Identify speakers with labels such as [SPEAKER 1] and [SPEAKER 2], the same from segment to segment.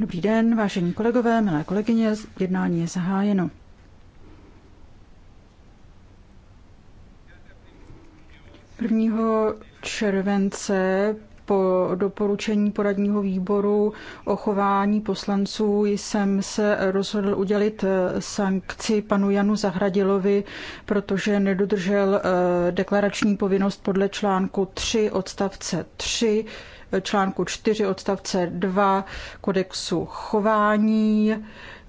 [SPEAKER 1] Dobrý den, vážení kolegové, milé kolegyně, jednání je zahájeno. Prvního července po doporučení poradního výboru o chování poslanců jsem se rozhodl udělit eh, sankci panu Janu Zahradilovi, protože nedodržel eh, deklarační povinnost podle článku 3 odstavce 3 článku 4 odstavce 2 kodexu chování,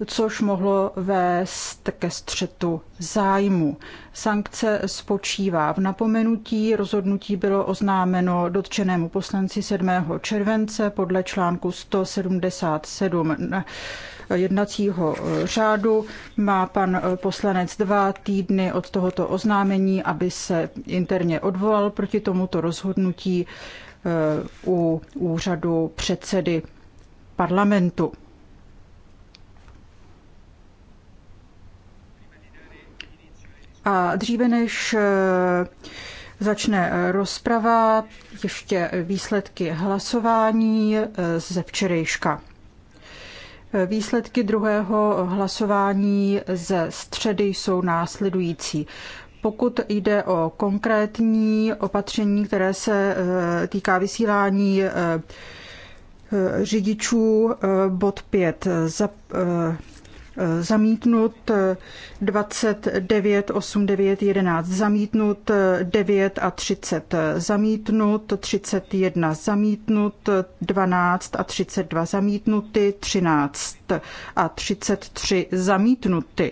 [SPEAKER 1] což mohlo vést ke střetu zájmu. Sankce spočívá v napomenutí. Rozhodnutí bylo oznámeno dotčenému poslanci 7. července podle článku 177 jednacího řádu. Má pan poslanec dva týdny od tohoto oznámení, aby se interně odvolal proti tomuto rozhodnutí Eh, u úřadu předsedy parlamentu. A dříve než eh, začne rozprava, ještě výsledky hlasování eh, ze včerejška. Výsledky druhého hlasování ze středy jsou následující. Pokud jde o konkrétní opatření, které se e, týká vysílání e, e, řidičů, bod 5 za, zamítnut 29, 8, 9, 11 zamítnut 9 a 30 zamítnut 31 zamítnut 12 a 32 zamítnuty 13 a 33 zamítnuty.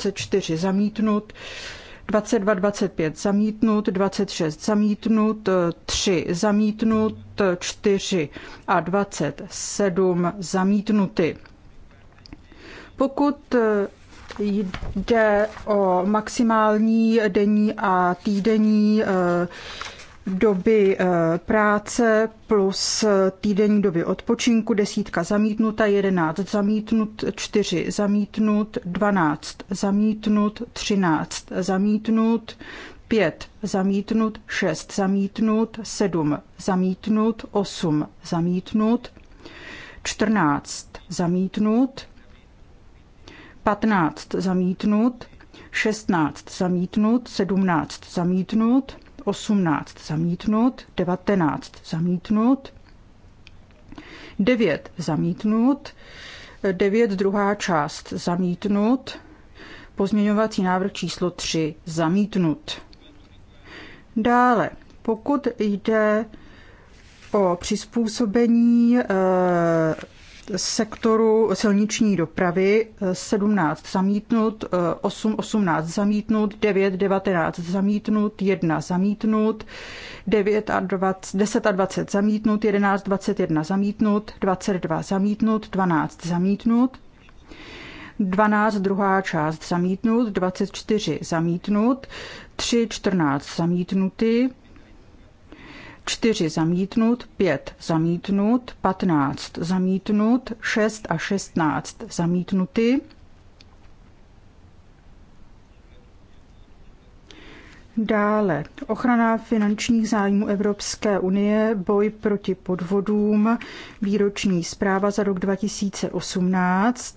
[SPEAKER 1] 24 zamítnut, 22, 25 zamítnut, 26 zamítnut, 3 zamítnut, 4 a 27 zamítnuty. Pokud jde o maximální denní a týdenní eh, doby eh, práce plus týdenní doby odpočinku, desítka zamítnuta, jedenáct zamítnut, čtyři zamítnut, dvanáct zamítnut, třináct zamítnut, pět zamítnut, šest zamítnut, sedm zamítnut, osm zamítnut, čtrnáct zamítnut, patnáct zamítnut, šestnáct zamítnut, sedmnáct zamítnut, 18 zamítnut, 19 zamítnut, 9 zamítnut, 9 druhá část zamítnut, pozměňovací návrh číslo 3 zamítnut. Dále, pokud jde o přizpůsobení eh, sektoru silniční dopravy 17 eh, zamítnut, 8, eh, 18 zamítnut, 9, 19 zamítnut, 1 zamítnut, 9 a 20, 10 a 20 zamítnut, 11, 21 zamítnut, 22 zamítnut, 12 zamítnut, 12 druhá část zamítnut, 24 zamítnut, 3, 14 zamítnuty, 4 zamítnut, 5 zamítnut, 15 zamítnut, 6 a 16 zamítnuty. Dále ochrana finančních zájmů Evropské unie, boj proti podvodům, výroční zpráva za rok 2018.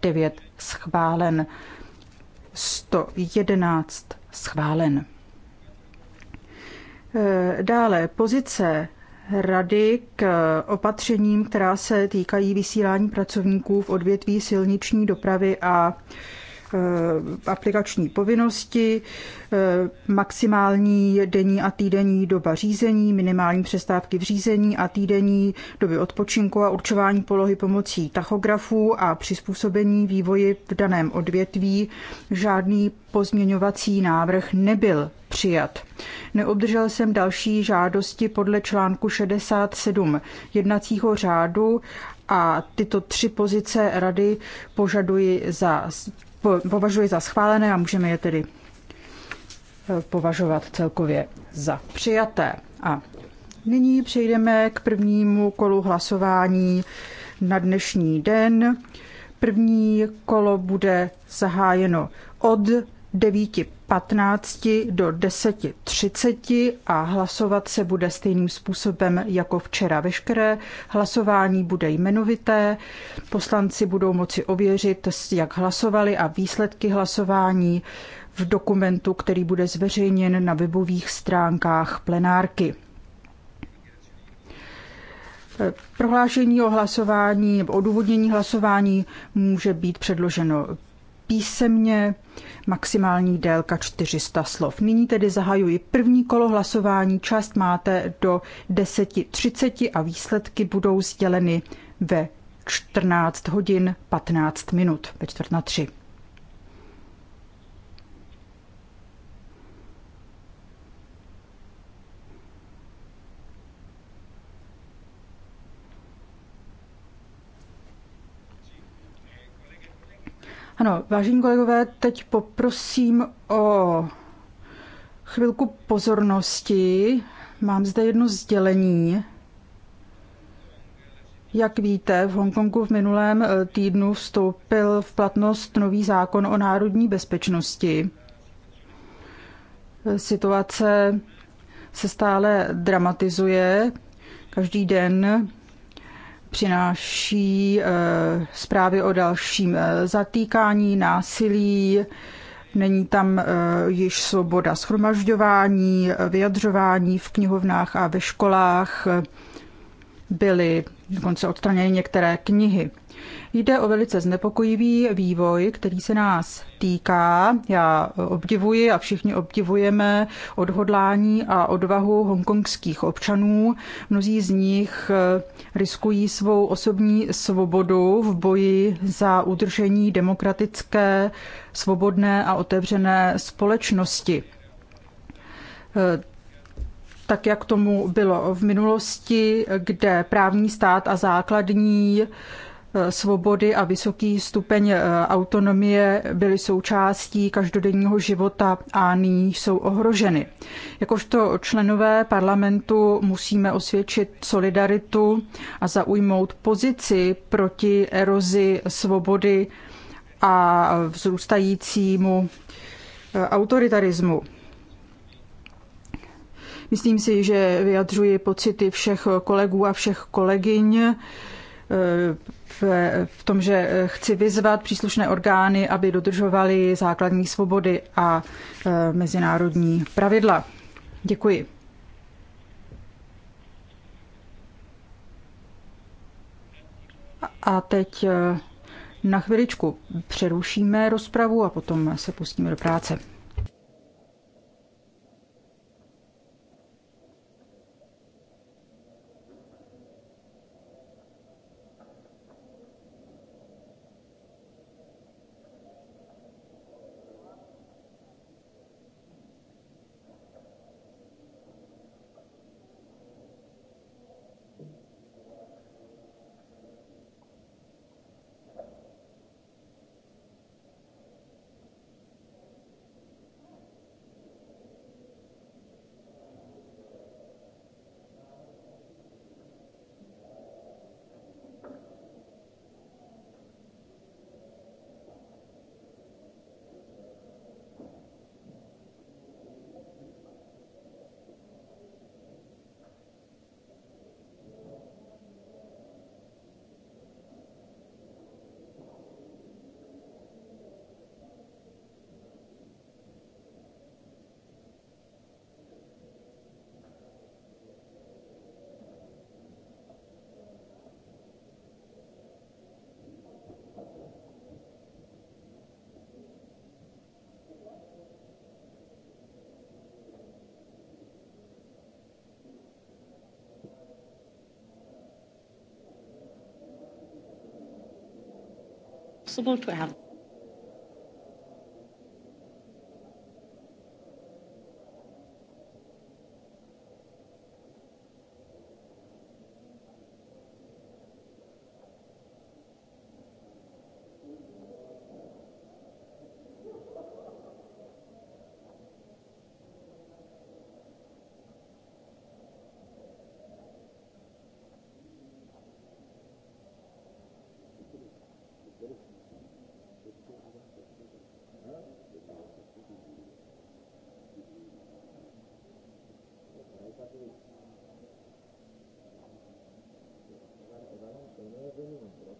[SPEAKER 1] 109 schválen, 111 schválen. Eh, dále pozice rady k opatřením, která se týkají vysílání pracovníků v odvětví silniční dopravy a Eh, aplikační povinnosti, eh, maximální denní a týdenní doba řízení, minimální přestávky v řízení a týdenní doby odpočinku a určování polohy pomocí tachografů a přizpůsobení vývoji v daném odvětví. Žádný pozměňovací návrh nebyl přijat. Neobdržel jsem další žádosti podle článku 67 jednacího řádu a tyto tři pozice rady požaduji za považuji za schválené a můžeme je tedy eh, považovat celkově za přijaté. A nyní přejdeme k prvnímu kolu hlasování na dnešní den. První kolo bude zahájeno od 9.15 do 10.30 a hlasovat se bude stejným způsobem jako včera. Veškeré hlasování bude jmenovité, poslanci budou moci ověřit, jak hlasovali a výsledky hlasování v dokumentu, který bude zveřejněn na webových stránkách plenárky. Prohlášení o hlasování nebo odůvodnění hlasování může být předloženo písemně maximální délka 400 slov. Nyní tedy zahajuji první kolo hlasování. Část máte do 10.30 a výsledky budou sděleny ve 14 hodin 15 minut, ve čtvrt na 3. Ano, vážení kolegové, teď poprosím o chvilku pozornosti. Mám zde jedno sdělení. Jak víte, v Hongkongu v minulém eh, týdnu vstoupil v platnost nový zákon o národní bezpečnosti. Eh, situace se stále dramatizuje. Každý den přináší eh, zprávy o dalším eh, zatýkání, násilí, není tam eh, již svoboda schromažďování, vyjadřování v knihovnách a ve školách, byly dokonce odstraněny některé knihy. Jde o velice znepokojivý vývoj, který se nás týká. Já obdivuji a všichni obdivujeme odhodlání a odvahu hongkongských občanů. Mnozí z nich eh, riskují svou osobní svobodu v boji za udržení demokratické, svobodné a otevřené společnosti eh, tak jak tomu bylo v minulosti, kde právní stát a základní Eh, svobody a vysoký stupeň eh, autonomie byly součástí každodenního života a nyní jsou ohroženy. Jakožto členové parlamentu musíme osvědčit solidaritu a zaujmout pozici proti erozi svobody a vzrůstajícímu eh, autoritarismu. Myslím si, že vyjadřuji pocity všech kolegů a všech kolegyň, v tom, že chci vyzvat příslušné orgány, aby dodržovaly základní svobody a e, mezinárodní pravidla. Děkuji. A teď e, na chviličku přerušíme rozpravu a potom se pustíme do práce.
[SPEAKER 2] possible to have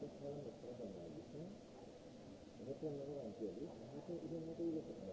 [SPEAKER 2] to to, Gracias.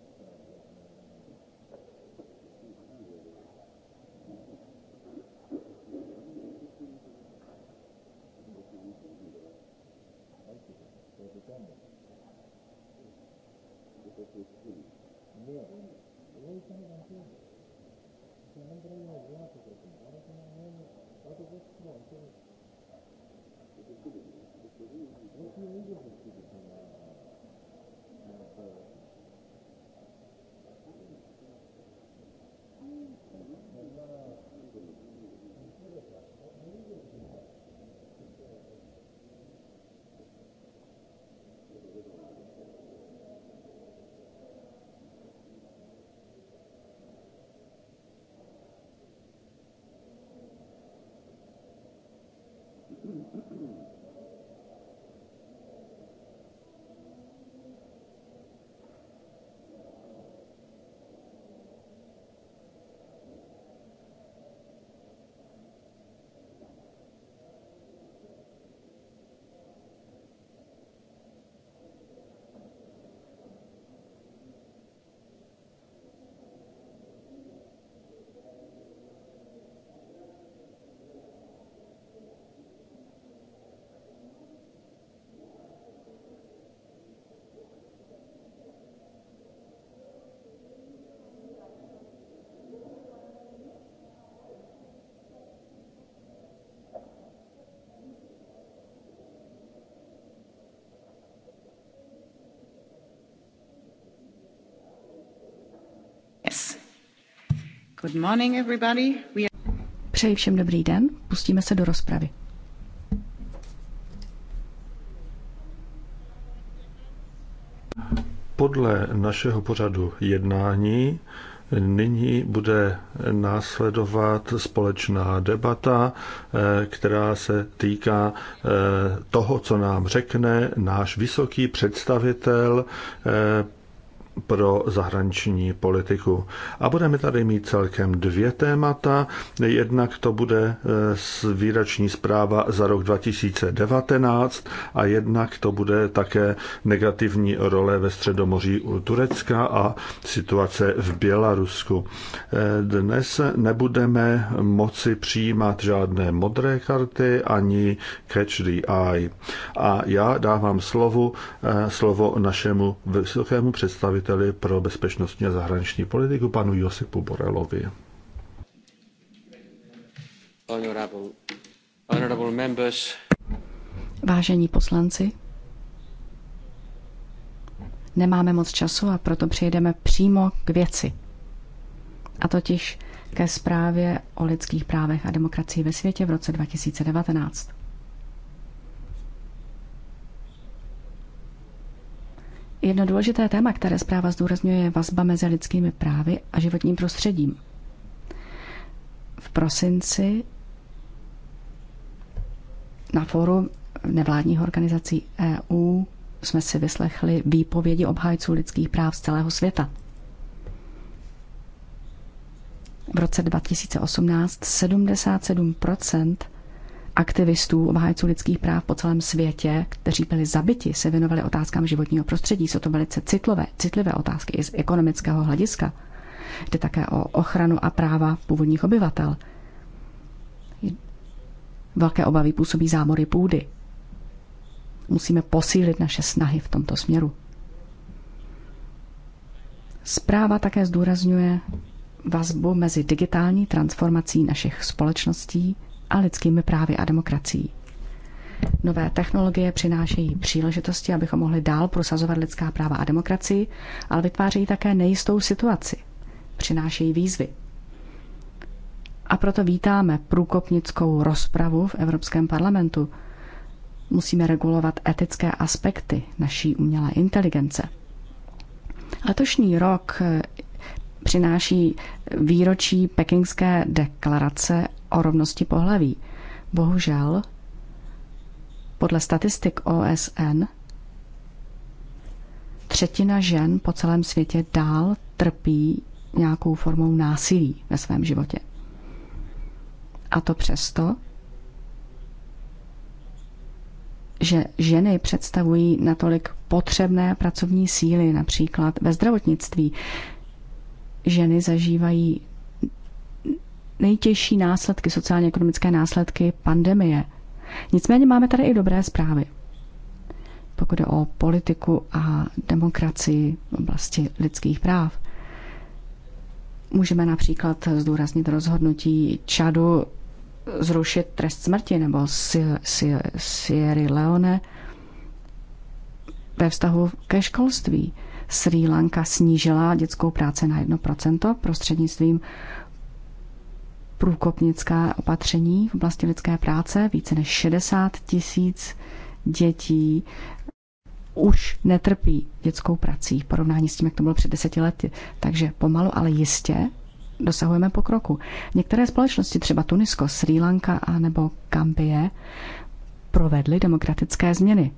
[SPEAKER 1] Good morning, everybody. We are...
[SPEAKER 3] Přeji všem dobrý den, pustíme se do rozpravy.
[SPEAKER 4] Podle našeho pořadu jednání nyní bude následovat společná debata, eh, která se týká eh, toho, co nám řekne náš vysoký představitel eh, pro zahraniční politiku. A budeme tady mít celkem dvě témata. Jednak to bude eh, výroční zpráva za rok 2019 a jednak to bude také negativní role ve Středomoří u Turecka a situace v Bělarusku. Eh, dnes nebudeme moci přijímat žádné modré karty ani catch the eye. A já dávám slovu, eh, slovo našemu vysokému představiteli řediteli pro bezpečnostní a zahraniční politiku panu Josipu Borelovi.
[SPEAKER 5] Honorable, honorable members.
[SPEAKER 3] Vážení poslanci, nemáme moc času a proto přejdeme přímo k věci. A totiž ke zprávě o lidských právech a demokracii ve světě v roce 2019. Jedno důležité téma, které zpráva zdůrazňuje, je vazba mezi lidskými právy a životním prostředím. V prosinci na fóru nevládních organizací EU jsme si vyslechli výpovědi obhájců lidských práv z celého světa. V roce 2018 77 aktivistů, obhájců lidských práv po celém světě, kteří byli zabiti, se věnovali otázkám životního prostředí. Jsou to velice citlivé, citlivé otázky i z ekonomického hlediska. Jde také o ochranu a práva původních obyvatel. Velké obavy působí zámory půdy. Musíme posílit naše snahy v tomto směru. Zpráva také zdůrazňuje vazbu mezi digitální transformací našich společností a lidskými právy a demokracií. Nové technologie přinášejí příležitosti, abychom mohli dál prosazovat lidská práva a demokracii, ale vytvářejí také nejistou situaci. Přinášejí výzvy. A proto vítáme průkopnickou rozpravu v Evropském parlamentu. Musíme regulovat etické aspekty naší umělé inteligence. Letošní rok přináší výročí Pekingské deklarace o rovnosti pohlaví. Bohužel, podle statistik OSN, třetina žen po celém světě dál trpí nějakou formou násilí ve svém životě. A to přesto, že ženy představují natolik potřebné pracovní síly, například ve zdravotnictví. Ženy zažívají nejtěžší následky, sociálně-ekonomické následky pandemie. Nicméně máme tady i dobré zprávy. Pokud je o politiku a demokracii v oblasti lidských práv, můžeme například zdůraznit rozhodnutí Čadu zrušit trest smrti nebo Sierra Leone ve vztahu ke školství. Sri Lanka snížila dětskou práci na 1% prostřednictvím průkopnická opatření v oblasti lidské práce. Více než 60 tisíc dětí už netrpí dětskou prací v porovnání s tím, jak to bylo před deseti lety. Takže pomalu, ale jistě dosahujeme pokroku. Některé společnosti, třeba Tunisko, Sri Lanka a nebo Gambie, provedly demokratické změny.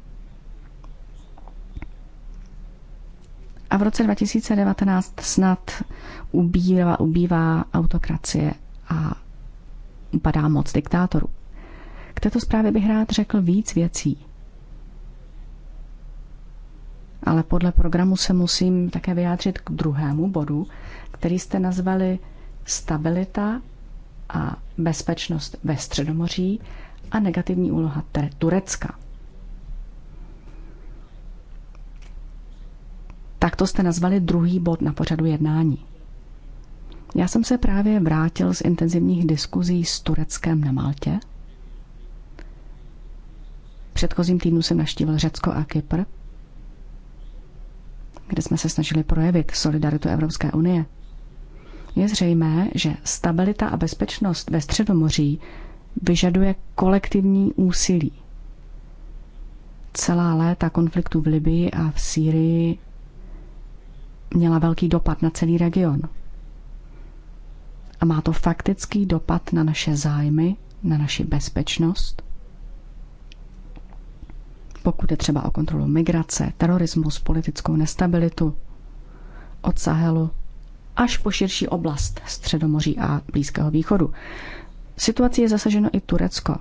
[SPEAKER 3] A v roce 2019 snad ubývá, ubývá autokracie a padá moc diktátorů. K této zprávě bych rád řekl víc věcí. Ale podle programu se musím také vyjádřit k druhému bodu, který jste nazvali stabilita a bezpečnost ve Středomoří a negativní úloha Turecka. Tak to jste nazvali druhý bod na pořadu jednání. Já jsem se právě vrátil z intenzivních diskuzí s Tureckem na Maltě. V předchozím týdnu jsem naštívil Řecko a Kypr, kde jsme se snažili projevit solidaritu Evropské unie. Je zřejmé, že stabilita a bezpečnost ve Středomoří vyžaduje kolektivní úsilí. Celá léta konfliktu v Libii a v Sýrii měla velký dopad na celý region – a má to faktický dopad na naše zájmy, na naši bezpečnost. Pokud je třeba o kontrolu migrace, terorismus, politickou nestabilitu, od Sahelu až po širší oblast Středomoří a Blízkého východu. Situací je zasaženo i Turecko.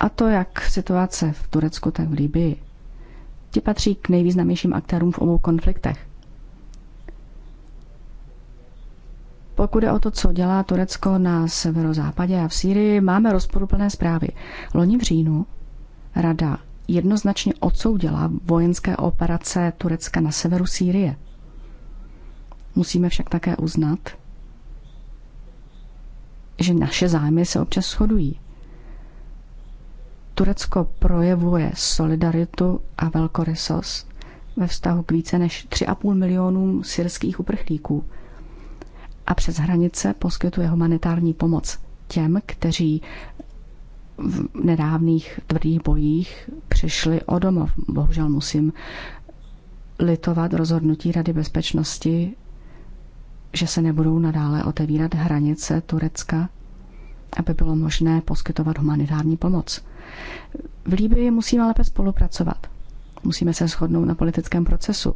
[SPEAKER 3] A to jak situace v Turecku, tak v Libii. Ti patří k nejvýznamnějším aktérům v obou konfliktech. Pokud je o to, co dělá Turecko na severozápadě a v Sýrii, máme rozporuplné zprávy. Loni v říjnu rada jednoznačně odsoudila vojenské operace Turecka na severu Sýrie. Musíme však také uznat, že naše zájmy se občas shodují. Turecko projevuje solidaritu a velkorysost ve vztahu k více než 3,5 milionům syrských uprchlíků – a přes hranice poskytuje humanitární pomoc těm, kteří v nedávných tvrdých bojích přišli o domov. Bohužel musím litovat rozhodnutí Rady bezpečnosti, že se nebudou nadále otevírat hranice Turecka, aby bylo možné poskytovat humanitární pomoc. V Líbii musíme lépe spolupracovat. Musíme se shodnout na politickém procesu,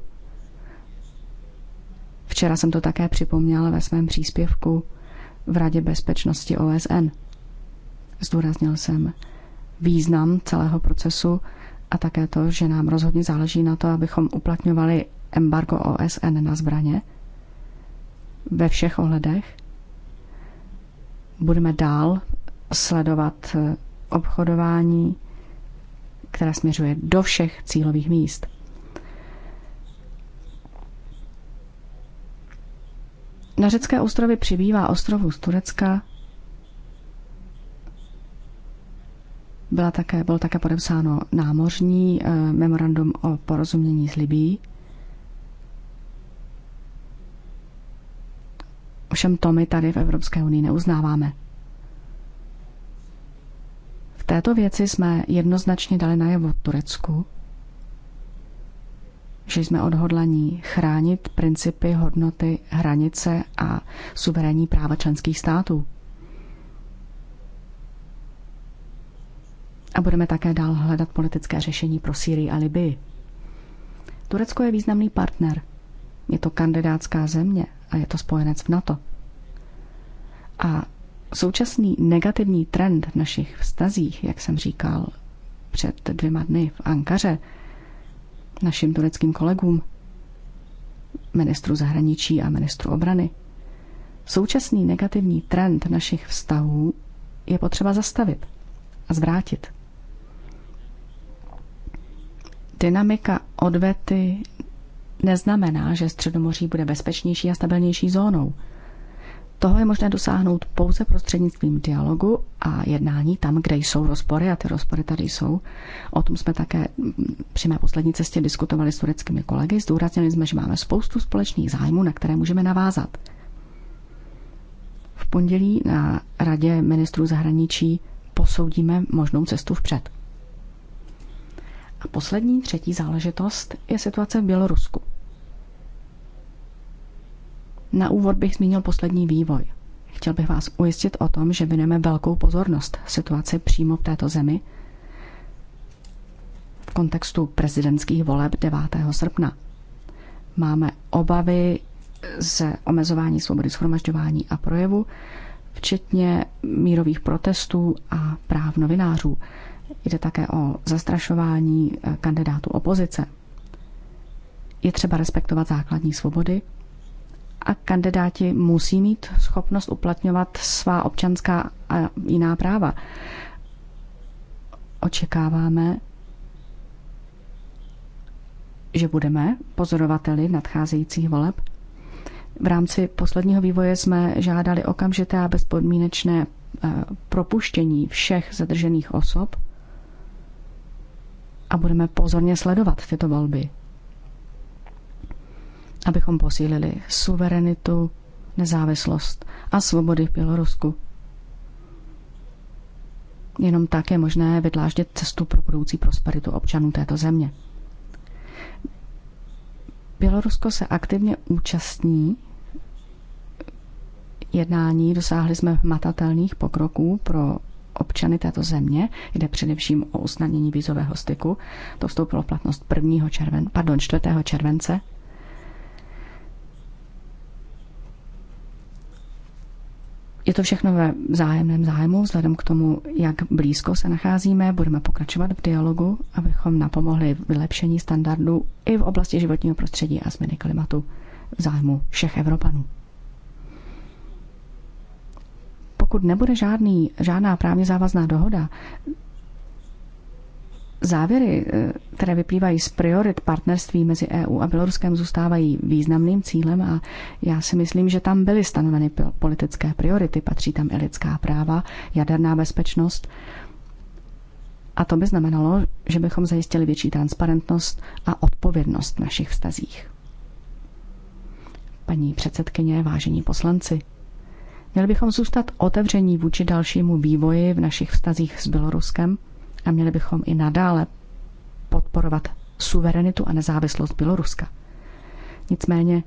[SPEAKER 3] Včera jsem to také připomněla ve svém příspěvku v Radě bezpečnosti OSN. Zdůraznil jsem význam celého procesu a také to, že nám rozhodně záleží na to, abychom uplatňovali embargo OSN na zbraně ve všech ohledech. Budeme dál sledovat eh, obchodování, které směřuje do všech cílových míst. Na řecké ostrovy přibývá ostrovů z Turecka. Byla také, bylo také podepsáno námořní eh, memorandum o porozumění s Libí. Ovšem to my tady v Evropské unii neuznáváme. V této věci jsme jednoznačně dali najevo Turecku, že jsme odhodlaní chránit principy, hodnoty, hranice a suverénní práva členských států. A budeme také dál hledat politické řešení pro Sýrii a Libii. Turecko je významný partner. Je to kandidátská země a je to spojenec v NATO. A současný negativní trend v našich vztazích, jak jsem říkal před dvěma dny v Ankaře, našim tureckým kolegům, ministru zahraničí a ministru obrany. Současný negativní trend našich vztahů je potřeba zastavit a zvrátit. Dynamika odvety neznamená, že Středomoří bude bezpečnější a stabilnější zónou – toho je možné dosáhnout pouze prostřednictvím dialogu a jednání tam, kde jsou rozpory, a ty rozpory tady jsou. O tom jsme také při mé poslední cestě diskutovali s tureckými kolegy. Zdůraznili jsme, že máme spoustu společných zájmů, na které můžeme navázat. V pondělí na Radě ministrů zahraničí posoudíme možnou cestu vpřed. A poslední, třetí záležitost je situace v Bělorusku. Na úvod bych zmínil poslední vývoj. Chtěl bych vás ujistit o tom, že vyneme velkou pozornost situaci přímo v této zemi v kontextu prezidentských voleb 9. srpna. Máme obavy ze omezování svobody shromažďování a projevu, včetně mírových protestů a práv novinářů. Jde také o zastrašování kandidátů opozice. Je třeba respektovat základní svobody, a kandidáti musí mít schopnost uplatňovat svá občanská a jiná práva. Očekáváme, že budeme pozorovateli nadcházejících voleb. V rámci posledního vývoje jsme žádali okamžité a bezpodmínečné eh, propuštění všech zadržených osob a budeme pozorně sledovat tyto volby abychom posílili suverenitu, nezávislost a svobody v Bělorusku. Jenom tak je možné vydláždět cestu pro budoucí prosperitu občanů této země. Bělorusko se aktivně účastní jednání. Dosáhli jsme matatelných pokroků pro občany této země. Jde především o usnadnění vízového styku. To vstoupilo v platnost 1. Červen, pardon, 4. července Je to všechno ve vzájemném zájmu, vzhledem k tomu, jak blízko se nacházíme, budeme pokračovat v dialogu, abychom napomohli vylepšení standardů i v oblasti životního prostředí a změny klimatu v zájmu všech Evropanů. Pokud nebude žádný, žádná právně závazná dohoda, Závěry, eh, které vyplývají z priorit partnerství mezi EU a Běloruskem, zůstávají významným cílem a já si myslím, že tam byly stanoveny politické priority. Patří tam i lidská práva, jaderná bezpečnost. A to by znamenalo, že bychom zajistili větší transparentnost a odpovědnost v našich vztazích. Paní předsedkyně, vážení poslanci, měli bychom zůstat otevření vůči dalšímu vývoji v našich vztazích s Běloruskem – a měli bychom i nadále podporovat suverenitu a nezávislost Běloruska. Nicméně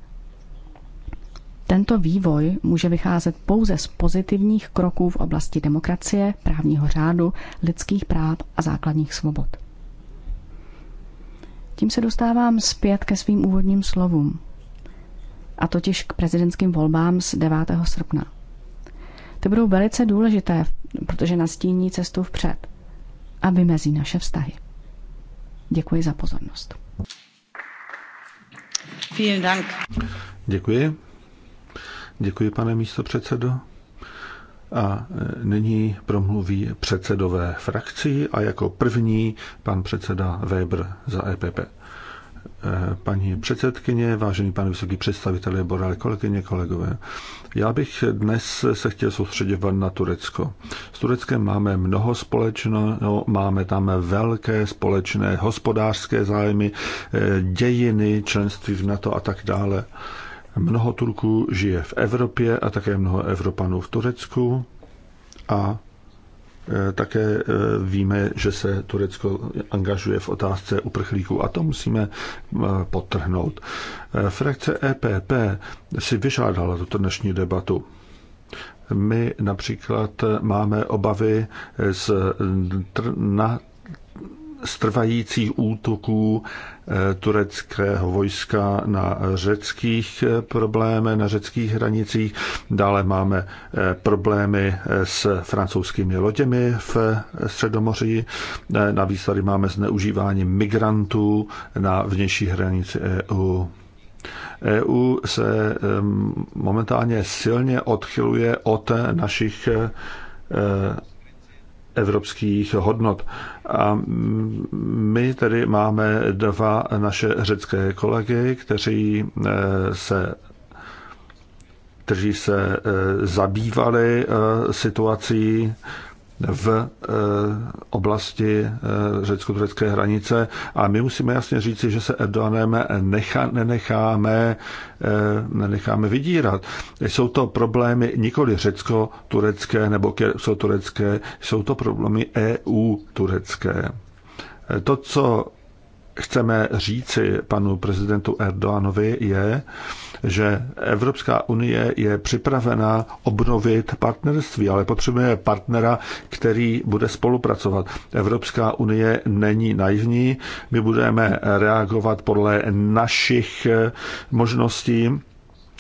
[SPEAKER 3] tento vývoj může vycházet pouze z pozitivních kroků v oblasti demokracie, právního řádu, lidských práv a základních svobod. Tím se dostávám zpět ke svým úvodním slovům, a totiž k prezidentským volbám z 9. srpna. Ty budou velice důležité, protože nastíní cestu vpřed – a vymezí naše vztahy. Děkuji za pozornost.
[SPEAKER 6] Vielen Dank.
[SPEAKER 4] Děkuji. Děkuji, pane místopředsedo. A e, nyní promluví předsedové frakcí a jako první pan předseda Weber za EPP. Eh, paní předsedkyně, vážený pane vysoký představiteli Borel, kolegyně, kolegové. Já bych dnes se chtěl soustředěvat na Turecko. S Tureckem máme mnoho společného, no, máme tam velké společné hospodářské zájmy, eh, dějiny, členství v NATO a tak dále. Mnoho Turků žije v Evropě a také mnoho Evropanů v Turecku a Eh, také eh, víme, že se Turecko angažuje v otázce uprchlíků a to musíme eh, potrhnout. Frakce EPP si vyžádala tuto dnešní debatu. My například máme obavy z, na, strvajících útoků Eh, tureckého vojska na řeckých eh, problémy na řeckých hranicích. Dále máme eh, problémy s francouzskými loděmi v Středomoří. Navíc tady máme zneužívání migrantů na vnější hranici EU. EU se momentálně silně odchyluje od našich evropských hodnot. A my tedy máme dva naše řecké kolegy, kteří eh, se kteří se eh, zabývali eh, situací v eh, oblasti eh, řecko-turecké hranice a my musíme jasně říci, že se Erdoganem necha, nenecháme, eh, nenecháme vydírat. Jsou to problémy nikoli řecko-turecké nebo jsou turecké, jsou to problémy EU-turecké. To, co chceme říci panu prezidentu Erdoanovi, je, že Evropská unie je připravena obnovit partnerství, ale potřebuje partnera, který bude spolupracovat. Evropská unie není naivní, my budeme reagovat podle našich možností,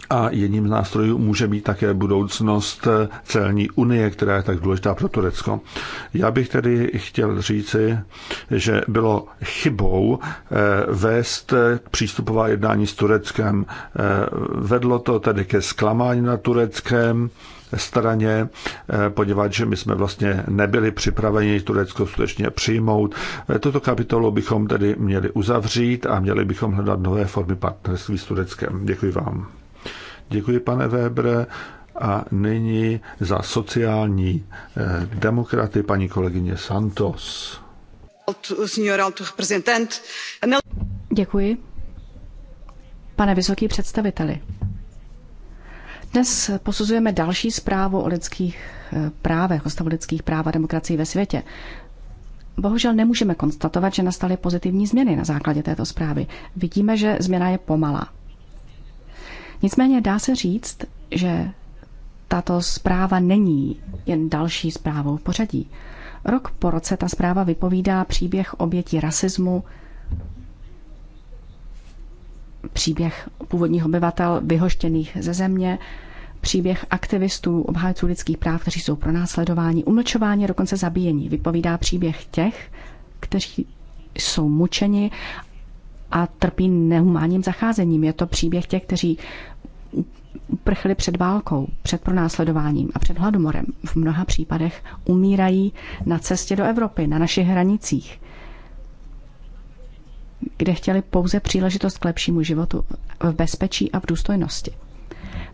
[SPEAKER 4] a jedním z nástrojů může být také budoucnost celní unie, která je tak důležitá pro Turecko. Já bych tedy chtěl říci, že bylo chybou eh, vést přístupová jednání s Tureckem. Eh, vedlo to tedy ke zklamání na Tureckém straně, eh, podívat, že my jsme vlastně nebyli připraveni Turecko skutečně přijmout. Toto kapitolu bychom tedy měli uzavřít a měli bychom hledat nové formy partnerství s Tureckem. Děkuji vám. Děkuji, pane Weber. A nyní za sociální eh, demokraty paní kolegyně Santos.
[SPEAKER 1] Děkuji.
[SPEAKER 3] Pane vysoký představiteli, dnes posuzujeme další zprávu o lidských eh, právech, o stavu lidských práv a demokracii ve světě. Bohužel nemůžeme konstatovat, že nastaly pozitivní změny na základě této zprávy. Vidíme, že změna je pomalá. Nicméně dá se říct, že tato zpráva není jen další zprávou v pořadí. Rok po roce ta zpráva vypovídá příběh oběti rasismu, příběh původních obyvatel vyhoštěných ze země, příběh aktivistů, obhájců lidských práv, kteří jsou pro následování, umlčování, dokonce zabíjení. Vypovídá příběh těch, kteří jsou mučeni a trpí nehumánním zacházením. Je to příběh těch, kteří uprchli před válkou, před pronásledováním a před hladomorem. V mnoha případech umírají na cestě do Evropy, na našich hranicích, kde chtěli pouze příležitost k lepšímu životu v bezpečí a v důstojnosti.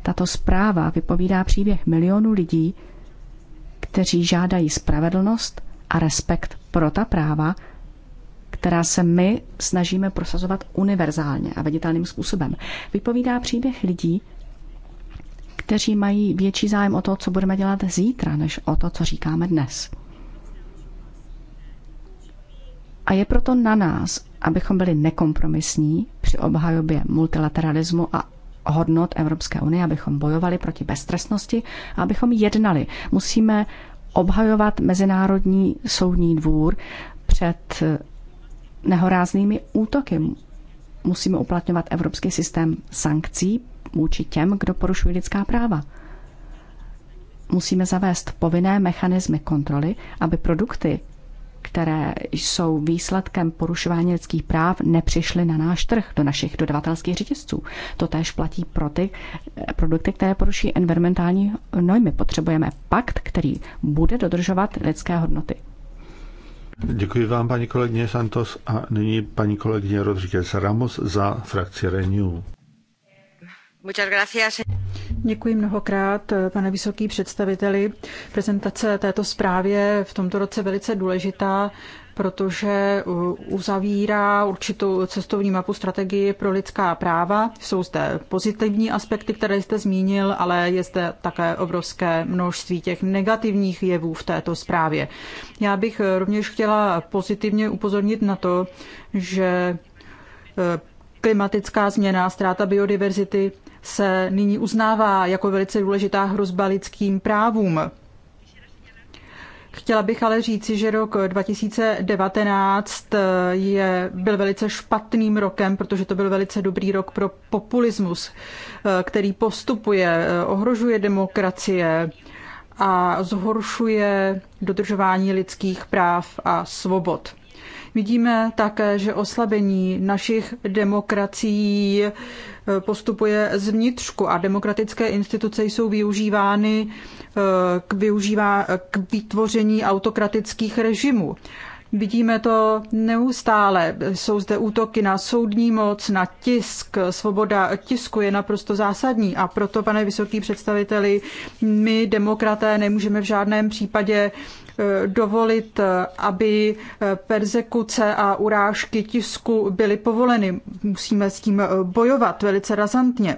[SPEAKER 3] Tato zpráva vypovídá příběh milionů lidí, kteří žádají spravedlnost a respekt pro ta práva, která se my snažíme prosazovat univerzálně a viditelným způsobem. Vypovídá příběh lidí, kteří mají větší zájem o to, co budeme dělat zítra, než o to, co říkáme dnes. A je proto na nás, abychom byli nekompromisní při obhajobě multilateralismu a hodnot Evropské unie, abychom bojovali proti beztrestnosti a abychom jednali. Musíme obhajovat Mezinárodní soudní dvůr před nehoráznými útoky. Musíme uplatňovat evropský systém sankcí vůči těm, kdo porušují lidská práva. Musíme zavést povinné mechanismy kontroly, aby produkty, které jsou výsledkem porušování lidských práv, nepřišly na náš trh, do našich dodavatelských řetězců. To též platí pro ty eh, produkty, které poruší environmentální normy. Potřebujeme pakt, který bude dodržovat lidské hodnoty.
[SPEAKER 4] Děkuji vám, paní kolegyně Santos. A nyní paní kolegyně Rodríguez Ramos za frakci Renew.
[SPEAKER 1] Děkuji mnohokrát, pane vysoký představiteli. Prezentace této zprávy je v tomto roce velice důležitá protože uh, uzavírá určitou cestovní mapu strategii pro lidská práva. Jsou zde pozitivní aspekty, které jste zmínil, ale je zde také obrovské množství těch negativních jevů v této zprávě. Já bych eh, rovněž chtěla pozitivně upozornit na to, že eh, klimatická změna, ztráta biodiverzity se nyní uznává jako velice důležitá hrozba lidským právům. Chtěla bych ale říci, že rok 2019 eh, je, byl velice špatným rokem, protože to byl velice dobrý rok pro populismus, eh, který postupuje, eh, ohrožuje demokracie a zhoršuje dodržování lidských práv a svobod. Vidíme také, že oslabení našich demokracií eh, postupuje zvnitřku a demokratické instituce jsou využívány eh, k, využívá, k vytvoření autokratických režimů. Vidíme to neustále. Jsou zde útoky na soudní moc, na tisk. Svoboda tisku je naprosto zásadní a proto, pane vysoký představiteli, my, demokraté, nemůžeme v žádném případě Eh, dovolit, eh, aby eh, persekuce a urážky tisku byly povoleny. Musíme s tím bojovat velice razantně.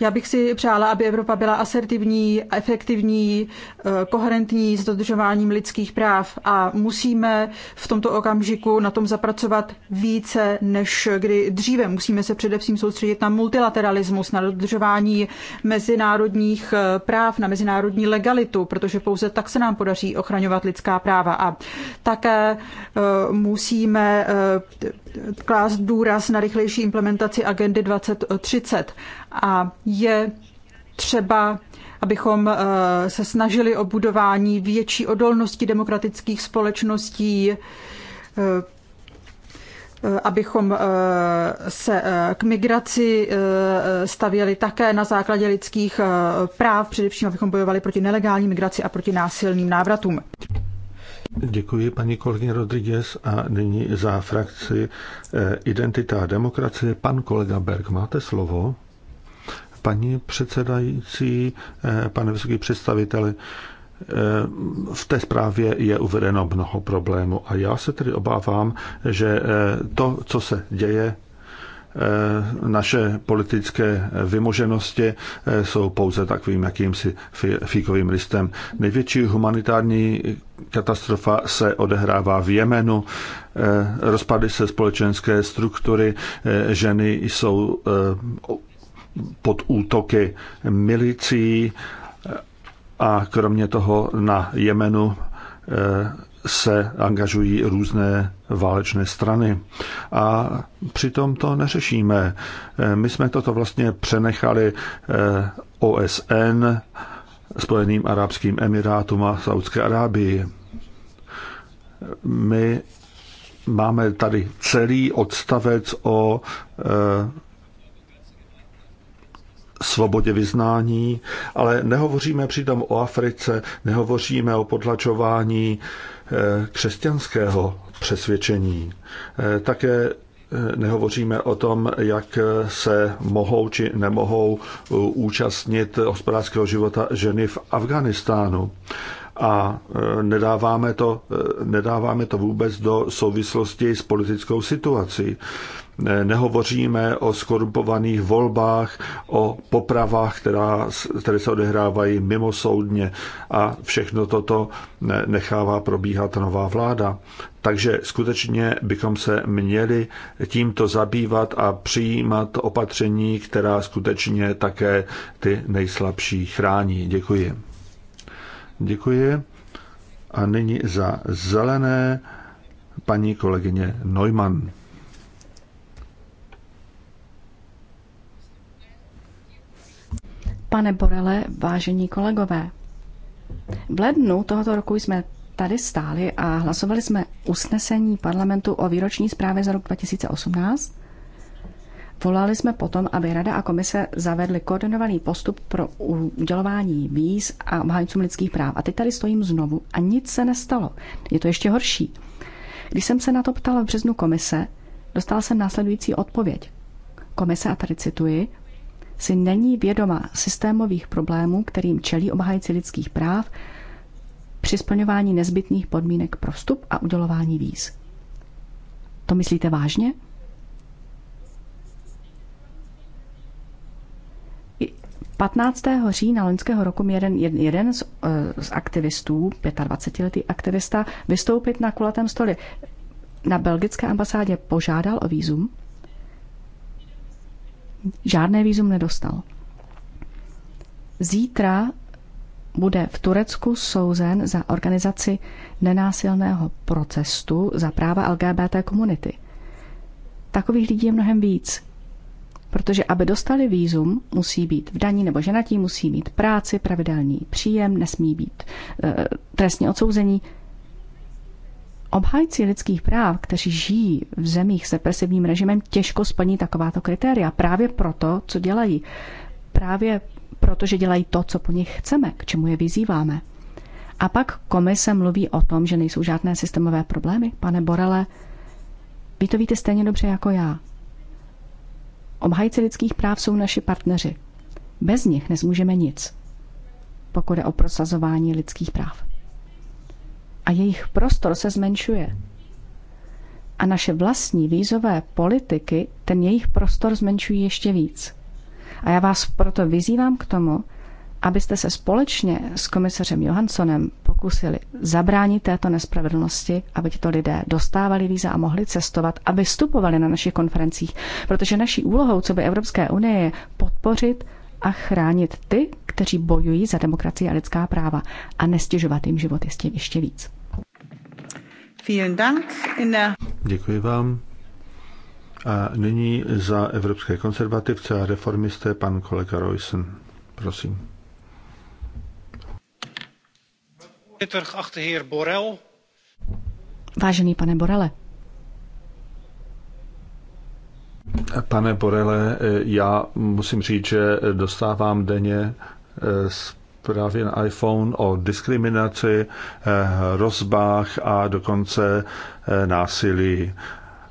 [SPEAKER 1] Já bych si přála, aby Evropa byla asertivní, efektivní, eh, koherentní s dodržováním lidských práv a musíme v tomto okamžiku na tom zapracovat více než kdy dříve. Musíme se především soustředit na multilateralismus, na dodržování mezinárodních eh, práv, na mezinárodní legalitu, protože pouze tak se nám podaří ochraňovat lidská práva. A také eh, musíme klást důraz na rychlejší implementaci agendy 2030 a je třeba abychom eh, se snažili o budování větší odolnosti demokratických společností, eh, eh, abychom se k migraci stavěli také na základě lidských práv, především abychom bojovali proti nelegální migraci a proti násilným návratům.
[SPEAKER 4] Děkuji paní kolegyně Rodriguez a nyní za frakci Identita a demokracie pan kolega Berg. Máte slovo? Paní předsedající, eh, pane vysoký představiteli, eh, v té zprávě je uvedeno mnoho problémů a já se tedy obávám, že eh, to, co se děje, naše politické vymoženosti jsou pouze takovým jakýmsi fíkovým listem. Největší humanitární katastrofa se odehrává v Jemenu, rozpady se společenské struktury, ženy jsou pod útoky milicí a kromě toho na Jemenu eh, se angažují různé válečné strany. A přitom to neřešíme. Eh, my jsme toto vlastně přenechali eh, OSN, Spojeným arabským emirátům a Saudské Arábii. My máme tady celý odstavec o svobodě vyznání, ale nehovoříme přitom o Africe, nehovoříme o podlačování eh, křesťanského přesvědčení. Eh, také eh, nehovoříme o tom, jak se mohou či nemohou účastnit hospodářského života ženy v Afganistánu. A nedáváme to, nedáváme to vůbec do souvislosti s politickou situací nehovoříme o skorumpovaných volbách, o popravách, která, které se odehrávají mimo soudně a všechno toto nechává probíhat nová vláda. Takže skutečně bychom se měli tímto zabývat a přijímat opatření, která skutečně také ty nejslabší chrání. Děkuji. Děkuji. A nyní za zelené paní kolegyně Neumann.
[SPEAKER 3] Pane Borele, vážení kolegové, v lednu tohoto roku jsme tady stáli a hlasovali jsme usnesení parlamentu o výroční zprávě za rok 2018. Volali jsme potom, aby Rada a komise zavedly koordinovaný postup pro udělování víz a obhájcům lidských práv. A teď tady stojím znovu a nic se nestalo. Je to ještě horší. Když jsem se na to ptala v březnu komise, dostal jsem následující odpověď. Komise, a tady cituji, si není vědoma systémových problémů, kterým čelí obhájci lidských práv při splňování nezbytných podmínek pro vstup a udělování víz. To myslíte vážně? I 15. října loňského roku mi jeden, jeden z, eh, z aktivistů, 25-letý aktivista, vystoupit na kulatém stoli na belgické ambasádě požádal o výzum žádné výzum nedostal. Zítra bude v Turecku souzen za organizaci nenásilného procestu za práva LGBT komunity. Takových lidí je mnohem víc, protože aby dostali výzum, musí být v daní nebo ženatí, musí mít práci, pravidelný příjem, nesmí být e, eh, trestně odsouzení. Obhájci lidských práv, kteří žijí v zemích s represivním režimem, těžko splní takováto kritéria. Právě proto, co dělají. Právě proto, že dělají to, co po nich chceme, k čemu je vyzýváme. A pak komise mluví o tom, že nejsou žádné systémové problémy. Pane Borele, vy to víte stejně dobře jako já. Obhajci lidských práv jsou naši partneři. Bez nich nezmůžeme nic, pokud je o prosazování lidských práv a jejich prostor se zmenšuje. A naše vlastní vízové politiky ten jejich prostor zmenšují ještě víc. A já vás proto vyzývám k tomu, abyste se společně s komisařem Johanssonem pokusili zabránit této nespravedlnosti, aby tito lidé dostávali víza a mohli cestovat a vystupovali na našich konferencích, protože naší úlohou, co by Evropské unie, je podpořit a chránit ty, kteří bojují za demokracii a lidská práva a nestěžovat jim život ještě, ještě víc.
[SPEAKER 4] Děkuji vám. A nyní za evropské konzervativce a reformisté pan kolega Roysen. Prosím.
[SPEAKER 3] Vážený pane Borele,
[SPEAKER 4] Pane Borele, já musím říct, že dostávám denně eh, právě na iPhone o diskriminaci, eh, rozbách a dokonce eh, násilí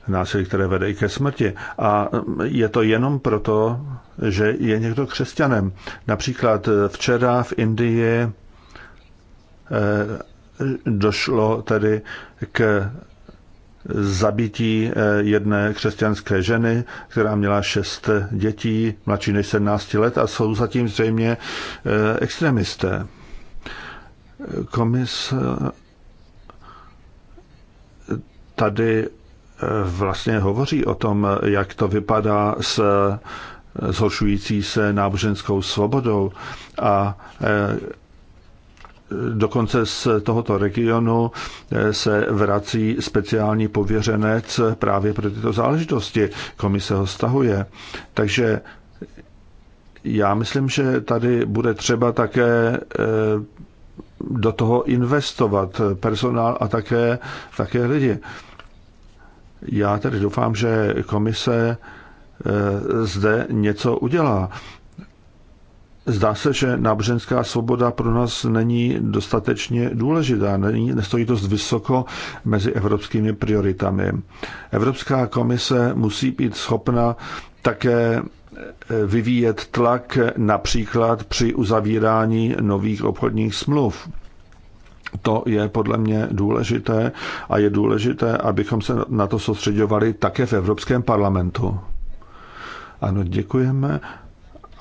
[SPEAKER 4] násilí, které vede i ke smrti. A mm, je to jenom proto, že je někdo křesťanem. Například včera v Indii došlo tedy k zabití eh, jedné křesťanské ženy, která měla šest dětí, mladší než 17 let a jsou zatím zřejmě eh, extremisté. Komis eh, tady vlastně hovoří o tom, jak to vypadá s zhoršující se náboženskou svobodou a dokonce z tohoto regionu eh, se vrací speciální pověřenec právě pro tyto záležitosti. Komise ho stahuje. Takže já myslím, že tady bude třeba také eh, do toho investovat personál a také, také lidi. Já tedy doufám, že komise eh, zde něco udělá. Zdá se, že náboženská svoboda pro nás není dostatečně důležitá, není, nestojí dost vysoko mezi evropskými prioritami. Evropská komise musí být schopna také e, vyvíjet tlak například při uzavírání nových obchodních smluv. To je podle mě důležité a je důležité, abychom se na to soustředovali také v Evropském parlamentu. Ano, děkujeme.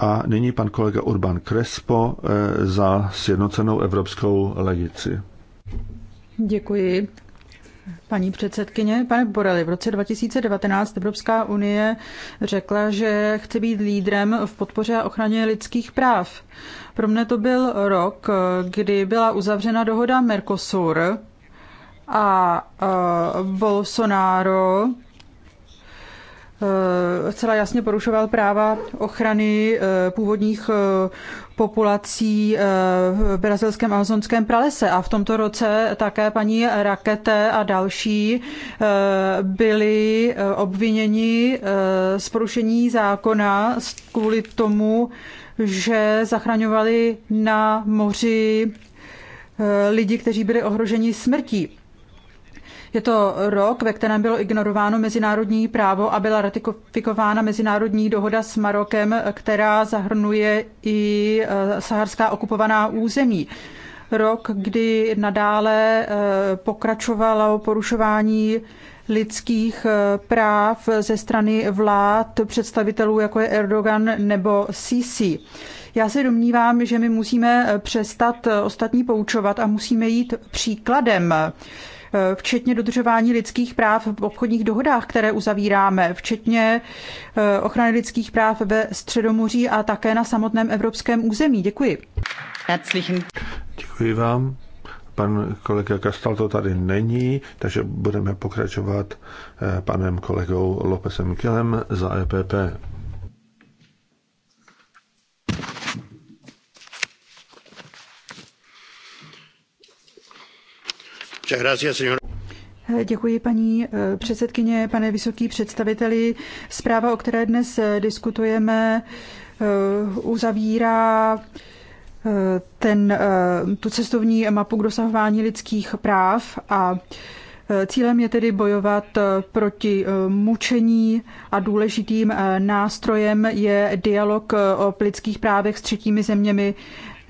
[SPEAKER 4] A nyní pan kolega Urban Crespo eh, za sjednocenou evropskou legici.
[SPEAKER 1] Děkuji. Paní předsedkyně, pane Boreli, v roce 2019 Evropská unie řekla, že chce být lídrem v podpoře a ochraně lidských práv. Pro mne to byl rok, kdy byla uzavřena dohoda Mercosur a eh, Bolsonaro Eh, celá jasně porušoval práva ochrany eh, původních eh, populací v brazilském amazonském pralese. A v tomto roce také paní Rakete a další byli obviněni z porušení zákona kvůli tomu, že zachraňovali na moři lidi, kteří byli ohroženi smrtí. Je to rok, ve kterém bylo ignorováno mezinárodní právo a byla ratifikována mezinárodní dohoda s Marokem, která zahrnuje i eh, saharská okupovaná území rok, kdy nadále eh, pokračovalo porušování lidských eh, práv ze strany vlád představitelů jako je Erdogan nebo Sisi. Já se domnívám, že my musíme přestat ostatní poučovat a musíme jít příkladem. Eh, včetně dodržování lidských práv v obchodních dohodách, které uzavíráme, včetně eh, ochrany lidských práv ve Středomoří a také na samotném evropském území. Děkuji.
[SPEAKER 4] Herzlichen. Děkuji vám. Pan kolega Kastal to tady není, takže budeme pokračovat eh, panem kolegou Lopesem Kilem za EPP.
[SPEAKER 1] Děkuji, paní eh, předsedkyně, pane vysoký představiteli. Zpráva, o které dnes eh, diskutujeme, eh, uzavírá ten, tu cestovní mapu k dosahování lidských práv a Cílem je tedy bojovat proti mučení a důležitým nástrojem je dialog o lidských právech s třetími zeměmi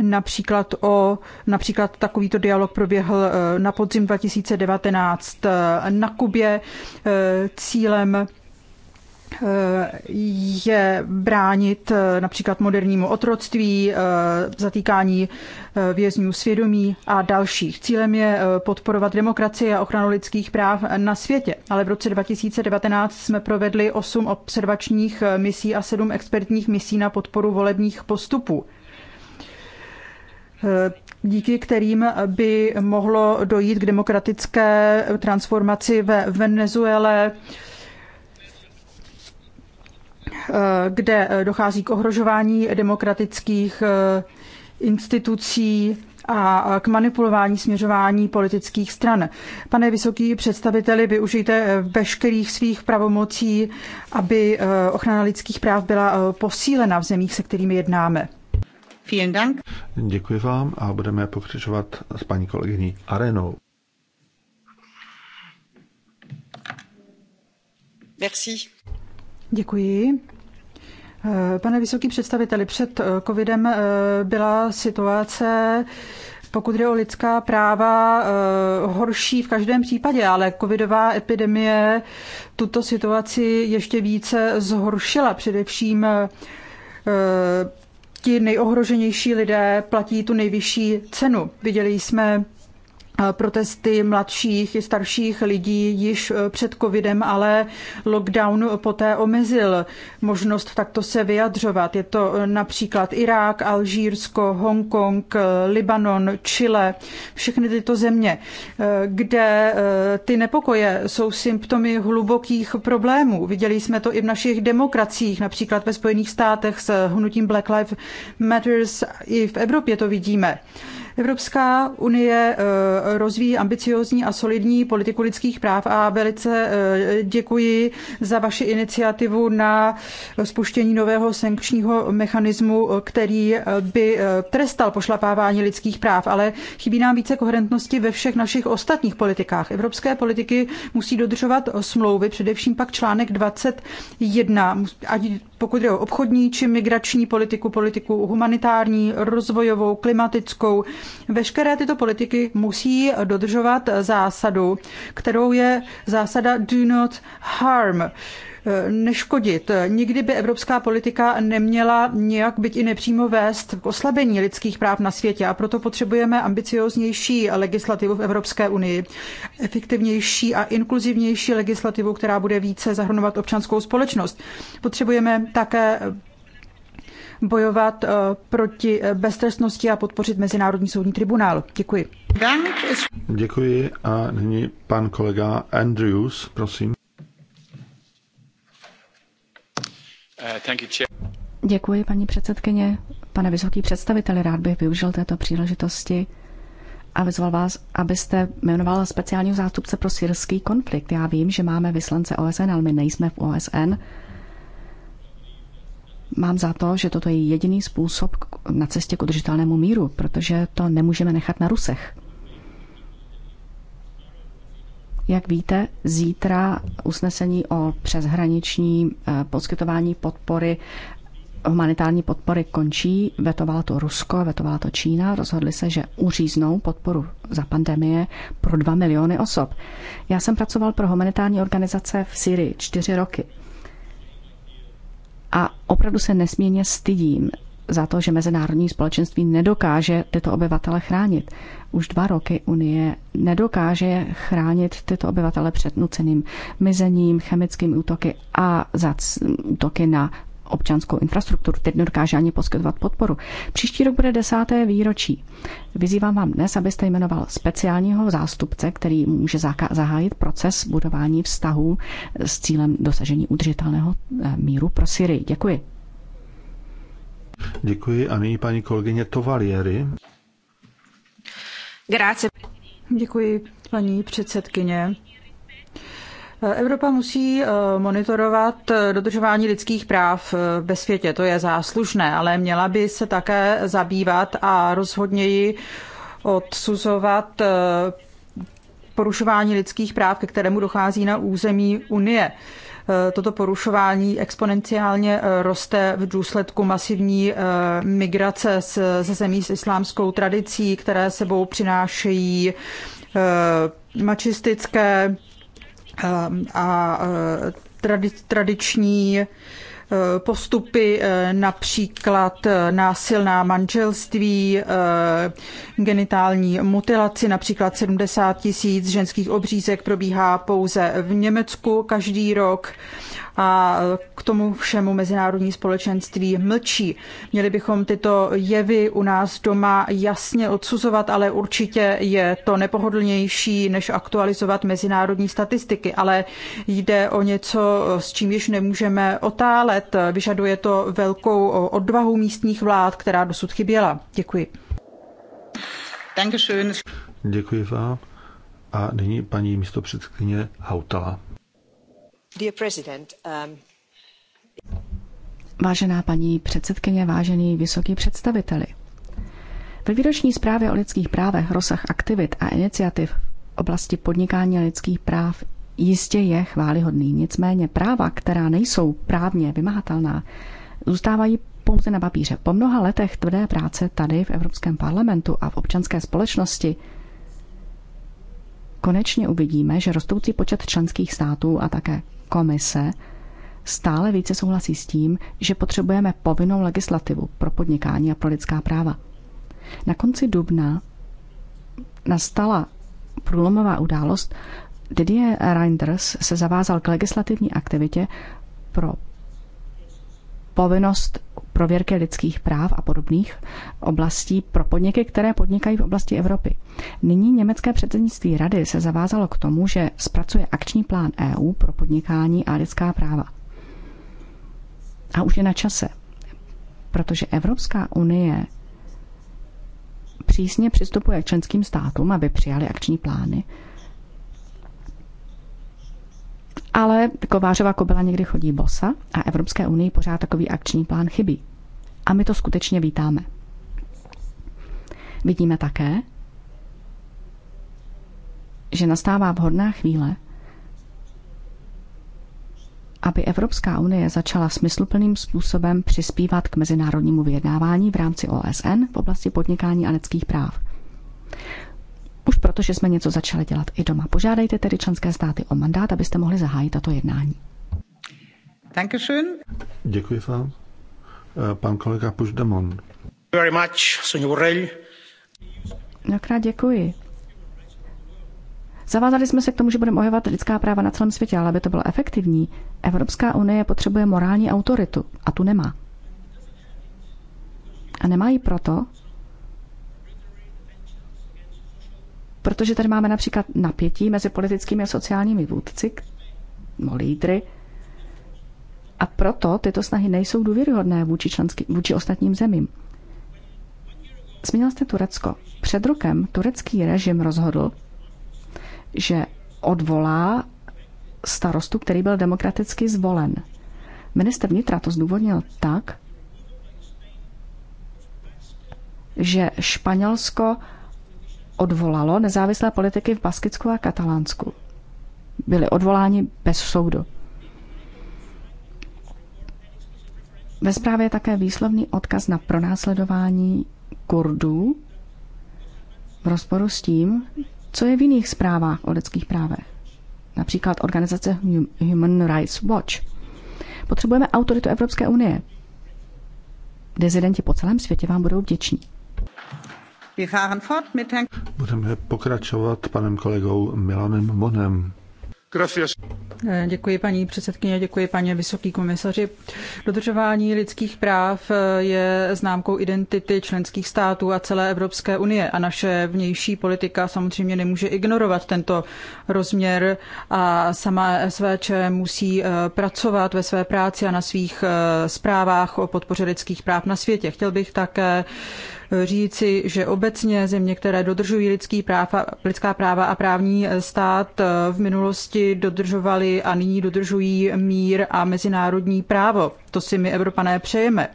[SPEAKER 1] Například, o, například takovýto dialog proběhl eh, na podzim 2019 eh, na Kubě. Eh, cílem je bránit například modernímu otroctví, zatýkání vězňů svědomí a dalších. Cílem je podporovat demokracii a ochranu lidských práv na světě. Ale v roce 2019 jsme provedli osm observačních misí a sedm expertních misí na podporu volebních postupů. Eh, díky kterým by mohlo dojít k demokratické transformaci ve Venezuele, eh, kde dochází k ohrožování demokratických eh, institucí a k manipulování směřování politických stran. Pane vysoký představiteli, využijte veškerých svých pravomocí, aby ochrana lidských práv byla posílena v zemích, se kterými jednáme.
[SPEAKER 7] Vielen Dank.
[SPEAKER 4] Děkuji vám a budeme pokračovat s paní kolegyní Arenou.
[SPEAKER 1] Merci. Děkuji. Eh, pane vysoký představiteli, před eh, covidem eh, byla situace pokud jde o lidská práva, horší v každém případě, ale covidová epidemie tuto situaci ještě více zhoršila, především ti nejohroženější lidé platí tu nejvyšší cenu. Viděli jsme protesty mladších i starších lidí již eh, před covidem, ale lockdown poté omezil možnost takto se vyjadřovat. Je to eh, například Irák, Alžírsko, Hongkong, eh, Libanon, Chile, všechny tyto země, kde ty nepokoje jsou symptomy hlubokých problémů. Viděli jsme to i v našich demokraciích, například ve Spojených státech s hnutím Black Lives Matters, i v Evropě to vidíme. Evropská unie eh, rozvíjí ambiciózní a solidní politiku lidských práv a velice eh, děkuji za vaši iniciativu na spuštění nového sankčního mechanismu, který eh, by trestal pošlapávání lidských práv, ale chybí nám více koherentnosti ve všech našich ostatních politikách. Evropské politiky musí dodržovat smlouvy, především pak článek 21, ať pokud jde o obchodní či migrační politiku, politiku humanitární, rozvojovou, klimatickou, veškeré tyto politiky musí dodržovat zásadu, kterou je zásada do not harm. Eh, neškodit. Nikdy by evropská politika neměla nějak byť i nepřímo vést k oslabení lidských práv na světě a proto potřebujeme ambicioznější legislativu v Evropské unii, efektivnější a inkluzivnější legislativu, která bude více zahrnovat občanskou společnost. Potřebujeme také eh, bojovat eh, proti beztrestnosti a podpořit Mezinárodní soudní tribunál. Děkuji.
[SPEAKER 4] Děkuji a nyní pan kolega Andrews, prosím.
[SPEAKER 3] Děkuji, paní předsedkyně. Pane vysoký představiteli, rád bych využil této příležitosti a vyzval vás, abyste jmenovala speciálního zástupce pro syrský konflikt. Já vím, že máme vyslance OSN, ale my nejsme v OSN. Mám za to, že toto je jediný způsob na cestě k udržitelnému míru, protože to nemůžeme nechat na Rusech. Jak víte, zítra usnesení o přeshraniční eh, poskytování podpory humanitární podpory končí, vetovala to Rusko, vetovala to Čína, rozhodli se, že uříznou podporu za pandemie pro 2 miliony osob. Já jsem pracoval pro humanitární organizace v Syrii čtyři roky a opravdu se nesmírně stydím za to, že mezinárodní společenství nedokáže tyto obyvatele chránit. Už dva roky Unie nedokáže chránit tyto obyvatele před nuceným mizením, chemickým útoky a za útoky na občanskou infrastrukturu, teď nedokáže ani poskytovat podporu. Příští rok bude desáté výročí. Vyzývám vám dnes, abyste jmenoval speciálního zástupce, který může zahájit proces budování vztahů s cílem dosažení udržitelného eh, míru pro Syrii. Děkuji.
[SPEAKER 4] Děkuji a nyní paní kolegyně Tovaliery.
[SPEAKER 8] Grazie.
[SPEAKER 1] Děkuji, paní předsedkyně. Evropa musí eh, monitorovat dodržování lidských práv eh, ve světě, to je záslužné, ale měla by se také zabývat a rozhodněji odsuzovat eh, porušování lidských práv, ke kterému dochází na území Unie. Eh, toto porušování exponenciálně eh, roste v důsledku masivní eh, migrace ze zemí s islámskou tradicí, které sebou přinášejí mačistické a tradiční postupy, eh, například eh, násilná manželství, eh, genitální mutilaci, například 70 tisíc ženských obřízek probíhá pouze v Německu každý rok a k tomu všemu mezinárodní společenství mlčí. Měli bychom tyto jevy u nás doma jasně odsuzovat, ale určitě je to nepohodlnější, než aktualizovat mezinárodní statistiky. Ale jde o něco, s čím již nemůžeme otálet. Vyžaduje to velkou odvahu místních vlád, která dosud chyběla. Děkuji.
[SPEAKER 4] Děkuji vám. A nyní paní místopředsedkyně Hautala.
[SPEAKER 1] Um,
[SPEAKER 4] Vážená paní předsedkyně,
[SPEAKER 3] vážený vysoký představiteli. Ve výroční zprávě o lidských právech rozsah aktivit a iniciativ v oblasti podnikání lidských práv jistě je chválihodný. Nicméně práva, která nejsou právně vymahatelná, zůstávají pouze na papíře. Po mnoha letech tvrdé práce tady v Evropském parlamentu a v občanské společnosti konečně uvidíme, že rostoucí počet členských států a také komise stále více souhlasí s tím, že potřebujeme povinnou legislativu pro podnikání a pro lidská práva. Na konci dubna nastala průlomová událost. Didier Reinders se zavázal k legislativní aktivitě pro povinnost prověrky lidských práv a podobných oblastí pro podniky, které podnikají v oblasti Evropy. Nyní německé předsednictví rady se zavázalo k tomu, že zpracuje akční plán EU pro podnikání a lidská práva. A už je na čase, protože Evropská unie přísně přistupuje k členským státům, aby přijali akční plány ale kovářová kobila někdy chodí bosa a Evropské unii pořád takový akční plán chybí. A my to skutečně vítáme. Vidíme také, že nastává vhodná chvíle, aby Evropská unie začala smysluplným způsobem přispívat k mezinárodnímu vyjednávání v rámci OSN v oblasti podnikání a lidských práv. Už protože jsme něco začali dělat i doma. Požádejte tedy členské státy o mandát, abyste mohli zahájit tato jednání.
[SPEAKER 4] Dankeschön. Děkuji vám. Eh, pan kolega Puždemon.
[SPEAKER 9] Very much, senor
[SPEAKER 3] Mnohokrát děkuji. Zavázali jsme se k tomu, že budeme ohevat lidská práva na celém světě, ale aby to bylo efektivní, Evropská unie potřebuje morální autoritu a tu nemá. A nemá ji proto, Protože tady máme například napětí mezi politickými a sociálními vůdci, no, lídry, a proto tyto snahy nejsou důvěryhodné vůči, členský, vůči ostatním zemím. Zmínil jste Turecko. Před rokem turecký režim rozhodl, že odvolá starostu, který byl demokraticky zvolen. Minister vnitra to zdůvodnil tak, že Španělsko odvolalo nezávislé politiky v Baskicku a Katalánsku. Byli odvoláni bez soudu. Ve zprávě je také výslovný odkaz na pronásledování Kurdů v rozporu s tím, co je v jiných zprávách o lidských právech. Například organizace Human Rights Watch. Potřebujeme autoritu Evropské unie. Dezidenti po celém světě vám budou vděční.
[SPEAKER 4] Budeme pokračovat panem kolegou Milanem Monem.
[SPEAKER 1] Eh, děkuji paní předsedkyně, děkuji paní vysoký komisaři. Dodržování lidských práv eh, je známkou identity členských států a celé Evropské unie a naše vnější politika samozřejmě nemůže ignorovat tento rozměr a sama SVČ musí eh, pracovat ve své práci a na svých zprávách o podpoře lidských práv na světě. Chtěl bych také říci, že obecně země, které dodržují lidský práv, lidská práva a právní stát eh, v minulosti dodržovaly a nyní dodržují mír a mezinárodní právo. To si my Evropané přejeme.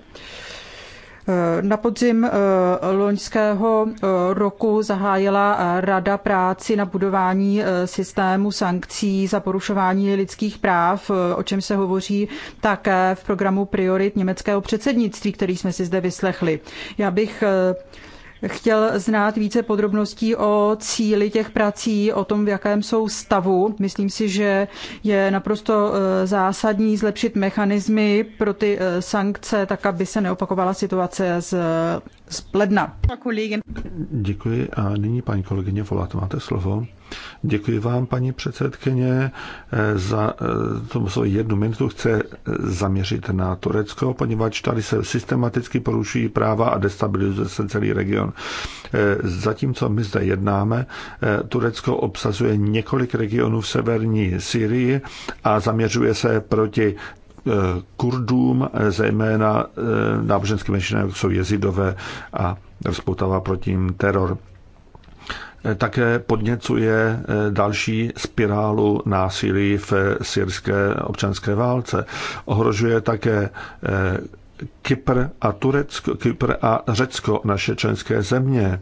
[SPEAKER 1] Eh, na podzim eh, loňského eh, roku zahájila Rada práci na budování systému sankcí za porušování lidských práv, o čem se hovoří také v programu Priorit německého předsednictví, který jsme si zde vyslechli. Já bych chtěl znát více podrobností o cíli těch prací, o tom, v jakém jsou stavu. Myslím si, že je naprosto eh, zásadní zlepšit mechanismy pro ty eh, sankce, tak aby se neopakovala situace z z
[SPEAKER 4] pledna. Děkuji a nyní paní kolegyně Volat, máte slovo. Děkuji vám, paní předsedkyně, eh, za eh, to svoji jednu minutu chce eh, zaměřit na Turecko, poněvadž tady se systematicky porušují práva a destabilizuje se celý region. Zatímco my zde jednáme, Turecko obsazuje několik regionů v severní Syrii a zaměřuje se proti Eh, Kurdům, eh, zejména eh, náboženské menšiny, jako jsou jezidové a rozpoutává proti jim teror. Také podněcuje další spirálu násilí v syrské občanské válce. Ohrožuje také Kypr a Turecko, Kypr a Řecko, naše členské země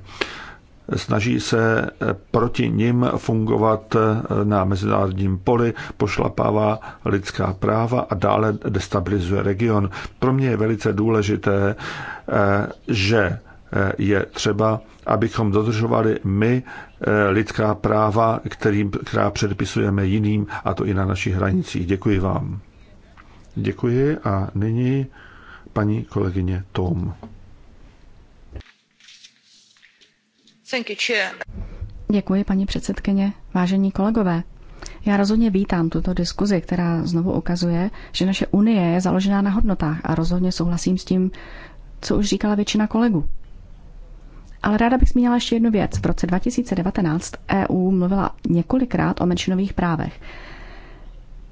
[SPEAKER 4] snaží se eh, proti nim fungovat eh, na mezinárodním poli, pošlapává lidská práva a dále destabilizuje region. Pro mě je velice důležité, eh, že je třeba, abychom dodržovali my lidská práva, kterým, která předpisujeme jiným, a to i na našich hranicích. Děkuji vám. Děkuji a nyní paní kolegyně Tom.
[SPEAKER 3] Děkuji, paní předsedkyně. Vážení kolegové, já rozhodně vítám tuto diskuzi, která znovu ukazuje, že naše unie je založená na hodnotách a rozhodně souhlasím s tím, co už říkala většina kolegů. Ale ráda bych zmínila ještě jednu věc. V roce 2019 EU mluvila několikrát o menšinových právech.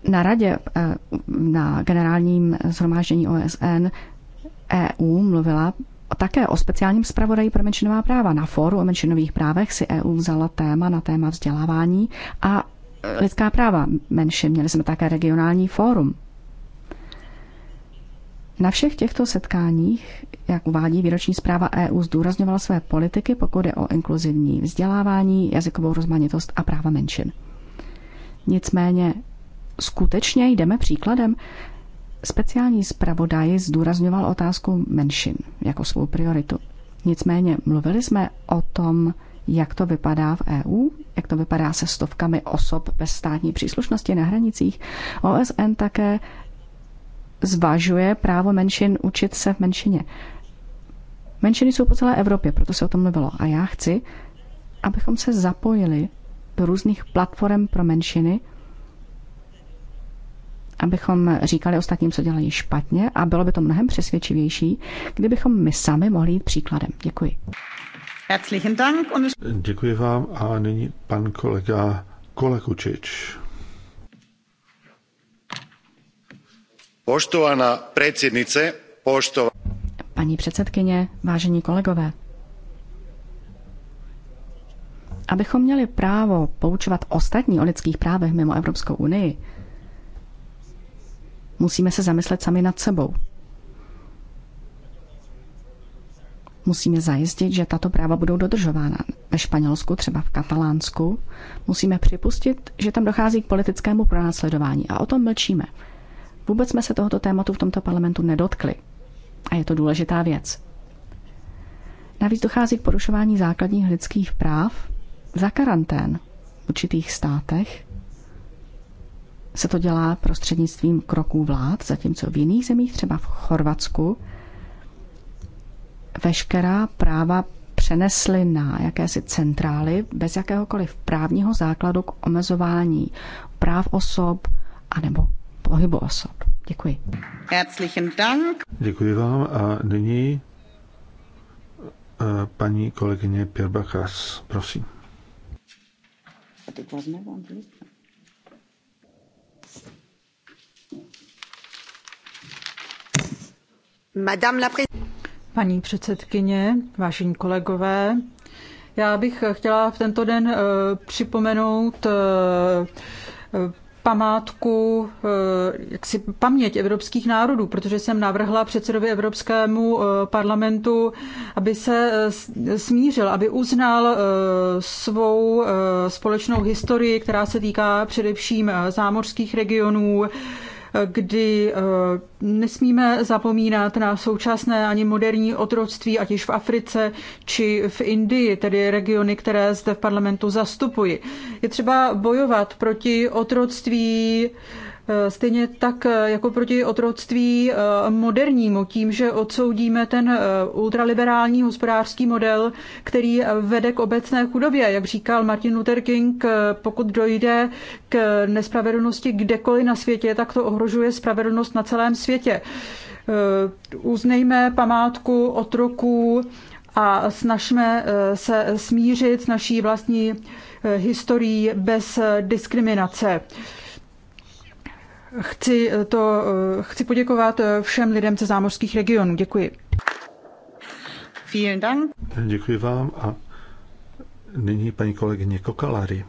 [SPEAKER 3] Na radě, eh, na generálním zhromáždění OSN EU mluvila také o speciálním zpravodaji pro menšinová práva. Na fóru o menšinových právech si EU vzala téma na téma vzdělávání a e, lidská práva menšin. Měli jsme také regionální fórum. Na všech těchto setkáních, jak uvádí výroční zpráva EU, zdůrazňovala své politiky, pokud je o inkluzivní vzdělávání, jazykovou rozmanitost a práva menšin. Nicméně skutečně jdeme příkladem. Speciální zpravodaj zdůrazňoval otázku menšin jako svou prioritu. Nicméně mluvili jsme o tom, jak to vypadá v EU, jak to vypadá se stovkami osob bez státní příslušnosti na hranicích. OSN také zvažuje právo menšin učit se v menšině. Menšiny jsou po celé Evropě, proto se o tom mluvilo. A já chci, abychom se zapojili do různých platform pro menšiny, abychom říkali ostatním, co dělají špatně a bylo by to mnohem přesvědčivější, kdybychom my sami mohli jít příkladem. Děkuji.
[SPEAKER 4] Děkuji vám a nyní pan kolega Kolekučič. Poštovaná předsednice, poštova... Paní
[SPEAKER 3] předsedkyně, vážení kolegové, abychom měli právo poučovat ostatní o lidských právech mimo Evropskou unii, Musíme se zamyslet sami nad sebou. Musíme zajistit, že tato práva budou dodržována. Ve Španělsku, třeba v Katalánsku, musíme připustit, že tam dochází k politickému pronásledování a o tom mlčíme. Vůbec jsme se tohoto tématu v tomto parlamentu nedotkli. A je to důležitá věc. Navíc dochází k porušování základních lidských práv za karantén v určitých státech se to dělá prostřednictvím kroků vlád, zatímco v jiných zemích, třeba v Chorvatsku, veškerá práva přenesly na jakési centrály bez jakéhokoliv právního základu k omezování práv osob anebo pohybu osob. Děkuji.
[SPEAKER 8] Herzlichen Dank.
[SPEAKER 4] Děkuji vám a nyní eh, paní kolegyně Pirbachas, prosím.
[SPEAKER 1] A Paní předsedkyně, vážení kolegové, já bych chtěla v tento den eh, připomenout eh, eh, památku, jaksi paměť evropských národů, protože jsem navrhla předsedovi Evropskému parlamentu, aby se smířil, aby uznal svou společnou historii, která se týká především zámořských regionů, kdy eh, nesmíme zapomínat na současné ani moderní otroctví, ať již v Africe či v Indii, tedy regiony, které zde v parlamentu zastupuji. Je třeba bojovat proti otroctví Eh, stejně tak eh, jako proti otroctví eh, modernímu, tím, že odsoudíme ten ultraliberální hospodářský model, který vede k obecné chudobě. Jak říkal Martin Luther King, pokud dojde k nespravedlnosti kdekoliv na světě, tak to ohrožuje spravedlnost na celém světě. Uznejme památku otroků a snažme se smířit s naší vlastní historií bez diskriminace. Chci, eh, to, eh, chci poděkovat eh, všem lidem ze zámořských regionů. Děkuji.
[SPEAKER 6] Vielen Dank.
[SPEAKER 4] Děkuji vám a nyní paní kolegyně Kokalary.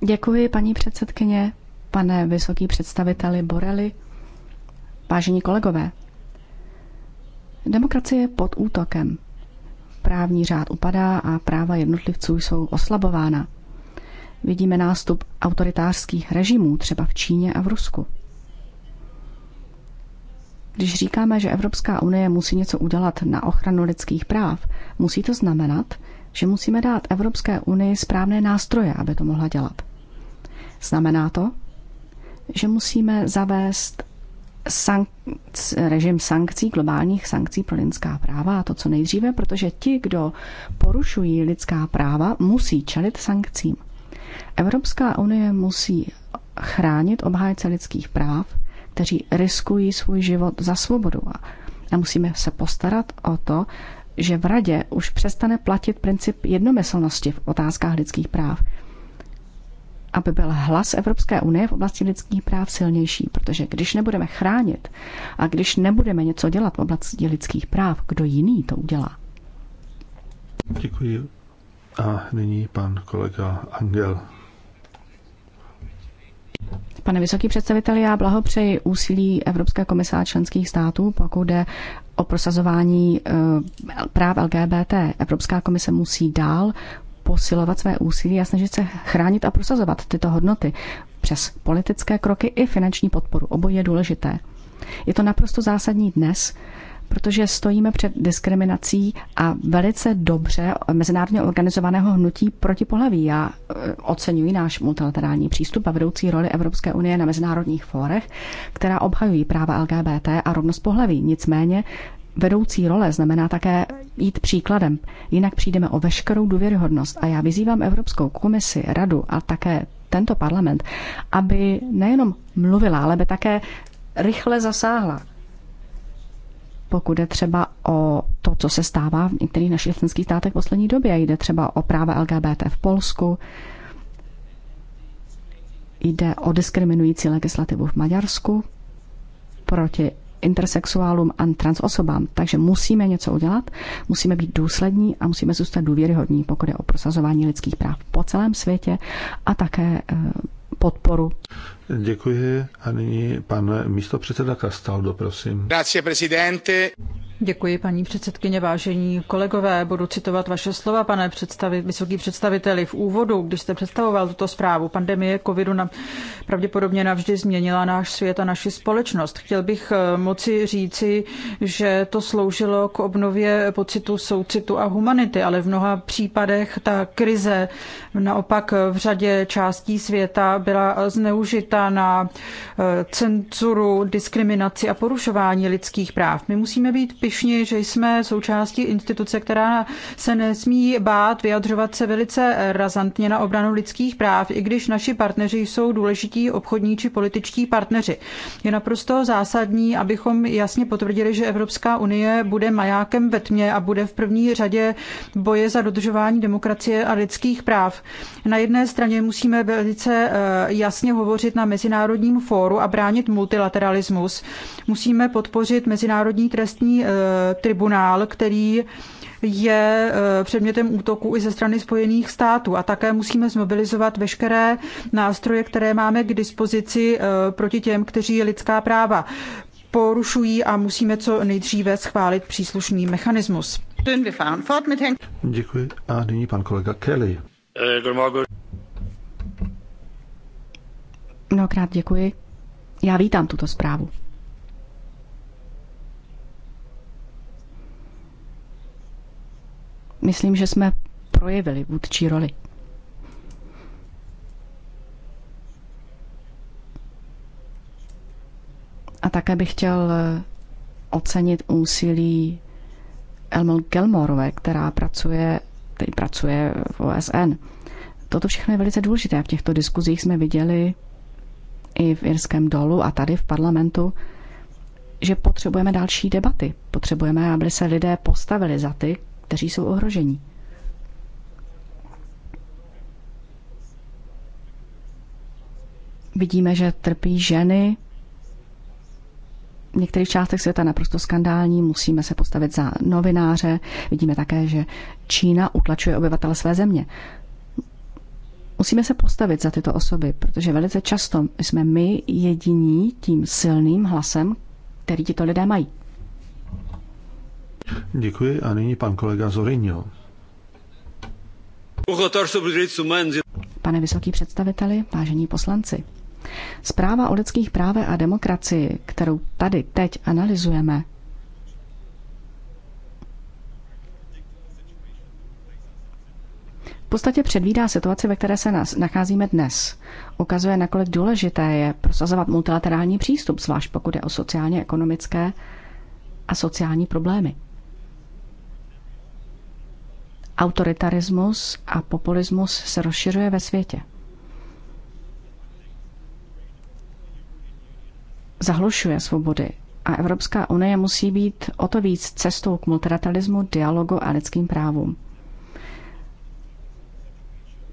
[SPEAKER 3] Děkuji, paní předsedkyně, pane vysoký představiteli Borely, vážení kolegové. Demokracie je pod útokem právní řád upadá a práva jednotlivců jsou oslabována. Vidíme nástup autoritářských režimů, třeba v Číně a v Rusku. Když říkáme, že Evropská unie musí něco udělat na ochranu lidských práv, musí to znamenat, že musíme dát Evropské unii správné nástroje, aby to mohla dělat. Znamená to, že musíme zavést sank- režim sankcí, globálních sankcí pro lidská práva a to co nejdříve, protože ti, kdo porušují lidská práva, musí čelit sankcím. Evropská unie musí chránit obhájce lidských práv, kteří riskují svůj život za svobodu. A musíme se postarat o to, že v Radě už přestane platit princip jednomyslnosti v otázkách lidských práv aby byl hlas Evropské unie v oblasti lidských práv silnější, protože když nebudeme chránit a když nebudeme něco dělat v oblasti lidských práv, kdo jiný to udělá?
[SPEAKER 4] Děkuji. A nyní pan kolega Angel.
[SPEAKER 3] Pane vysoký představiteli, já blahopřeji úsilí Evropské komise a členských států, pokud jde o prosazování eh, práv LGBT. Evropská komise musí dál posilovat své úsilí a snažit se chránit a prosazovat tyto hodnoty přes politické kroky i finanční podporu. Obojí je důležité. Je to naprosto zásadní dnes, protože stojíme před diskriminací a velice dobře mezinárodně organizovaného hnutí proti pohlaví. Já eh, oceňuji náš multilaterální přístup a vedoucí roli Evropské unie na mezinárodních fórech, která obhajují práva LGBT a rovnost pohlaví. Nicméně vedoucí role znamená také jít příkladem, jinak přijdeme o veškerou důvěryhodnost. A já vyzývám Evropskou komisi, radu a také tento parlament, aby nejenom mluvila, ale by také rychle zasáhla, pokud je třeba o to, co se stává v některých našich členských státech v poslední době. Jde třeba o práva LGBT v Polsku, jde o diskriminující legislativu v Maďarsku proti intersexuálům a transosobám. Takže musíme něco udělat, musíme být důslední a musíme zůstat důvěryhodní, pokud je o prosazování lidských práv po celém světě a také eh, podporu.
[SPEAKER 4] Děkuji a nyní pan předseda Kastaldo, prosím.
[SPEAKER 7] Grazie, presidente. Děkuji,
[SPEAKER 1] paní předsedkyně, vážení kolegové. Budu citovat vaše slova, pane představit, vysoký představiteli. V úvodu, když jste představoval tuto zprávu, pandemie covidu na, pravděpodobně navždy změnila náš svět a naši společnost. Chtěl bych eh, moci říci, že to sloužilo k obnově pocitu soucitu a humanity, ale v mnoha případech ta krize naopak v řadě částí světa byla zneužita života, na eh, cenzuru, diskriminaci a porušování lidských práv. My musíme být pišni, že jsme součástí instituce, která se nesmí bát vyjadřovat se velice razantně na obranu lidských práv, i když naši partneři jsou důležití obchodní či političtí partneři. Je naprosto zásadní, abychom jasně potvrdili, že Evropská unie bude majákem ve tmě a bude v první řadě boje za dodržování demokracie a lidských práv. Na jedné straně musíme velice eh, jasně hovořit na mezinárodním fóru a bránit multilateralismus. Musíme podpořit Mezinárodní trestní eh, tribunál, který je eh, předmětem útoku i ze strany Spojených států. A také musíme zmobilizovat veškeré nástroje, které máme k dispozici eh, proti těm, kteří lidská práva porušují a musíme co nejdříve schválit příslušný mechanismus.
[SPEAKER 4] Děkuji. A nyní pan kolega Kelly.
[SPEAKER 1] Mnohokrát děkuji.
[SPEAKER 3] Já vítám tuto zprávu. Myslím, že jsme projevili vůdčí roli. A také bych chtěl eh, ocenit úsilí Elmel Gilmorové, která pracuje, tedy pracuje v OSN. Toto všechno je velice důležité. V těchto diskuzích jsme viděli, i v Irském dolu a tady v parlamentu, že potřebujeme další debaty. Potřebujeme, aby se lidé postavili za ty, kteří jsou ohroženi. Vidíme, že trpí ženy. V některých částech světa naprosto skandální, musíme se postavit za novináře. Vidíme také, že Čína utlačuje obyvatele své země. Musíme se postavit za tyto osoby, protože velice často jsme my jediní tím silným hlasem, který tito lidé mají.
[SPEAKER 4] Děkuji a nyní pan kolega Zorinio.
[SPEAKER 3] Pane vysoký představiteli, vážení poslanci, zpráva o lidských právech a demokracii, kterou tady teď analyzujeme, V podstatě předvídá situaci, ve které se nás nacházíme dnes. Ukazuje, nakolik důležité je prosazovat multilaterální přístup, zvlášť pokud je o sociálně ekonomické a sociální problémy. Autoritarismus a populismus se rozšiřuje ve světě. Zahlušuje svobody a Evropská unie musí být o to víc cestou k multilateralismu, dialogu a lidským právům.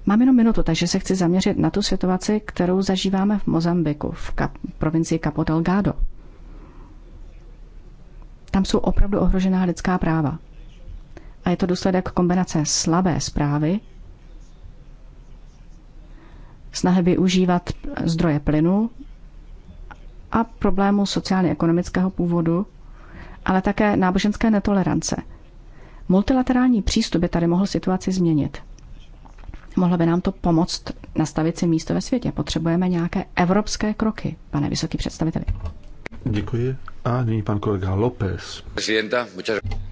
[SPEAKER 3] Mám jenom minutu, takže se chci zaměřit na tu situaci, kterou zažíváme v Mozambiku, v kap, provincii Capo Delgado. Tam jsou opravdu ohrožená lidská práva. A je to důsledek kombinace slabé zprávy, snahy využívat zdroje plynu a problému sociálně-ekonomického původu, ale také náboženské netolerance. Multilaterální přístup by tady mohl situaci změnit. Mohlo by nám to pomoct nastavit si místo ve světě. Potřebujeme nějaké evropské kroky, pane vysoký
[SPEAKER 4] představiteli. Děkuji. A nyní pan kolega López.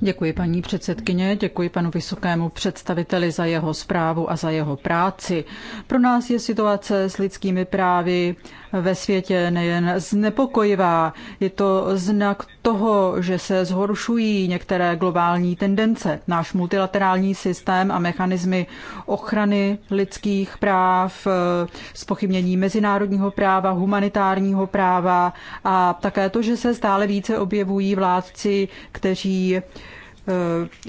[SPEAKER 1] Děkuji paní předsedkyně, děkuji panu vysokému představiteli za jeho zprávu a za jeho práci. Pro nás je situace s lidskými právy ve světě nejen znepokojivá, je to znak toho, že se zhoršují některé globální tendence. Náš multilaterální systém a mechanismy ochrany lidských práv, eh, spochybnění mezinárodního práva, humanitárního práva a také to, že se stále stále více objevují vládci, kteří eh,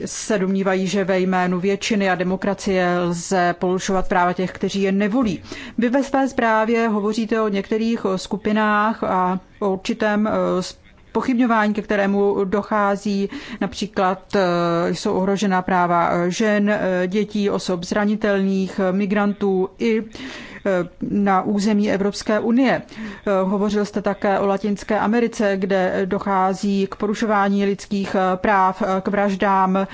[SPEAKER 1] se domnívají, že ve jménu většiny a demokracie lze porušovat práva těch, kteří je nevolí. Vy ve své zprávě hovoříte o některých skupinách a o určitém eh, pochybňování, ke kterému dochází. Například eh, jsou ohrožena práva žen, dětí, osob zranitelných, migrantů i na území Evropské unie. Hovořil jste také o Latinské Americe, kde dochází k porušování lidských eh, práv, eh, k vraždám eh,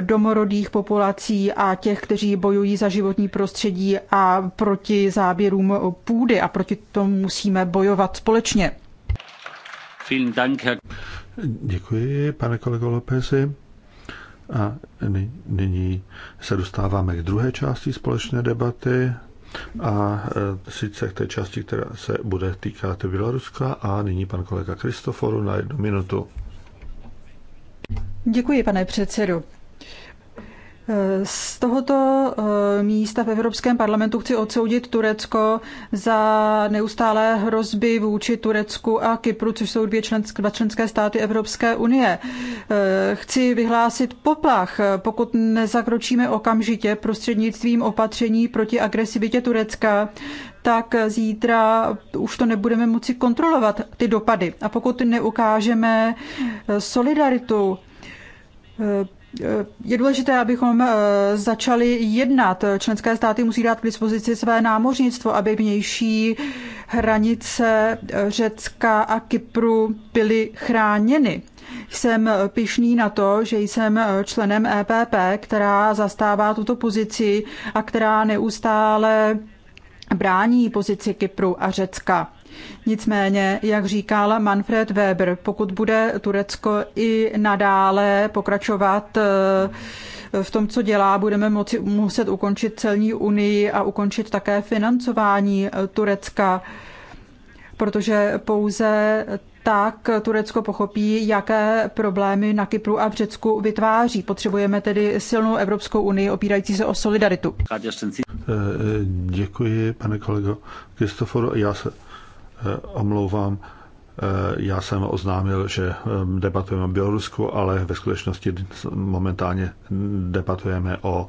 [SPEAKER 1] domorodých populací a těch, kteří bojují za životní prostředí a proti záběrům půdy a proti tomu musíme bojovat společně.
[SPEAKER 4] Děkuji, pane kolego Lopezi. A nyní se dostáváme k druhé části společné debaty a e, sice k té části, která se bude týkat Běloruska a nyní pan kolega Kristoforu na jednu minutu.
[SPEAKER 1] Děkuji, pane předsedu. Z tohoto eh, místa v Evropském parlamentu chci odsoudit Turecko za neustálé hrozby vůči Turecku a Kypru, což jsou dvě členské, dva členské státy Evropské unie. Eh, chci vyhlásit poplach, pokud nezakročíme okamžitě prostřednictvím opatření proti agresivitě Turecka, tak zítra už to nebudeme moci kontrolovat, ty dopady. A pokud neukážeme eh, solidaritu, je důležité, abychom eh, začali jednat. Členské státy musí dát k dispozici své námořnictvo, aby vnější hranice Řecka a Kypru byly chráněny. Jsem pišný na to, že jsem členem EPP, která zastává tuto pozici a která neustále brání pozici Kypru a Řecka. Nicméně, jak říkal Manfred Weber, pokud bude Turecko i nadále pokračovat eh, v tom, co dělá, budeme moci, muset ukončit celní unii a ukončit také financování eh, Turecka, protože pouze tak Turecko pochopí, jaké problémy na Kypru a v Řecku vytváří. Potřebujeme tedy silnou Evropskou unii opírající se o
[SPEAKER 6] solidaritu.
[SPEAKER 4] Eh, děkuji, pane kolego Kristoforo. Já se Eh, omlouvám, eh, já jsem oznámil, že eh, debatujeme o Bělorusku, ale ve skutečnosti momentálně debatujeme o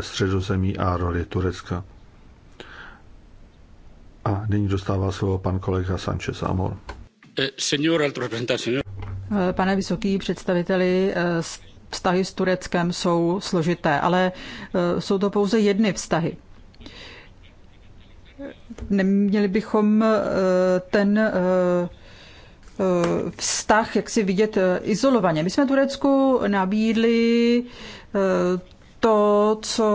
[SPEAKER 4] středozemí a roli Turecka. A nyní dostává slovo pan kolega Sanchez Amor.
[SPEAKER 1] Pane vysoký představiteli, vztahy s Tureckem jsou složité, ale jsou to pouze jedny vztahy. Neměli bychom eh, ten eh, eh, vztah, jak si vidět, izolovaně. My jsme Turecku nabídli to, co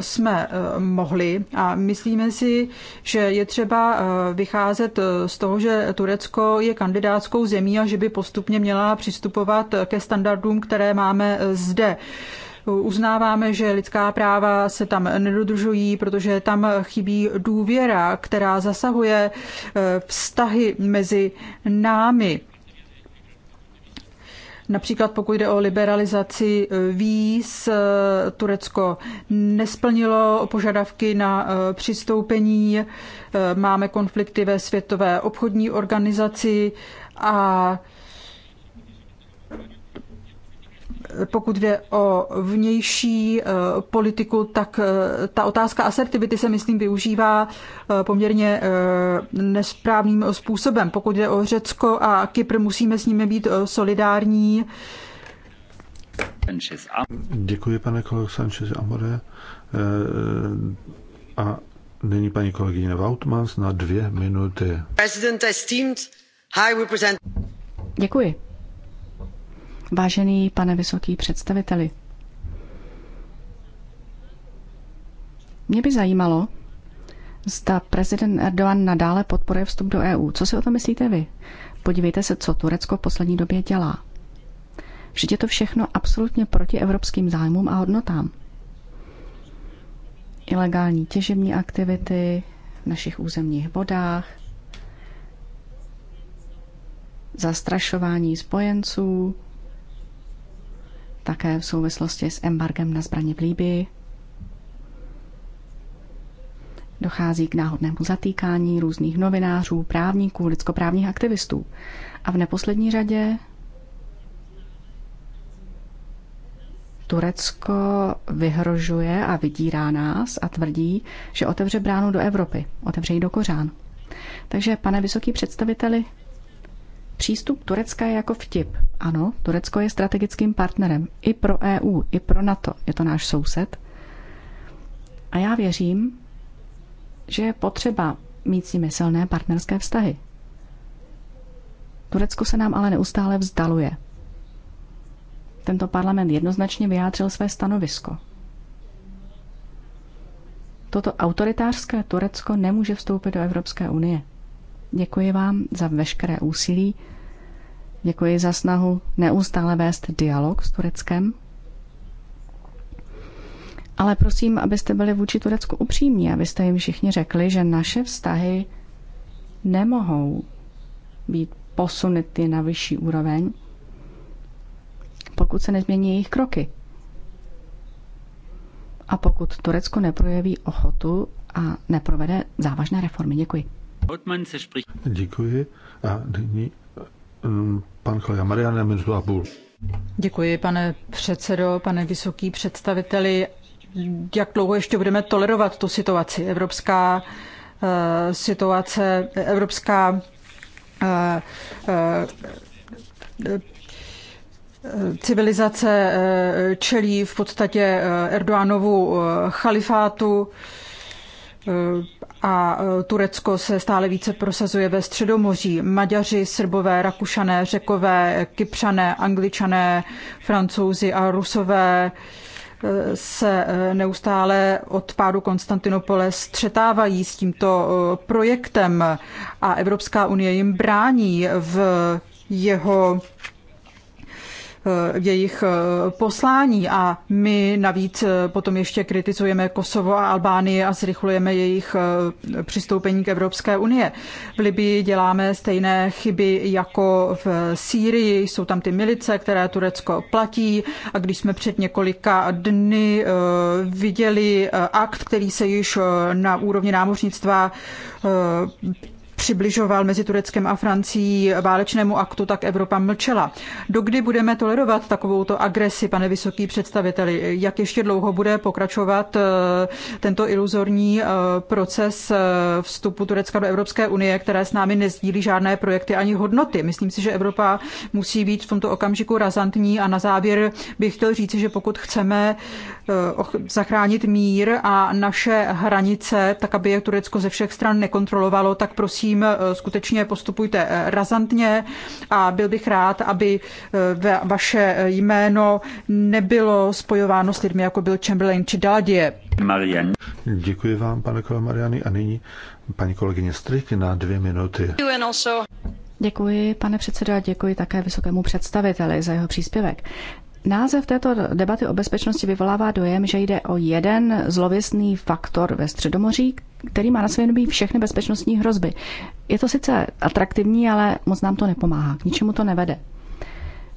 [SPEAKER 1] jsme mohli a myslíme si, že je třeba vycházet z toho, že Turecko je kandidátskou zemí a že by postupně měla přistupovat ke standardům, které máme zde. Uznáváme, že lidská práva se tam nedodržují, protože tam chybí důvěra, která zasahuje eh, vztahy mezi námi. Například pokud jde o liberalizaci eh, víz, eh, Turecko nesplnilo požadavky na přistoupení, máme konflikty ve Světové obchodní organizaci a pokud jde o vnější eh, politiku, tak eh, ta otázka asertivity se, myslím, využívá eh, poměrně nesprávným způsobem. Pokud jde o Řecko a Kypr, musíme s nimi být solidární.
[SPEAKER 4] Děkuji, pane kolego Sanchez Amore. A nyní paní kolegyně Vautmans na dvě minuty.
[SPEAKER 1] Děkuji.
[SPEAKER 3] Vážený pane vysoký představiteli, mě by zajímalo, zda prezident Erdogan nadále podporuje vstup do EU. Co si o tom myslíte vy? Podívejte se, co Turecko v poslední době dělá. Vždyť je to všechno absolutně proti evropským zájmům a hodnotám. Ilegální těžební aktivity v našich územních vodách, zastrašování spojenců, také v souvislosti s embargem na zbraně v Líbii. Dochází k náhodnému zatýkání různých novinářů, právníků, lidskoprávních aktivistů. A v neposlední řadě Turecko vyhrožuje a vydírá nás a tvrdí, že otevře bránu do Evropy, otevře ji do kořán. Takže, pane vysoký představiteli, Přístup Turecka je jako vtip. Ano, Turecko je strategickým partnerem i pro EU, i pro NATO. Je to náš soused. A já věřím, že je potřeba mít s nimi silné partnerské vztahy. Turecko se nám ale neustále vzdaluje. Tento parlament jednoznačně vyjádřil své stanovisko. Toto autoritářské Turecko nemůže vstoupit do Evropské unie. Děkuji vám za veškeré úsilí. Děkuji za snahu neustále vést dialog s Tureckem. Ale prosím, abyste byli vůči Turecku upřímní, abyste jim všichni řekli, že naše vztahy nemohou být posunuty na vyšší úroveň, pokud se nezmění jejich kroky. A pokud Turecko neprojeví ochotu a neprovede závažné reformy. Děkuji.
[SPEAKER 4] Děkuji. A nyní mm, pan kolega Mariana minutu a
[SPEAKER 1] Děkuji, pane předsedo, pane vysoký představiteli. Jak dlouho ještě budeme tolerovat tu situaci? Evropská uh, situace, evropská uh, uh, civilizace čelí v podstatě Erdoánovu chalifátu a e, Turecko se stále více prosazuje ve Středomoří. Maďaři, Srbové, Rakušané, Řekové, Kypřané, Angličané, Francouzi a Rusové e, se e, neustále od pádu Konstantinopole střetávají s tímto projektem a Evropská unie jim brání v jeho Eh, jejich eh, poslání a my navíc eh, potom ještě kritizujeme Kosovo a Albánii a zrychlujeme jejich přistoupení k Evropské unie. V Libii děláme stejné chyby jako v Sýrii, jsou tam ty milice, které Turecko platí a když jsme před několika dny viděli akt, který se již na úrovni námořnictva přibližoval mezi Tureckem a Francií válečnému aktu, tak Evropa mlčela. Dokdy budeme tolerovat takovouto agresi, pane vysoký představiteli? Jak ještě dlouho bude pokračovat eh, tento iluzorní eh, proces eh, vstupu Turecka do Evropské unie, které s námi nezdílí žádné projekty ani hodnoty? Myslím si, že Evropa musí být v tomto okamžiku razantní a na závěr bych chtěl říci, že pokud chceme zachránit mír a naše hranice, tak aby je Turecko ze všech stran nekontrolovalo, tak prosím prosím, eh, skutečně postupujte eh, razantně a byl bych rád, aby eh, vaše jméno nebylo spojováno s lidmi, jako byl Chamberlain či Daladie.
[SPEAKER 4] Marian. Děkuji vám, pane kolego Mariany. A nyní paní kolegyně Strik na dvě minuty.
[SPEAKER 3] Děkuji, pane předsedo, a děkuji také vysokému představiteli za jeho příspěvek. Název této debaty o bezpečnosti vyvolává dojem, že jde o jeden zlověstný faktor ve Středomoří, který má na svědomí všechny bezpečnostní hrozby. Je to sice atraktivní, ale moc nám to nepomáhá, k ničemu to nevede.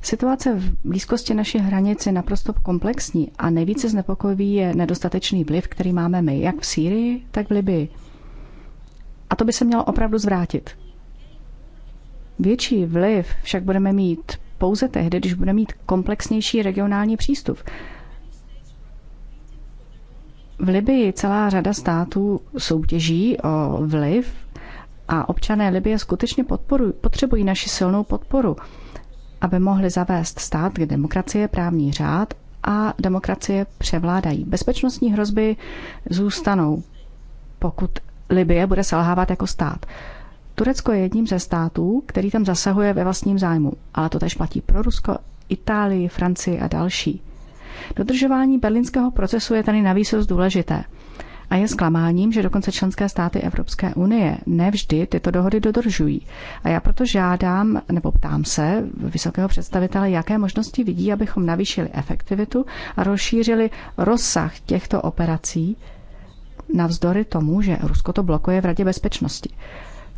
[SPEAKER 3] Situace v blízkosti naší hranice je naprosto komplexní a nejvíce znepokojivý je nedostatečný vliv, který máme my, jak v Sýrii, tak v Libii. A to by se mělo opravdu zvrátit. Větší vliv však budeme mít pouze tehdy, když bude mít komplexnější regionální přístup. V Libii celá řada států soutěží o vliv a občané Libie skutečně podporují, potřebují naši silnou podporu, aby mohli zavést stát, kde demokracie, právní řád a demokracie převládají. Bezpečnostní hrozby zůstanou, pokud Libie bude selhávat jako stát. Turecko je jedním ze států, který tam zasahuje ve vlastním zájmu, ale to tež platí pro Rusko, Itálii, Francii a další. Dodržování berlínského procesu je tady navíc důležité. A je zklamáním, že dokonce členské státy Evropské unie nevždy tyto dohody dodržují. A já proto žádám, nebo ptám se vysokého představitele, jaké možnosti vidí, abychom navýšili efektivitu a rozšířili rozsah těchto operací, navzdory tomu, že Rusko to blokuje v Radě bezpečnosti.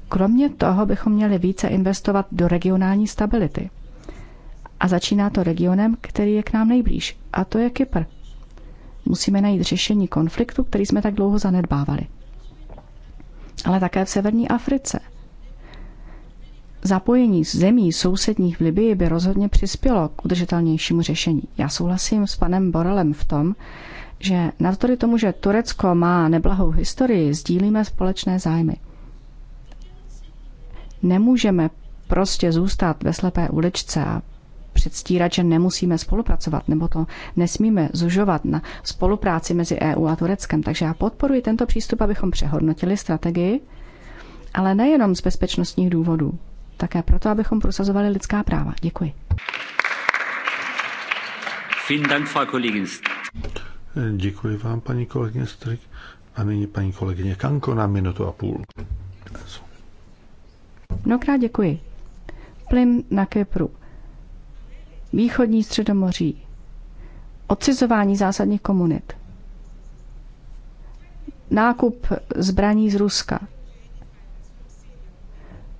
[SPEAKER 3] Kromě toho bychom měli více investovat do regionální stability. A začíná to regionem, který je k nám nejblíž, a to je Kypr. Musíme najít řešení konfliktu, který jsme tak dlouho zanedbávali. Ale také v severní Africe. Zapojení z zemí sousedních v Libii by rozhodně přispělo k udržitelnějšímu řešení. Já souhlasím s panem Borelem v tom, že navzdory tomu, že Turecko má neblahou historii, sdílíme společné zájmy. Nemůžeme prostě zůstat ve slepé uličce a předstírat, že nemusíme spolupracovat, nebo to nesmíme zužovat na spolupráci mezi EU a Tureckem. Takže já podporuji tento přístup, abychom přehodnotili strategii, ale nejenom z bezpečnostních důvodů, také proto, abychom prosazovali lidská práva. Děkuji.
[SPEAKER 4] Děkuji vám, paní kolegyně Strik. A nyní paní kolegyně Kanko na minutu a půl. Mnohokrát
[SPEAKER 3] děkuji. Plyn na Kypru. Východní středomoří. Odcizování zásadních komunit. Nákup zbraní z Ruska.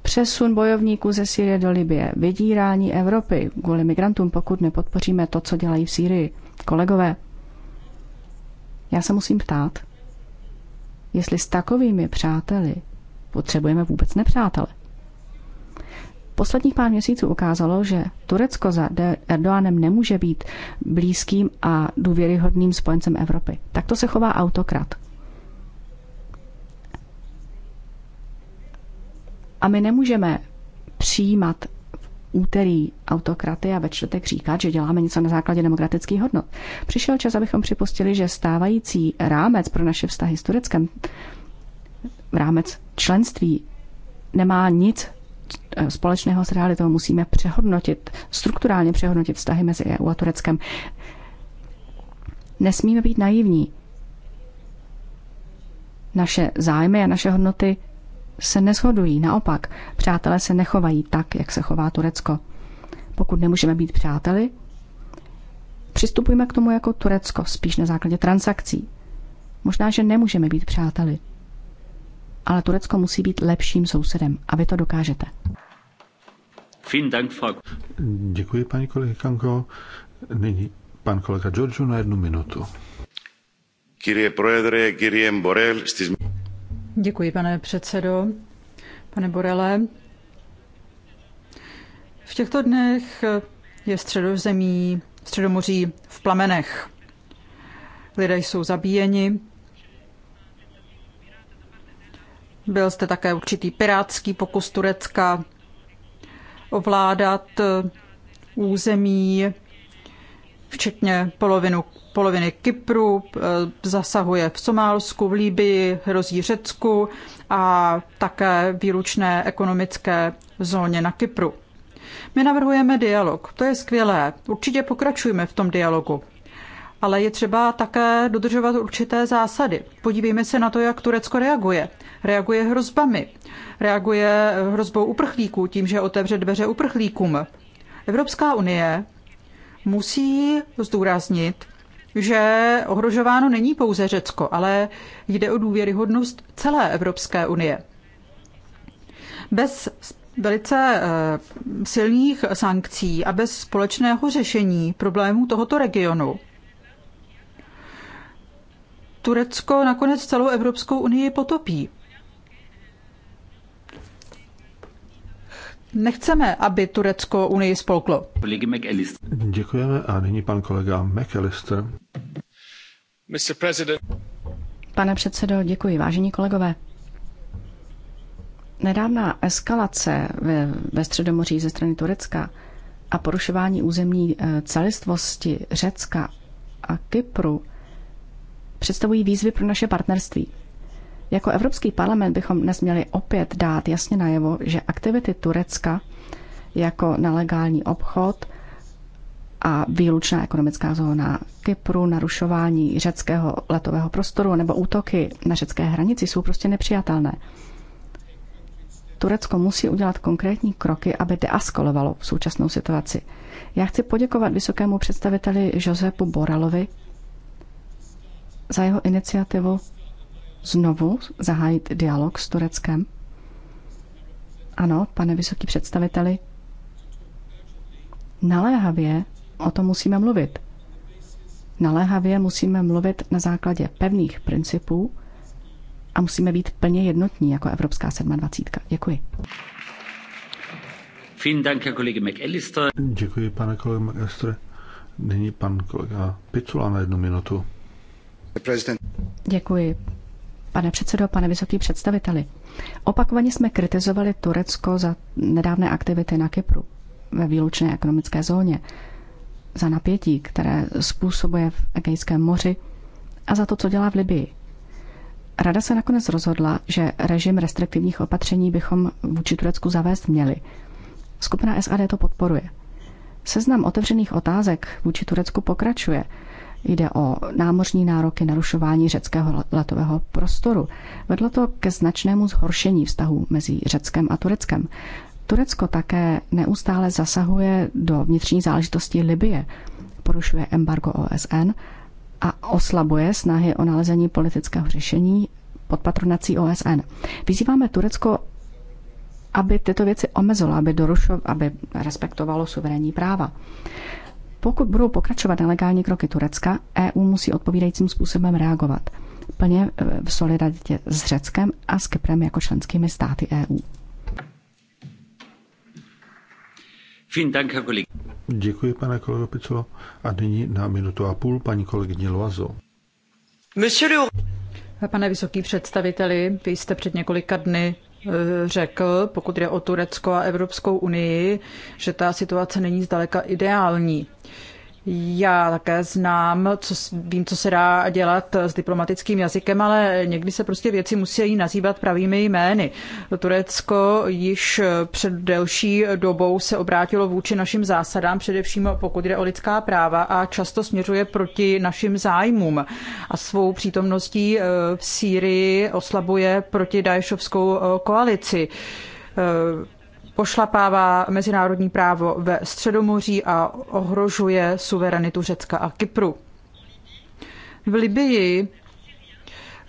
[SPEAKER 3] Přesun bojovníků ze Syrie do Libie. Vydírání Evropy kvůli migrantům, pokud nepodpoříme to, co dělají v Sýrii. Kolegové, já se musím ptát, jestli s takovými přáteli potřebujeme vůbec nepřátele. Posledních pár měsíců ukázalo, že Turecko za Erdoganem nemůže být blízkým a důvěryhodným spojencem Evropy. Takto se chová autokrat. A my nemůžeme přijímat v úterý autokraty a ve čtvrtek říkat, že děláme něco na základě demokratických hodnot. Přišel čas, abychom připustili, že stávající rámec pro naše vztahy s Tureckem, rámec členství, nemá nic Eh, společného s realitou. Musíme přehodnotit, strukturálně přehodnotit vztahy mezi EU a Tureckem. Nesmíme být naivní. Naše zájmy a naše hodnoty se neshodují. Naopak, přátelé se nechovají tak, jak se chová Turecko. Pokud nemůžeme být přáteli, přistupujeme k tomu jako Turecko, spíš na základě transakcí. Možná, že nemůžeme být přáteli. Ale Turecko musí být lepším sousedem a vy to dokážete.
[SPEAKER 4] Děkuji, paní Kanko. Nyní pan kolega Giorgio na jednu minutu.
[SPEAKER 1] Děkuji, pane předsedo. Pane Borele, v těchto dnech je středozemí, středomoří v plamenech. Lidé jsou zabíjeni. Byl jste také určitý pirátský pokus Turecka ovládat eh, území, včetně polovinu, poloviny Kypru, eh, zasahuje v Somálsku, v Líbii, hrozí Řecku a také výlučné ekonomické zóně na Kypru. My navrhujeme dialog, to je skvělé, určitě pokračujeme v tom dialogu ale je třeba také dodržovat určité zásady. Podívejme se na to, jak Turecko reaguje. Reaguje hrozbami, reaguje hrozbou uprchlíků, tím, že otevře dveře uprchlíkům. Evropská unie musí zdůraznit, že ohrožováno není pouze Řecko, ale jde o důvěryhodnost celé Evropské unie. Bez velice eh, silných sankcí a bez společného řešení problémů tohoto regionu Turecko nakonec celou Evropskou unii potopí. Nechceme, aby Turecko Unii spolklo.
[SPEAKER 4] Děkujeme a nyní pan kolega McAllister.
[SPEAKER 1] Pane předsedo,
[SPEAKER 3] děkuji. Vážení kolegové, nedávná eskalace ve, ve Středomoří ze strany Turecka a porušování územní eh, celistvosti Řecka a Kypru – představují výzvy pro naše partnerství. Jako Evropský parlament bychom dnes měli opět dát jasně najevo, že aktivity Turecka jako nelegální obchod a výlučná ekonomická zóna Kypru, narušování řeckého letového prostoru nebo útoky na řecké hranici jsou prostě nepřijatelné. Turecko musí udělat konkrétní kroky, aby deaskolovalo v současnou situaci. Já chci poděkovat vysokému představiteli Josepu Boralovi za jeho iniciativu znovu zahájit dialog s Tureckem? Ano, pane vysoký představiteli, naléhavě o tom musíme mluvit. Naléhavě musíme mluvit na základě pevných principů a musíme být plně jednotní jako Evropská 27. Děkuji.
[SPEAKER 4] Děkuji, pane kolego McAllister. Nyní pan kolega Picula na jednu minutu. Děkuji.
[SPEAKER 3] Pane předsedo, pane vysoký představiteli, opakovaně jsme kritizovali Turecko za nedávné aktivity na Kypru ve výlučné ekonomické zóně, za napětí, které způsobuje v Egejském moři a za to, co dělá v Libii. Rada se nakonec rozhodla, že režim restriktivních opatření bychom vůči Turecku zavést měli. Skupina SAD to podporuje. Seznam otevřených otázek vůči Turecku pokračuje – Jde o námořní nároky, narušování řeckého letového prostoru. Vedlo to ke značnému zhoršení vztahů mezi Řeckem a Tureckem. Turecko také neustále zasahuje do vnitřní záležitosti Libie, porušuje embargo OSN a oslabuje snahy o nalezení politického řešení pod patronací OSN. Vyzýváme Turecko, aby tyto věci omezilo, aby, dorušo, aby respektovalo suverénní práva. Pokud budou pokračovat nelegální kroky Turecka, EU musí odpovídajícím způsobem reagovat. Plně e, v solidaritě s Řeckem a s Kyprem jako členskými státy EU.
[SPEAKER 4] Děkuji, pane kolego Picolo. A nyní na minutu a půl paní kolegyně Loazo.
[SPEAKER 6] Monsieur le... Pane vysoký
[SPEAKER 1] představiteli, vy jste před několika dny Eh, řekl, pokud jde o Turecko a Evropskou unii, že ta situace není zdaleka ideální. Já také znám, co, vím, co se dá dělat s diplomatickým jazykem, ale někdy se prostě věci musí nazývat pravými jmény. Turecko již před delší dobou se obrátilo vůči našim zásadám, především pokud jde o lidská práva a často směřuje proti našim zájmům a svou přítomností eh, v Sýrii oslabuje proti Daješovskou eh, koalici eh, pošlapává mezinárodní právo ve Středomoří a ohrožuje suverenitu Řecka a Kypru. V Libii eh,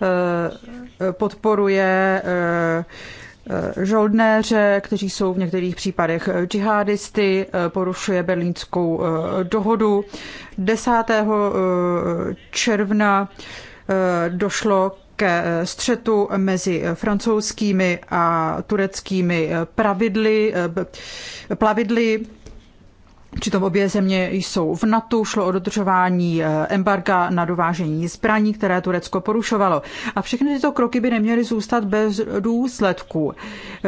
[SPEAKER 1] eh, podporuje eh, žoldnéře, kteří jsou v některých případech džihadisty, porušuje berlínskou dohodu. 10. června došlo ke eh, střetu mezi eh, francouzskými a tureckými eh, pravidly, plavidly Přitom obě země jsou v NATO, šlo o dodržování eh, embarga na dovážení zbraní, které Turecko porušovalo. A všechny tyto kroky by neměly zůstat bez důsledků.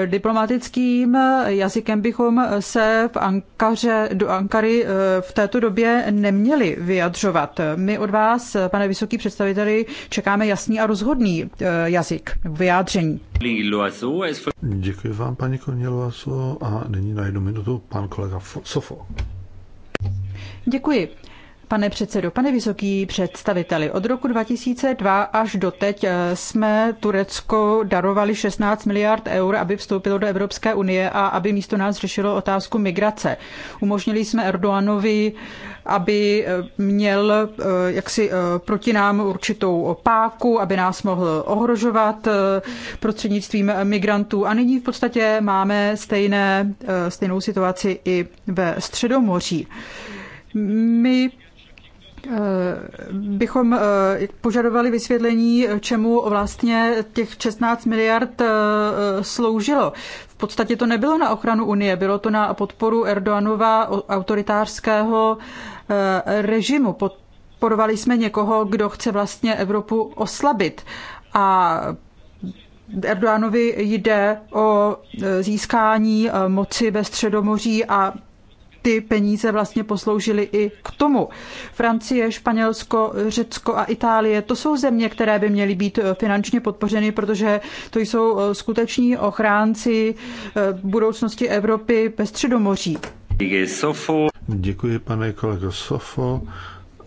[SPEAKER 1] Diplomatickým eh, jazykem bychom eh, se v Ankaře, do Ankary v této době neměli vyjadřovat. My od vás, pane vysoký představiteli, čekáme jasný a rozhodný jazyk vyjádření.
[SPEAKER 4] Děkuji vám, paní Kornělová, a nyní na jednu minutu pan kolega Sofo.
[SPEAKER 1] Děkuji. Pane předsedo, pane vysoký představiteli, od roku 2002 až doteď eh, jsme Turecko darovali 16 miliard eur, aby vstoupilo do Evropské unie a aby místo nás řešilo otázku migrace. Umožnili jsme Erdoanovi, aby eh, měl eh, jaksi proti nám určitou páku, aby nás mohl ohrožovat prostřednictvím migrantů. A nyní v podstatě máme stejné, stejnou situaci i ve Středomoří. My Eh, bychom eh, požadovali vysvětlení, čemu vlastně těch 16 miliard eh, sloužilo. V podstatě to nebylo na ochranu Unie, bylo to na podporu Erdoanova autoritářského režimu. Podporovali jsme někoho, kdo chce vlastně Evropu oslabit. A Erdoánovi jde o získání moci ve Středomoří a ty peníze vlastně posloužily i k tomu. Francie, Španělsko, Řecko a Itálie, to jsou země, které by měly být eh, finančně podpořeny, protože to jsou eh, skuteční ochránci eh, budoucnosti Evropy ve Středomoří.
[SPEAKER 4] Děkuji, pane kolego Sofo.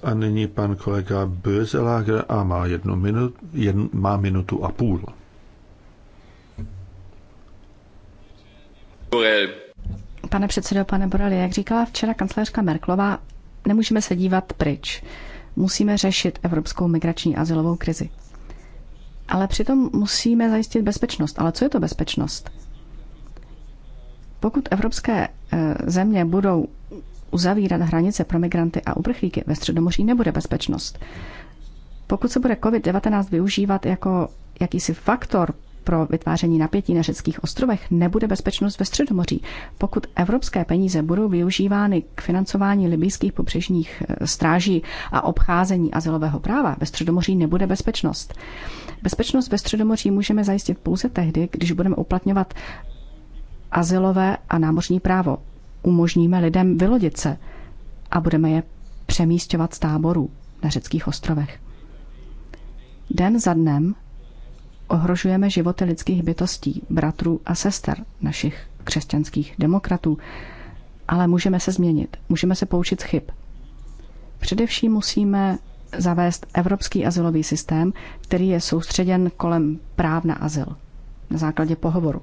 [SPEAKER 4] A nyní pan kolega Bözeláger a má, jednu minut, jen, má minutu a půl.
[SPEAKER 3] Pane předsedo, pane Borali, jak říkala včera kancléřka Merklová, nemůžeme se dívat pryč. Musíme řešit evropskou migrační azylovou krizi. Ale přitom musíme zajistit bezpečnost. Ale co je to bezpečnost? Pokud evropské e, země budou uzavírat hranice pro migranty a uprchlíky, ve Středomoří nebude bezpečnost. Pokud se bude COVID-19 využívat jako jakýsi faktor pro vytváření napětí na řeckých ostrovech, nebude bezpečnost ve Středomoří. Pokud evropské peníze budou využívány k financování libijských pobřežních eh, stráží a obcházení azylového práva, ve Středomoří nebude bezpečnost. Bezpečnost ve Středomoří můžeme zajistit pouze tehdy, když budeme uplatňovat azylové a námořní právo. Umožníme lidem vylodit se a budeme je přemístěvat z táborů na řeckých ostrovech. Den za dnem ohrožujeme životy lidských bytostí, bratrů a sester, našich křesťanských demokratů. Ale můžeme se změnit, můžeme se poučit z chyb. Především musíme zavést evropský azylový systém, který je soustředěn kolem práv na azyl na základě pohovoru.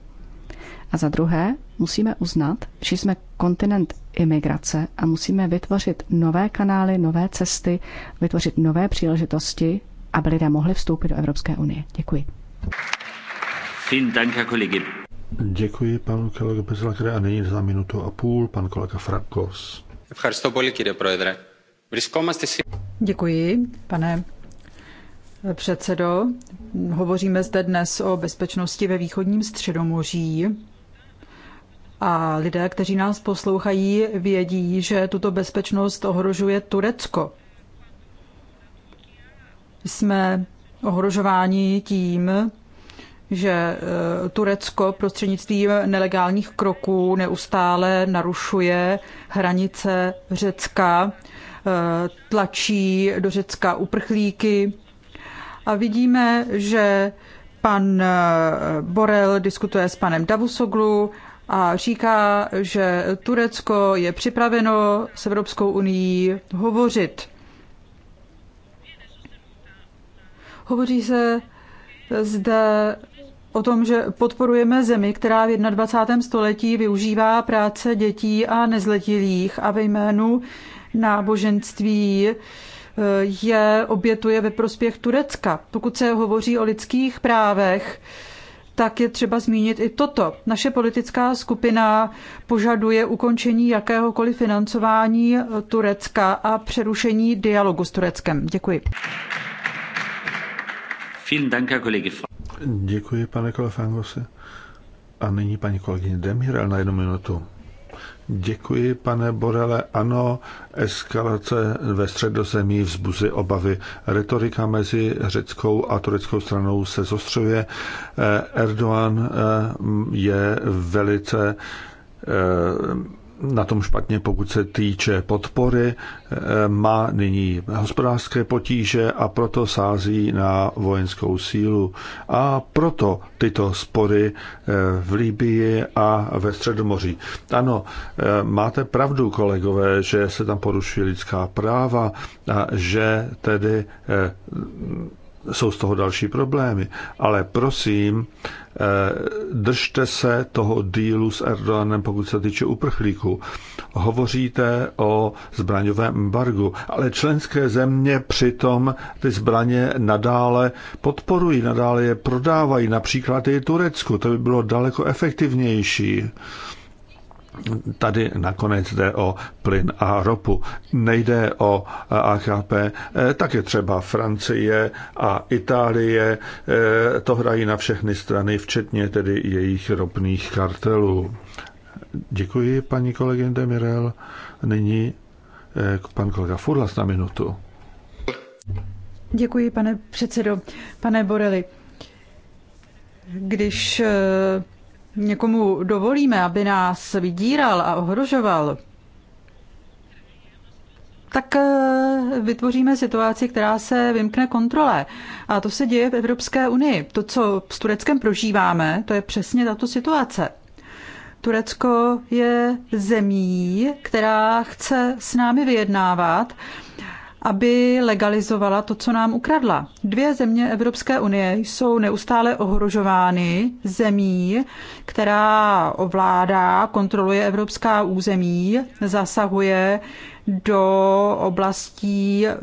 [SPEAKER 3] A za druhé, musíme uznat, že jsme kontinent imigrace a musíme vytvořit nové kanály, nové cesty, vytvořit nové příležitosti, aby lidé mohli vstoupit do Evropské unie. Děkuji.
[SPEAKER 4] Děkuji panu kolegu Bezlakre a nyní za minutu a půl pan kolega Frankos.
[SPEAKER 1] Děkuji, pane předsedo. Hovoříme zde dnes o bezpečnosti ve východním středomoří. A lidé, kteří nás poslouchají, vědí, že tuto bezpečnost ohrožuje Turecko. Jsme ohrožováni tím, že e, Turecko prostřednictvím nelegálních kroků neustále narušuje hranice Řecka, e, tlačí do Řecka uprchlíky. A vidíme, že pan e, Borel diskutuje s panem Davusoglu a říká, že Turecko je připraveno s Evropskou unii hovořit. Hovoří se zde o tom, že podporujeme zemi, která v 21. století využívá práce dětí a nezletilých a ve jménu náboženství eh, je obětuje ve prospěch Turecka. Pokud se hovoří o lidských právech, tak je třeba zmínit i toto. Naše politická skupina požaduje ukončení jakéhokoliv financování Turecka a přerušení dialogu s Tureckem. Děkuji.
[SPEAKER 4] Děkuji, pane Kolefangose. A nyní paní kolegyně Demiral na jednu minutu. Děkuji, pane Borele. Ano, eskalace ve středozemí vzbuzuje obavy. Retorika mezi řeckou a tureckou stranou se zostřuje. Eh, Erdogan eh, je velice eh, na tom špatně, pokud se týče podpory, eh, má nyní hospodářské potíže a proto sází na vojenskou sílu. A proto tyto spory eh, v Líbii a ve Středomoří. Ano, eh, máte pravdu, kolegové, že se tam porušují lidská práva a že tedy jsou z toho další problémy. Ale prosím, eh, držte se toho dílu s Erdoganem, pokud se týče uprchlíků. Hovoříte o zbraňovém embargu, ale členské země přitom ty zbraně nadále podporují, nadále je prodávají, například i Turecku. To by bylo daleko efektivnější. Tady nakonec jde o plyn a ropu. Nejde o AKP, eh, také třeba Francie a Itálie. Eh, to hrají na všechny strany, včetně tedy jejich ropných kartelů. Děkuji, paní kolegyně Demirel. Nyní eh, pan kolega Furlas na minutu.
[SPEAKER 1] Děkuji, pane předsedo. Pane Boreli, když někomu dovolíme, aby nás vydíral a ohrožoval, tak eh, vytvoříme situaci, která se vymkne kontrole. A to se děje v Evropské unii. To, co s Tureckem prožíváme, to je přesně tato situace. Turecko je zemí, která chce s námi vyjednávat, aby legalizovala to, co nám ukradla. Dvě země Evropské unie jsou neustále ohrožovány zemí, která ovládá, kontroluje evropská území, zasahuje do oblastí, eh,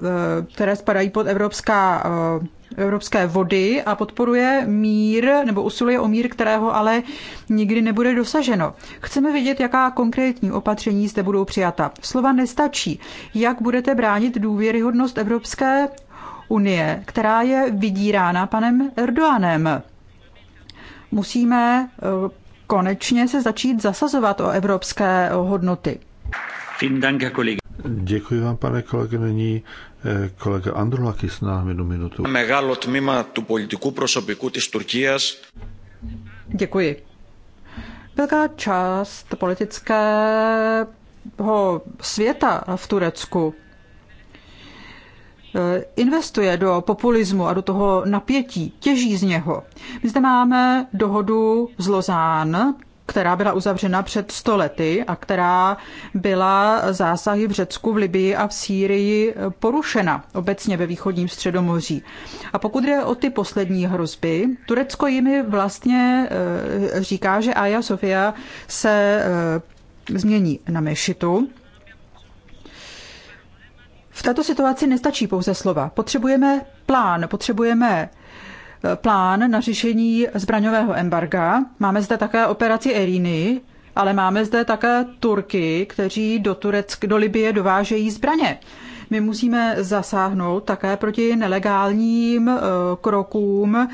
[SPEAKER 1] které spadají pod evropská eh, evropské vody a podporuje mír nebo usiluje o mír, kterého ale nikdy nebude dosaženo. Chceme vědět, jaká konkrétní opatření zde budou přijata. Slova nestačí. Jak budete bránit důvěryhodnost Evropské unie, která je vydírána panem Erdoganem? Musíme eh, konečně se začít zasazovat o
[SPEAKER 4] evropské hodnoty.
[SPEAKER 6] Vielen Dank, Herr Kollege.
[SPEAKER 4] Děkuji vám, pane kolego. Nyní eh, kolega Andrulakis na jednu minutu.
[SPEAKER 7] Megalo tmíma tu politiku prosobiku tis Turkijas.
[SPEAKER 1] Děkuji. Velká část politického světa v Turecku eh, investuje do populismu a do toho napětí, těží z něho. My zde máme dohodu z Lozán, která byla uzavřena před stolety a která byla zásahy v Řecku, v Libii a v Sýrii porušena obecně ve východním středomoří. A pokud jde o ty poslední hrozby, Turecko jimi vlastně eh, říká, že Aja Sofia se eh, změní na mešitu. V této situaci nestačí pouze slova. Potřebujeme plán, potřebujeme plán na řešení zbraňového embarga. Máme zde také operaci Eriny, ale máme zde také Turky, kteří do, Tureck, do Libie dovážejí zbraně. My musíme zasáhnout také proti nelegálním eh, krokům eh,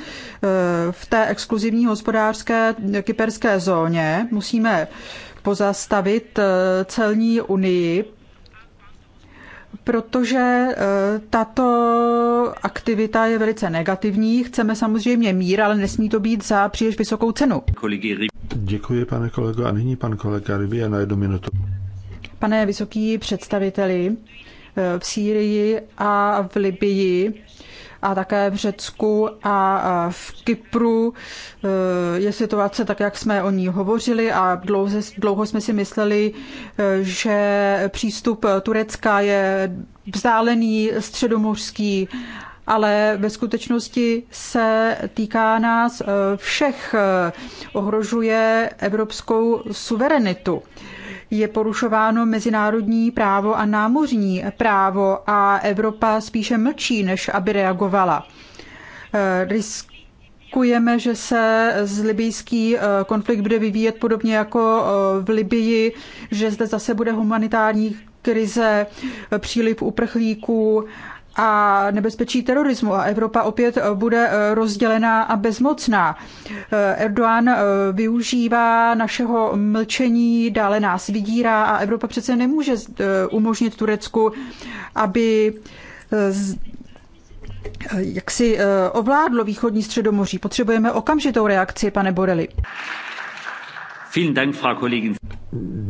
[SPEAKER 1] v té exkluzivní hospodářské kyperské zóně. Musíme pozastavit eh, celní unii protože eh, tato aktivita je velice negativní. Chceme samozřejmě mír, ale nesmí to být za příliš vysokou cenu.
[SPEAKER 4] Děkuji, pane kolego. A nyní pan kolega Rybě na jednu minutu.
[SPEAKER 1] Pane vysoký představiteli, eh, v Sýrii a v Libii a také v Řecku a v Kypru e, je situace tak, jak jsme o ní hovořili a dlouze, dlouho jsme si mysleli, e, že přístup Turecka je vzdálený středomořský ale ve skutečnosti se týká nás e, všech, ohrožuje evropskou suverenitu je porušováno mezinárodní právo a námořní právo a Evropa spíše mlčí, než aby reagovala. Risk eh, riskujeme, že se z libijský eh, konflikt bude vyvíjet podobně jako eh, v Libii, že zde zase bude humanitární krize, příliv uprchlíků a nebezpečí terorismu a Evropa opět eh, bude eh, rozdělená a bezmocná. Eh, Erdoğan využívá našeho mlčení, dále nás vydírá a Evropa přece nemůže umožnit Turecku, aby jak si ovládlo východní středomoří. Potřebujeme okamžitou reakci, pane Boreli.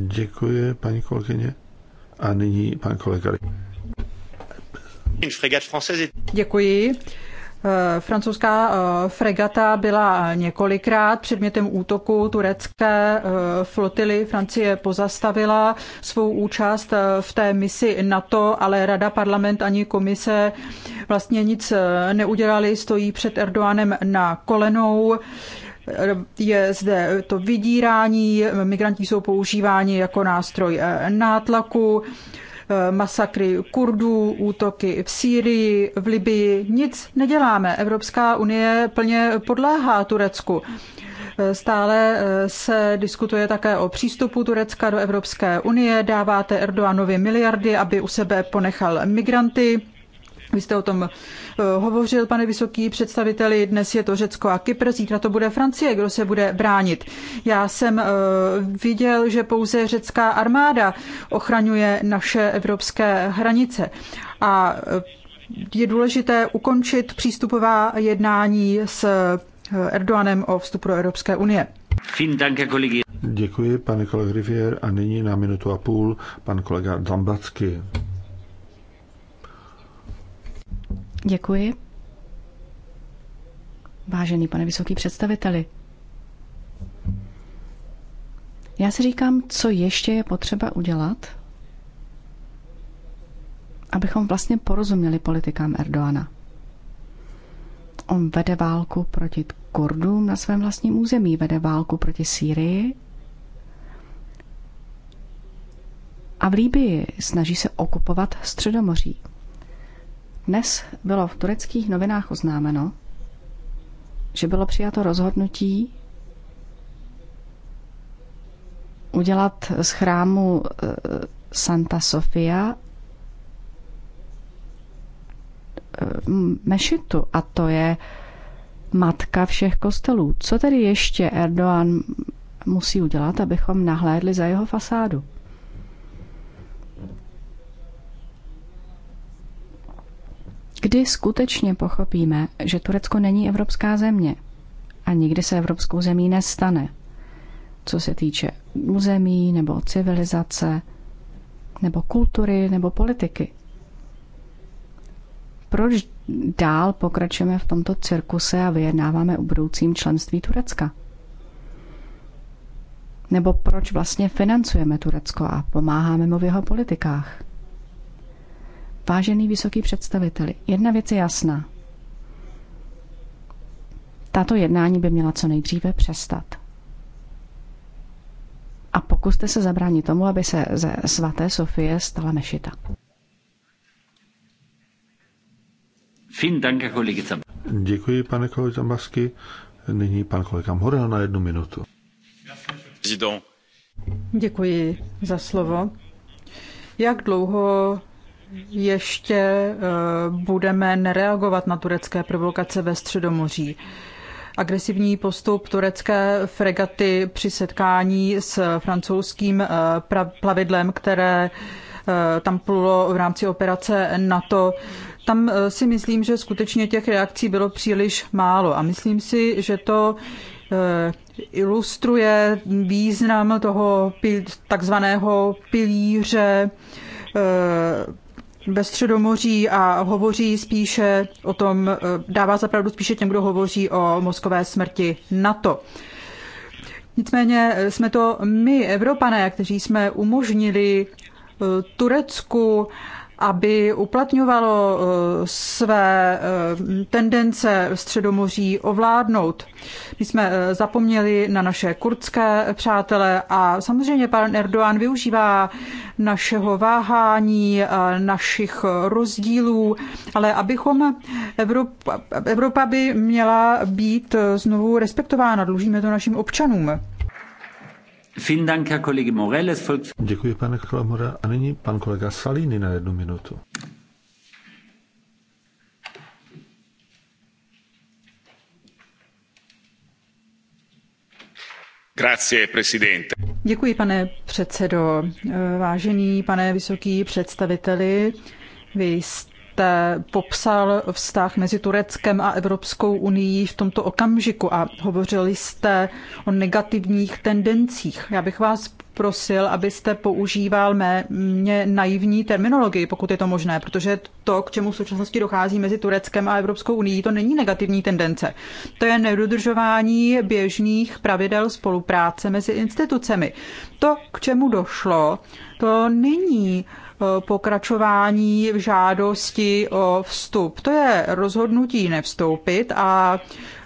[SPEAKER 4] Děkuji, paní kolegyně. A nyní pan kolega.
[SPEAKER 1] Děkuji. Eh, francouzská eh, fregata byla několikrát předmětem útoku turecké eh, flotily. Francie pozastavila svou účast v té misi NATO, ale Rada, parlament ani komise vlastně nic neudělali, stojí před Erdoganem na kolenou je zde to vydírání, migranti jsou používáni jako nástroj nátlaku, Eh, masakry Kurdů, útoky v Sýrii, v Libii. Nic neděláme. Evropská unie plně podléhá Turecku. Eh, stále eh, se diskutuje také o přístupu Turecka do Evropské unie. Dáváte Erdoganovi miliardy, aby u sebe ponechal migranty. Vy jste o tom eh, hovořil, pane vysoký představiteli, dnes je to Řecko a Kypr, zítra to bude Francie, kdo se bude bránit. Já jsem eh, viděl, že pouze řecká armáda ochraňuje naše evropské hranice. A eh, je důležité ukončit přístupová jednání s Erdoganem o vstupu do Evropské unie.
[SPEAKER 4] Děkuji, pane kolega Rivier. A nyní na minutu a půl pan kolega Dambacky.
[SPEAKER 3] Děkuji. Vážený pane vysoký představiteli, já si říkám, co ještě je potřeba udělat, abychom vlastně porozuměli politikám Erdoana. On vede válku proti Kurdům na svém vlastním území, vede válku proti Sýrii a v Líbii snaží se okupovat Středomoří. Dnes bylo v tureckých novinách oznámeno, že bylo přijato rozhodnutí udělat z chrámu e, Santa Sofia e, mešitu a to je matka všech kostelů. Co tedy ještě Erdoğan musí udělat, abychom nahlédli za jeho fasádu? Kdy skutečně pochopíme, že Turecko není evropská země a nikdy se evropskou zemí nestane, co se týče území nebo civilizace, nebo kultury, nebo politiky. Proč dál pokračujeme v tomto cirkuse a vyjednáváme o budoucím členství Turecka? Nebo proč vlastně financujeme Turecko a pomáháme mu v jeho politikách? Vážený vysoký představiteli, jedna věc je jasná. Tato jednání by měla co nejdříve přestat. A pokuste se zabránit tomu, aby se ze svaté Sofie stala mešita.
[SPEAKER 4] Děkuji, pane kolegy Zambasky. Nyní pan kolega Morel na jednu minutu. Děkuji
[SPEAKER 1] za slovo. Jak dlouho ještě eh, budeme nereagovat na turecké provokace ve Středomoří. Agresivní postup turecké fregaty při setkání s francouzským eh, plavidlem, které eh, tam plulo v rámci operace NATO, tam si myslím, že skutečně těch reakcí bylo příliš málo a myslím si, že to ilustruje význam toho takzvaného pilíře ve Středomoří a hovoří spíše o tom, eh, dává zapravdu spíše těm, kdo hovoří o mozkové smrti NATO. Nicméně eh, jsme to my, Evropané, kteří jsme umožnili eh, Turecku aby uplatňovalo eh, své eh, tendence Středomoří ovládnout. My jsme eh, zapomněli na naše kurdské přátele a samozřejmě pan Erdoğan využívá našeho váhání, našich rozdílů, ale abychom Evropa, Evropa by měla být znovu respektována, dlužíme to našim občanům.
[SPEAKER 4] Děkuji, pane Klamora. A nyní pan kolega Salini na jednu minutu.
[SPEAKER 1] Děkuji, pane předsedo. Vážený pane vysoký představiteli, vy jste jste popsal vztah mezi Tureckem a Evropskou unii v tomto okamžiku a hovořili jste o negativních tendencích. Já bych vás prosil, abyste používal mé, mě naivní terminologii, pokud je to možné, protože to, k čemu v současnosti dochází mezi Tureckem a Evropskou unii, to není negativní tendence. To je nedodržování běžných pravidel spolupráce mezi institucemi. To, k čemu došlo, to není uh, Eh, pokračování v žádosti o vstup. To je rozhodnutí nevstoupit a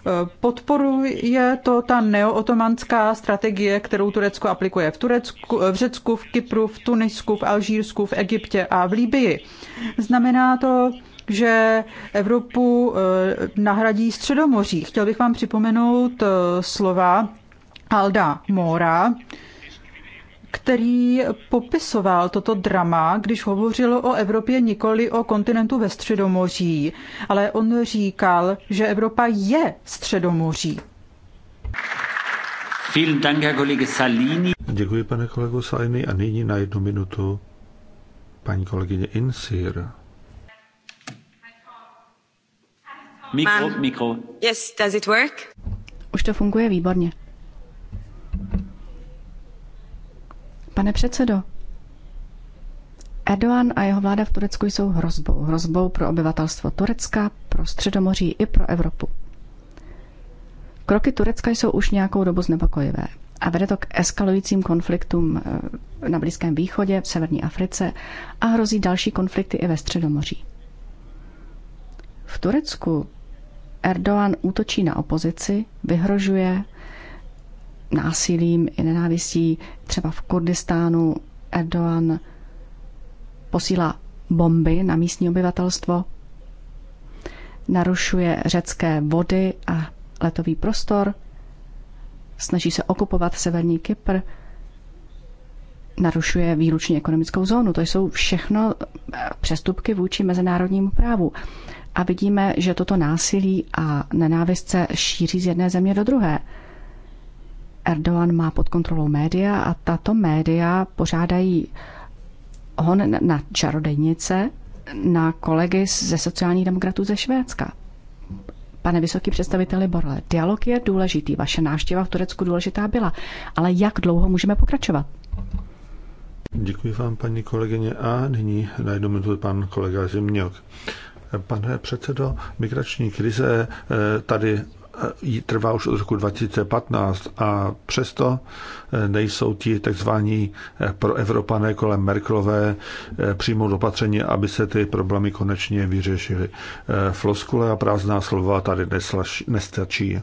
[SPEAKER 1] eh, podporuje to ta neootomanská strategie, kterou Turecko aplikuje v, Turecku, v Řecku, v Kypru, v Tunisku, v Alžírsku, v Egyptě a v Líbii. Znamená to, že Evropu eh, nahradí Středomoří. Chtěl bych vám připomenout slova Alda Mora, který popisoval toto drama, když hovořil o Evropě nikoli o kontinentu ve Středomoří, ale on říkal, že Evropa je Středomoří.
[SPEAKER 4] Děkuji, pane kolego Salini. A nyní na jednu minutu paní kolegyně Insir.
[SPEAKER 6] Mikro, mikro. Yes, does it work?
[SPEAKER 3] Už to funguje výborně. Pane předsedo, Erdogan a jeho vláda v Turecku jsou hrozbou. Hrozbou pro obyvatelstvo Turecka, pro Středomoří i pro Evropu. Kroky Turecka jsou už nějakou dobu znepokojivé a vede to k eskalujícím konfliktům eh, na Blízkém východě, v severní Africe a hrozí další konflikty i ve Středomoří. V Turecku Erdogan útočí na opozici, vyhrožuje, násilím i nenávistí. Třeba v Kurdistánu Erdogan posílá bomby na místní obyvatelstvo, narušuje řecké vody a letový prostor, snaží se okupovat severní Kypr, narušuje výlučně ekonomickou zónu. To jsou všechno eh, přestupky vůči mezinárodnímu právu. A vidíme, že toto násilí a nenávist se šíří z jedné země do druhé. Erdogan má pod kontrolou média a tato média pořádají hon na čarodejnice na kolegy ze sociálních demokratů ze Švédska. Pane vysoký představiteli Borle, dialog je důležitý, vaše návštěva v Turecku důležitá byla, ale jak dlouho můžeme pokračovat?
[SPEAKER 4] Děkuji vám, paní kolegyně. A nyní na jednu minutu pan kolega Zimňok. Pane předsedo, migrační krize eh, tady Eh, trvá už od roku 2015 a přesto eh, nejsou ti tzv. Eh, proevropané kolem Merklové přijmout opatření, aby se ty problémy konečně vyřešily. Floskule a prázdná slova tady nestačí.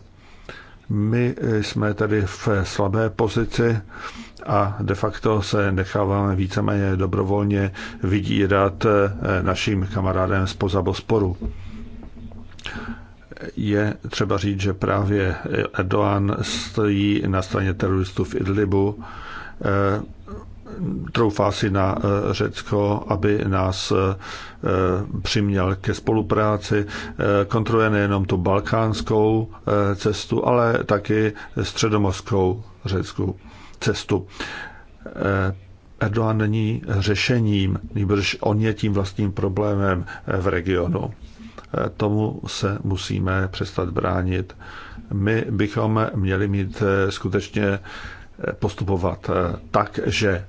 [SPEAKER 4] My jsme tady v slabé pozici a de facto se necháváme víceméně dobrovolně vydírat naším kamarádem spoza Bosporu je třeba říct, že právě Erdogan stojí na straně teroristů v Idlibu, eh, troufá si na eh, Řecko, aby nás eh, přiměl ke spolupráci, kontroluje nejenom tu balkánskou cestu, ale taky středomorskou řeckou cestu. Erdogan není řešením, nebož on je tím vlastním problémem v regionu tomu se musíme přestat bránit. My bychom měli mít eh, skutečně eh, postupovat eh, tak, že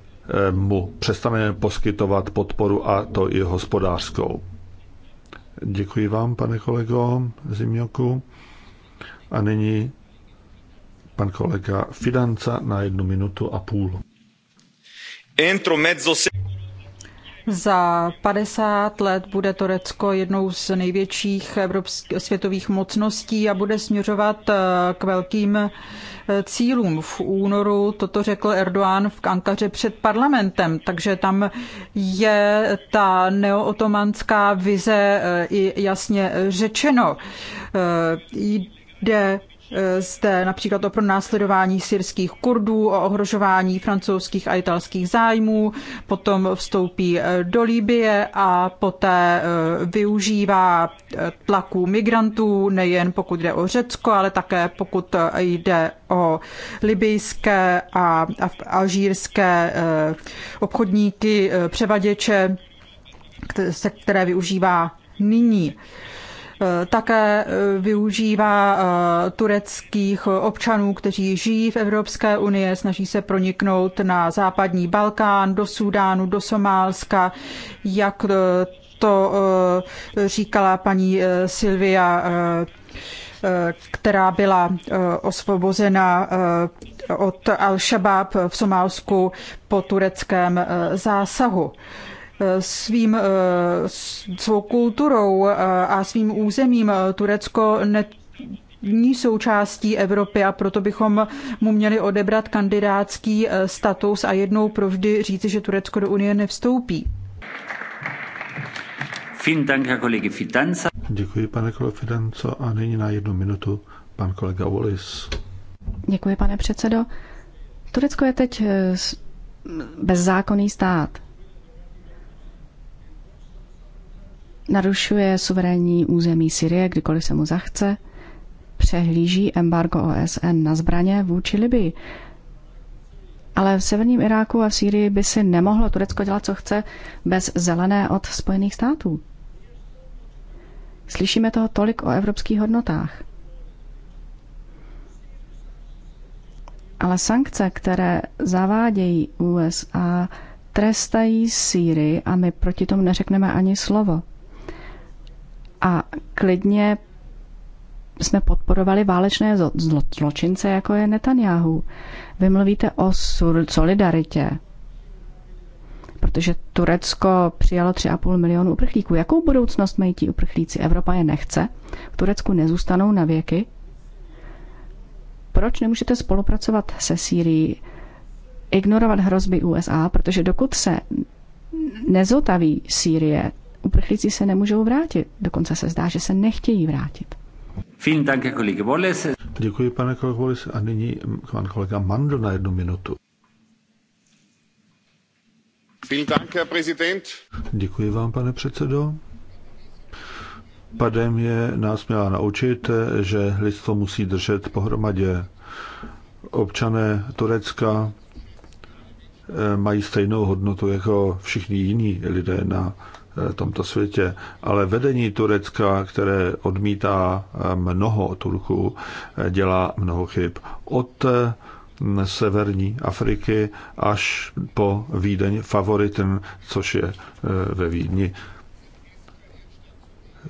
[SPEAKER 4] mu přestaneme poskytovat podporu a to i hospodářskou. Děkuji vám, pane kolego Zimňoku. A nyní pan kolega Fidanca na jednu minutu a půl.
[SPEAKER 7] Entro mezzo
[SPEAKER 1] za 50 let bude Turecko jednou z největších světových mocností a bude směřovat eh, k velkým eh, cílům. V únoru toto řekl Erdoğan v Ankaře před parlamentem, takže tam je ta neootomanská vize eh, i jasně řečeno. Jde zde například o pronásledování syrských Kurdů, o ohrožování francouzských a italských zájmů, potom vstoupí eh, do Libie a poté eh, využívá eh, tlaku migrantů, nejen pokud jde o Řecko, ale také pokud jde o libijské a alžírské obchodníky, převaděče, které využívá nyní. Eh, také eh, využívá eh, tureckých občanů, kteří žijí v Evropské unii, snaží se proniknout na západní Balkán, do Súdánu, do Somálska, jak to říkala paní Silvia která byla osvobozena od Al-Shabaab v Somálsku po tureckém zásahu. Eh, svým, eh, svou kulturou eh, a svým územím Turecko ne, ní součástí Evropy a proto bychom mu měli odebrat kandidátský status a jednou provždy říci, že Turecko do Unie nevstoupí.
[SPEAKER 4] Děkuji, pane kolego Fidanco. A nyní na jednu minutu pan kolega Wallis.
[SPEAKER 3] Děkuji, pane předsedo. Turecko je teď bezzákonný stát. narušuje suverénní území Syrie, kdykoliv se mu zachce, přehlíží embargo OSN na zbraně vůči Libii. Ale v severním Iráku a v Sýrii by si nemohlo Turecko dělat, co chce, bez zelené od Spojených států. Slyšíme toho tolik o evropských hodnotách. Ale sankce, které zavádějí USA, trestají Sýrii a my proti tomu neřekneme ani slovo a klidně jsme podporovali válečné zločince, jako je Netanyahu. Vy mluvíte o solidaritě, protože Turecko přijalo 3,5 milionu uprchlíků. Jakou budoucnost mají ti uprchlíci? Evropa je nechce. V Turecku nezůstanou na věky. Proč nemůžete spolupracovat se Sýrií, ignorovat hrozby USA? Protože dokud se nezotaví Sýrie, uprchlíci se nemůžou vrátit. Dokonce se zdá, že se nechtějí vrátit.
[SPEAKER 4] Děkuji, pane kolego A nyní pan kolega Mandl na jednu minutu. Děkuji vám, pane předsedo. Pandemie nás měla naučit, že lidstvo musí držet pohromadě. Občané Turecka eh, mají stejnou hodnotu jako všichni jiní lidé na Eh, tomto světě. Ale vedení Turecka, které odmítá eh, mnoho Turků, eh, dělá mnoho chyb. Od severní Afriky až po Vídeň favoritem, což je ve Vídni.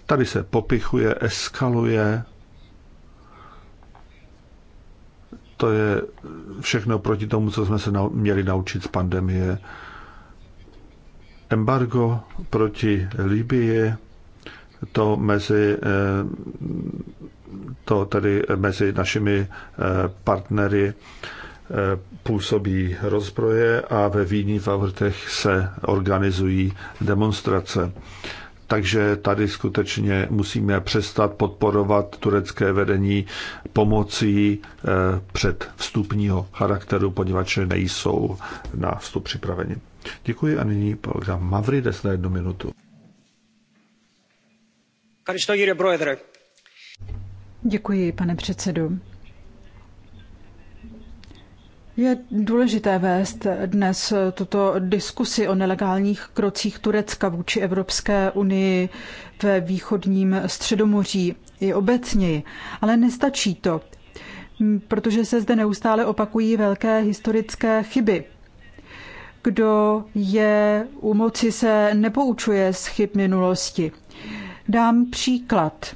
[SPEAKER 4] Tady se popichuje, eskaluje. To je všechno proti tomu, co jsme se měli naučit z pandemie. Embargo proti Libii, to mezi eh, to tedy mezi našimi eh, partnery eh, působí rozbroje a ve Vídni v Avrtech se organizují demonstrace. Takže tady skutečně musíme přestat podporovat turecké vedení pomocí před vstupního charakteru, poněvadž nejsou na vstup připraveni. Děkuji a nyní program Mavrides na jednu minutu.
[SPEAKER 1] Děkuji, pane předsedo. Je důležité vést dnes tuto diskusi o nelegálních krocích Turecka vůči Evropské unii ve východním středomoří i obecněji, ale nestačí to, protože se zde neustále opakují velké historické chyby kdo je u moci, se nepoučuje z chyb minulosti. Dám příklad.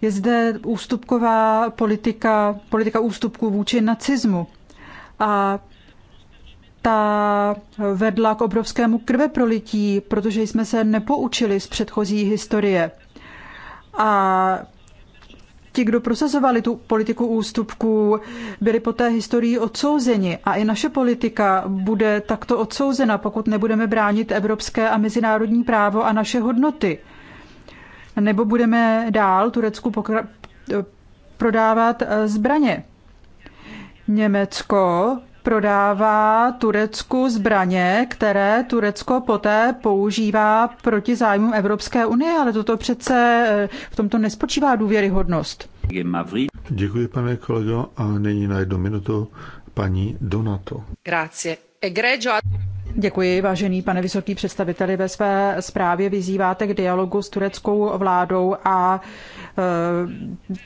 [SPEAKER 1] Je zde ústupková politika, politika ústupků vůči nacismu. A ta vedla k obrovskému krveprolití, protože jsme se nepoučili z předchozí historie. A Ti, kdo prosazovali tu politiku ústupků, byli po té historii odsouzeni a i naše politika bude takto odsouzena, pokud nebudeme bránit evropské a mezinárodní právo a naše hodnoty. Nebo budeme dál Turecku pokra- eh, prodávat eh, zbraně. Německo prodává Turecku zbraně, které Turecko poté používá proti zájmům Evropské unie, ale toto přece eh, v tomto nespočívá důvěryhodnost.
[SPEAKER 4] Děkuji, pane kolego, a nyní na jednu minutu paní Donato.
[SPEAKER 1] Grazie. Egregio. Děkuji, vážený pane vysoký představiteli. Ve své zprávě vyzýváte k dialogu s tureckou vládou a e,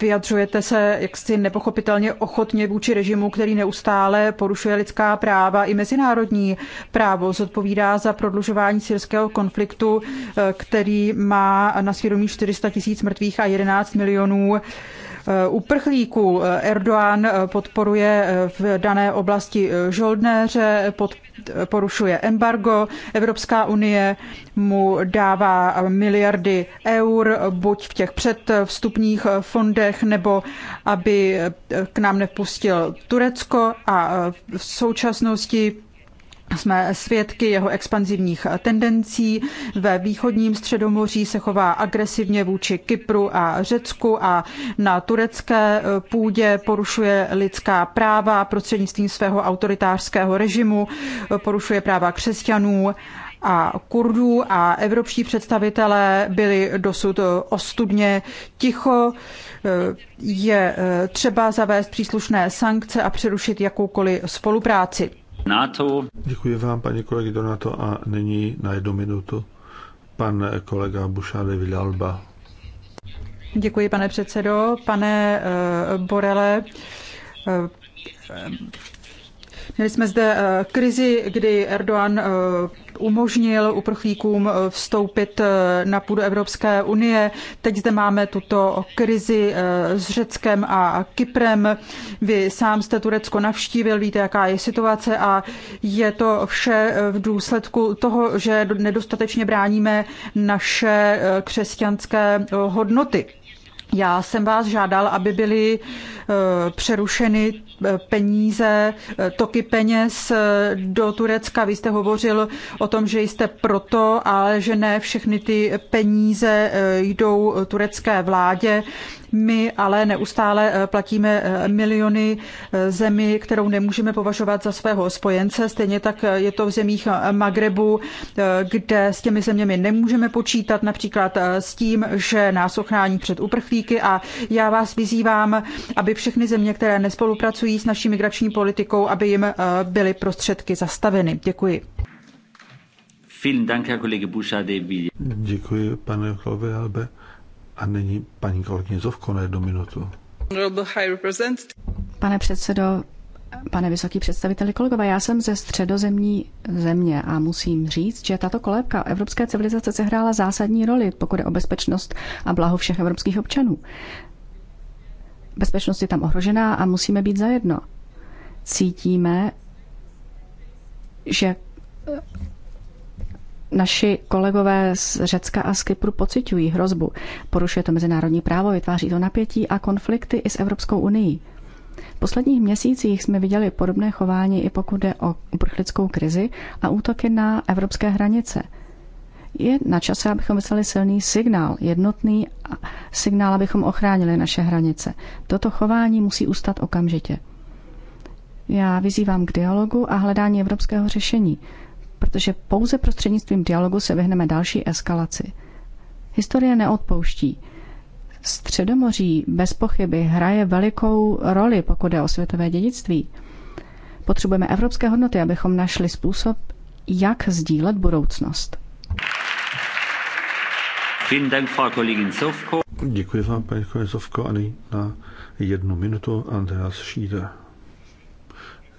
[SPEAKER 1] vyjadřujete se jaksi nepochopitelně ochotně vůči režimu, který neustále porušuje lidská práva i mezinárodní právo. Zodpovídá za prodlužování syrského konfliktu, e, který má na svědomí 400 tisíc mrtvých a 11 milionů Eh, uprchlíků. Eh, Erdoğan eh, podporuje v dané oblasti žoldnéře, pod, porušuje embargo. Evropská unie mu dává miliardy eur, buď v těch předvstupních fondech, nebo aby k nám nepustil Turecko a v současnosti jsme svědky jeho expanzivních tendencí. Ve východním středomoří se chová agresivně vůči Kypru a Řecku a na turecké půdě porušuje lidská práva prostřednictvím svého autoritářského režimu, porušuje práva křesťanů a Kurdů a evropští představitelé byli dosud ostudně ticho. Je třeba zavést příslušné sankce a přerušit jakoukoliv spolupráci.
[SPEAKER 4] NATO. Děkuji vám, paní kolegy Donato, a nyní na jednu minutu pan kolega Bušáde Vidalba.
[SPEAKER 1] Děkuji, pane předsedo. Pane uh, Borele, uh, Měli jsme zde eh, krizi, kdy Erdogan umožnil uprchlíkům eh, vstoupit eh, na půdu Evropské unie. Teď zde máme tuto krizi eh, s Řeckem a Kyprem. Vy sám jste Turecko navštívil, víte, jaká je situace a je to vše v důsledku toho, že nedostatečně bráníme naše křesťanské hodnoty. Já jsem vás žádal, aby byly eh, přerušeny eh, peníze, eh, toky peněz do Turecka. Vy jste hovořil o tom, že jste proto, ale že ne všechny ty peníze jdou turecké vládě. My ale neustále eh, platíme eh, miliony eh, zemi, kterou nemůžeme považovat za svého spojence. Stejně tak je to v zemích Magrebu, kde s těmi zeměmi nemůžeme počítat, například s tím, že nás ochrání před uprchlíky. A já vás vyzývám, aby všechny země, které nespolupracují s naší migrační politikou, aby jim byly prostředky zastaveny. Děkuji.
[SPEAKER 4] Děkuji, pane Klovealbe. A nyní paní kolegyně Zovko na jednu minutu.
[SPEAKER 3] Pane předsedo, pane vysoký představiteli, kolegové, já jsem ze středozemní země a musím říct, že tato kolébka evropské civilizace sehrála zásadní roli, pokud je o bezpečnost a blaho všech evropských občanů. Bezpečnost je tam ohrožená a musíme být zajedno. Cítíme, že Naši kolegové z Řecka a z Kypru pociťují hrozbu. Porušuje to mezinárodní právo, vytváří to napětí a konflikty i s Evropskou unii. V posledních měsících jsme viděli podobné chování i pokud jde o uprchlickou krizi a útoky na evropské hranice. Je na čase, abychom vyslali silný signál, jednotný signál, abychom ochránili naše hranice. Toto chování musí ustat okamžitě. Já vyzývám k dialogu a hledání evropského řešení protože pouze prostřednictvím dialogu se vyhneme další eskalaci. Historie neodpouští. Středomoří bez pochyby hraje velikou roli, pokud je o světové dědictví. Potřebujeme evropské hodnoty, abychom našli způsob, jak sdílet budoucnost.
[SPEAKER 4] Děkuji vám, paní Kolizovko, a na jednu minutu Andreas Šíder.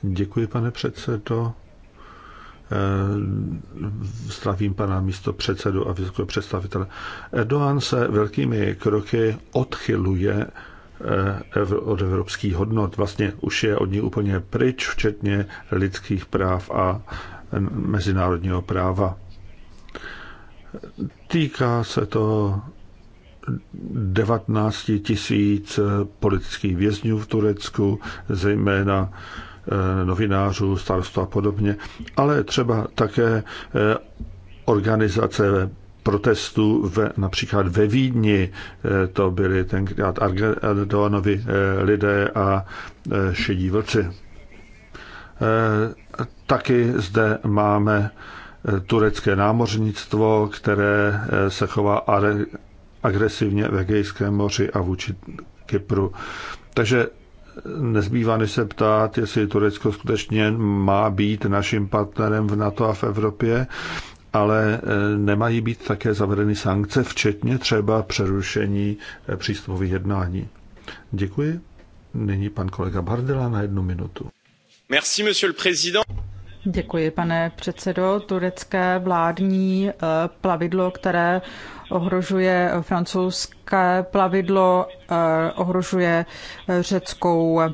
[SPEAKER 4] Děkuji, pane předsedo. Eh, zdravím pana místo předsedu a vysokého představitele. Erdoğan se velkými kroky odchyluje eh, od evropských hodnot. Vlastně už je od ní úplně pryč, včetně lidských práv a mezinárodního práva. Týká se to 19 tisíc politických vězňů v Turecku, zejména Eh, novinářů, starostů a podobně, ale třeba také eh, organizace protestů ve, například ve Vídni, eh, to byly tenkrát Argedonovi lidé a šedí vlci. Taky zde máme turecké námořnictvo, které se chová agresivně ve Gejském moři a vůči Kypru. Takže nezbývá než se ptát, jestli Turecko skutečně má být naším partnerem v NATO a v Evropě, ale e, nemají být také zavedeny sankce, včetně třeba přerušení e, přístupových jednání. Děkuji. Nyní pan kolega Bardela na jednu minutu.
[SPEAKER 8] Merci, monsieur le président.
[SPEAKER 1] Děkuji, pane předsedo. Turecké vládní e, plavidlo, které ohrožuje francouzské plavidlo, eh, ohrožuje eh, řeckou eh,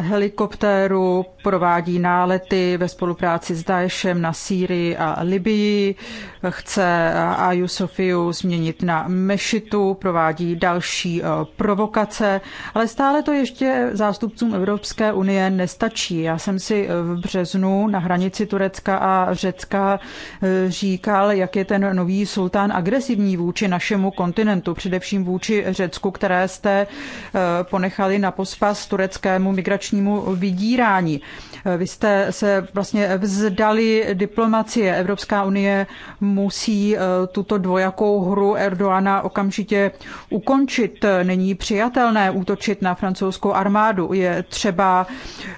[SPEAKER 1] helikoptéru, provádí nálety ve spolupráci s Daeshem na Sýrii a Libii, chce Aju Sofiu změnit na mešitu, provádí další eh, provokace, ale stále to ještě zástupcům Evropské unie nestačí. Já jsem si eh, v březnu na hranici Turecka a Řecka eh, říkal, jak je ten nový sultán agresivní vůči našemu kontinentu, především vůči Řecku, které jste ponechali na pospas tureckému migračnímu vydírání. Eh, vy jste se vlastně vzdali diplomacie. Evropská unie musí eh, tuto dvojakou hru Erdoana okamžitě ukončit. Není přijatelné útočit na francouzskou armádu. Je třeba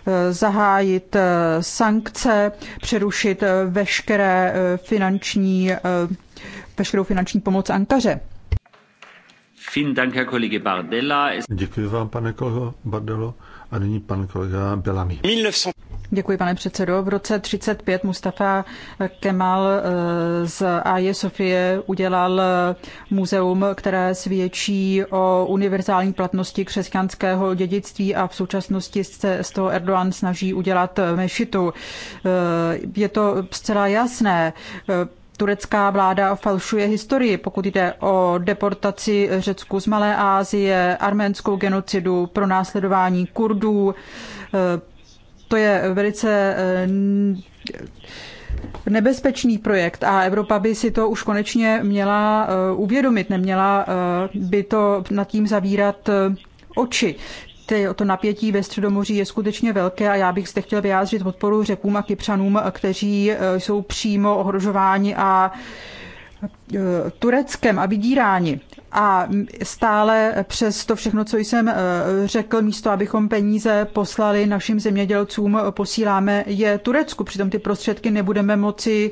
[SPEAKER 1] eh, zahájit sankce, přerušit veškeré finanční, veškerou finanční pomoc Ankaře.
[SPEAKER 4] Děkuji vám, pane kolego Bardello. A nyní pan kolega Bellamy.
[SPEAKER 1] Děkuji, pane předsedo. V roce 35 Mustafa Kemal eh, z Aje Sofie udělal eh, muzeum, které svědčí o univerzální platnosti křesťanského dědictví a v současnosti se z toho Erdogan snaží udělat eh, mešitu. Je to zcela jasné turecká vláda falšuje historii, pokud jde o deportaci Řecku z Malé Asie, arménskou genocidu, pronásledování Kurdů. Eh, to je velice eh, nebezpečný projekt a Evropa by si to už konečně měla eh, uvědomit, neměla by to nad tím zavírat oči ty, to napětí ve Středomoří je skutečně velké a já bych zde chtěl vyjádřit podporu Řekům a Kypřanům, kteří eh, jsou přímo ohrožováni a eh, Tureckem a vydíráni. A stále přes to všechno, co jsem eh, řekl, místo abychom peníze poslali našim zemědělcům, posíláme je Turecku. Přitom ty prostředky nebudeme moci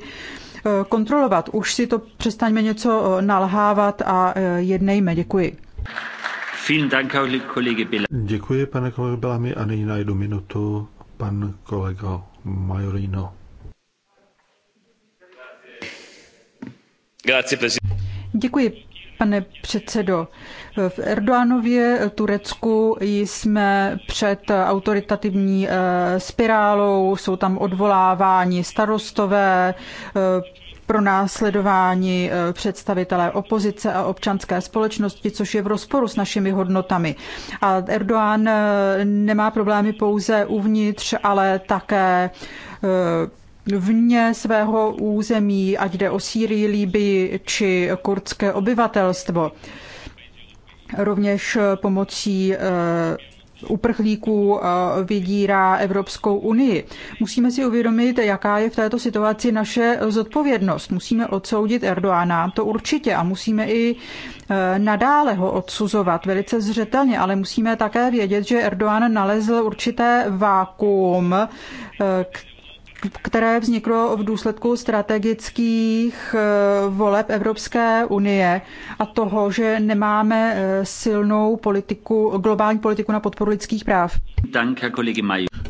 [SPEAKER 1] kontrolovat. Už si to přestaňme něco nalhávat a
[SPEAKER 4] jednejme. Děkuji. Děkuji, pane kolego Bellamy, a nyní na jednu minutu pan kolega Majorino.
[SPEAKER 1] Děkuji, pane předsedo. V Erdoánově Turecku jsme před autoritativní eh, spirálou, jsou tam odvolávání starostové, eh, pro eh, představitelé opozice a občanské společnosti, což je v rozporu s našimi hodnotami. A Erdoğan eh, nemá problémy pouze uvnitř, ale také eh, vně svého území, ať jde o Sýrii, Líbii či kurdské obyvatelstvo. Rovněž pomocí uprchlíků eh, vydírá Evropskou unii. Musíme si uvědomit, jaká je v této situaci naše zodpovědnost. Musíme odsoudit Erdoána, to určitě, a musíme i eh, nadále ho odsuzovat velice zřetelně, ale musíme také vědět, že Erdoán nalezl určité vákuum, eh, které vzniklo v důsledku strategických eh, voleb Evropské unie a toho, že nemáme eh, silnou politiku, globální politiku na podporu lidských práv.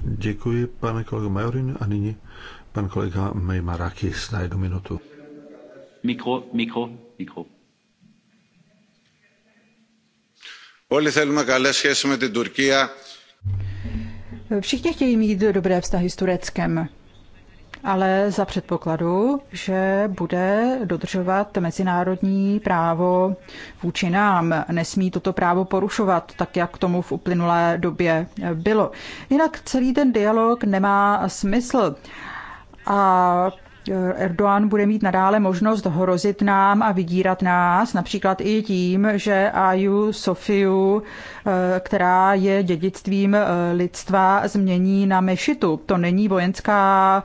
[SPEAKER 4] Děkuji, pane kolego Majorin. A nyní pan kolega Mejmarakis
[SPEAKER 7] na jednu minutu. Mikro, mikro, mikro. Όλοι θέλουμε καλές σχέσεις με την
[SPEAKER 1] Všichni chtějí mít dobré vztahy s Tureckem ale za předpokladu, že bude dodržovat mezinárodní právo vůči nám. Nesmí toto právo porušovat, tak jak tomu v uplynulé době bylo. Jinak celý ten dialog nemá smysl. A Eh, Erdoğan bude mít nadále možnost hrozit nám a vydírat nás, například i tím, že Aju Sofiu, eh, která je dědictvím eh, lidstva, změní na mešitu. To není vojenská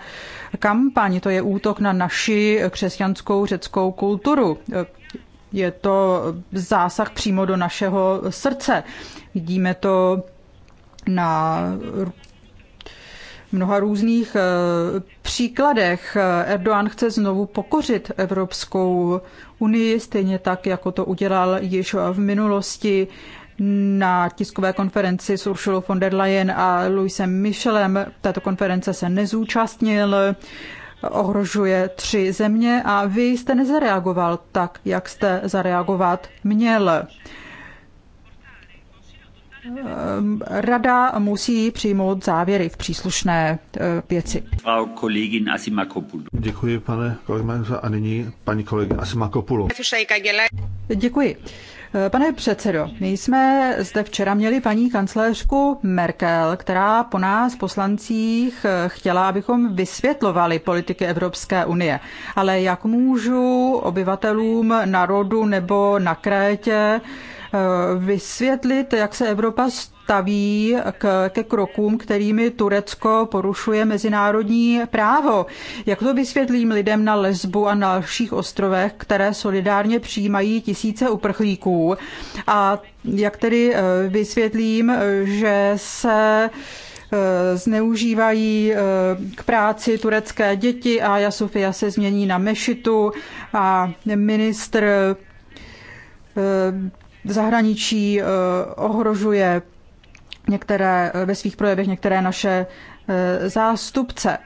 [SPEAKER 1] kampaň, to je útok na naši křesťanskou řeckou kulturu. Je to zásah přímo do našeho srdce. Vidíme to na mnoha různých eh, příkladech. Erdoğan chce znovu pokořit Evropskou unii, stejně tak, jako to udělal již v minulosti na tiskové konferenci s Uršulou von der Leyen a Louisem Michelem. Tato konference se nezúčastnil, ohrožuje tři země a vy jste nezareagoval tak, jak jste zareagovat měl. Ehm, rada musí přijmout závěry v příslušné eh, věci.
[SPEAKER 4] Děkuji, pane kolegu, A nyní paní kolegyně Asimakopulu.
[SPEAKER 1] Děkuji. Eh, pane předsedo, my jsme zde včera měli paní kancléřku Merkel, která po nás poslancích eh, chtěla, abychom vysvětlovali politiky Evropské unie. Ale jak můžu obyvatelům, národu nebo na Krétě Eh, vysvětlit, jak se Evropa staví k, ke krokům, kterými Turecko porušuje mezinárodní právo. Jak to vysvětlím lidem na Lesbu a na dalších ostrovech, které solidárně přijímají tisíce uprchlíků? A jak tedy eh, vysvětlím, že se eh, zneužívají k práci turecké děti a Jasufia se změní na mešitu a ministr v zahraničí eh, ohrožuje některé, eh, ve svých projevech některé naše eh, zástupce.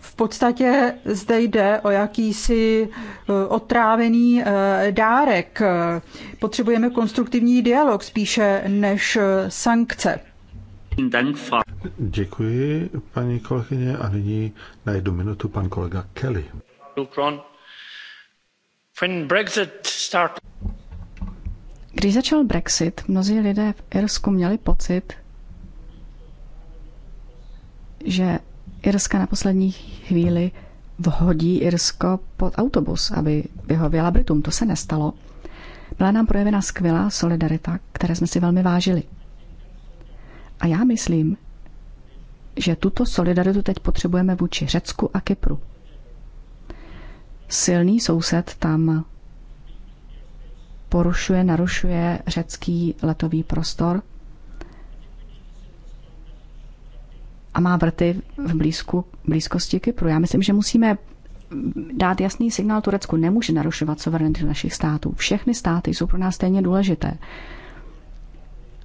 [SPEAKER 1] V podstatě zde jde o jakýsi otrávený dárek. Potřebujeme konstruktivní dialog spíše než sankce.
[SPEAKER 4] Děkuji, paní kolegyně. A nyní na jednu minutu pan kolega Kelly.
[SPEAKER 3] Když začal Brexit, mnozí lidé v Irsku měli pocit, že Irska na poslední chvíli vhodí Irsko pod autobus, aby vyhověla Britům. To se nestalo. Byla nám projevena skvělá solidarita, které jsme si velmi vážili. A já myslím, že tuto solidaritu teď potřebujeme vůči Řecku a Kypru silný soused tam porušuje, narušuje řecký letový prostor a má vrty v blízku, blízkosti Kypru. Já myslím, že musíme dát jasný signál Turecku. Nemůže narušovat suverenitu našich států. Všechny státy jsou pro nás stejně důležité.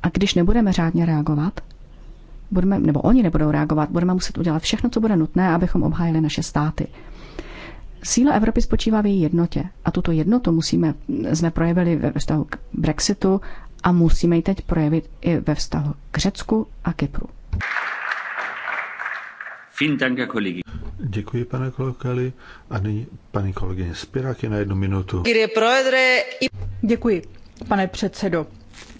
[SPEAKER 3] A když nebudeme řádně reagovat, budeme, nebo oni nebudou reagovat, budeme muset udělat všechno, co bude nutné, abychom obhájili naše státy. Síla Evropy spočívá v její jednotě a tuto jednotu musíme, jsme projevili ve vztahu k Brexitu a musíme ji teď projevit i ve vztahu k Řecku
[SPEAKER 4] a Kypru. Děkuji, pane kolokali. A nyní paní kolegyně Spiráky na jednu minutu.
[SPEAKER 1] Děkuji, pane předsedo.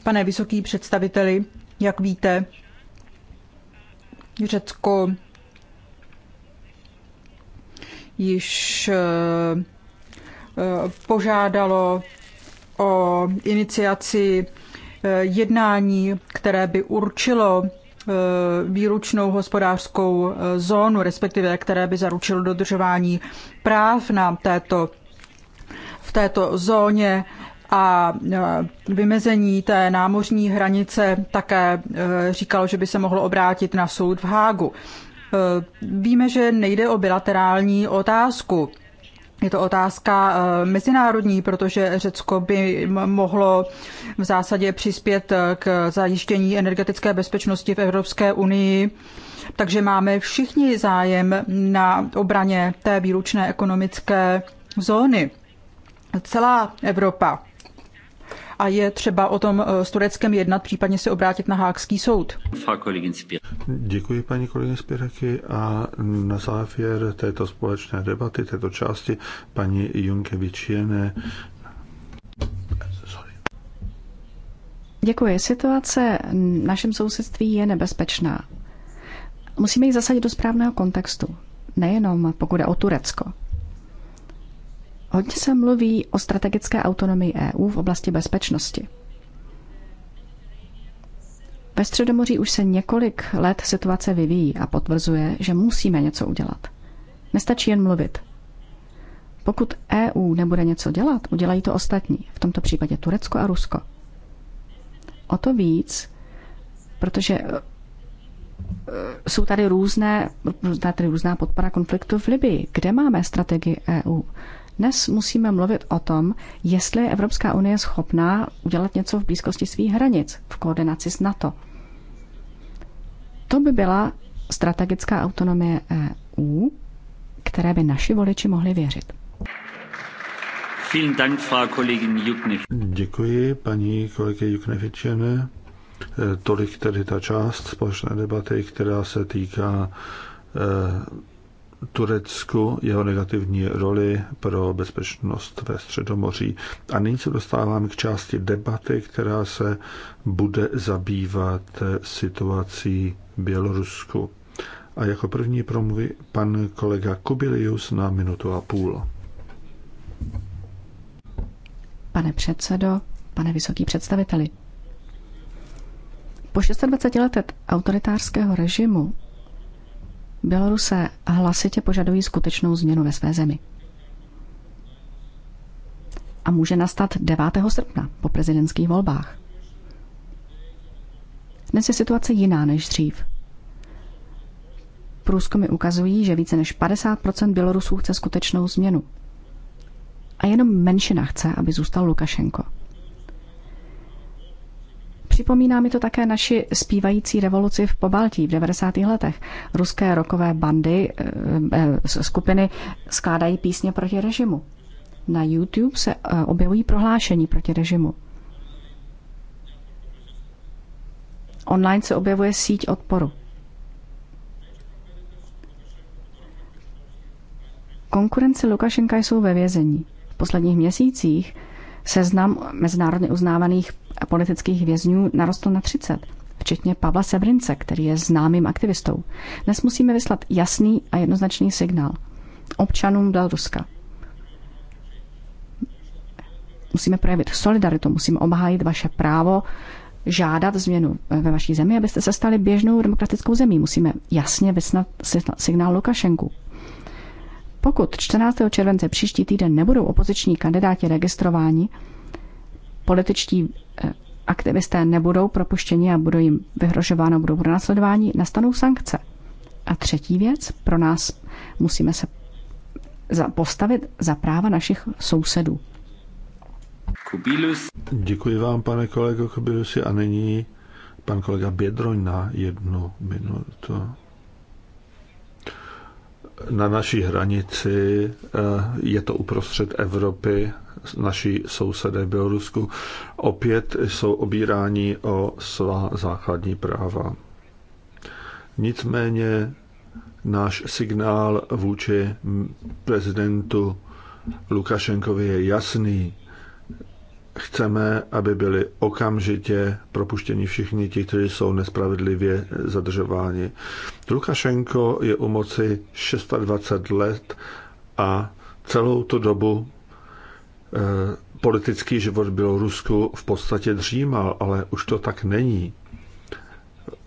[SPEAKER 1] Pane vysoký představiteli, jak víte, Řecko již eh, eh, požádalo o iniciaci eh, jednání, které by určilo výlučnou hospodářskou zónu, respektive které by zaručilo dodržování práv na této, v této zóně a vymezení té námořní hranice také říkalo, že by se mohlo obrátit na soud v Hágu. Eh, víme, že nejde o bilaterální otázku. Je to otázka eh, mezinárodní, protože Řecko by mohlo v zásadě přispět eh, k zajištění energetické bezpečnosti v Evropské unii. Takže máme všichni zájem na obraně té výlučné ekonomické zóny. Celá Evropa a je třeba o tom eh, s Tureckem jednat, případně se obrátit na Hákský soud.
[SPEAKER 4] Děkuji paní kolegyně Spiraky a na závěr této společné debaty, této části, paní Junkevič Jene.
[SPEAKER 3] Děkuji. Situace v našem sousedství je nebezpečná. Musíme ji zasadit do správného kontextu. Nejenom pokud je o Turecko. Hodně se mluví o strategické autonomii EU v oblasti bezpečnosti. Ve Středomoří už se několik let situace vyvíjí a potvrzuje, že musíme něco udělat. Nestačí jen mluvit. Pokud EU nebude něco dělat, udělají to ostatní, v tomto případě Turecko a Rusko. O to víc, protože e, e, jsou tady různé, různá, tady různá podpora konfliktu v Libii. Kde máme strategii EU? Dnes musíme mluvit o tom, jestli je Evropská unie schopná udělat něco v blízkosti svých hranic v koordinaci s NATO. To by byla strategická autonomie EU, které by naši voliči mohli věřit.
[SPEAKER 4] Děkuji, paní kolegy Juknevičene. Eh, tolik tedy ta část společné debaty, která se týká eh, Turecku, jeho negativní roli pro bezpečnost ve Středomoří. A nyní se dostáváme k části debaty, která se bude zabývat situací Bělorusku. A jako první promluví pan kolega Kubilius na minutu a půl.
[SPEAKER 3] Pane předsedo, pane vysoký představiteli, po 26 letech autoritářského režimu Běloruse hlasitě požadují skutečnou změnu ve své zemi. A může nastat 9. srpna po prezidentských volbách. Dnes je situace jiná než dřív. Průzkumy ukazují, že více než 50 Bělorusů chce skutečnou změnu. A jenom menšina chce, aby zůstal Lukašenko. Připomíná mi to také naši zpívající revoluci v Pobaltí v 90. letech. Ruské rokové bandy, eh, eh, skupiny skládají písně proti režimu. Na YouTube se eh, objevují prohlášení proti režimu. Online se objevuje síť odporu. Konkurenci Lukašenka jsou ve vězení. V posledních měsících Seznam mezinárodně uznávaných politických vězňů narostl na 30, včetně Pavla Sebrince, který je známým aktivistou. Dnes musíme vyslat jasný a jednoznačný signál občanům Běloruska. Musíme projevit solidaritu, musíme obhájit vaše právo žádat změnu ve vaší zemi, abyste se stali běžnou demokratickou zemí. Musíme jasně vysnat signál Lukašenku. Pokud 14. července příští týden nebudou opoziční kandidáti registrováni, političtí eh, aktivisté nebudou propuštěni a budou jim vyhrožováno, budou pronásledování, nastanou sankce. A třetí věc, pro nás musíme se postavit za práva našich sousedů.
[SPEAKER 4] Kubilus. Děkuji vám, pane kolego Kubilusi. A nyní pan kolega Bědroň na jednu minutu na naší hranici, eh, je to uprostřed Evropy, naší sousedé Bělorusku, opět jsou obíráni o svá základní práva. Nicméně náš signál vůči prezidentu Lukašenkovi je jasný chceme, aby byli okamžitě propuštěni všichni ti, kteří jsou nespravedlivě zadržováni. Lukašenko je u moci 26 let a celou tu dobu eh, politický život byl Rusku v podstatě dřímal, ale už to tak není.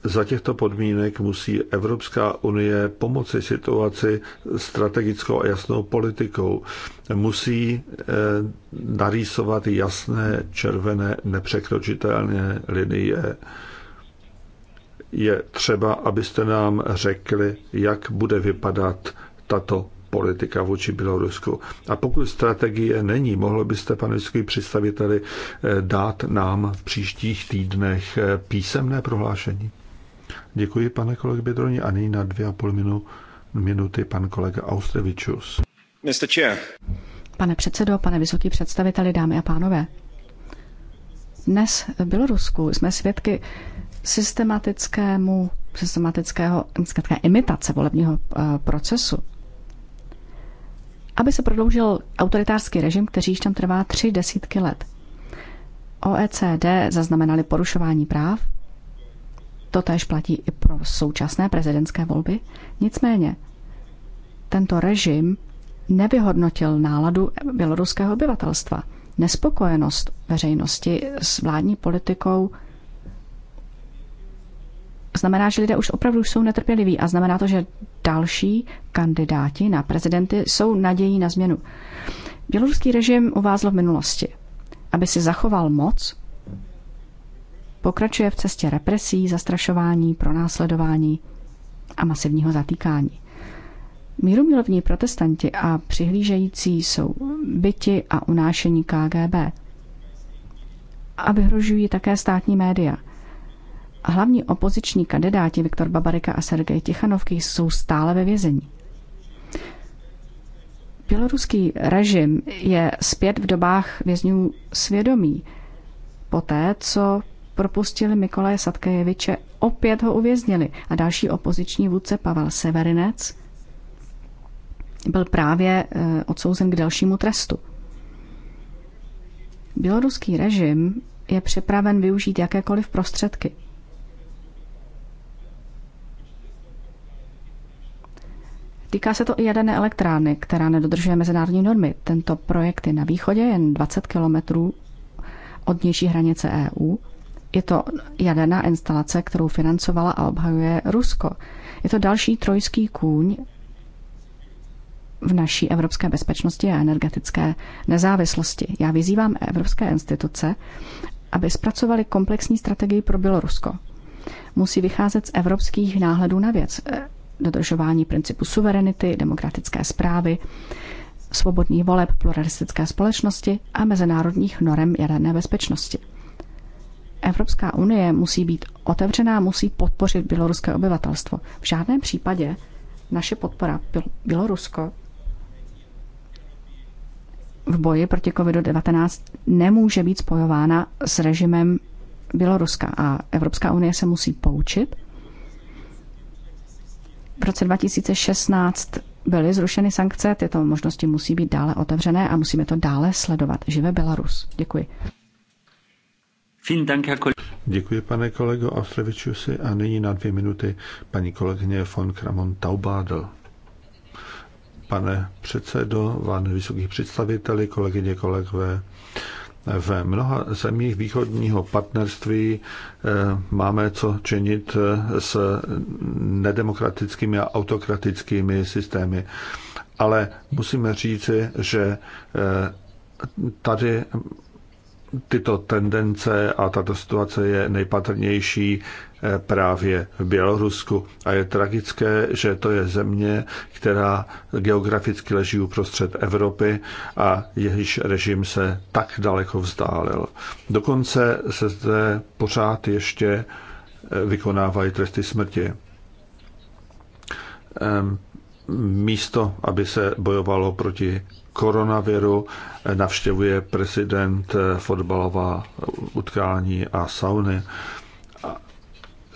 [SPEAKER 4] Za těchto podmínek musí Evropská unie pomoci situaci strategickou a jasnou politikou. Musí eh, narýsovat jasné, červené, nepřekročitelné linie. Je třeba, abyste nám řekli, jak bude vypadat tato politika vůči Bělorusku. A pokud strategie není, mohlo byste, pane vysoký představiteli, eh, dát nám v příštích týdnech eh, písemné prohlášení? Děkuji, pane kolego Bědroni, a nyní na dvě a půl minu, minuty pan kolega Austrevičus.
[SPEAKER 3] Pane předsedo, pane vysoký představiteli, dámy a pánové. Dnes v Bělorusku jsme svědky systematickému, systematického, imitace volebního eh, procesu. Aby se prodloužil autoritářský režim, který již tam trvá tři desítky let. OECD zaznamenali porušování práv, to též platí i pro současné prezidentské volby. Nicméně, tento režim nevyhodnotil náladu běloruského obyvatelstva. Nespokojenost veřejnosti s vládní politikou znamená, že lidé už opravdu jsou netrpěliví a znamená to, že další kandidáti na prezidenty jsou nadějí na změnu. Běloruský režim uvázl v minulosti. Aby si zachoval moc, Pokračuje v cestě represí, zastrašování, pronásledování a masivního zatýkání. Mírumilovní protestanti a přihlížející jsou byti a unášení KGB. A vyhrožují také státní média. Hlavní opoziční kandidáti Viktor Babarika a Sergej Tichanovky jsou stále ve vězení. Běloruský režim je zpět v dobách vězňů svědomí, poté co propustili Mikolaje Satkejeviče, opět ho uvěznili a další opoziční vůdce Pavel Severinec byl právě eh, odsouzen k dalšímu trestu. Běloruský režim je připraven využít jakékoliv prostředky. Týká se to i jaderné elektrárny, která nedodržuje mezinárodní normy. Tento projekt je na východě jen 20 kilometrů od nější hranice EU je to jaderná instalace, kterou financovala a obhajuje Rusko. Je to další trojský kůň v naší evropské bezpečnosti a energetické nezávislosti. Já vyzývám evropské instituce, aby zpracovali komplexní strategii pro Bělorusko. Musí vycházet z evropských náhledů na věc, dodržování principu suverenity, demokratické zprávy, svobodných voleb, pluralistické společnosti a mezinárodních norem jaderné bezpečnosti. Evropská unie musí být otevřená, musí podpořit běloruské obyvatelstvo. V žádném případě naše podpora Bělorusko v boji proti COVID-19 nemůže být spojována s režimem Běloruska a Evropská unie se musí poučit. V roce 2016 byly zrušeny sankce, tyto možnosti musí být dále otevřené a musíme to dále sledovat. Žive Belarus. Děkuji.
[SPEAKER 4] Děkuji, pane kolego Ostrevičusi. A nyní na dvě minuty paní kolegyně von Kramon Taubádl. Pane předsedo, váne vysokých představiteli, kolegyně, kolegové, v mnoha zemích východního partnerství eh, máme co činit eh, s nedemokratickými a autokratickými systémy. Ale musíme říci, že eh, tady tyto tendence a tato situace je nejpatrnější eh, právě v Bělorusku. A je tragické, že to je země, která geograficky leží uprostřed Evropy a jejíž režim se tak daleko vzdálil. Dokonce se zde pořád ještě eh, vykonávají tresty smrti. Ehm, místo, aby se bojovalo proti koronaviru eh, navštěvuje prezident eh, fotbalová utkání a sauny.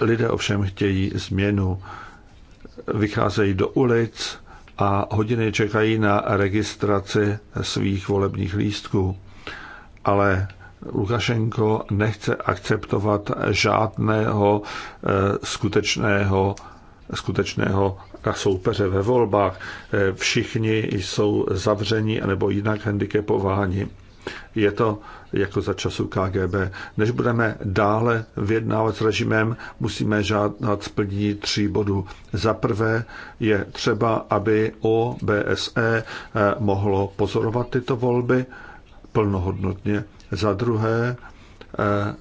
[SPEAKER 4] Lidé ovšem chtějí změnu. Vycházejí do ulic a hodiny čekají na registraci svých volebních lístků. Ale Lukašenko nechce akceptovat žádného eh, skutečného skutečného soupeře ve volbách. Všichni jsou zavření nebo jinak handicapováni. Je to jako za času KGB. Než budeme dále vyjednávat s režimem, musíme žádat splnění tří bodů. Za prvé je třeba, aby OBSE eh, mohlo pozorovat tyto volby plnohodnotně. Za druhé, eh,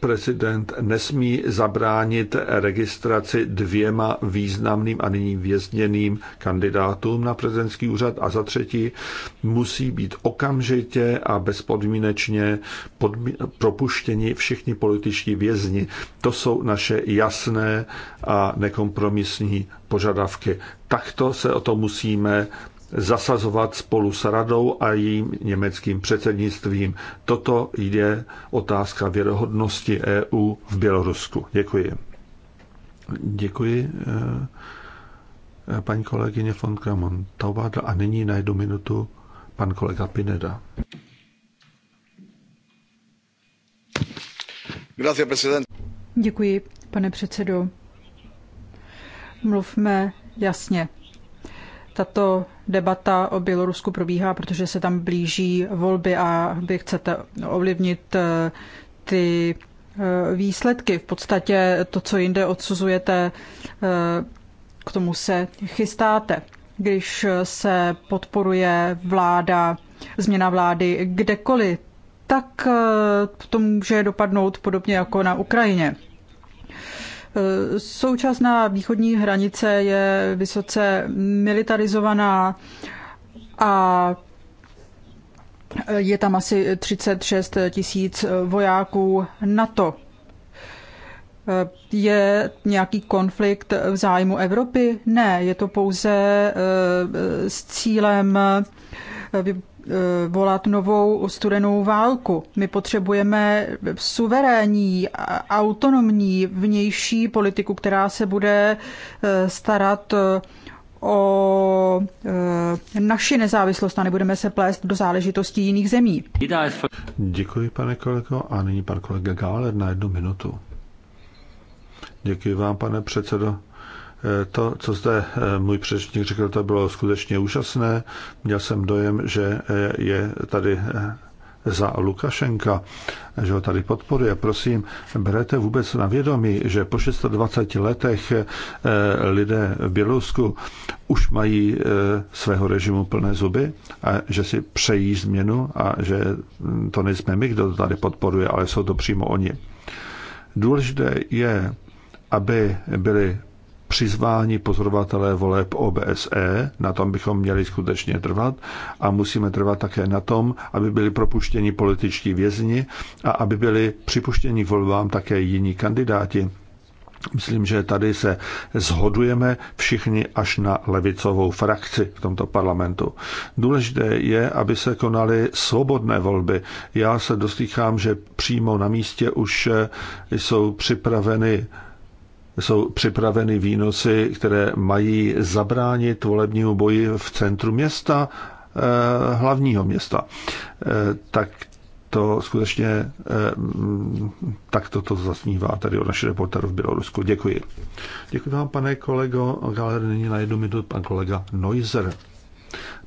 [SPEAKER 4] prezident nesmí zabránit registraci dvěma významným a nyní vězněným kandidátům na prezidentský úřad a za třetí musí být okamžitě a bezpodmínečně podmi- propuštěni všichni političtí vězni. To jsou naše jasné a nekompromisní požadavky. Takto se o to musíme zasazovat spolu s radou a jejím německým předsednictvím. Toto jde otázka věrohodnosti EU v Bělorusku. Děkuji. Děkuji eh, paní kolegyně von Kramon. a nyní na jednu minutu pan kolega Pineda.
[SPEAKER 1] Děkuji, pane předsedo. Mluvme jasně. Tato debata o Bělorusku probíhá, protože se tam blíží volby a vy chcete ovlivnit eh, ty eh, výsledky. V podstatě to, co jinde odsuzujete, eh, k tomu se chystáte. Když se podporuje vláda, změna vlády kdekoliv, tak to může dopadnout podobně jako na Ukrajině. Současná východní hranice je vysoce militarizovaná a je tam asi 36 tisíc vojáků NATO. Je nějaký konflikt v zájmu Evropy? Ne, je to pouze eh, s cílem Eh, volat novou studenou válku. My potřebujeme suverénní, autonomní vnější politiku, která se bude eh, starat eh, o naši nezávislost a nebudeme se plést do záležitostí jiných zemí.
[SPEAKER 4] Děkuji, pane kolego. A nyní pan kolega Gáler na jednu minutu. Děkuji vám, pane předsedo. Eh, to, co zde eh, můj předřečník řekl, to bylo skutečně úžasné. Měl jsem dojem, že eh, je tady za Lukašenka, že ho tady podporuje. Prosím, berete vůbec na vědomí, že po 620 letech lidé v Bělorusku už mají svého režimu plné zuby a že si přejí změnu a že hm, to nejsme my, kdo to tady podporuje, ale jsou to přímo oni. Důležité je, aby byly přizváni pozorovatelé voleb OBSE, na tom bychom měli skutečně trvat a musíme trvat také na tom, aby byli propuštěni političtí vězni a aby byli připuštěni volbám také jiní kandidáti. Myslím, že tady se zhodujeme všichni až na levicovou frakci v tomto parlamentu. Důležité je, aby se konaly svobodné volby. Já se dostýchám, že přímo na místě už jsou připraveny jsou připraveny výnosy, které mají zabránit volebnímu boji v centru města, eh, hlavního města. Eh, tak to skutečně eh, mm, tak to, to zasnívá tady od našich reportérů v Bělorusku. Děkuji. Děkuji vám, pane kolego. Galer nyní na jednu minutu pan kolega Noizer.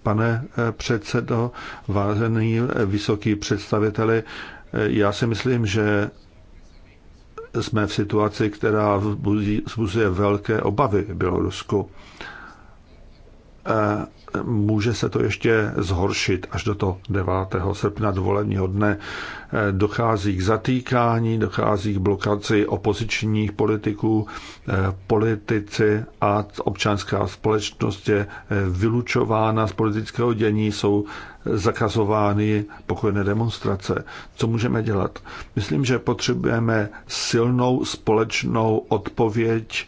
[SPEAKER 4] Pane předsedo, vážený vysoký představiteli, já si myslím, že jsme v situaci, která vzbuzuje velké obavy Bělorusku. Eh, může se to ještě zhoršit až do toho 9. srpna dovoleního dne. Eh, dochází k zatýkání, dochází k blokaci opozičních politiků, eh, politici a občanská společnost je vylučována z politického dění, jsou zakazovány pokojné demonstrace. Co můžeme dělat? Myslím, že potřebujeme silnou společnou odpověď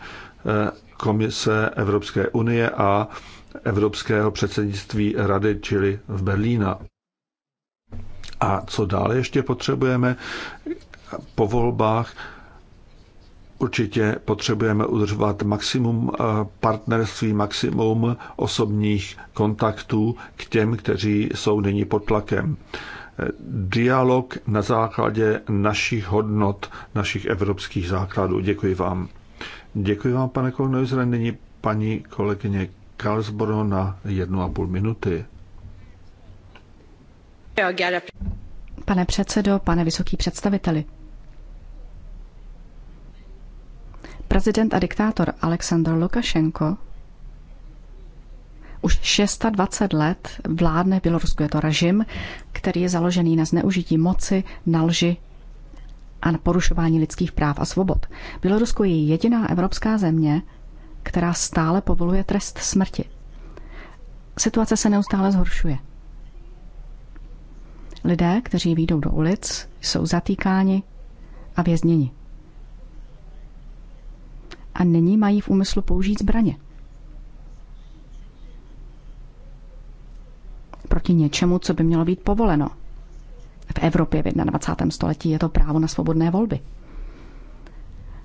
[SPEAKER 4] Komise Evropské unie a evropského předsednictví rady, čili v Berlína. A co dále ještě potřebujeme? Po volbách určitě potřebujeme udržovat maximum eh, partnerství, maximum osobních kontaktů k těm, kteří jsou nyní pod tlakem. Dialog na základě našich hodnot, našich evropských základů. Děkuji vám. Děkuji vám, pane Kornojzre. Nyní paní kolegyně Karlsboro na jednu a půl minuty.
[SPEAKER 3] Pane předsedo, pane vysoký představiteli. Prezident a diktátor Aleksandr Lukašenko už 26 let vládne Bělorusku. Je to režim, který je založený na zneužití moci, na lži a na porušování lidských práv a svobod. Bělorusko je jediná evropská země, která stále povoluje trest smrti. Situace se neustále zhoršuje. Lidé, kteří výjdou do ulic, jsou zatýkáni a vězněni. A nyní mají v úmyslu použít zbraně. Proti něčemu, co by mělo být povoleno. V Evropě v 21. století je to právo na svobodné volby.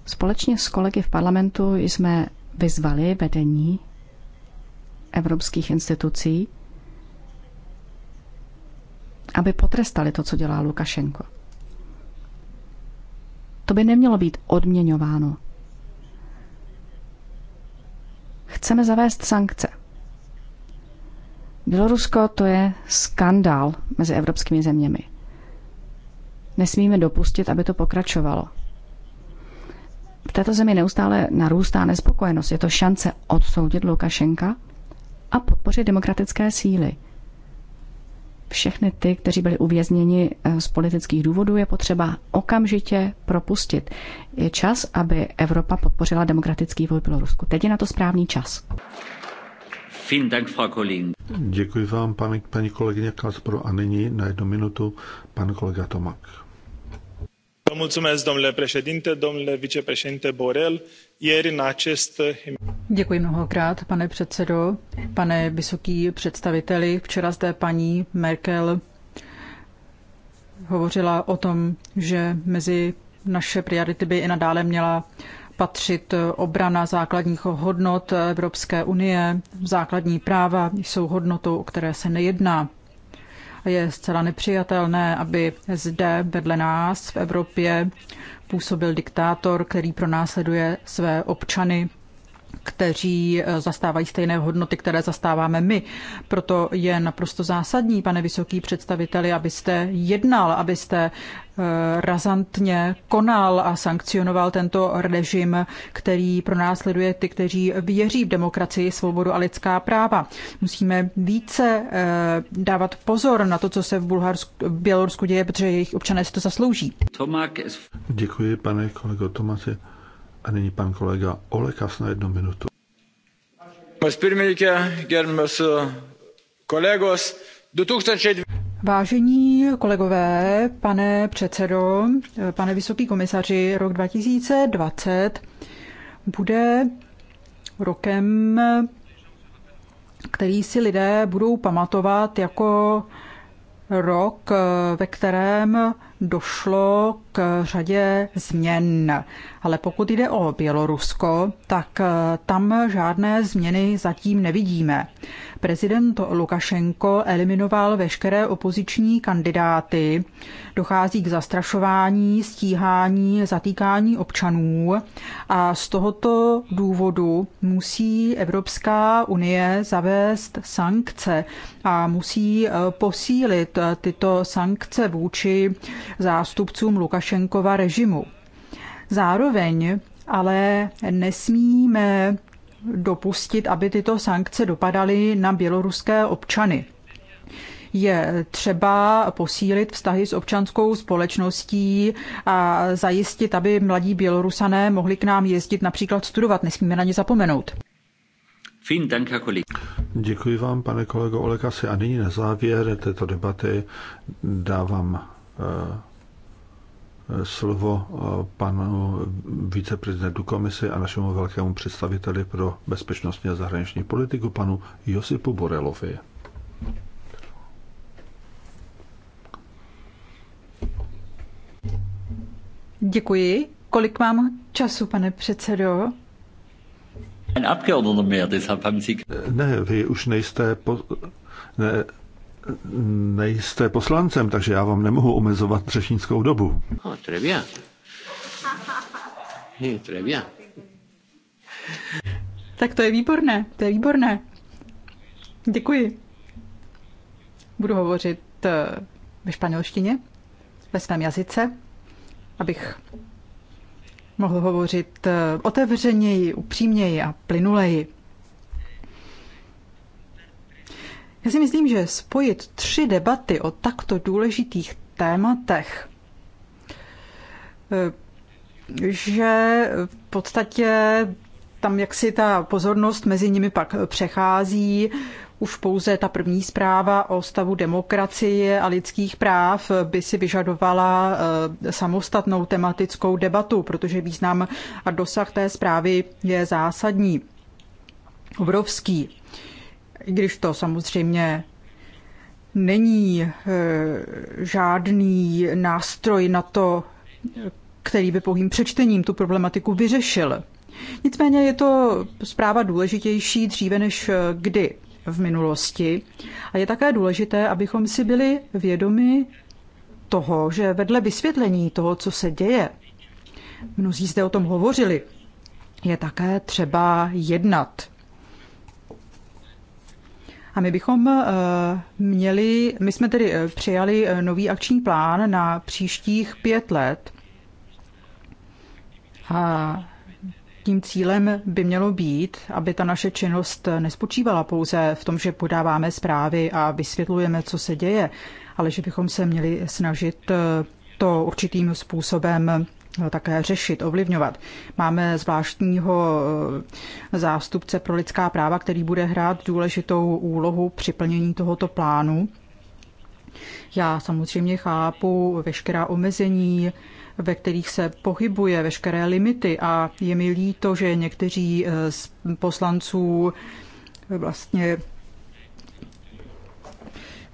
[SPEAKER 3] Společně s kolegy v parlamentu jsme vyzvali vedení evropských institucí, aby potrestali to, co dělá Lukašenko. To by nemělo být odměňováno. Chceme zavést sankce. Bělorusko to je skandál mezi evropskými zeměmi. Nesmíme dopustit, aby to pokračovalo v této zemi neustále narůstá nespokojenost. Je to šance odsoudit Lukašenka a podpořit demokratické síly. Všechny ty, kteří byli uvězněni eh, z politických důvodů, je potřeba okamžitě propustit. Je čas, aby Evropa podpořila demokratický vývoj Bělorusku. Teď je na to správný čas.
[SPEAKER 4] Děkuji vám, paní, paní kolegyně Kaspro. A nyní na jednu minutu pan kolega Tomak
[SPEAKER 9] domnule předsedající domnule viceprezidente borrell ieri în acest.
[SPEAKER 1] Děkuji mnohokrát, pane předsedo. Pane vysoký představiteli, včera zde paní Merkel hovořila o tom, že mezi naše priority by i nadále měla patřit obrana základních hodnot Evropské unie. Základní práva jsou hodnotou, o které se nejedná. Je zcela nepřijatelné, aby zde vedle nás v Evropě působil diktátor, který pronásleduje své občany kteří eh, zastávají stejné hodnoty, které zastáváme my. Proto je naprosto zásadní, pane vysoký představiteli, abyste jednal, abyste Eh, razantně konal a sankcionoval tento režim, který pronásleduje ty, kteří věří v demokracii, svobodu a lidská práva. Musíme více eh, dávat pozor na to, co se v, Bulharsku, v Bělorusku děje, protože jejich občané
[SPEAKER 4] si to zaslouží. Děkuji, pane kolego Tomasi. A nyní pan kolega Olekas na jednu minutu. Mas pirmininkė, gerbiamas kolegos, 2020.
[SPEAKER 1] Vážení kolegové, pane předsedo, pane vysoký komisaři, rok 2020 bude rokem, který si lidé budou pamatovat jako rok, ve kterém došlo k řadě změn. Ale pokud jde o Bělorusko, tak eh, tam žádné změny zatím nevidíme. Prezident Lukašenko eliminoval veškeré opoziční kandidáty. Dochází k zastrašování, stíhání, zatýkání občanů a z tohoto důvodu musí Evropská unie zavést sankce a musí eh, posílit eh, tyto sankce vůči zástupcům Lukašenkova režimu. Zároveň ale nesmíme dopustit, aby tyto sankce dopadaly na běloruské občany je třeba posílit vztahy s občanskou společností a zajistit, aby mladí Bělorusané mohli k nám jezdit například studovat. Nesmíme na ně zapomenout.
[SPEAKER 4] Děkuji vám, pane kolego Olekasi. A nyní na závěr této debaty dávám Eh, slovo eh, panu viceprezidentu komise a našemu velkému představiteli pro bezpečnostní a zahraniční politiku, panu Josipu Borelovi.
[SPEAKER 1] Děkuji. Kolik mám času, pane předsedo?
[SPEAKER 4] Ne, vy už nejste po, ne, nejste poslancem, takže já vám nemohu omezovat řečnickou dobu.
[SPEAKER 6] Oh, très bien. Eh, très bien.
[SPEAKER 1] Tak to je výborné, to je výborné. Děkuji. Budu hovořit eh, ve španělštině, ve svém jazyce, abych mohl hovořit eh, otevřeněji, upřímněji a plynuleji. Já si myslím, že spojit tři debaty o takto důležitých tématech, eh, že v podstatě tam jaksi ta pozornost mezi nimi pak přechází. Už pouze ta první zpráva o stavu demokracie a lidských práv by si vyžadovala eh, samostatnou tematickou debatu, protože význam a dosah té zprávy je zásadní, obrovský i když to samozřejmě není eh, žádný nástroj na to, který by pouhým přečtením tu problematiku vyřešil. Nicméně je to zpráva důležitější dříve než eh, kdy v minulosti. A je také důležité, abychom si byli vědomi toho, že vedle vysvětlení toho, co se děje, mnozí zde o tom hovořili, je také třeba jednat. A my bychom eh, měli, my jsme tedy eh, přijali eh, nový akční plán na příštích pět let. A tím cílem by mělo být, aby ta naše činnost nespočívala pouze v tom, že podáváme zprávy a vysvětlujeme, co se děje, ale že bychom se měli snažit to určitým způsobem Eh, také řešit, ovlivňovat. Máme zvláštního eh, zástupce pro lidská práva, který bude hrát důležitou úlohu při plnění tohoto plánu. Já samozřejmě chápu veškerá omezení, ve kterých se pohybuje, veškeré limity a je mi líto, že někteří eh, z poslanců vlastně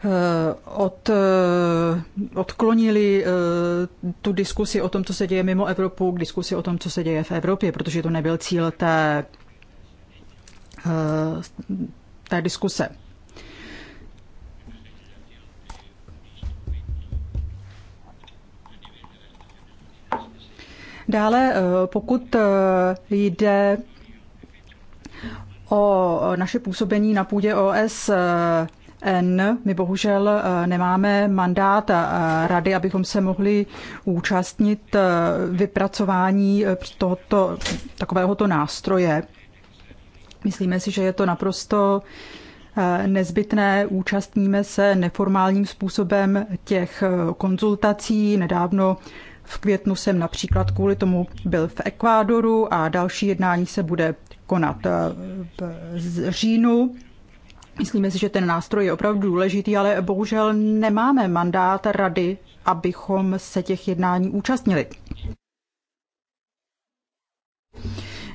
[SPEAKER 1] Eh, od, eh, odklonili eh, tu diskusi o tom, co se děje mimo Evropu, k diskusi o tom, co se děje v Evropě, protože to nebyl cíl té, té diskuse. Dále, pokud jde o naše působení na půdě OS. N, My bohužel eh, nemáme mandát eh, rady, abychom se mohli účastnit eh, vypracování tohoto, takovéhoto nástroje. Myslíme si, že je to naprosto nezbytné. Účastníme se neformálním způsobem těch konzultací. Nedávno v květnu jsem například kvůli tomu byl v Ekvádoru a další jednání se bude konat v říjnu. Myslíme si, že ten nástroj je opravdu důležitý, ale bohužel nemáme mandát rady, abychom se těch jednání účastnili.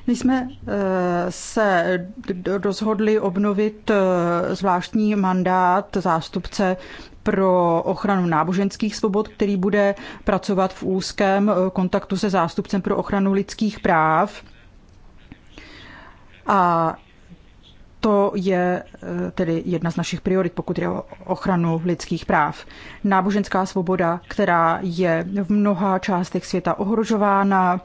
[SPEAKER 1] My jsme eh, se rozhodli obnovit eh, zvláštní mandát zástupce pro ochranu náboženských svobod, který bude pracovat v úzkém eh, kontaktu se zástupcem pro ochranu lidských práv. A to je eh, tedy jedna z našich priorit, pokud je o ochranu lidských práv. Náboženská svoboda, která je v mnoha částech světa ohrožována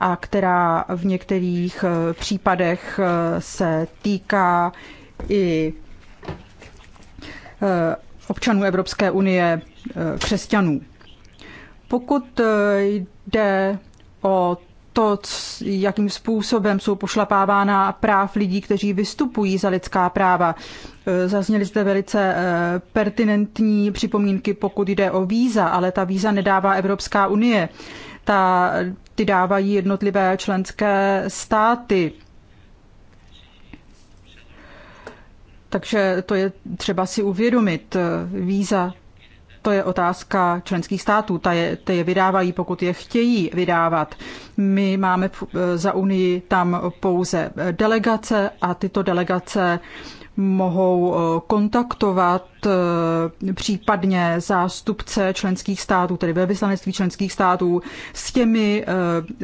[SPEAKER 1] a která v některých eh, případech eh, se týká i občanů Evropské unie, křesťanů. Pokud jde o to, jakým způsobem jsou pošlapávána práv lidí, kteří vystupují za lidská práva. E, zazněly zde velice e, pertinentní připomínky, pokud jde o víza, ale ta víza nedává Evropská unie. Ta, ty dávají jednotlivé členské státy. Takže to je třeba si uvědomit. E, víza to je otázka členských států. Ta je, ty je vydávají, pokud je chtějí vydávat. My máme eh, za Unii tam pouze delegace a tyto delegace mohou eh, kontaktovat eh, případně zástupce členských států, tedy ve vyslanectví členských států, s těmi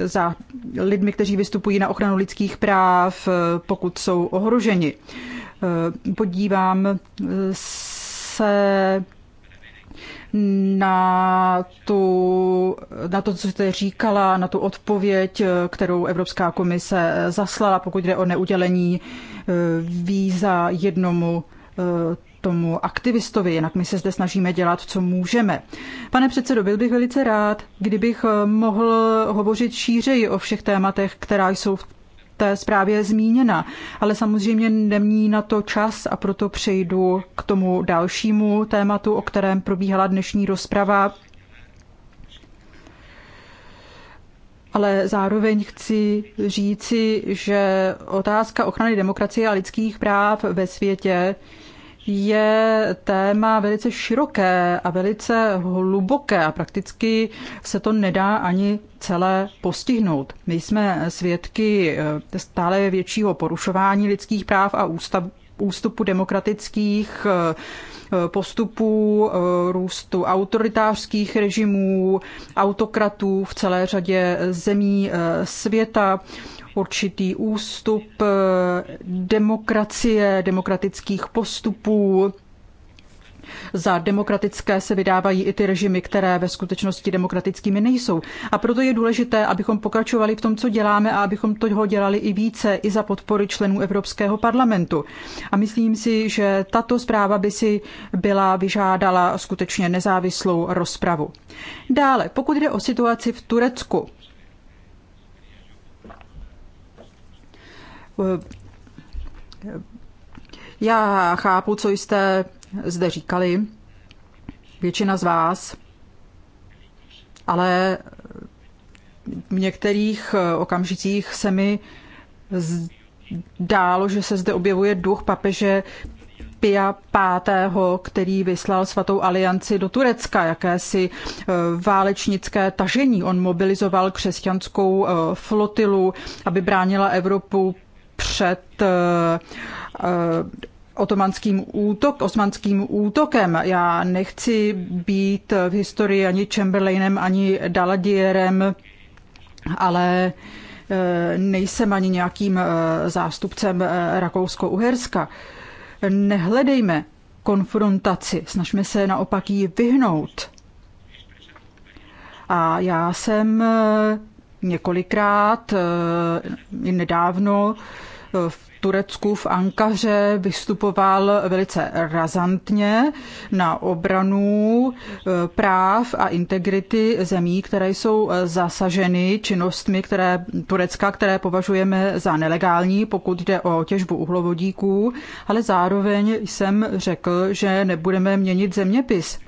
[SPEAKER 1] za lidmi, kteří vystupují na ochranu lidských práv, pokud jsou ohroženi. Podívám se na, tu, na to, co jste říkala, na tu odpověď, kterou Evropská komise zaslala, pokud jde o neudělení eh, víza jednomu eh, tomu aktivistovi, jinak my se zde snažíme dělat, co můžeme. Pane předsedo, byl bych velice rád, kdybych mohl hovořit šířeji o všech tématech, která jsou v té zprávě zmíněna. Ale samozřejmě nemní na to čas a proto přejdu k tomu dalšímu tématu, o kterém probíhala dnešní rozprava. Ale zároveň chci říci, že otázka ochrany demokracie a lidských práv ve světě je téma velice široké a velice hluboké a prakticky se to nedá ani celé postihnout. My jsme svědky eh, stále většího porušování lidských práv a ústav, ústupu demokratických eh, eh, postupů, růstu autoritářských režimů, autokratů v celé řadě zemí světa, určitý ústup eh, demokracie, demokratických postupů. Za demokratické se vydávají i ty režimy, které ve skutečnosti demokratickými nejsou. A proto je důležité, abychom pokračovali v tom, co děláme a abychom toho dělali i více, i za podpory členů Evropského parlamentu. A myslím si, že tato zpráva by si byla vyžádala skutečně nezávislou rozpravu. Dále, pokud jde o situaci v Turecku, Eh, já chápu, co jste zde říkali, většina z vás, ale v některých eh, okamžicích se mi zdálo, že se zde objevuje duch papeže Pia V., který vyslal svatou alianci do Turecka, jakési eh, válečnické tažení. On mobilizoval křesťanskou flotilu, aby bránila Evropu před eh, eh, otomanským útok, osmanským útokem. Já nechci být v historii ani Chamberlainem, ani Daladierem, ale eh, nejsem ani nějakým zástupcem Rakousko-Uherska. Nehledejme konfrontaci, snažme se naopak ji vyhnout. A já jsem několikrát, eh, i nedávno eh, v Turecku v Ankaře vystupoval velice razantně na obranu eh, práv a integrity zemí, které jsou zasaženy činnostmi které, Turecka, které považujeme za nelegální, pokud jde o těžbu uhlovodíků, ale zároveň jsem řekl, že nebudeme měnit zeměpis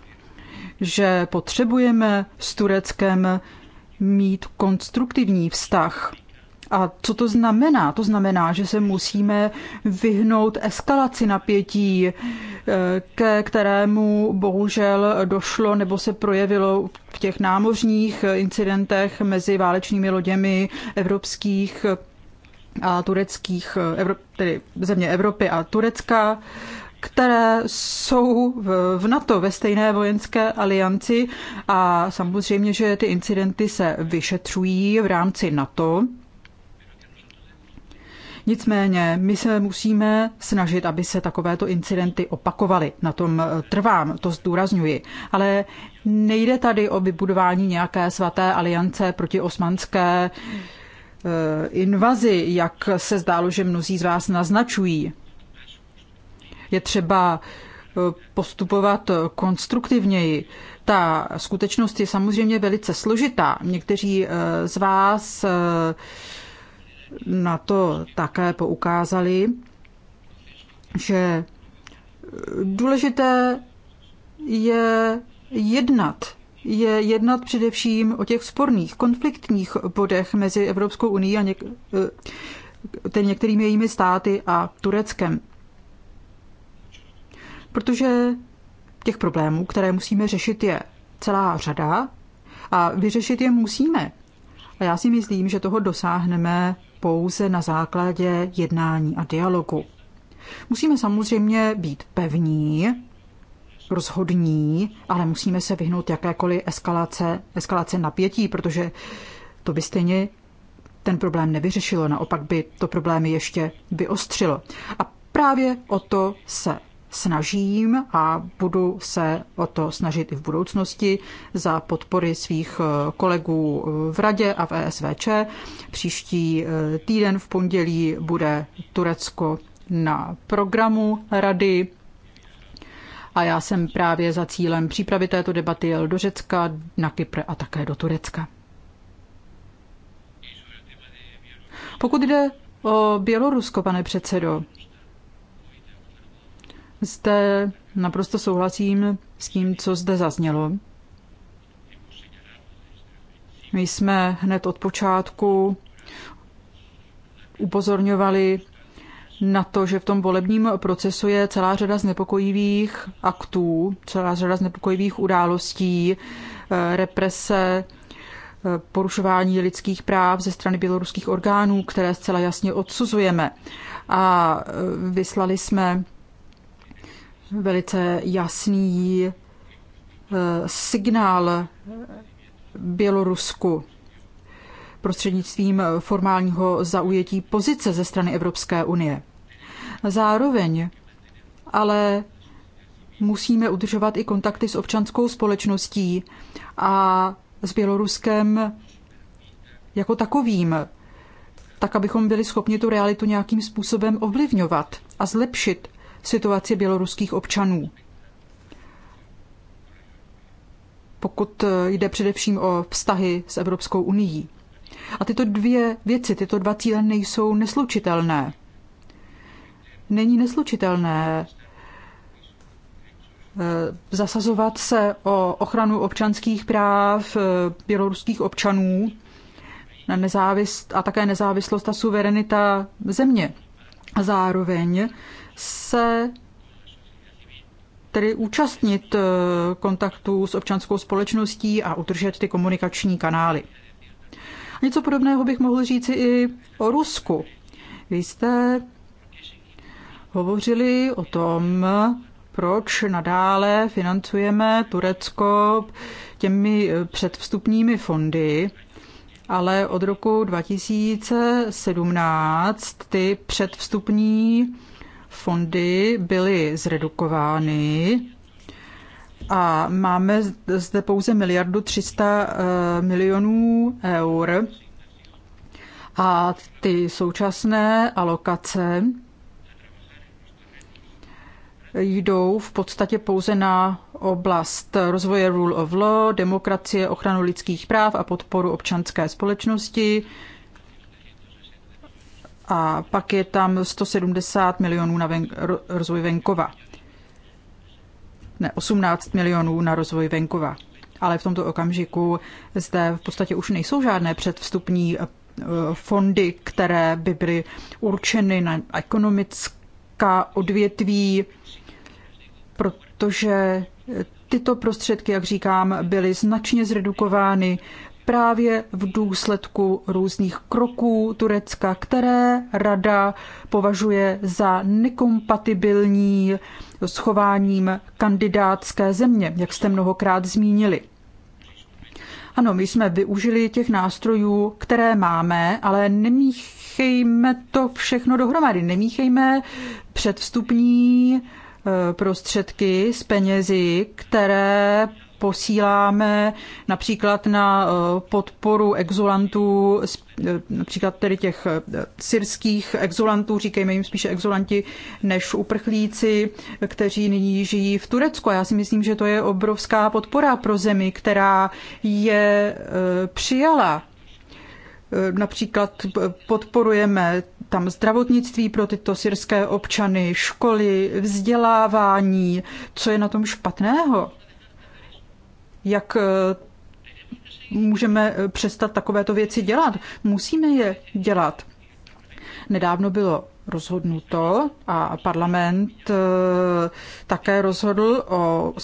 [SPEAKER 1] že potřebujeme s Tureckem mít konstruktivní vztah. A co to znamená? To znamená, že se musíme vyhnout eskalaci napětí, eh, ke kterému bohužel došlo nebo se projevilo v těch námořních incidentech mezi válečnými loděmi evropských a tureckých, eh, tedy země Evropy a Turecka které jsou v NATO ve stejné vojenské alianci a samozřejmě, že ty incidenty se vyšetřují v rámci NATO. Nicméně my se musíme snažit, aby se takovéto incidenty opakovaly. Na tom eh, trvám, to zdůrazňuji. Ale nejde tady o vybudování nějaké svaté aliance proti osmanské eh, invazi, jak se zdálo, že mnozí z vás naznačují je třeba eh, postupovat konstruktivněji. Ta skutečnost je samozřejmě velice složitá. Někteří eh, z vás eh, na to také poukázali, že důležité je jednat. Je jednat především o těch sporných, konfliktních bodech mezi Evropskou unii a něk- některými jejími státy a Tureckem protože těch problémů, které musíme řešit, je celá řada a vyřešit je musíme. A já si myslím, že toho dosáhneme pouze na základě jednání a dialogu. Musíme samozřejmě být pevní, rozhodní, ale musíme se vyhnout jakékoliv eskalace, eskalace napětí, protože to by stejně ten problém nevyřešilo, naopak by to problémy ještě vyostřilo. A právě o to se snažím a budu se o to snažit i v budoucnosti za podpory svých eh, kolegů eh, v Radě a v ESVČ. Příští eh, týden v pondělí bude Turecko na programu Rady a já jsem právě za cílem přípravy této debaty jel do Řecka, na Kypr a také do Turecka. Pokud jde o Bělorusko, pane předsedo, zde naprosto souhlasím s tím, co zde zaznělo. My jsme hned od počátku upozorňovali na to, že v tom volebním procesu je celá řada znepokojivých aktů, celá řada znepokojivých událostí, eh, represe, eh, porušování lidských práv ze strany běloruských orgánů, které zcela jasně odsuzujeme. A eh, vyslali jsme velice jasný eh, signál Bělorusku prostřednictvím formálního zaujetí pozice ze strany Evropské unie. Zároveň ale musíme udržovat i kontakty s občanskou společností a s Běloruskem jako takovým, tak abychom byli schopni tu realitu nějakým způsobem ovlivňovat a zlepšit situaci běloruských občanů. Pokud eh, jde především o vztahy s Evropskou unii. A tyto dvě věci, tyto dva cíle nejsou neslučitelné. Není neslučitelné eh, zasazovat se o ochranu občanských práv eh, běloruských občanů na nezávist, a také nezávislost a suverenita země. A zároveň se tedy účastnit eh, kontaktů s občanskou společností a udržet ty komunikační kanály. Něco podobného bych mohl říci i o Rusku. Vy jste hovořili o tom, proč nadále financujeme Turecko těmi eh, předvstupními fondy, ale od roku 2017 ty předvstupní fondy byly zredukovány a máme zde pouze miliardu 300 eh, milionů eur a ty současné alokace jdou v podstatě pouze na oblast rozvoje rule of law, demokracie, ochranu lidských práv a podporu občanské společnosti, a pak je tam 170 milionů na ven, rozvoj venkova. Ne, 18 milionů na rozvoj venkova. Ale v tomto okamžiku zde v podstatě už nejsou žádné předvstupní eh, fondy, které by byly určeny na ekonomická odvětví, protože tyto prostředky, jak říkám, byly značně zredukovány právě v důsledku různých kroků Turecka, které rada považuje za nekompatibilní s chováním kandidátské země, jak jste mnohokrát zmínili. Ano, my jsme využili těch nástrojů, které máme, ale nemíchejme to všechno dohromady. Nemíchejme předvstupní eh, prostředky z penězi, které posíláme například na eh, podporu exulantů, eh, například tedy těch eh, syrských exulantů, říkejme jim spíše exulanti než uprchlíci, kteří nyní žijí v Turecku. A já si myslím, že to je obrovská podpora pro zemi, která je přijala. Například podporujeme tam zdravotnictví pro tyto syrské občany, školy, vzdělávání. Co je na tom špatného? jak eh, můžeme přestat takovéto věci dělat. Musíme je dělat. Nedávno bylo rozhodnuto a parlament eh, také rozhodl o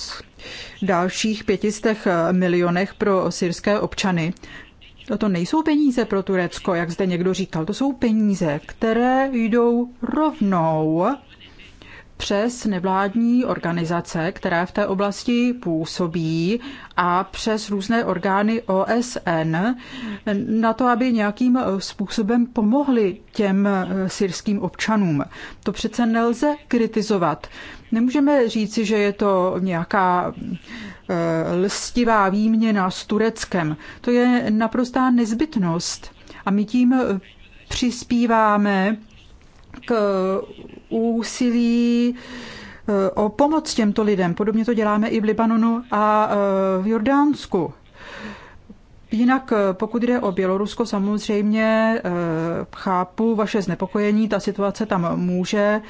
[SPEAKER 1] dalších pětistech milionech pro syrské občany. To nejsou peníze pro Turecko, jak zde někdo říkal, to jsou peníze, které jdou rovnou přes nevládní organizace, které v té oblasti působí a přes různé orgány OSN na to, aby nějakým eh, způsobem pomohli těm eh, syrským občanům. To přece nelze kritizovat. Nemůžeme říci, že je to nějaká eh, lstivá výměna s Tureckem. To je naprostá nezbytnost. A my tím přispíváme k úsilí eh, o pomoc těmto lidem. Podobně to děláme i v Libanonu a eh, v Jordánsku. Jinak eh, pokud jde o Bělorusko, samozřejmě chápu vaše znepokojení, ta situace tam může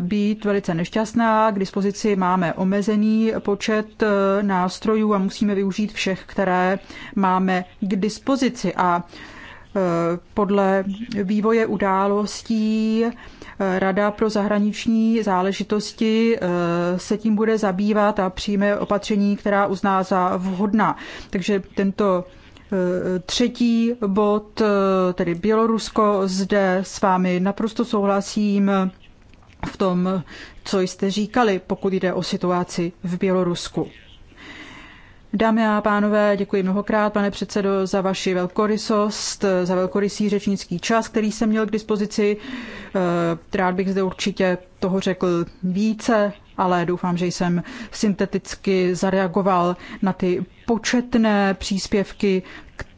[SPEAKER 1] být velice nešťastná. K dispozici máme omezený počet nástrojů a musíme využít všech, které máme k dispozici. A podle vývoje událostí Rada pro zahraniční záležitosti eh, se tím bude zabývat a přijme opatření, která uzná za vhodná. Takže tento eh, třetí bod, eh, tedy Bělorusko, zde s vámi naprosto souhlasím v tom, co jste říkali, pokud jde o situaci v Bělorusku. Dámy a pánové, děkuji mnohokrát, pane předsedo, za vaši velkorysost, za velkorysý řečnický čas, který jsem měl k dispozici. Eh, rád bych zde určitě toho řekl více, ale doufám, že jsem synteticky zareagoval na ty početné příspěvky,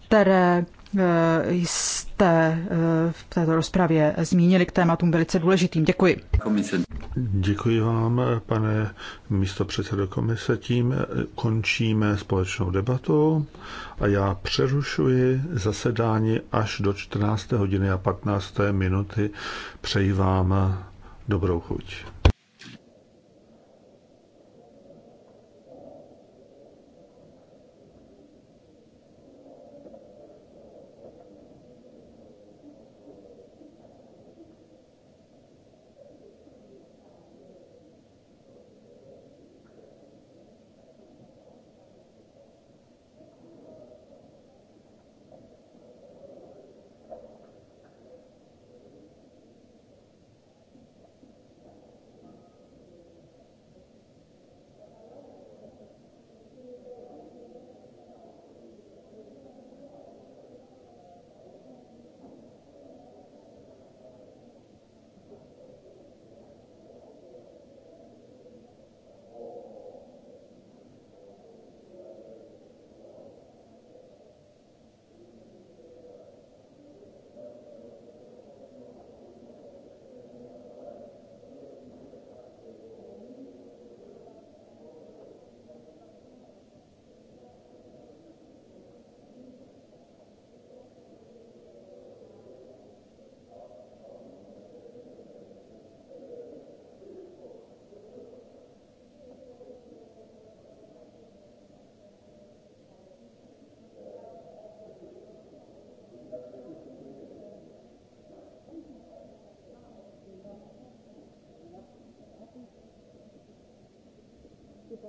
[SPEAKER 1] které Eh, jste eh, v této rozpravě zmínili k tématům velice důležitým. Děkuji.
[SPEAKER 4] Komise. Děkuji vám, pane místo předsedo komise. Tím eh, končíme společnou debatu a já přerušuji zasedání až do 14. hodiny a 15. minuty. Přeji vám dobrou chuť.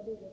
[SPEAKER 1] tady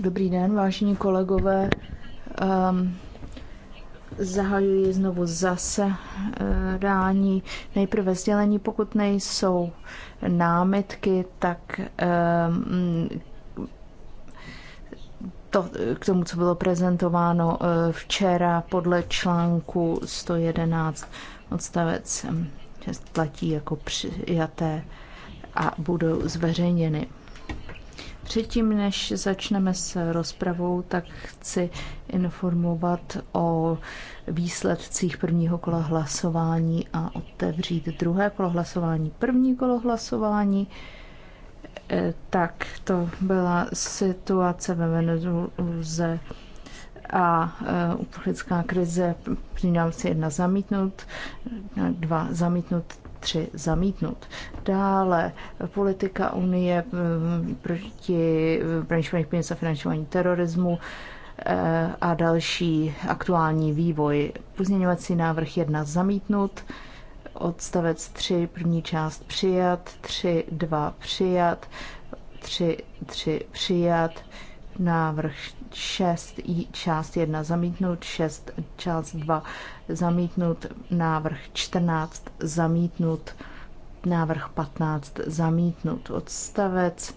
[SPEAKER 10] Dobrý den, vážení kolegové. Um, zahajuji znovu zase rání. Eh, Nejprve sdělení, pokud nejsou námitky, tak um, to, eh, k tomu, co bylo prezentováno eh, včera podle článku 111 odstavec hm, platí jako přijaté a budou zveřejněny. Předtím, než začneme s rozpravou, tak chci informovat o výsledcích prvního kola hlasování a otevřít druhé kolo hlasování. První kolo hlasování, eh, tak to byla situace ve Venezuele a eh, uprchlická krize. Přidám si jedna zamítnut, dva zamítnut, 3 zamítnut. Dále politika Unie eh, proti eh, praní peněz a financování terorismu eh, a další aktuální vývoj. Pozměňovací návrh 1 zamítnut, odstavec 3, první část přijat, 3, 2 přijat, 3, 3 přijat, návrh 6, část 1 zamítnout, 6, část 2 zamítnout, návrh 14 zamítnout, návrh 15 zamítnout, odstavec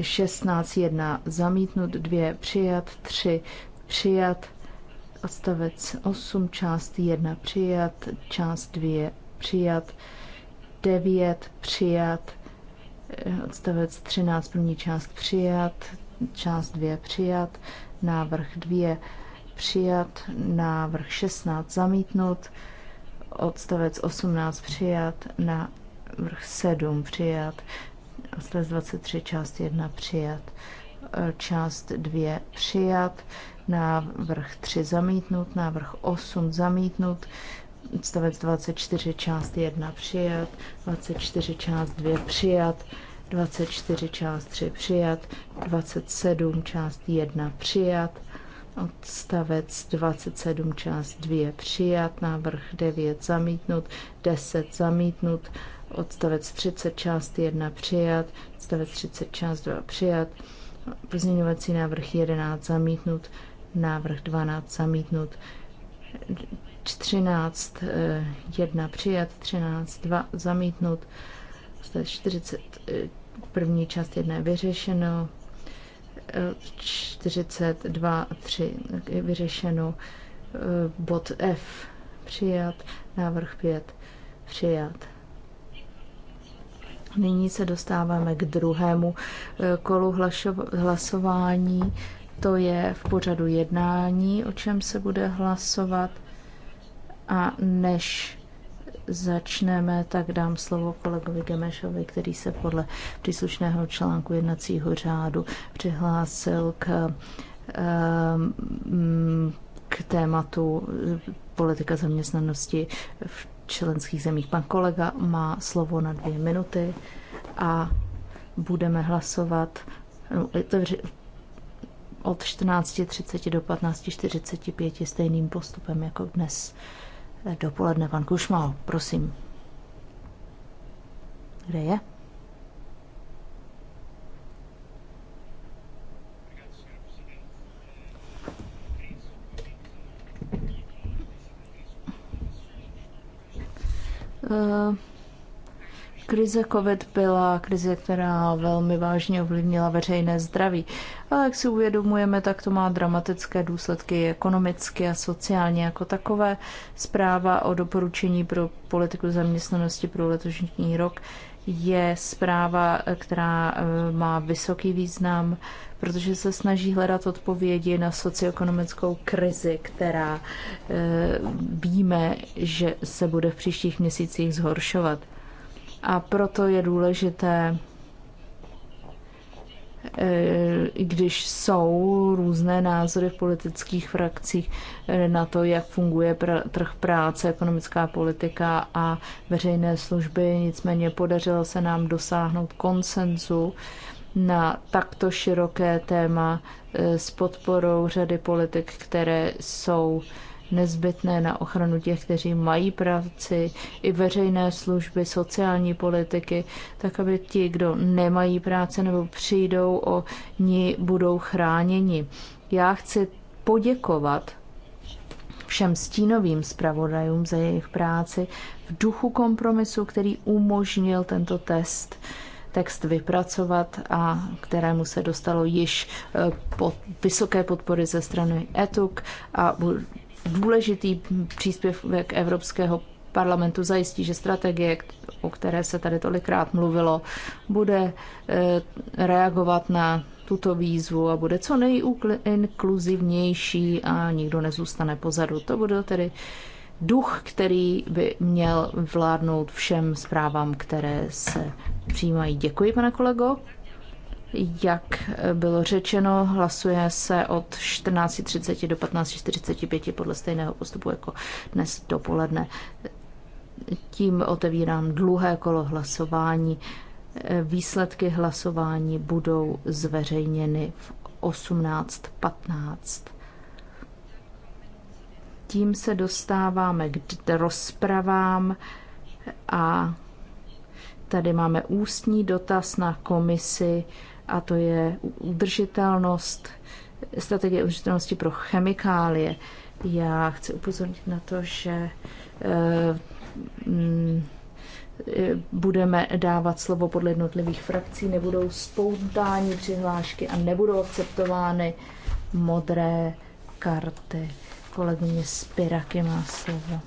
[SPEAKER 10] 16, 1 zamítnout, 2 přijat, 3 přijat, odstavec 8, část 1 přijat, část 2 přijat, 9 přijat, odstavec 13, první část přijat, část 2 přijat, návrh 2 přijat, návrh 16 zamítnut, odstavec 18 přijat, návrh 7 přijat, odstavec 23 část 1 přijat, e, část 2 přijat, návrh 3 zamítnut, návrh 8 zamítnut, odstavec 24 část 1 přijat, 24 část 2 přijat, 24 část 3 přijat, 27 část 1 přijat, odstavec 27 část 2 přijat, návrh 9 zamítnut, 10 zamítnut, odstavec 30 část 1 přijat, odstavec 30 část 2 přijat, pozměňovací návrh 11 zamítnut, návrh 12 zamítnut, 13 1 eh, přijat, 13 2 zamítnut, 40, eh, první část jedna je vyřešeno, 42 a 3 je vyřešeno, bod F přijat, návrh 5 přijat. Nyní se dostáváme k druhému eh, kolu hlasování. To je v pořadu jednání, o čem se bude hlasovat. A než začneme, tak dám slovo kolegovi Gemešovi, který se podle příslušného článku jednacího řádu přihlásil k, ehm, k tématu politika zaměstnanosti v členských zemích. Pan kolega má slovo na dvě minuty a budeme hlasovat no, od 14.30 do 15.45 stejným postupem jako dnes dopoledne. Pan Kušmal, prosím. Kde je? Eh, Krize COVID byla krize, která velmi vážně ovlivnila veřejné zdraví, ale jak si uvědomujeme, tak to má dramatické důsledky ekonomicky a sociálně jako takové. Zpráva o doporučení pro politiku zaměstnanosti pro letošní rok je zpráva, která eh, má vysoký význam, protože se snaží hledat odpovědi na socioekonomickou krizi, která eh, víme, že se bude v příštích měsících zhoršovat. A proto je důležité, eh, i když jsou různé názory v politických frakcích eh, na to, jak funguje pr- trh práce, ekonomická politika a veřejné služby, nicméně podařilo se nám dosáhnout konsenzu na takto široké téma eh, s podporou řady politik, které jsou nezbytné na ochranu těch, kteří mají práci, i veřejné služby, sociální politiky, tak aby ti, kdo nemají práce nebo přijdou o ní, budou chráněni. Já chci poděkovat všem stínovým zpravodajům za jejich práci v duchu kompromisu, který umožnil tento test text vypracovat a kterému se dostalo již eh, pod vysoké podpory ze strany ETUK a důležitý příspěvek Evropského parlamentu zajistí, že strategie, o které se tady tolikrát mluvilo, bude eh, reagovat na tuto výzvu a bude co nejinkluzivnější a nikdo nezůstane pozadu. To bude tedy duch, který by měl vládnout všem zprávám, které se přijímají. Děkuji, pane kolego. Jak bylo řečeno, hlasuje se od 14.30 do 15.45 podle stejného postupu jako dnes dopoledne. Tím otevírám dlouhé kolo hlasování. Výsledky hlasování budou zveřejněny v 18.15. Tím se dostáváme k rozpravám a tady máme ústní dotaz na komisi a to je udržitelnost, strategie udržitelnosti pro chemikálie. Já chci upozornit na to, že eh, mm, budeme dávat slovo podle jednotlivých frakcí, nebudou spontánní přihlášky a nebudou akceptovány modré karty. Kolegyně Spiraky má slovo.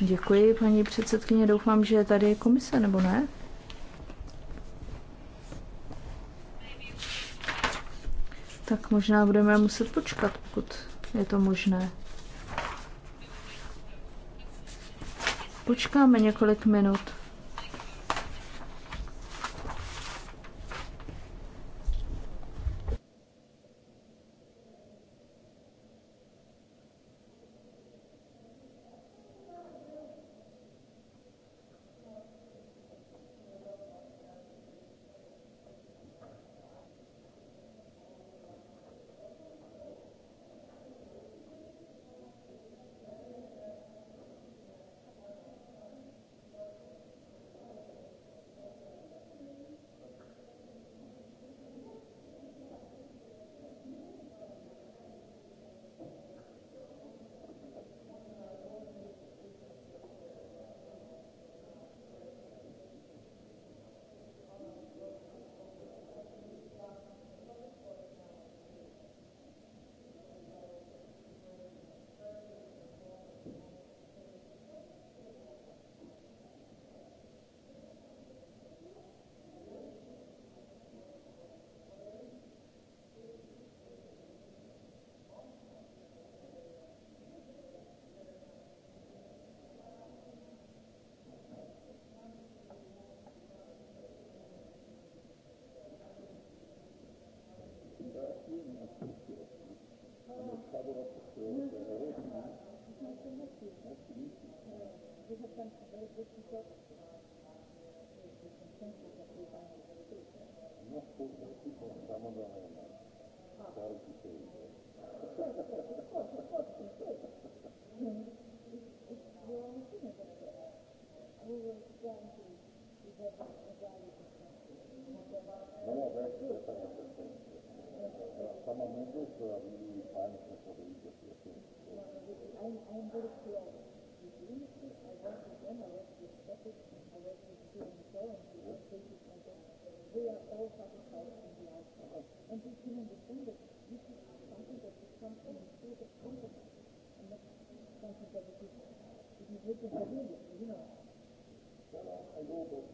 [SPEAKER 10] Děkuji, paní předsedkyně. Doufám, že tady komise, nebo ne? Tak možná budeme muset počkat, pokud je to možné. Počkáme několik minut.
[SPEAKER 2] Thank you. Listen, I did it, you know. Well, I know, but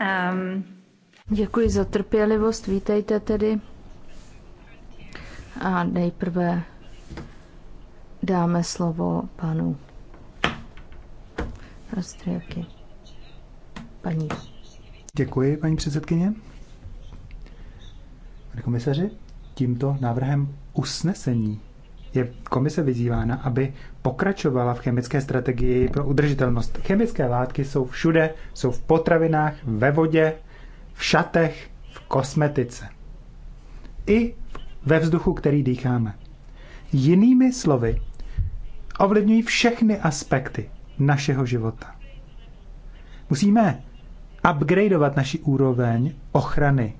[SPEAKER 8] Um, Děkuji za trpělivost, vítejte tedy.
[SPEAKER 10] A nejprve dáme slovo
[SPEAKER 9] panu Rastriaky. Paní. Děkuji, paní předsedkyně. Pane komisaři, tímto návrhem usnesení je komise vyzývána, aby pokračovala v chemické strategii pro udržitelnost. Chemické látky jsou všude, jsou v potravinách, ve vodě, v šatech, v kosmetice. I ve vzduchu, který dýcháme. Jinými slovy, ovlivňují všechny aspekty našeho života. Musíme upgradeovat naši úroveň ochrany.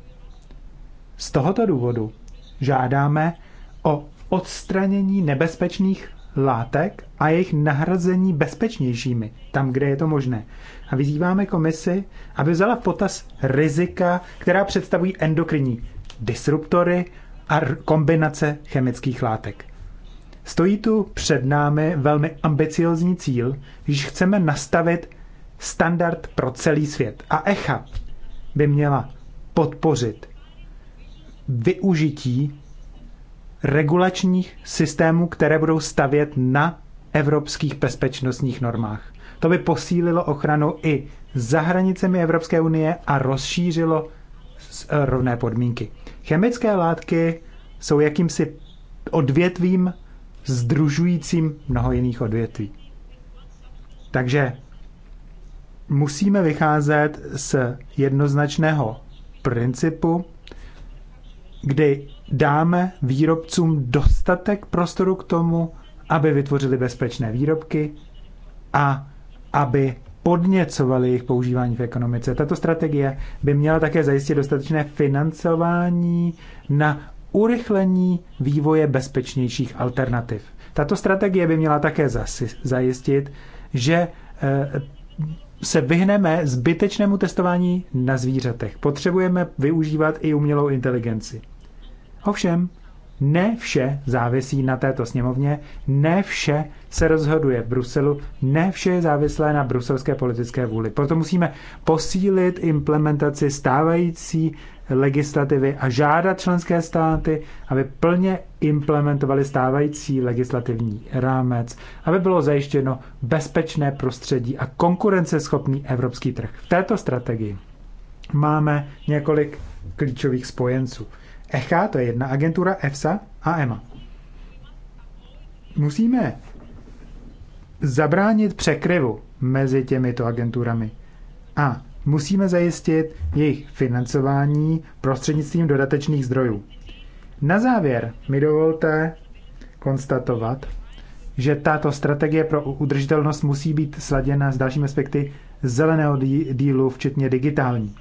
[SPEAKER 9] Z tohoto důvodu žádáme o odstranění nebezpečných látek a jejich nahrazení bezpečnějšími, tam, kde je to možné. A vyzýváme komisi, aby vzala v potaz rizika, která představují endokrinní disruptory a kombinace chemických látek. Stojí tu před námi velmi ambiciozní cíl, když chceme nastavit standard pro celý svět. A ECHA by měla podpořit využití regulačních systémů, které budou stavět na evropských bezpečnostních normách. To by posílilo ochranu i za hranicemi Evropské unie a rozšířilo e, rovné podmínky. Chemické látky jsou jakýmsi odvětvím združujícím mnoho jiných odvětví. Takže musíme vycházet z jednoznačného principu, kdy dáme výrobcům dostatek prostoru k tomu, aby vytvořili bezpečné výrobky a aby podněcovali jejich používání v ekonomice. Tato strategie by měla také zajistit dostatečné financování na urychlení vývoje bezpečnějších alternativ. Tato strategie by měla také zajistit, že eh, se vyhneme zbytečnému testování na zvířatech. Potřebujeme využívat i umělou inteligenci. Ovšem, ne vše závisí na této sněmovně, ne vše se rozhoduje v Bruselu, ne vše je závislé na bruselské politické vůli. Proto musíme posílit implementaci stávající legislativy a žádat členské státy, aby plně implementovali stávající legislativní rámec, aby bylo zajištěno bezpečné prostředí a konkurenceschopný evropský trh. V této strategii máme několik klíčových spojenců – ECHA, to je jedna agentura, EFSA a EMA. Musíme zabránit překryvu mezi těmito agenturami a musíme zajistit jejich financování prostřednictvím dodatečných zdrojů. Na závěr mi dovolte konstatovat, že tato strategie pro udržitelnost musí být sladěna s dalšími aspekty zeleného dílu, včetně digitální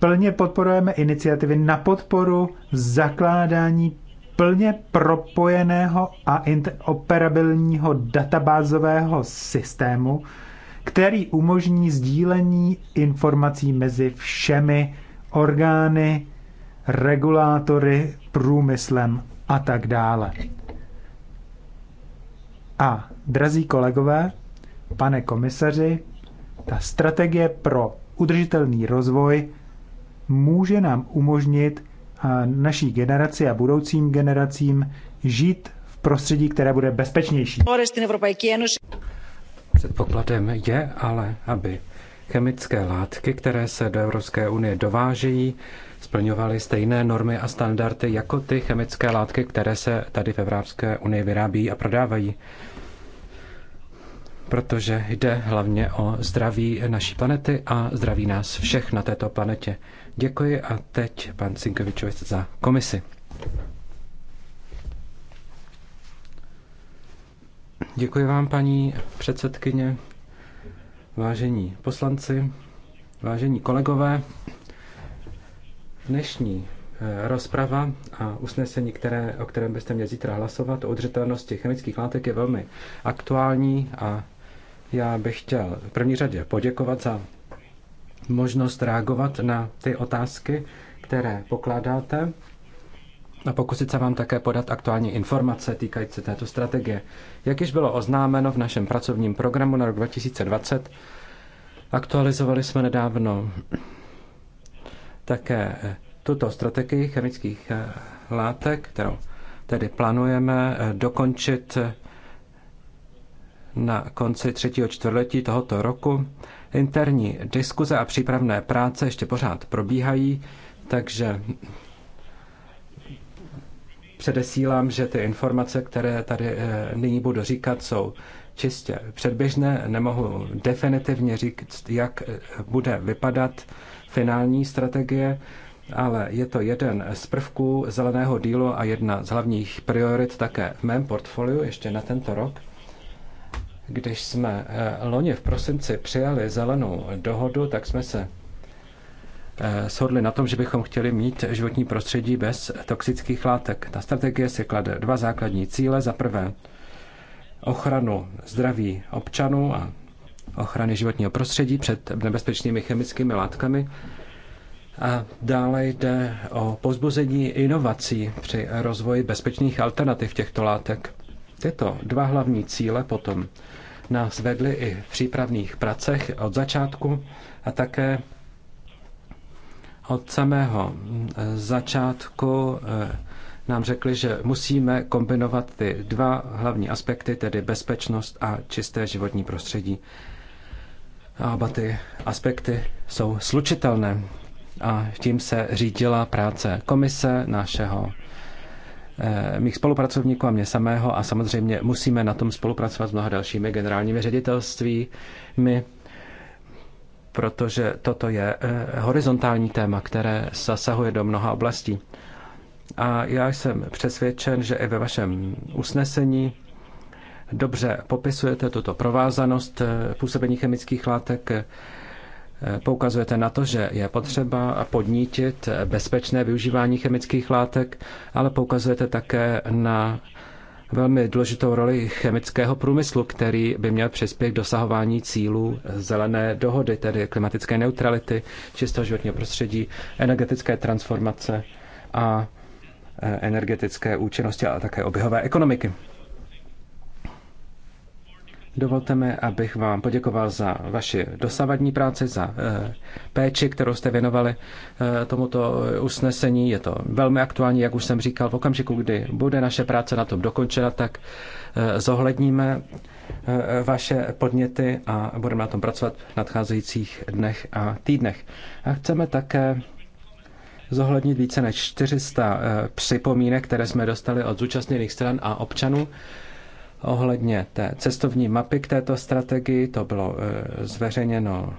[SPEAKER 9] plně podporujeme iniciativy na podporu zakládání plně propojeného a interoperabilního databázového systému, který umožní sdílení informací mezi všemi orgány, regulátory, průmyslem a tak dále. A, drazí kolegové, pane komisaři, ta strategie pro udržitelný rozvoj může nám umožnit eh, naší generaci a budoucím generacím žít v prostředí, které bude bezpečnější. Předpokladem je ale, aby
[SPEAKER 5] chemické látky, které se do Evropské unie dovážejí, splňovaly stejné normy a standardy jako ty chemické látky, které se tady v Evropské unii vyrábí a prodávají. Protože jde hlavně o zdraví naší planety a zdraví nás všech na této planetě. Děkuji a teď pan Cinkovičovic za komisi. Děkuji vám, paní předsedkyně, vážení poslanci, vážení kolegové. Dnešní eh, rozprava a usnesení, které, o kterém byste měli zítra hlasovat, o udržitelnosti chemických látek je velmi aktuální a já bych chtěl v první řadě poděkovat za možnost reagovat na ty otázky, které pokládáte a pokusit se vám také podat aktuální informace týkající této strategie. Jak již bylo oznámeno v našem pracovním programu na rok 2020, aktualizovali jsme nedávno také tuto strategii chemických eh, látek, kterou tedy plánujeme eh, dokončit eh, na konci třetího čtvrtletí tohoto roku Interní diskuze a přípravné práce ještě pořád probíhají, takže předesílám, že ty informace, které tady eh, nyní budu říkat, jsou čistě předběžné. Nemohu definitivně říct, jak eh, bude vypadat finální strategie, ale je to jeden z prvků zeleného dílu a jedna z hlavních priorit také v mém portfoliu ještě na tento rok. Když jsme eh, loni v prosinci přijali zelenou dohodu, tak jsme se eh, shodli na tom, že bychom chtěli mít životní prostředí bez toxických látek. Ta strategie si klade dva základní cíle. Za prvé ochranu zdraví občanů a ochrany životního prostředí před nebezpečnými chemickými látkami. A dále jde o pozbuzení inovací při rozvoji bezpečných alternativ těchto látek. Tyto dva hlavní cíle potom nás vedly i v přípravných pracech od začátku a také od samého eh, začátku eh, nám řekli, že musíme kombinovat ty dva hlavní aspekty, tedy bezpečnost a čisté životní prostředí. A oba ty aspekty jsou slučitelné. A tím se řídila práce komise, našeho Eh, mých spolupracovníků a mě samého a samozřejmě musíme na tom spolupracovat s mnoha dalšími generálními ředitelstvími, protože toto je eh, horizontální téma, které zasahuje do mnoha oblastí. A já jsem přesvědčen, že i ve vašem usnesení dobře popisujete tuto provázanost eh, působení chemických látek Poukazujete na to, že je potřeba podnítit bezpečné využívání chemických látek, ale poukazujete také na velmi důležitou roli chemického průmyslu, který by měl přispět k dosahování cílů zelené dohody, tedy klimatické neutrality, čistého životního prostředí, energetické transformace a eh, energetické účinnosti, ale také oběhové ekonomiky. Dovolte mi, abych vám poděkoval za vaši dosavadní práci, za eh, péči, kterou jste věnovali eh, tomuto usnesení. Je to velmi aktuální, jak už jsem říkal, v okamžiku, kdy bude naše práce na tom dokončena, tak eh, zohledníme vaše podněty a budeme na tom pracovat v nadcházejících dnech a týdnech. A chceme také zohlednit více než 400 připomínek, které jsme dostali od zúčastněných stran a občanů ohledně té cestovní mapy k této strategii. To bylo eh, zveřejněno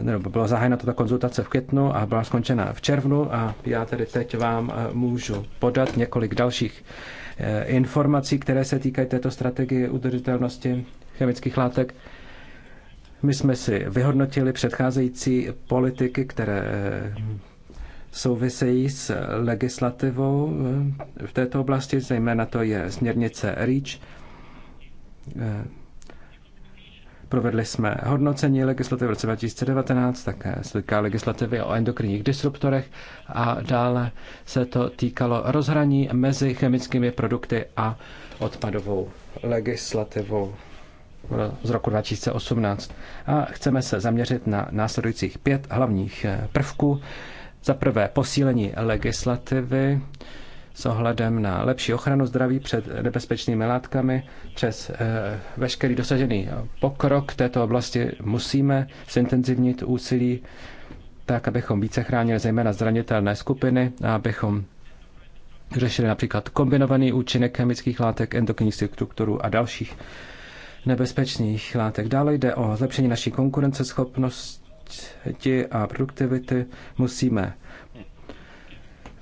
[SPEAKER 5] eh, nebo bylo zahájena tato konzultace v květnu a byla skončena v červnu a já tedy teď vám eh, můžu podat několik dalších informací, které se týkají této strategie udržitelnosti chemických látek. My jsme si vyhodnotili předcházející politiky, které souvisejí s legislativou eh, v této oblasti, zejména to je směrnice REACH. Eh, provedli jsme hodnocení legislativy v roce 2019, také se týká legislativy o endokrinních disruptorech a dále se to týkalo rozhraní mezi chemickými produkty a odpadovou legislativou z roku 2018. A chceme se zaměřit na následujících pět hlavních eh, prvků za prvé posílení legislativy s ohledem na lepší ochranu zdraví před nebezpečnými látkami. Přes eh, veškerý dosažený pokrok v této oblasti musíme zintenzivnit úsilí tak, abychom více chránili zejména zranitelné skupiny a abychom řešili například kombinovaný účinek chemických látek, endokrinních strukturů a dalších nebezpečných látek. Dále jde o zlepšení naší konkurenceschopnosti inovativnosti a produktivity musíme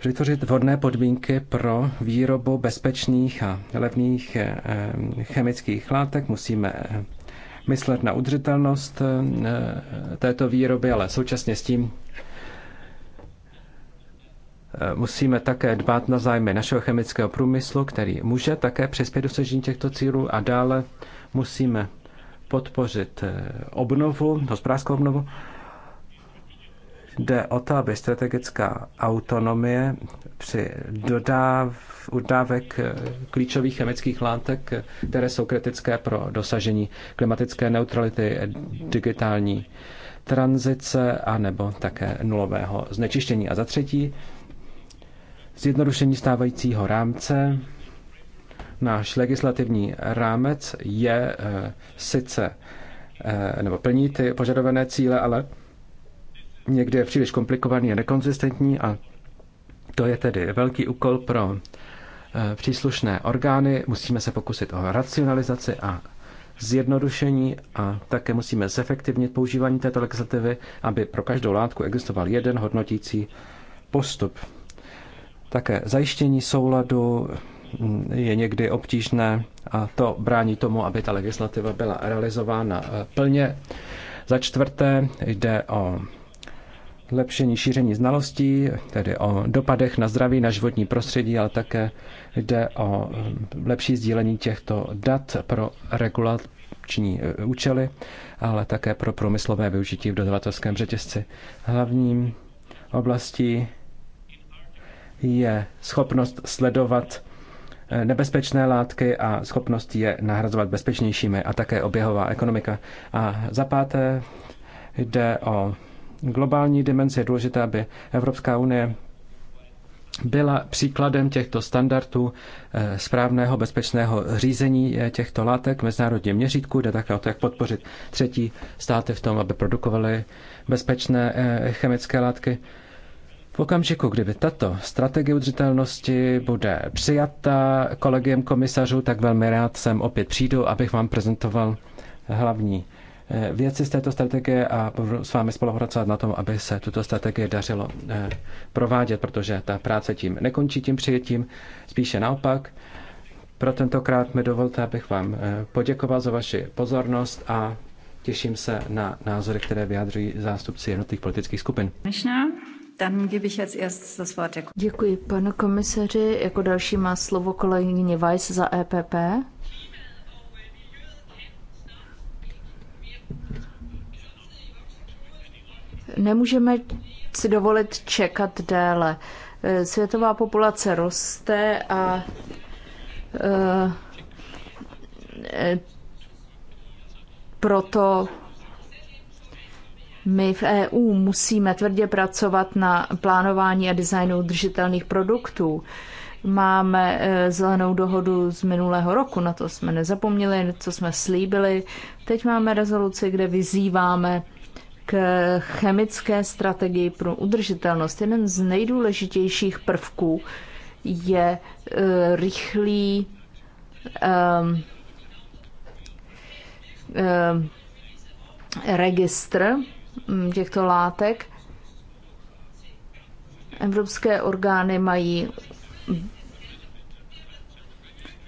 [SPEAKER 5] vytvořit vhodné podmínky pro výrobu bezpečných a levných eh, eh, chemických látek. Musíme eh, myslet na udržitelnost této výroby, ale současně s tím musíme také dbát na zájmy našeho chemického průmyslu, který může také přispět dosažení těchto cílů a dále musíme podpořit obnovu, hospodářskou obnovu Jde o to, aby strategická autonomie při dodáv, dodávek eh, klíčových chemických látek, eh, které jsou kritické pro dosažení klimatické neutrality, eh, digitální tranzice a nebo také nulového znečištění. A za třetí, zjednodušení stávajícího rámce. Náš legislativní rámec je sice nebo plní ty požadované cíle, ale někdy je příliš komplikovaný a nekonzistentní a to je tedy velký úkol pro eh, příslušné orgány. Musíme se pokusit o racionalizaci a zjednodušení a také musíme zefektivnit používání této legislativy, aby pro každou látku existoval jeden hodnotící postup. Také zajištění souladu mm, je někdy obtížné a to brání tomu, aby ta legislativa byla realizována eh, plně. Za čtvrté jde o zlepšení šíření znalostí, tedy o dopadech na zdraví, na životní prostředí, ale také jde o eh, lepší sdílení těchto dat pro regulační eh, účely, ale také pro průmyslové využití v dodavatelském řetězci. Hlavním oblastí je schopnost sledovat eh, nebezpečné látky a schopnost je nahrazovat bezpečnějšími a také oběhová ekonomika. A za páté jde o globální dimenzi je důležité, aby Evropská unie byla příkladem těchto standardů eh, správného bezpečného řízení eh, těchto látek v mezinárodním měřítku. Jde také o to, jak podpořit třetí státy v tom, aby produkovaly bezpečné eh, chemické látky. V okamžiku, kdyby tato strategie udržitelnosti bude přijata kolegiem komisařů, tak velmi rád sem opět přijdu, abych vám prezentoval hlavní Eh, věci z této strategie a budu s vámi spolupracovat na tom, aby se tuto strategii dařilo eh, provádět, protože ta práce tím nekončí, tím přijetím, spíše naopak. Pro tentokrát mi dovolte, abych vám eh, poděkoval za vaši pozornost a těším se na názory, které vyjadřují zástupci jednotlivých politických skupin.
[SPEAKER 8] Děkuji,
[SPEAKER 10] pane komisaři. Jako další má slovo kolegyně Weiss za EPP. Nemůžeme si dovolit čekat déle. Eh, světová populace roste a e, proto my v EU musíme tvrdě pracovat na plánování a designu udržitelných produktů. E, Máme eh, zelenou dohodu z minulého roku, na to jsme nezapomněli, co jsme slíbili. Teď máme rezoluci, kde vyzýváme k chemické strategii pro udržitelnost. Jeden z nejdůležitějších prvků je eh, rychlý um, um, registr hm, těchto látek. Evropské orgány mají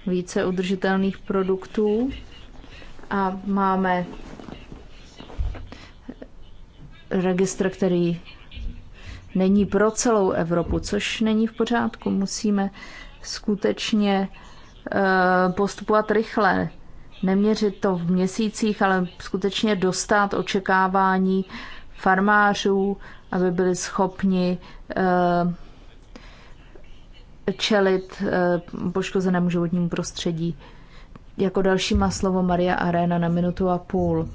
[SPEAKER 10] více udržitelných produktů a máme registr, který není pro celou Evropu, což není v pořádku. Musíme skutečně eh, postupovat rychle, neměřit to v měsících, ale skutečně dostat očekávání farmářů, aby byli schopni eh, čelit eh, poškozenému životnímu prostředí. Jako další má slovo Maria Arena na minutu a půl.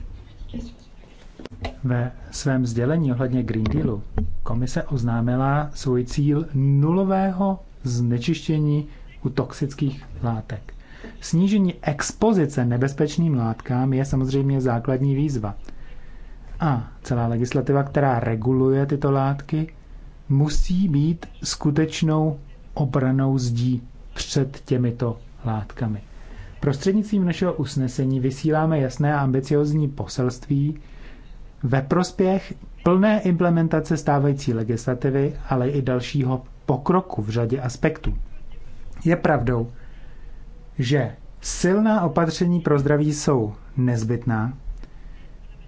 [SPEAKER 9] Ve svém sdělení ohledně Green Dealu komise oznámila svůj cíl nulového znečištění u toxických látek. Snížení expozice nebezpečným látkám je samozřejmě základní výzva. A celá legislativa, která reguluje tyto látky, musí být skutečnou obranou zdí před těmito látkami. Prostřednictvím našeho usnesení vysíláme jasné a ambiciozní poselství ve prospěch plné implementace stávající legislativy, ale i dalšího pokroku v řadě aspektů. Je pravdou, že silná opatření pro zdraví jsou nezbytná,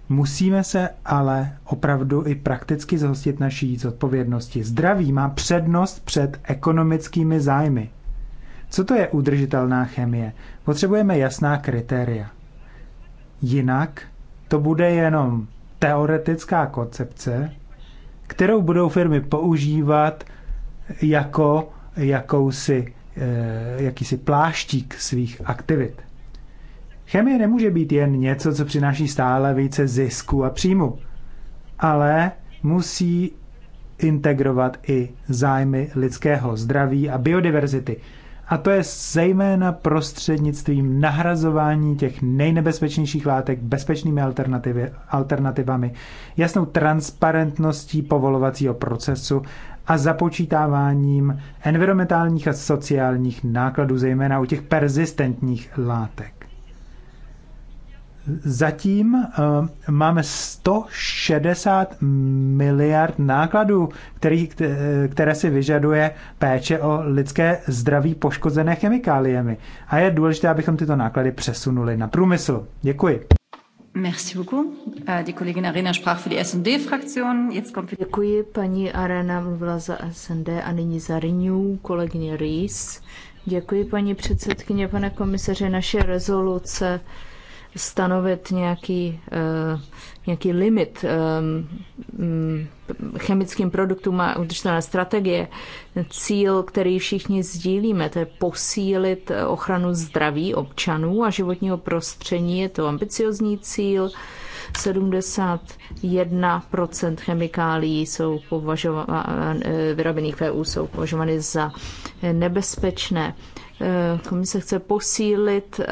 [SPEAKER 9] Musíme se ale opravdu i prakticky zhostit naší zodpovědnosti. Zdraví má přednost před ekonomickými zájmy. Co to je udržitelná chemie? Potřebujeme jasná kritéria. Jinak to bude jenom teoretická koncepce, kterou budou firmy používat jako jakousi, eh, jakýsi pláštík svých aktivit. Chemie nemůže být jen něco, co přináší stále více zisku a příjmu, ale musí integrovat i zájmy lidského zdraví a biodiverzity. A to je zejména prostřednictvím nahrazování těch nejnebezpečnějších látek bezpečnými alternativy, alternativami, jasnou transparentností povolovacího procesu a započítáváním environmentálních a sociálních nákladů, zejména u těch persistentních látek zatím eh, máme 160 miliard nákladů, který, které si vyžaduje péče o lidské zdraví poškozené chemikáliemi. A je důležité, abychom tyto náklady přesunuli na průmysl. Děkuji.
[SPEAKER 8] Merci beaucoup. Eh, die Kollegin Arena sprach für die
[SPEAKER 10] SD-Fraktion. Jetzt kommt Děkuji, paní Arena mluvila za SND a nyní za Renew, kolegyně Ries. Děkuji, paní předsedkyně, pane komisaře, naše rezoluce stanovit nějaký, eh, nějaký limit eh, mm, chemickým produktům a udržitelné strategie. Cíl, který všichni sdílíme, to je posílit ochranu zdraví občanů a životního prostředí. Je to ambiciozní cíl, 71% chemikálií jsou e, vyrobených v EU jsou považovány za nebezpečné. E, komise chce posílit um,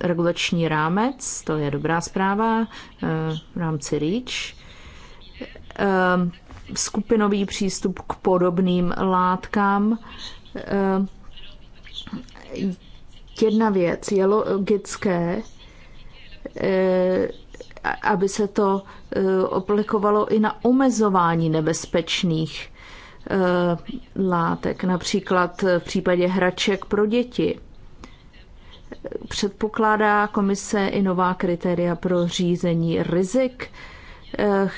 [SPEAKER 10] regulační rámec, to je dobrá zpráva, um, v rámci REACH. Um, skupinový přístup k podobným látkám. Um, jedna věc je logické, aby se to e, aplikovalo i na omezování nebezpečných e, látek, například v případě hraček pro děti. Předpokládá komise i nová kritéria pro řízení rizik. E,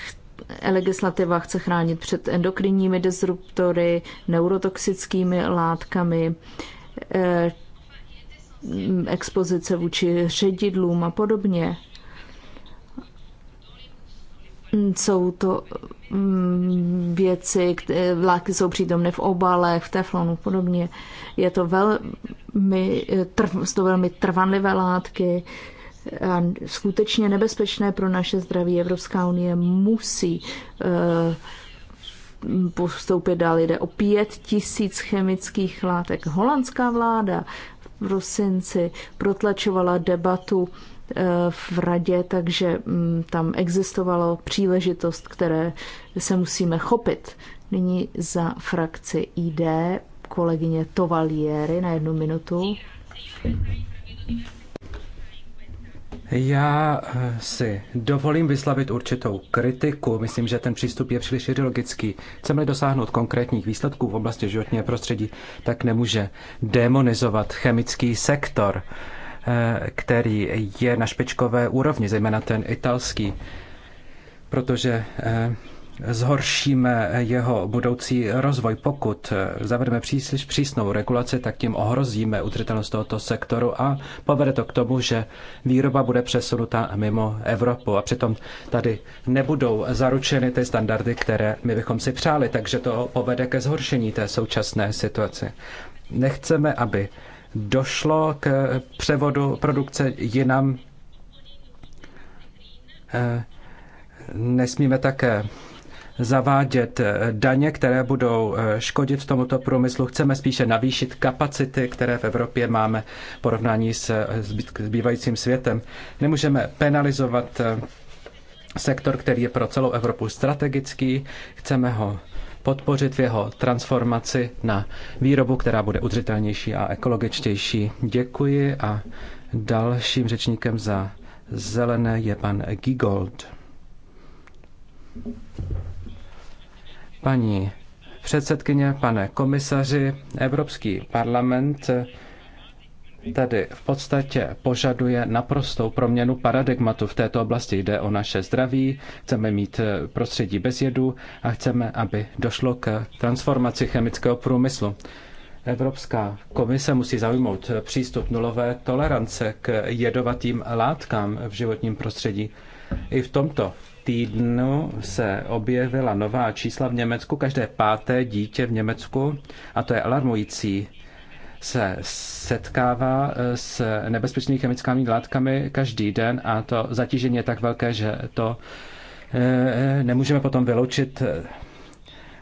[SPEAKER 10] legislativa chce chránit před endokrinními disruptory, neurotoxickými látkami, expozice vůči ředidlům a podobně. Jsou to mm, věci, vláky jsou přítomné v obalech, v teflonu podobně. Je to velmi, jsou to velmi trvanlivé látky, a skutečně nebezpečné pro naše zdraví. Evropská unie musí eh, postoupit dál. Jde o pět tisíc chemických látek. Holandská vláda v prosinci protlačovala debatu Eh, v radě, takže mm, tam existovalo příležitost, které se musíme chopit. Nyní za frakci ID kolegyně Tovalieri na jednu minutu.
[SPEAKER 5] Já eh, si dovolím vyslavit určitou kritiku. Myslím, že ten přístup je příliš ideologický. Chceme-li dosáhnout konkrétních výsledků v oblasti životního prostředí, tak nemůže demonizovat chemický sektor. Eh, který je na špičkové úrovni, zejména ten italský, protože eh, zhoršíme jeho budoucí rozvoj. Pokud eh, zavedeme příliš přísnou regulaci, tak tím ohrozíme udržitelnost tohoto sektoru a povede to k tomu, že výroba bude přesunuta mimo Evropu a přitom tady nebudou zaručeny ty standardy, které my bychom si přáli, takže to povede ke zhoršení té současné situace. Nechceme, aby došlo k převodu produkce jinam. Eh, nesmíme také zavádět eh, daně, které budou eh, škodit tomuto průmyslu. Chceme spíše navýšit kapacity, které v Evropě máme v porovnání s zbývajícím světem. Nemůžeme penalizovat sektor, který je pro celou Evropu strategický. Chceme ho podpořit v jeho transformaci na výrobu, která bude udržitelnější a ekologičtější. Děkuji a dalším řečníkem za zelené je pan Gigold. Paní předsedkyně, pane komisaři, Evropský parlament tedy v podstatě požaduje naprostou proměnu paradigmatu v této oblasti. Jde o naše zdraví, chceme mít eh, prostředí bez jedu a chceme, aby došlo k transformaci chemického průmyslu. Evropská komise musí zaujmout eh, přístup nulové tolerance k jedovatým látkám v životním prostředí. I v tomto týdnu se objevila nová čísla v Německu. Každé páté dítě v Německu, a to je alarmující, se setkává eh, s nebezpečnými chemickými látkami každý den a to zatížení je tak velké, že to eh, eh, nemůžeme potom vyloučit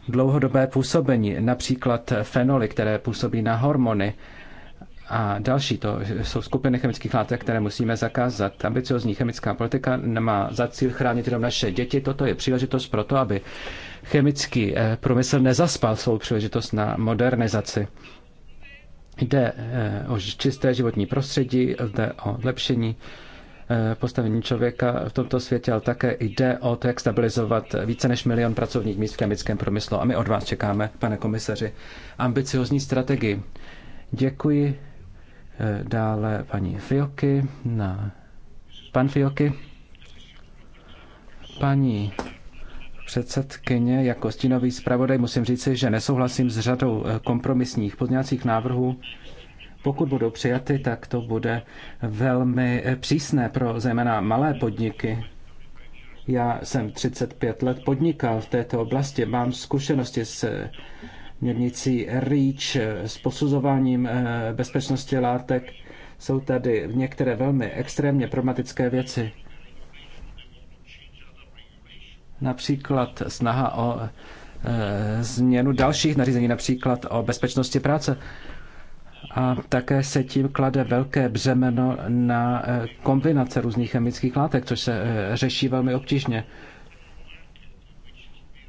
[SPEAKER 5] dlouhodobé působení, například fenoly, které působí na hormony a další. To jsou skupiny chemických látek, které musíme zakázat. Ambiciozní chemická politika nemá za cíl chránit jenom naše děti. Toto je příležitost pro to, aby chemický průmysl nezaspal svou příležitost na modernizaci. Jde eh, o čisté životní prostředí, jde o lepšení eh, postavení člověka v tomto světě, ale také jde o to, jak stabilizovat více než milion pracovních míst v chemickém průmyslu. A my od vás čekáme, pane komisaři, ambiciozní strategii. Děkuji eh, dále paní Fioky na pan Fioky. Paní předsedkyně, jako stínový zpravodaj musím říci, že nesouhlasím s řadou eh, kompromisních pozněcích návrhů. Pokud budou přijaty, tak to bude velmi eh, přísné pro zejména malé podniky. Já jsem 35 let podnikal v této oblasti, mám zkušenosti s eh, měrnicí REACH, s posuzováním bezpečnosti látek. Jsou tady některé velmi extrémně problematické věci Například snaha o e, změnu dalších nařízení, například o bezpečnosti práce. A také se tím klade velké břemeno na e, kombinace různých chemických látek, což se e, řeší velmi obtížně.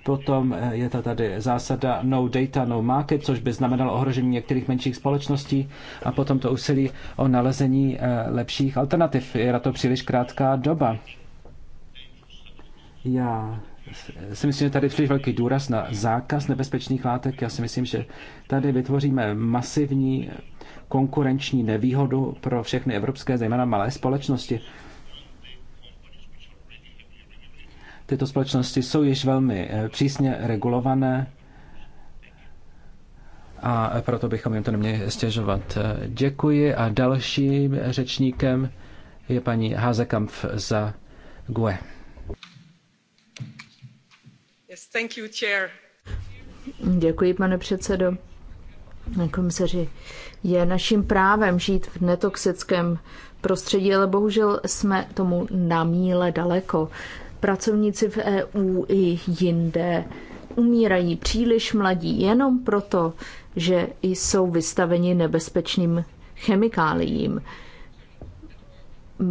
[SPEAKER 5] Potom je to tady zásada no data, no market, což by znamenalo ohrožení některých menších společností a potom to úsilí o nalezení lepších alternativ. Je na to příliš krátká doba. Já si myslím, že tady příliš velký důraz na zákaz nebezpečných látek. Já si myslím, že tady vytvoříme masivní konkurenční nevýhodu pro všechny evropské, zejména malé společnosti. Tyto společnosti jsou již velmi eh, přísně regulované a proto bychom jim to neměli stěžovat. Děkuji a dalším řečníkem je paní Hazekamp za GUE. Děkuji, pane předsedo.
[SPEAKER 10] Komisaři, je naším právem žít v netoxickém prostředí, ale bohužel jsme tomu na míle daleko. Pracovníci v EU i jinde umírají příliš mladí jenom proto, že jsou vystaveni nebezpečným chemikáliím.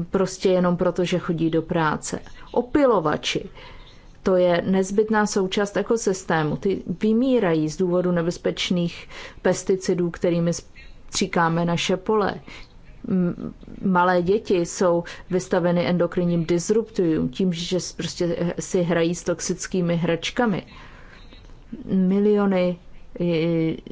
[SPEAKER 10] Prostě jenom proto, že chodí do práce. Opilovači to je nezbytná součást ekosystému. Ty vymírají z důvodu nebezpečných pesticidů, kterými stříkáme naše pole. Malé děti jsou vystaveny endokrinním disruptorům, tím, že prostě si hrají s toxickými hračkami. Miliony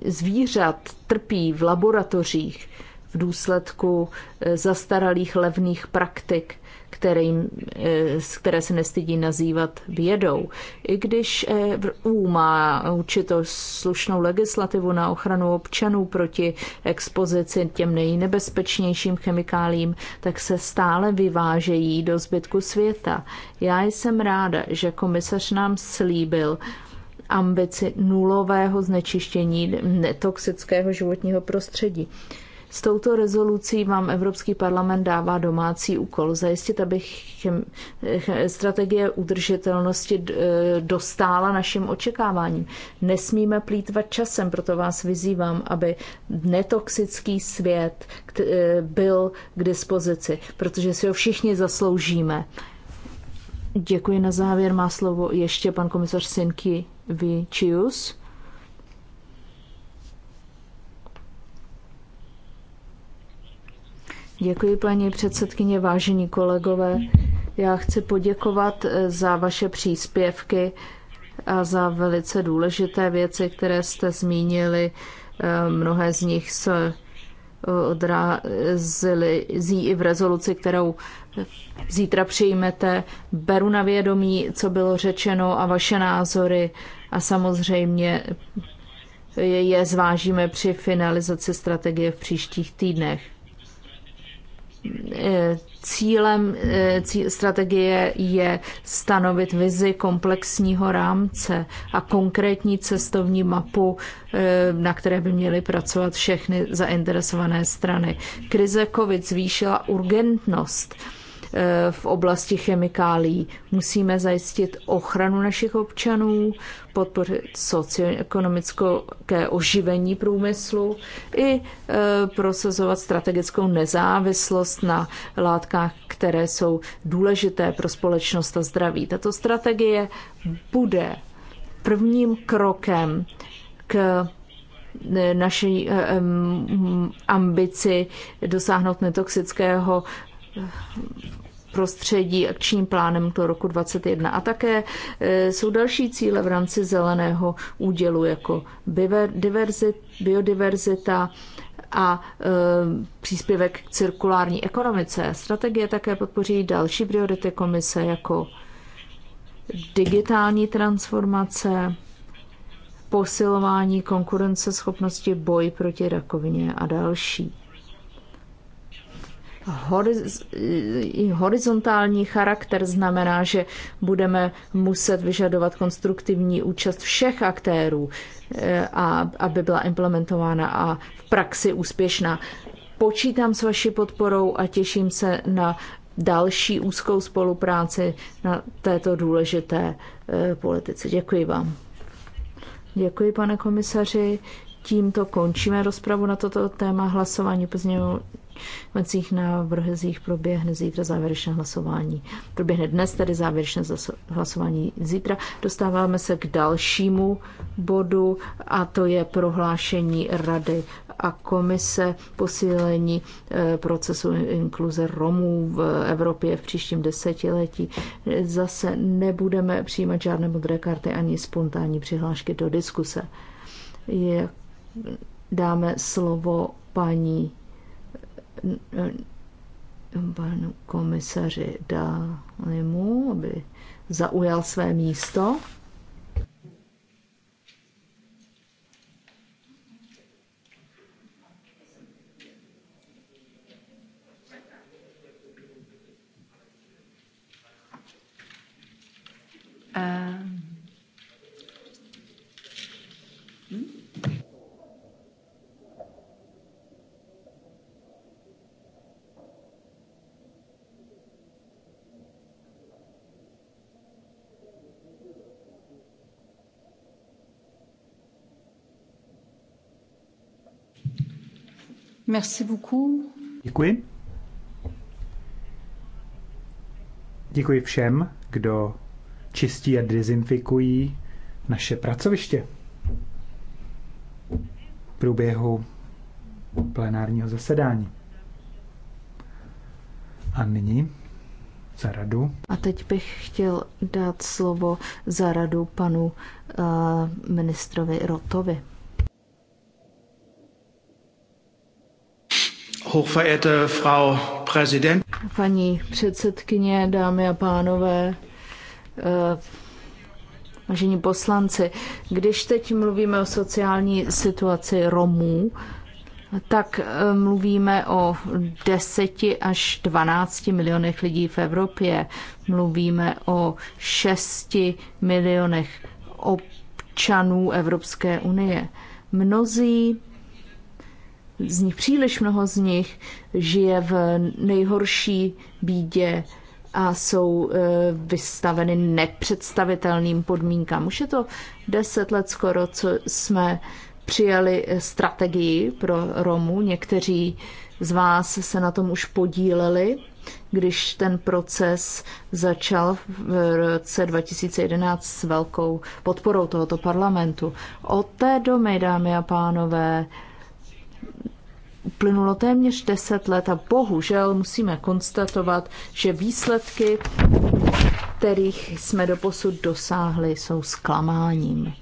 [SPEAKER 10] zvířat trpí v laboratořích v důsledku e, zastaralých levných praktik kterým, eh, které se nestydí nazývat vědou. I když EU má určitou slušnou legislativu na ochranu občanů proti expozici těm nejnebezpečnějším chemikáliím, tak se stále vyvážejí do zbytku světa. Já jsem ráda, že komisař nám slíbil, ambici nulového znečištění netoxického životního prostředí. S touto rezolucí vám Evropský parlament dává domácí úkol zajistit, aby chem, strategie udržitelnosti eh, dostála našim očekáváním. Nesmíme plítvat časem, proto vás vyzývám, aby netoxický svět eh, byl k dispozici, protože si ho všichni zasloužíme. Děkuji. Na závěr má slovo ještě pan komisař Sinky Vičius. Děkuji, paní předsedkyně, vážení kolegové. Já chci poděkovat eh, za vaše příspěvky a za velice důležité věci, které jste zmínili. Eh, mnohé z nich se eh, odrazily i v rezoluci, kterou zítra přijmete. Beru na vědomí, co bylo řečeno a vaše názory a samozřejmě je zvážíme při finalizaci strategie v příštích týdnech. Eh, cílem eh, cíl, strategie je stanovit vizi komplexního rámce a konkrétní cestovní mapu, eh, na které by měly pracovat všechny zainteresované strany. Krize COVID zvýšila urgentnost Eh, v oblasti chemikálií. Musíme zajistit ochranu našich občanů, podpořit socioekonomické oživení průmyslu i eh, prosazovat strategickou nezávislost na látkách, které jsou důležité pro společnost a zdraví. Tato strategie bude prvním krokem k eh, naší ambici dosáhnout netoxického prostředí akčním plánem do roku 2021. A také e, jsou další cíle v rámci zeleného údělu, jako biodiverzita a e, příspěvek k cirkulární ekonomice. Strategie také podpoří další priority komise, jako digitální transformace, posilování konkurenceschopnosti, boj proti rakovině a další horiz, horizontální charakter znamená, že budeme muset vyžadovat konstruktivní účast všech aktérů, eh, a, aby byla implementována a v praxi úspěšná. Počítám s vaší podporou a těším se na další úzkou spolupráci na této důležité eh, politice. Děkuji vám. Děkuji, pane komisaři. Tímto končíme rozpravu na toto téma. Hlasování pozměňovacích návrhzích proběhne zítra závěrečné hlasování. Proběhne dnes tedy závěrečné hlasování zítra. Dostáváme se k dalšímu bodu a to je prohlášení Rady a komise posílení eh, procesu inkluze Romů v Evropě v příštím desetiletí. Zase nebudeme přijímat žádné modré karty ani spontánní přihlášky do diskuse. Jak dáme slovo paní eh, panu komisaři Dalimu, aby zaujal své místo.
[SPEAKER 2] Um.
[SPEAKER 1] Merci beaucoup.
[SPEAKER 9] Děkuji. Děkuji všem, kdo čistí a dezinfikují naše pracoviště. V průběhu plenárního zasedání. A nyní za radu.
[SPEAKER 10] A teď bych chtěl dát slovo za radu panu uh, ministrovi Rotovi.
[SPEAKER 9] hochverehrte Frau Präsident.
[SPEAKER 10] Paní předsedkyně, dámy a pánové, eh, vážení poslanci, když teď mluvíme o sociální situaci Romů, tak eh, mluvíme o 10 až 12 milionech lidí v Evropě. Mluvíme o 6 milionech občanů Evropské unie. Mnozí z nich, příliš mnoho z nich žije v nejhorší bídě a jsou e, vystaveny nepředstavitelným podmínkám. Už je to deset let skoro, co jsme přijali e, strategii pro Romu. Někteří z vás se na tom už podíleli, když ten proces začal v roce 2011 s velkou podporou tohoto parlamentu. Od té doby, dámy a pánové, uplynulo téměř 10 let a bohužel musíme konstatovat, že výsledky, kterých jsme doposud dosáhli, jsou zklamáním.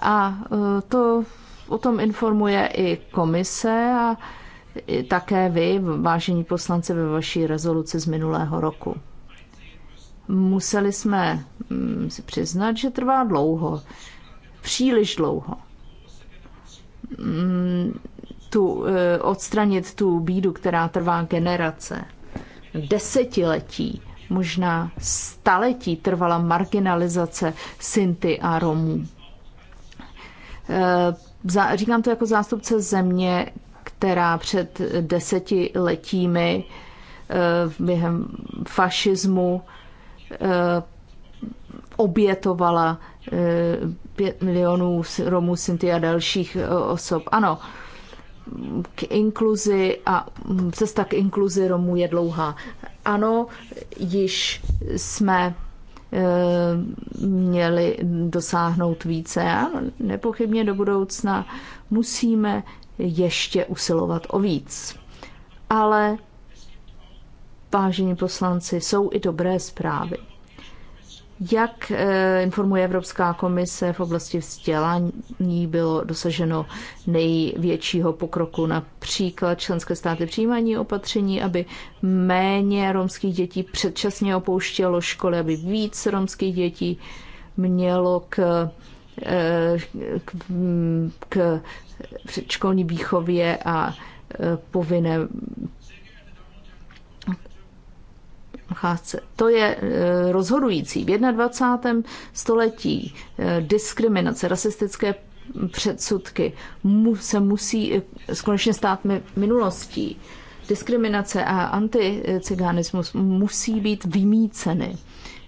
[SPEAKER 10] A e, to o tom informuje i komise a také vy, vážení poslanci, ve vaší rezoluci z minulého roku. Museli jsme mm, si přiznat, že trvá dlouho, příliš dlouho mm, tu, eh, odstranit tu bídu, která trvá generace. Desetiletí, možná staletí trvala marginalizace Sinty a Romů. Eh, říkám to jako zástupce země, která před desetiletími eh, během fašismu obětovala pět milionů Romů, Sinty a dalších osob. Ano, k inkluzi a cesta k inkluzi Romů je dlouhá. Ano, již jsme eh, měli dosáhnout více. Ano, nepochybně do budoucna musíme ještě usilovat o víc. Ale, vážení poslanci, jsou i dobré zprávy. Jak eh, informuje Evropská komise, v oblasti vzdělání bylo dosaženo největšího pokroku. Například členské státy přijímají opatření, aby méně romských dětí předčasně opouštělo školy, aby víc romských dětí mělo k, eh, k, k předškolní výchově a eh, povinné chátce. To je e, rozhodující. V 21. století e, diskriminace, rasistické předsudky se musí skonečně e, stát minulostí. Diskriminace a anticiganismus musí být vymíceny.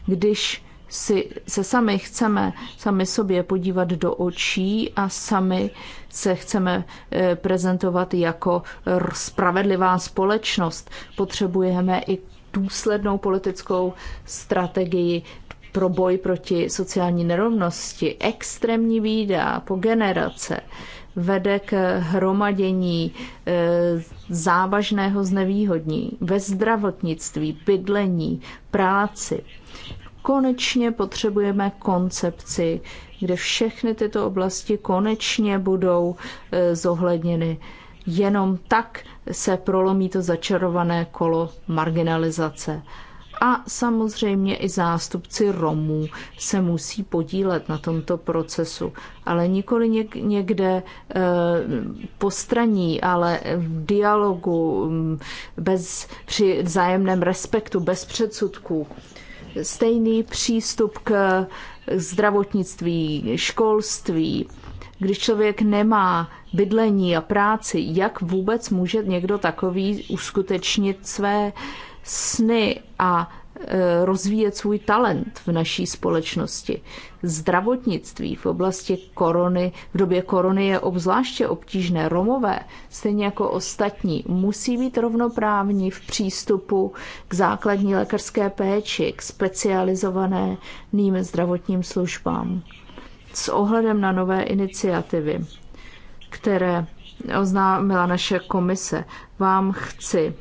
[SPEAKER 10] Když si se sami chceme sami sobě podívat do očí a sami se chceme prezentovat jako spravedlivá společnost. Potřebujeme i důslednou politickou strategii pro boj proti sociální nerovnosti. Extrémní výda po generace vede k hromadění e, závažného znevýhodní ve zdravotnictví, bydlení, práci. Konečně potřebujeme koncepci, kde všechny tyto oblasti konečně budou e, zohledněny. Jenom tak se prolomí to začarované kolo marginalizace. A samozřejmě i zástupci Romů se musí podílet na tomto procesu, ale nikoli někde eh, postraní, ale v dialogu, mm, bez, při vzájemném respektu, bez předsudků. Stejný přístup k zdravotnictví, školství, když člověk nemá bydlení a práci, jak vůbec může někdo takový uskutečnit své sny a e, rozvíjet svůj talent v naší společnosti. Zdravotnictví v oblasti korony, v době korony je obzvláště obtížné. Romové, stejně jako ostatní, musí být rovnoprávní v přístupu k základní lékařské péči, k specializovaným zdravotním službám s ohledem na nové iniciativy, které oznámila naše komise. Vám chci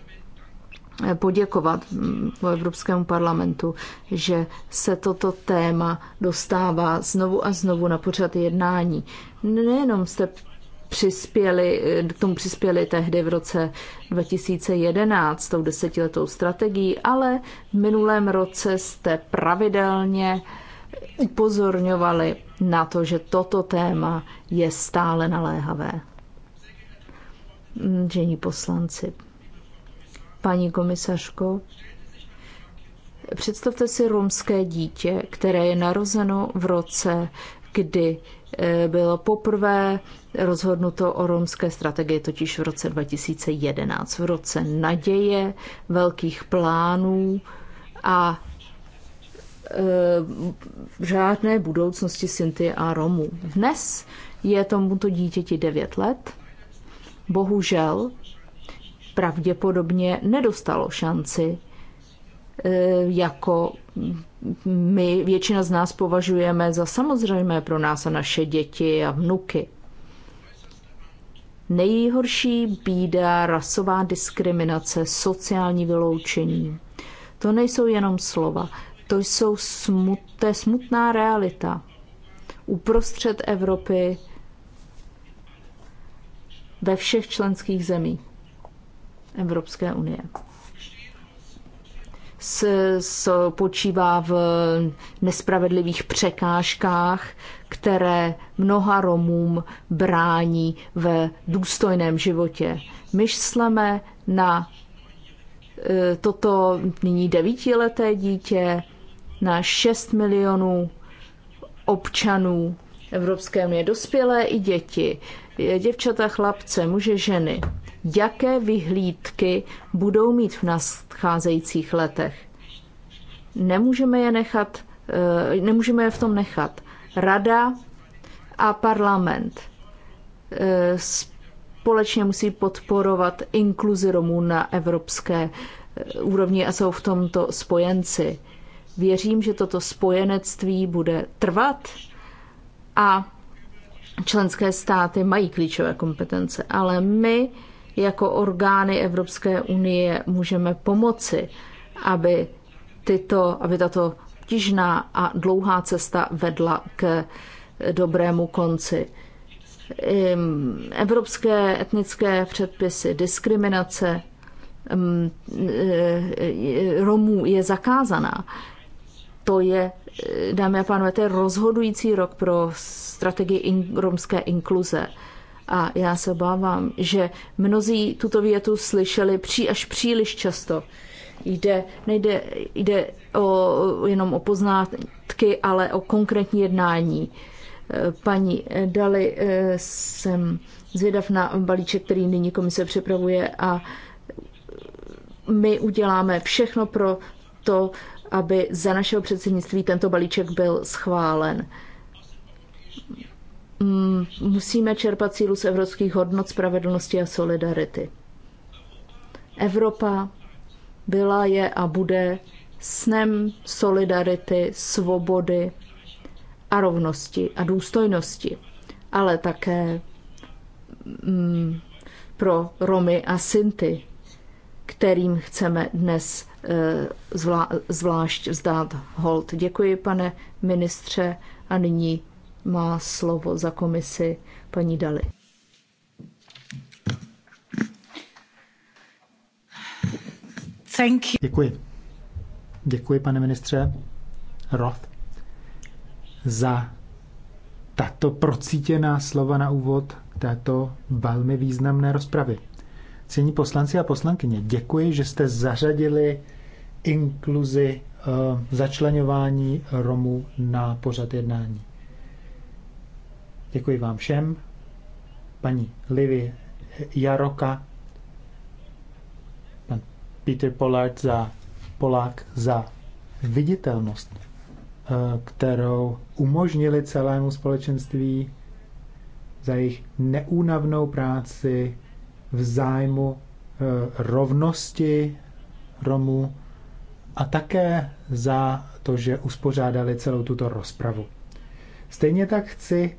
[SPEAKER 10] poděkovat mm, Evropskému parlamentu, že se toto téma dostává znovu a znovu na pořad jednání. Nejenom jste přispěli, k tomu přispěli tehdy v roce 2011 tou desetiletou strategií, ale v minulém roce jste pravidelně upozorňovali na to, že toto téma je stále naléhavé. Žení poslanci, paní komisařko, představte si romské dítě, které je narozeno v roce, kdy eh, bylo poprvé rozhodnuto o romské strategii, totiž v roce 2011, v roce naděje, velkých plánů a Eh, žádné budoucnosti Sinty a Romů. Dnes je tomuto dítěti 9 let. Bohužel pravděpodobně nedostalo šanci, eh, jako my většina z nás považujeme za samozřejmé pro nás a naše děti a vnuky. Nejhorší bída, rasová diskriminace, sociální vyloučení. To nejsou jenom slova to, jsou smut, to je smutná realita. Uprostřed Evropy, ve všech členských zemí Evropské unie. S, s, počívá v nespravedlivých překážkách, které mnoha Romům brání ve důstojném životě. Myšleme na e, toto nyní devítileté dítě, na 6 milionů občanů Evropské unie, dospělé i děti, děvčata, chlapce, muže, ženy. Jaké vyhlídky budou mít v nadcházejících letech? Nemůžeme je nechat, eh, nemůžeme je v tom nechat. Rada a parlament eh, společně musí podporovat inkluzi Romů na evropské eh, úrovni a jsou v tomto spojenci. Věřím, že toto spojenectví bude trvat a členské státy mají klíčové kompetence, ale my jako orgány Evropské unie můžeme pomoci, aby, tyto, aby tato obtížná a dlouhá cesta vedla k dobrému konci. Evropské etnické předpisy, diskriminace e, e, Romů je zakázaná to je, eh, dámy a pánové, to je rozhodující rok pro strategii in, romské inkluze. A já se obávám, že mnozí tuto větu slyšeli pří, až příliš často. Jde, nejde jde o, jenom o poznátky, ale o konkrétní jednání. Eh, paní Dali, eh, jsem zvědav na balíček, který nyní komise připravuje a my uděláme všechno pro to, aby za našeho předsednictví tento balíček byl schválen. Mm, musíme čerpat sílu z evropských hodnot spravedlnosti a solidarity. Evropa byla, je a bude snem solidarity, svobody a rovnosti a důstojnosti, ale také mm, pro Romy a Sinty, kterým chceme dnes Eh, zvlá, zvlášť vzdát hold. Děkuji, pane ministře, a nyní má slovo za komisi paní Dali.
[SPEAKER 9] Thank you. Děkuji. Děkuji, pane ministře Roth, za tato procítěná slova na úvod této velmi významné rozpravy. Cení poslanci a poslankyně, děkuji, že jste zařadili inkluzi eh, začlenování Romů na pořad jednání. Děkuji vám všem, paní Livy Jaroka, pan Peter Pollard za Polák za viditelnost, eh, kterou umožnili celému společenství za jejich neúnavnou práci v zájmu eh, rovnosti Romů a také za to, že uspořádali celou tuto rozpravu. Stejně tak chci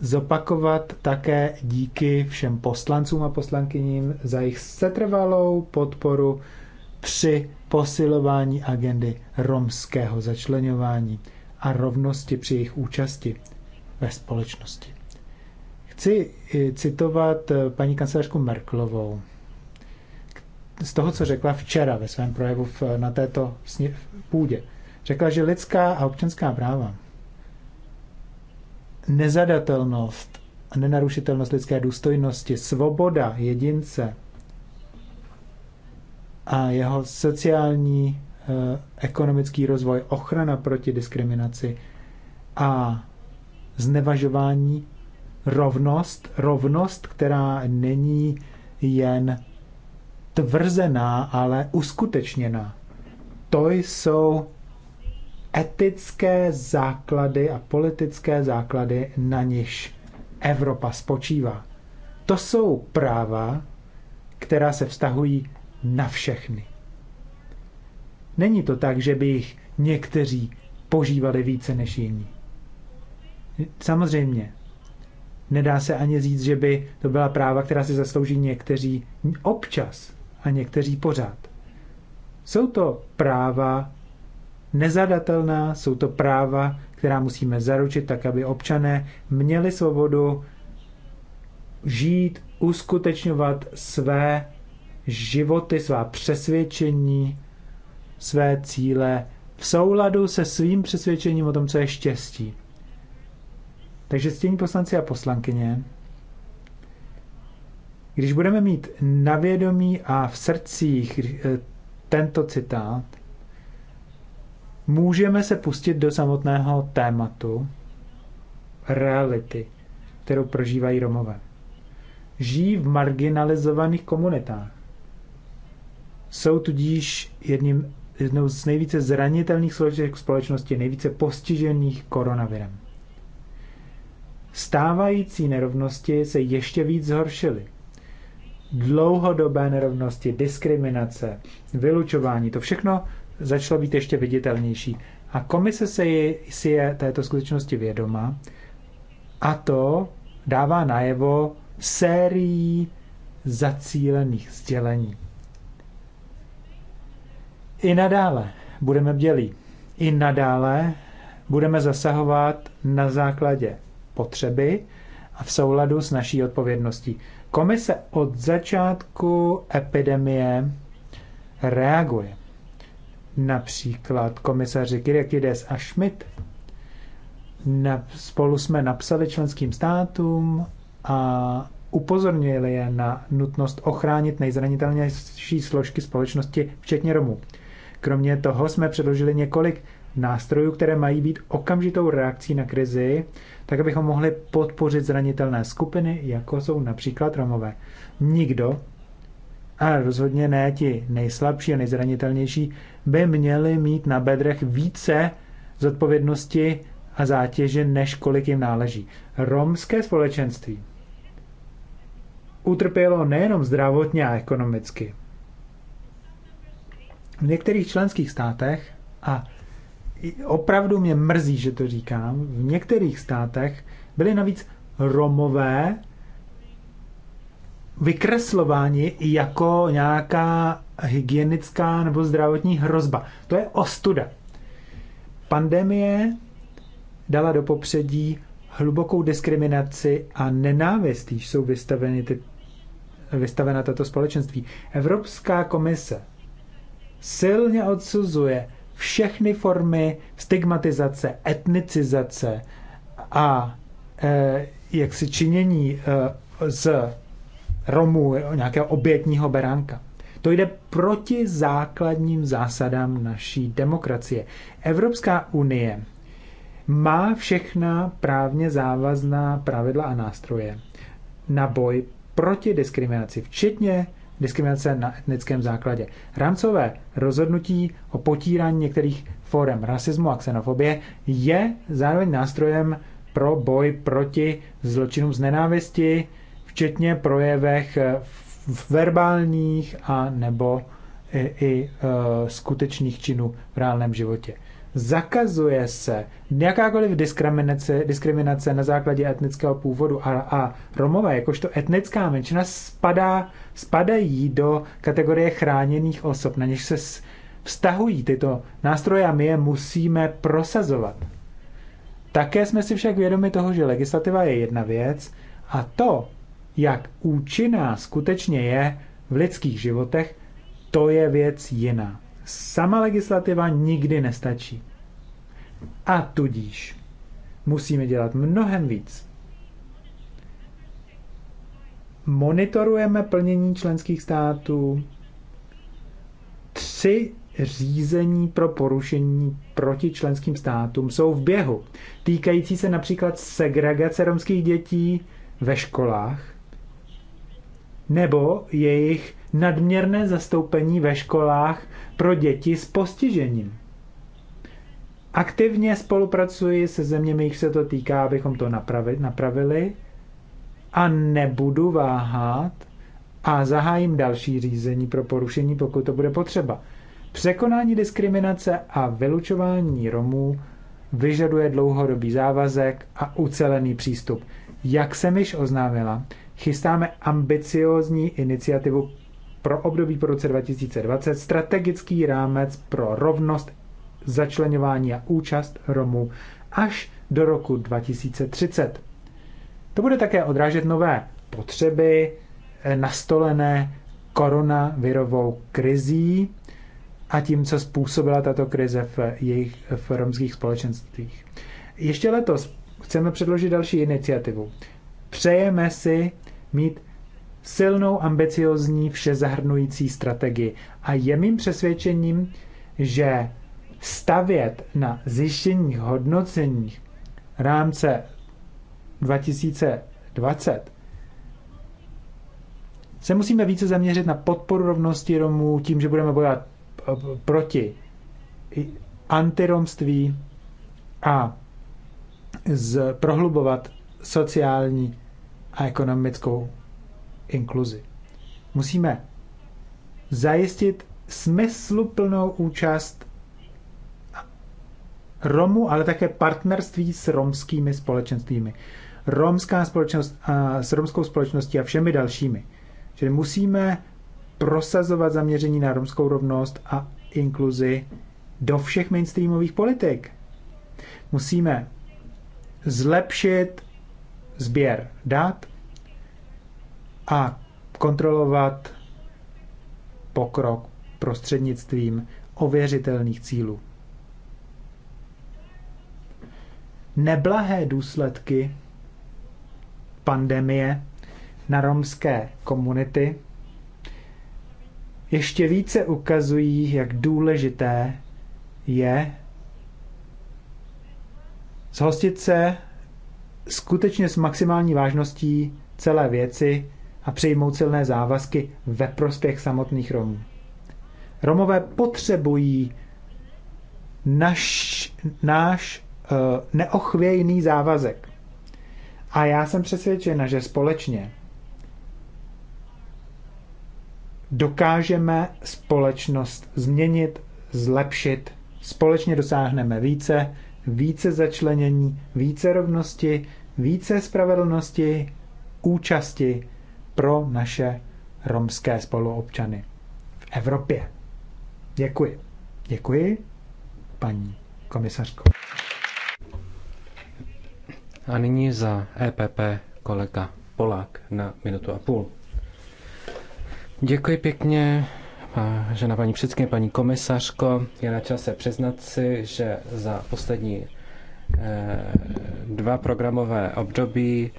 [SPEAKER 9] zopakovat také díky všem poslancům a poslankyním za jejich setrvalou podporu při posilování agendy romského začlenování a rovnosti při jejich účasti ve společnosti. Chci eh, citovat eh, paní kancelářku Merklovou z toho, co řekla včera ve svém projevu eh, na této půdě. Řekla, že lidská a občanská práva, nezadatelnost a nenarušitelnost lidské důstojnosti, svoboda jedince a jeho sociální, ekonomický rozvoj, ochrana proti diskriminaci a znevažování rovnost, rovnost, která není jen tvrzená, ale uskutečněná. To jsou etické základy a politické základy, na niž Evropa spočívá. To jsou práva, která se vztahují na všechny. Není to tak, že by jich někteří požívali více než jiní. Samozřejmě, Nedá se ani říct, že by to byla práva, která si zaslouží někteří občas a někteří pořád. Jsou to práva nezadatelná, jsou to práva, která musíme zaručit tak, aby občané měli svobodu žít, uskutečňovat své životy, svá přesvědčení, své cíle v souladu se svým přesvědčením o tom, co je štěstí. Takže stění poslanci a poslankyně, když budeme mít na vědomí a v srdcích eh, tento citát, můžeme se pustit do samotného tématu reality, kterou prožívají Romové. Žijí v marginalizovaných komunitách. Jsou tudíž jedním, jednou z nejvíce zranitelných složek společnosti, nejvíce postižených koronavirem stávající nerovnosti se ještě víc zhoršily. Dlouhodobé nerovnosti, diskriminace, vylučování, to všechno začalo být ještě viditelnější. A komise se je, si je této skutečnosti vědoma a to dává najevo sérií zacílených sdělení. I nadále budeme bdělí. I nadále budeme zasahovat na základě potřeby a v souladu s naší odpovědností. Komise od začátku epidemie reaguje. Například komisaři Kyriakides a Schmidt. Na, spolu jsme napsali členským státům a upozornili je na nutnost ochránit nejzranitelnější složky společnosti, včetně Romů. Kromě toho jsme předložili několik nástrojů, které mají být okamžitou reakcí na krizi tak abychom mohli podpořit zranitelné skupiny, jako jsou například Romové. Nikdo, a rozhodně ne ti nejslabší a nejzranitelnější, by měli mít na bedrech více zodpovědnosti a zátěže, než kolik jim náleží. Romské společenství utrpělo nejenom zdravotně a ekonomicky. V některých členských státech a opravdu mě mrzí, že to říkám, v některých státech byly navíc Romové vykreslováni jako nějaká hygienická nebo zdravotní hrozba. To je ostuda. Pandemie dala do popředí hlubokou diskriminaci a nenávist, když jsou vystaveny ty, vystavena tato společenství. Evropská komise silně odsuzuje všechny formy stigmatizace, etnicizace a eh, jak si činění eh, z Romů nějakého obětního beránka. To jde proti základním zásadám naší demokracie. Evropská unie má všechna právně závazná pravidla a nástroje na boj proti diskriminaci, včetně diskriminace na etnickém základě. Rámcové rozhodnutí o potírání některých forem rasismu a xenofobie je zároveň nástrojem pro boj proti zločinům z nenávisti, včetně projevech verbálních a nebo i, i uh, skutečných činů v reálném životě zakazuje se jakákoliv diskriminace, diskriminace na základě etnického původu a, a Romové, jakožto etnická menšina, spadá, spadají do kategorie chráněných osob, na něž se vztahují tyto nástroje a my je musíme prosazovat. Také jsme si však vědomi toho, že legislativa je jedna věc a to, jak účinná skutečně je v lidských životech, to je věc jiná sama legislativa nikdy nestačí. A tudíž musíme dělat mnohem víc. Monitorujeme plnění členských států, tři řízení pro porušení proti členským státům jsou v běhu, týkající se například segregace romských dětí ve školách nebo jejich nadměrné zastoupení ve školách pro děti s postižením. Aktivně spolupracuji se zeměmi, jich se to týká, abychom to napravit, napravili a nebudu váhat a zahájím další řízení pro porušení, pokud to bude potřeba. Překonání diskriminace a vylučování Romů vyžaduje dlouhodobý závazek a ucelený přístup. Jak jsem již oznámila, chystáme ambiciózní iniciativu pro období po roce 2020 strategický rámec pro rovnost, začlenování a účast Romů až do roku 2030. To bude také odrážet nové potřeby eh, nastolené koronavirovou krizí a tím, co způsobila tato krize v, jejich, v romských společenstvích. Ještě letos chceme předložit další iniciativu. Přejeme si mít silnou, ambiciozní, všezahrnující strategii. A je mým přesvědčením, že stavět na zjištění hodnocení rámce 2020 se musíme více zaměřit na podporu rovnosti Romů tím, že budeme bojovat eh, proti antiromství a z, prohlubovat sociální a ekonomickou inkluzi. Musíme zajistit smysluplnou účast Romů, ale také partnerství s romskými společenstvími. Romská společnost a s romskou společností a všemi dalšími. Čili musíme prosazovat zaměření na romskou rovnost a inkluzi do všech mainstreamových politik. Musíme zlepšit sběr dat, a kontrolovat pokrok prostřednictvím ověřitelných cílů. Neblahé důsledky pandemie na romské komunity ještě více ukazují, jak důležité je zhostit se skutečně s maximální vážností celé věci a přijmout silné závazky ve prospěch samotných Romů. Romové potřebují naš, náš uh, neochvějný závazek. A já jsem přesvědčena, že společně dokážeme společnost změnit, zlepšit, společně dosáhneme více, více začlenění, více rovnosti, více spravedlnosti, účasti pro naše romské spoluobčany v Evropě. Děkuji. Děkuji, paní komisařko.
[SPEAKER 5] A nyní za EPP kolega Polák na minutu a půl. Děkuji pěkně, že na paní předsedkyně, paní komisařko. Je na čase přiznat si, že za poslední eh, dva programové období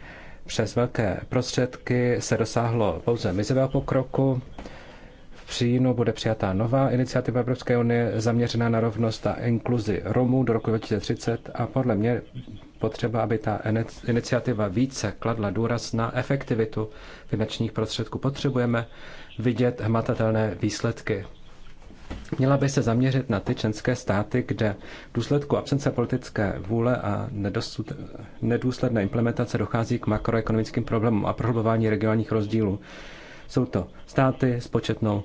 [SPEAKER 5] přes velké prostředky se dosáhlo pouze mizivého pokroku. V příjmu bude přijatá nová iniciativa Evropské unie zaměřená na rovnost a inkluzi Romů do roku 2030 a podle mě potřeba, aby ta iniciativa více kladla důraz na efektivitu finančních prostředků. Potřebujeme vidět hmatatelné výsledky. Měla by se zaměřit na ty členské státy, kde v důsledku absence politické vůle a nedosud, nedůsledné implementace dochází k makroekonomickým problémům a prohlubování regionálních rozdílů. Jsou to státy s početnou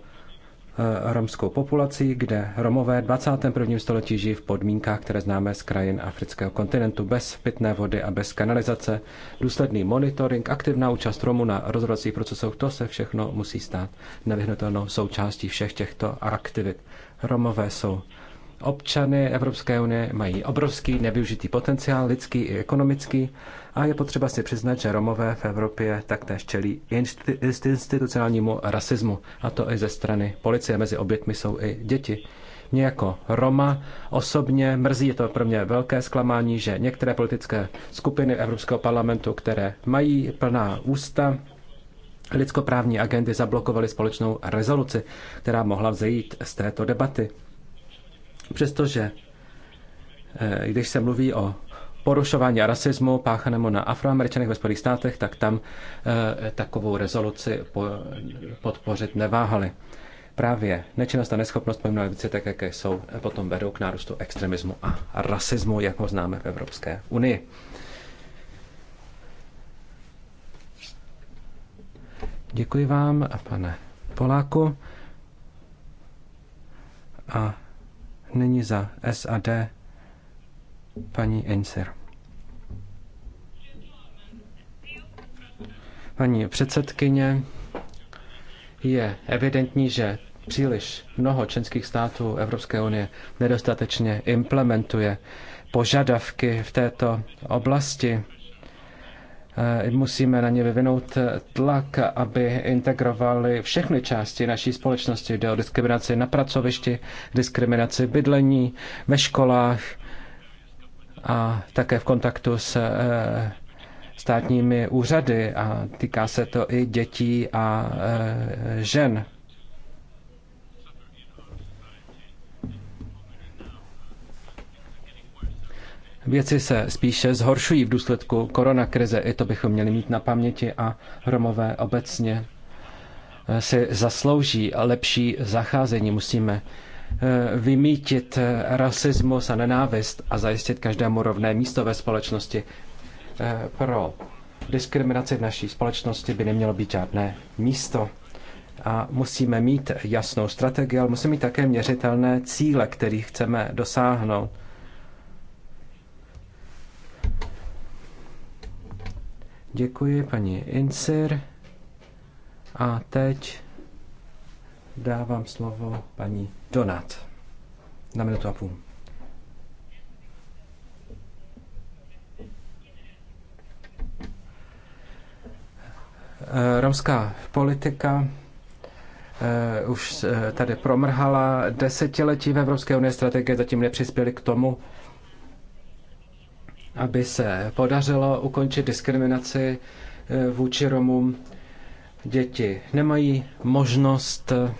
[SPEAKER 5] Eh, romskou populací, kde Romové v 21. století žijí v podmínkách, které známe z krajin afrického kontinentu, bez pitné vody a bez kanalizace. Důsledný monitoring, aktivná účast Romů na rozhodovacích procesech, to se všechno musí stát nevyhnutelnou součástí všech těchto aktivit. Romové jsou občany Evropské unie, mají obrovský nevyužitý potenciál lidský i ekonomický a je potřeba si přiznat, že Romové v Evropě taktéž čelí institucionálnímu rasismu, a to i ze strany policie. Mezi obětmi jsou i děti. Mě jako Roma osobně mrzí, je to pro mě velké zklamání, že některé politické skupiny Evropského parlamentu, které mají plná ústa lidskoprávní agendy, zablokovaly společnou rezoluci, která mohla vzejít z této debaty. Přestože eh, když se mluví o porušování a rasismu páchanému na afroameričanech ve Spojených státech, tak tam eh, takovou rezoluci podpořit neváhali. Právě nečinnost a neschopnost pojmenovat věci tak, jaké jsou, eh, potom vedou k nárůstu extremismu a rasismu, jak ho známe v Evropské unii. Děkuji vám, pane Poláku. A nyní za SAD Paní Enser. Paní předsedkyně, je evidentní, že příliš mnoho členských států Evropské unie nedostatečně implementuje požadavky v této oblasti. Eh, musíme na ně vyvinout tlak, aby integrovali všechny části naší společnosti. Jde o diskriminaci na pracovišti, diskriminaci bydlení, ve školách, a také v kontaktu s eh, státními úřady a týká se to i dětí a eh, žen. Věci se spíše zhoršují v důsledku koronakrize, i to bychom měli mít na paměti a Romové obecně eh, si zaslouží lepší zacházení. Musíme Eh, vymítit eh, rasismus a nenávist a zajistit každému rovné místo ve společnosti. Eh, pro diskriminaci v naší společnosti by nemělo být žádné místo. A musíme mít jasnou strategii, ale musíme mít také měřitelné cíle, kterých chceme dosáhnout. Děkuji paní Insir. A teď dávám slovo paní Donat na minutu a půl. Romská politika eh, už eh, tady promrhala desetiletí v Evropské unii strategie zatím nepřispěly k tomu, aby se podařilo ukončit diskriminaci eh, vůči Romům Děti nemají možnost eh,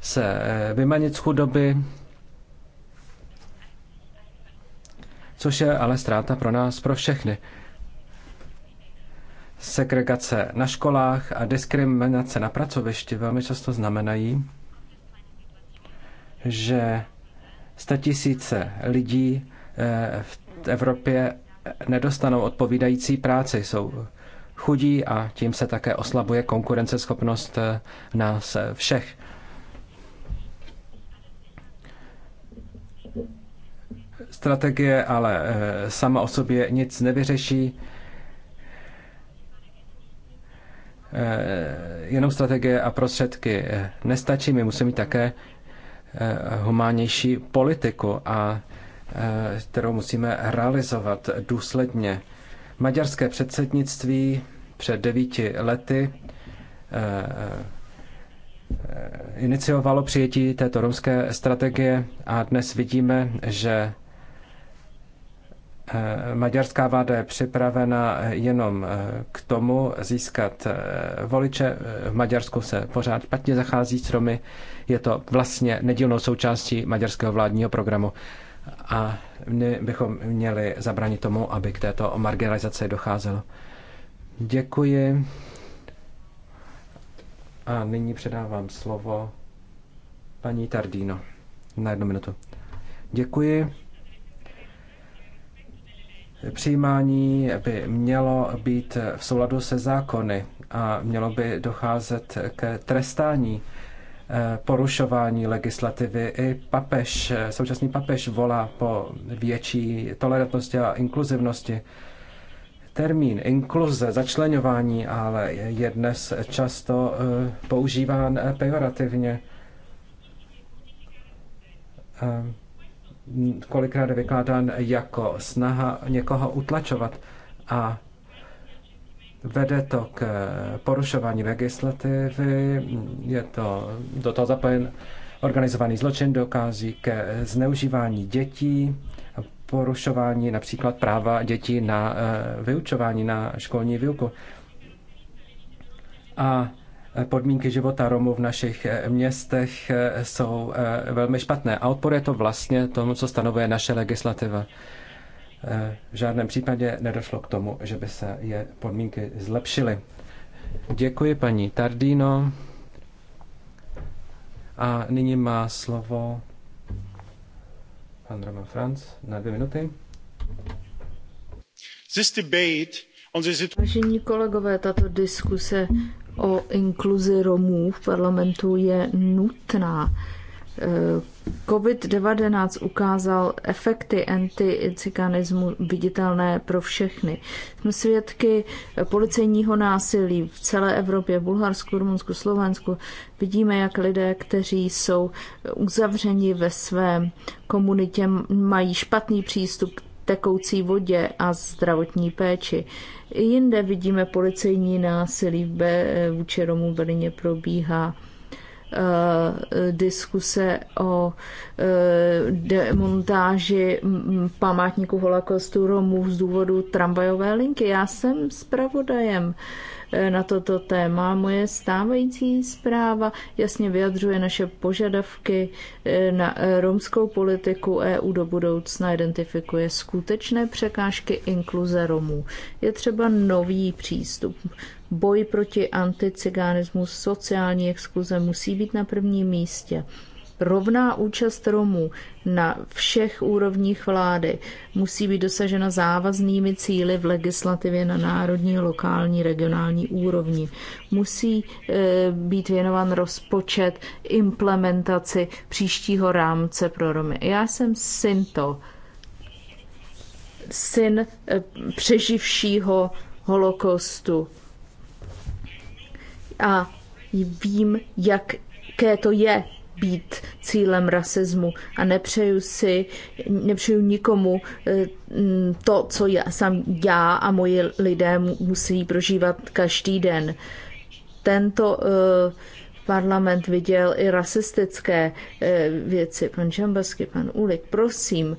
[SPEAKER 5] se eh, vymanit z chudoby, což je ale ztráta pro nás, pro všechny. Segregace na školách a diskriminace na pracovišti velmi často znamenají, že tisíce lidí eh, v Evropě nedostanou odpovídající práci, jsou chudí a tím se také oslabuje konkurenceschopnost eh, nás eh, všech. Strategie ale eh, sama o sobě nic nevyřeší. Jenom strategie a prostředky nestačí. My musíme mít také humánější politiku, a, kterou musíme realizovat důsledně Maďarské předsednictví před devíti lety eh, eh, iniciovalo přijetí této romské strategie a dnes vidíme, že eh, maďarská vláda je připravena jenom k tomu získat voliče. V Maďarsku se pořád patně zachází s Romy. Je to vlastně nedílnou součástí maďarského vládního programu a my bychom měli zabránit tomu, aby k této marginalizaci docházelo. Děkuji. A nyní předávám slovo paní Tardino na jednu minutu. Děkuji. Přijímání by mělo být v souladu se zákony a mělo by docházet k trestání Eh, porušování legislativy. I papež, eh, současný papež volá po větší tolerantnosti a inkluzivnosti. Termín inkluze, začlenování, ale je dnes často eh, používán pejorativně. Kolikrát je vykládán jako snaha někoho utlačovat a Vede to k eh, porušování legislativy, je to do toho zapojen organizovaný zločin, dokází ke zneužívání dětí, porušování například práva dětí na eh, vyučování, na školní výuku. A eh, podmínky života Romů v našich městech jsou velmi špatné a odporuje to vlastně tomu, co stanovuje naše legislativa. Eh, v žádném případě nedošlo k tomu, že by se je podmínky zlepšily. Děkuji paní Tardino. A nyní má slovo pan Roman Franz na dvě minuty.
[SPEAKER 10] Vážení kolegové, tato diskuse o inkluzi Romů v parlamentu je nutná. COVID-19 ukázal efekty anticikanismu viditelné pro všechny. Jsme svědky policejního násilí v celé Evropě, v Bulharsku, Rumunsku, Slovensku. Vidíme, jak lidé, kteří jsou uzavřeni ve svém komunitě, mají špatný přístup k tekoucí vodě a zdravotní péči. I jinde vidíme policejní násilí, vůči Romů v probíhá Eh, diskuse o eh, demontáži památníku holokaustu Romů z důvodu tramvajové linky. Já jsem zpravodajem eh, na toto téma. Moje stávající zpráva jasně vyjadřuje naše požadavky na romskou politiku EU do budoucna, identifikuje skutečné překážky inkluze Romů. Je třeba nový přístup Boj proti anticigánismu, sociální exkluze musí být na prvním místě. Rovná účast Romů na všech úrovních vlády musí být dosažena závaznými cíly v legislativě na národní, lokální, regionální úrovni. Musí e, být věnovan rozpočet implementaci příštího rámce pro Romy. Já jsem to, syn e, přeživšího holokostu a vím, jaké to je být cílem rasismu a nepřeju si, nepřeju nikomu eh, to, co já, sám já a moji lidé musí prožívat každý den. Tento eh, parlament viděl i rasistické eh, věci. Pan Žambasky, pan Ulik, prosím,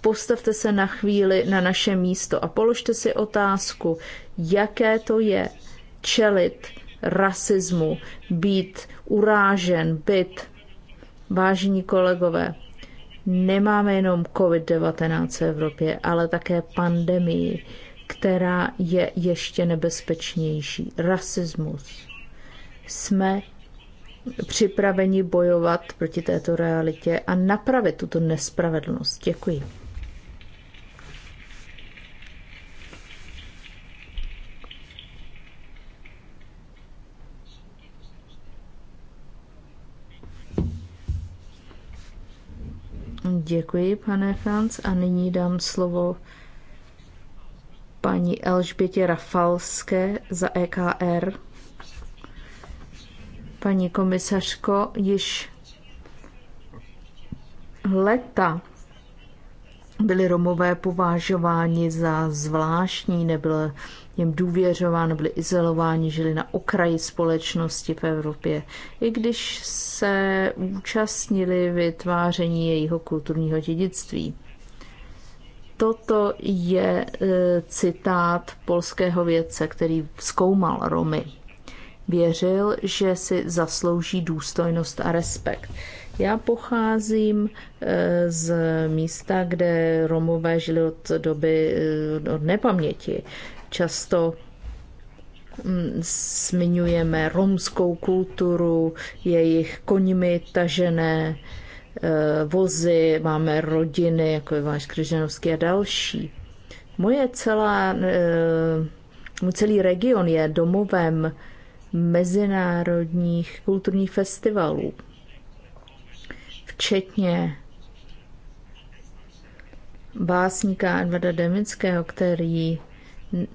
[SPEAKER 10] postavte se na chvíli na naše místo a položte si otázku, jaké to je čelit rasismu, být urážen, byt. Vážení kolegové, nemáme jenom COVID-19 v Evropě, ale také pandemii, která je ještě nebezpečnější. Rasismus. Jsme připraveni bojovat proti této realitě a napravit tuto nespravedlnost. Děkuji. Děkuji, pane Franc, a nyní dám slovo paní Elžbětě Rafalské za EKR. Paní komisařko, již leta byli Romové považováni za zvláštní, nebyl jim důvěřováno, byli izolováni, žili na okraji společnosti v Evropě, i když se účastnili vytváření jejího kulturního dědictví. Toto je e, citát polského vědce, který zkoumal Romy. Věřil, že si zaslouží důstojnost a respekt. Já pocházím e, z místa, kde Romové žili od doby e, od nepaměti. Často mm, zmiňujeme romskou kulturu, jejich koňmi tažené e, vozy, máme rodiny, jako je váš Kryženovský a další. Moje celá, e, můj celý region je domovem mezinárodních kulturních festivalů, včetně básníka Edvarda Demického, který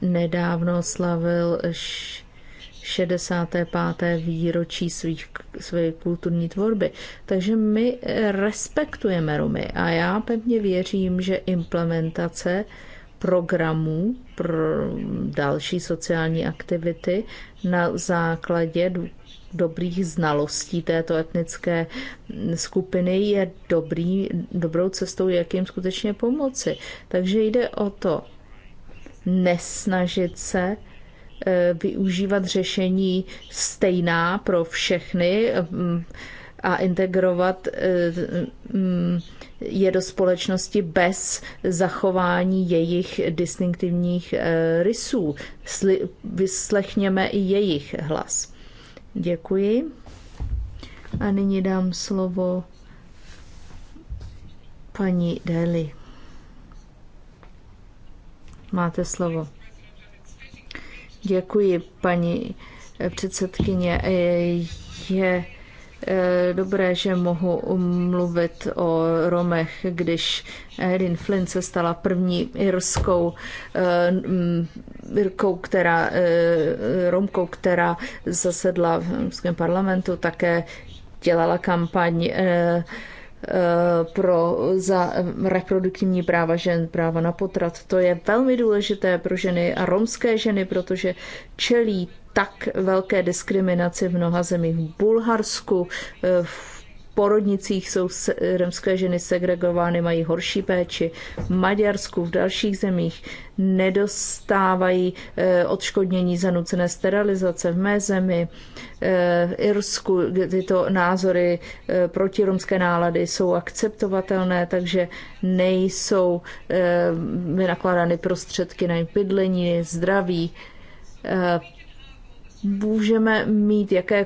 [SPEAKER 10] nedávno slavil 65. výročí svých, své kulturní tvorby. Takže my respektujeme Romy a já pevně věřím, že implementace programů pro další sociální aktivity na základě dobrých znalostí této etnické skupiny je dobrý, dobrou cestou, jak jim skutečně pomoci. Takže jde o to nesnažit se eh, využívat řešení stejná pro všechny mm, a integrovat eh, mm, je do společnosti bez zachování jejich distinktivních eh, rysů. Vyslechněme i jejich hlas. Děkuji. A nyní dám slovo paní Deli. Máte slovo. Děkuji, paní předsedkyně. Je eh, dobré, že mohu mluvit o Romech, když Erin Flynn se stala první irskou eh, Irkou, která, eh, Romkou, která zasedla v Evropském parlamentu, také dělala kampaň Eh, pro, za reproduktivní práva žen, práva na potrat. To je velmi důležité pro ženy a romské ženy, protože čelí tak velké diskriminaci v mnoha zemích. V Bulharsku, eh, v porodnicích jsou romské ženy segregovány, mají horší péči. V Maďarsku, v dalších zemích nedostávají eh, odškodnění za nucené sterilizace. V mé zemi, eh, v Irsku, tyto názory eh, proti romské nálady jsou akceptovatelné, takže nejsou vynakládány prostředky na bydlení, zdraví. Můžeme mít jaké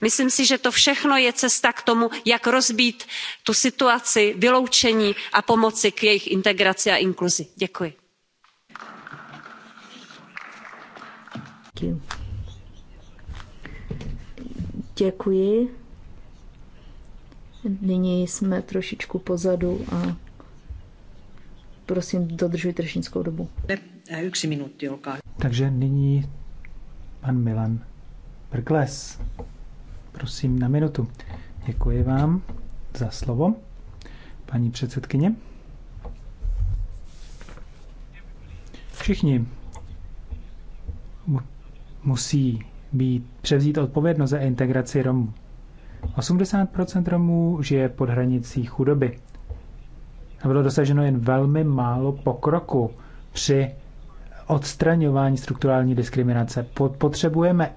[SPEAKER 8] myslím si že to všechno je cesta k tomu jak rozbít tu situaci vyloučení a pomoci k jejich integraci a inkluzi. děkuji.
[SPEAKER 10] Děkuji. Nyní jsme trošičku pozadu a prosím, dodržujte řečnickou
[SPEAKER 9] dobu. Takže nyní pan Milan Brkles. Prosím na minutu. Děkuji vám za slovo, paní předsedkyně. Všichni musí být, převzít odpovědnost za integraci Romů. 80% Romů žije pod hranicí chudoby. A bylo dosaženo jen velmi málo pokroku při odstraňování strukturální diskriminace. Potřebujeme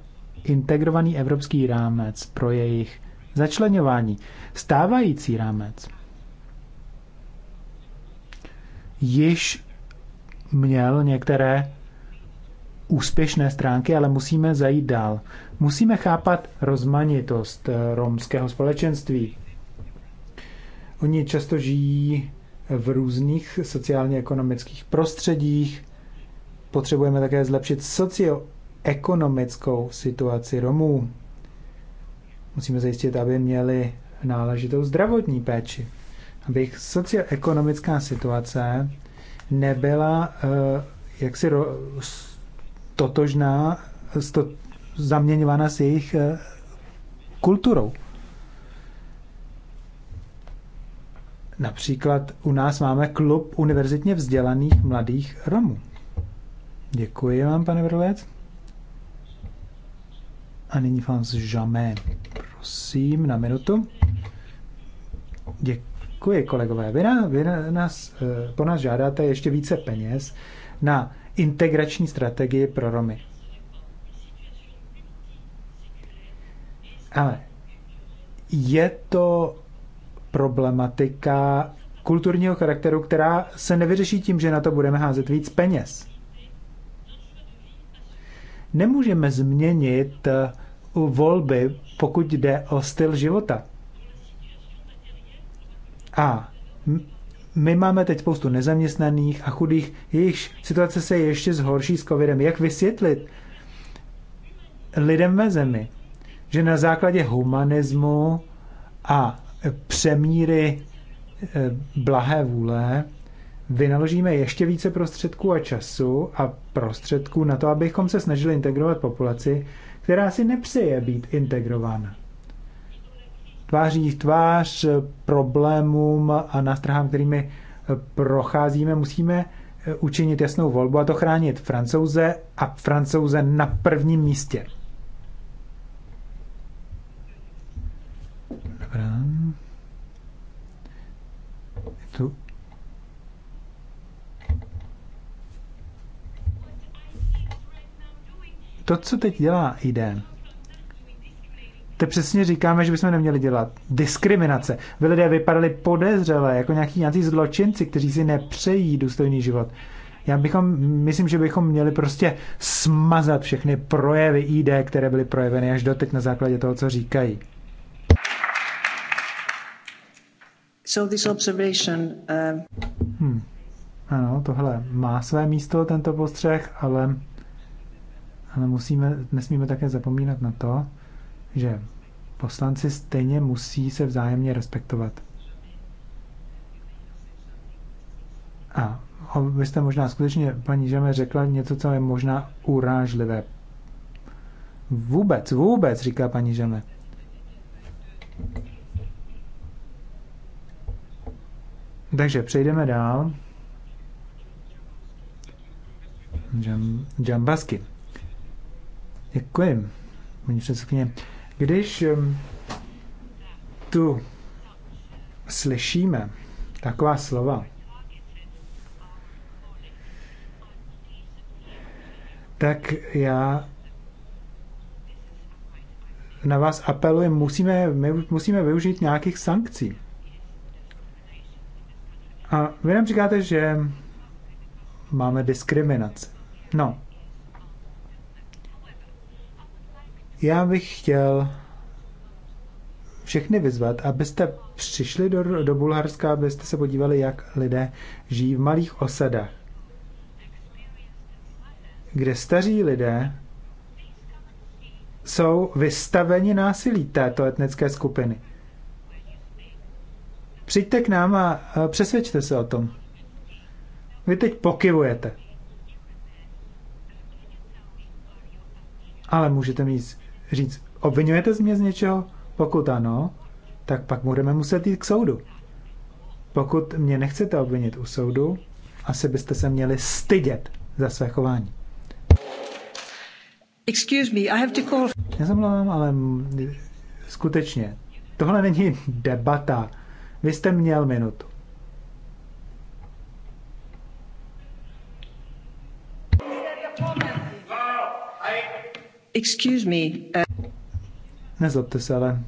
[SPEAKER 9] integrovaný evropský rámec pro jejich začlenování. Stávající rámec již měl některé úspěšné stránky, ale musíme zajít dál. Musíme chápat rozmanitost eh, romského společenství. Oni často žijí v různých sociálně-ekonomických prostředích. Potřebujeme také zlepšit socio ekonomickou situaci Romů. Musíme zajistit, aby měli náležitou zdravotní péči, aby jejich socioekonomická situace nebyla eh, jaksi totožná, sto, zaměňována s jejich eh, kulturou. Například u nás máme klub univerzitně vzdělaných mladých Romů. Děkuji vám, pane Vrlec. A nyní Fans Žamé. Prosím, na minutu. Děkuji, kolegové. Vy, na, vy na nás, eh, po nás žádáte ještě více peněz na integrační strategii pro Romy. Ale je to problematika kulturního charakteru, která se nevyřeší tím, že na to budeme házet víc peněz nemůžeme změnit eh, volby, pokud jde o styl života. A my máme teď spoustu nezaměstnaných a chudých, jejichž situace se ještě zhorší s covidem. Jak vysvětlit lidem ve zemi, že na základě humanismu a přemíry eh, blahé vůle vynaložíme ještě více prostředků a času a prostředků na to, abychom se snažili integrovat populaci, která si nepřeje být integrována. Tváří v tvář problémům a nástrahám, kterými procházíme, musíme učinit jasnou volbu a to chránit francouze a francouze na prvním místě. To, co teď dělá ID, to přesně říkáme, že bychom neměli dělat. Diskriminace. Vy lidé vypadali podezřelé, jako nějaký, nějaký zločinci, kteří si nepřejí důstojný život. Já bychom, myslím, že bychom měli prostě smazat všechny projevy ID, které byly projeveny až doteď na základě toho, co říkají.
[SPEAKER 3] So this observation, uh...
[SPEAKER 9] hmm. Ano, tohle má své místo, tento postřeh, ale ale musíme, nesmíme také zapomínat na to, že poslanci stejně musí se vzájemně respektovat. A vy jste možná skutečně, paní Žeme, řekla něco, co je možná urážlivé. Vůbec, vůbec, říká paní Žeme. Takže přejdeme dál. Jam Děkuji, paní předsedkyně. Když tu slyšíme taková slova, tak já na vás apeluji, musíme, my musíme využít nějakých sankcí. A vy nám říkáte, že máme diskriminaci. No, Já bych chtěl všechny vyzvat, abyste přišli do, do Bulharska, abyste se podívali, jak lidé žijí v malých osadách, kde staří lidé jsou vystaveni násilí této etnické skupiny. Přijďte k nám a přesvědčte se o tom. Vy teď pokivujete. Ale můžete mít říct, obvinujete z mě z něčeho? Pokud ano, tak pak budeme muset jít k soudu. Pokud mě nechcete obvinit u soudu, asi byste se měli stydět za své chování.
[SPEAKER 1] Excuse me, I have to call...
[SPEAKER 9] Já ale skutečně, tohle není debata. Vy jste měl minutu. Excuse me. Eh, Nezlobte se, ale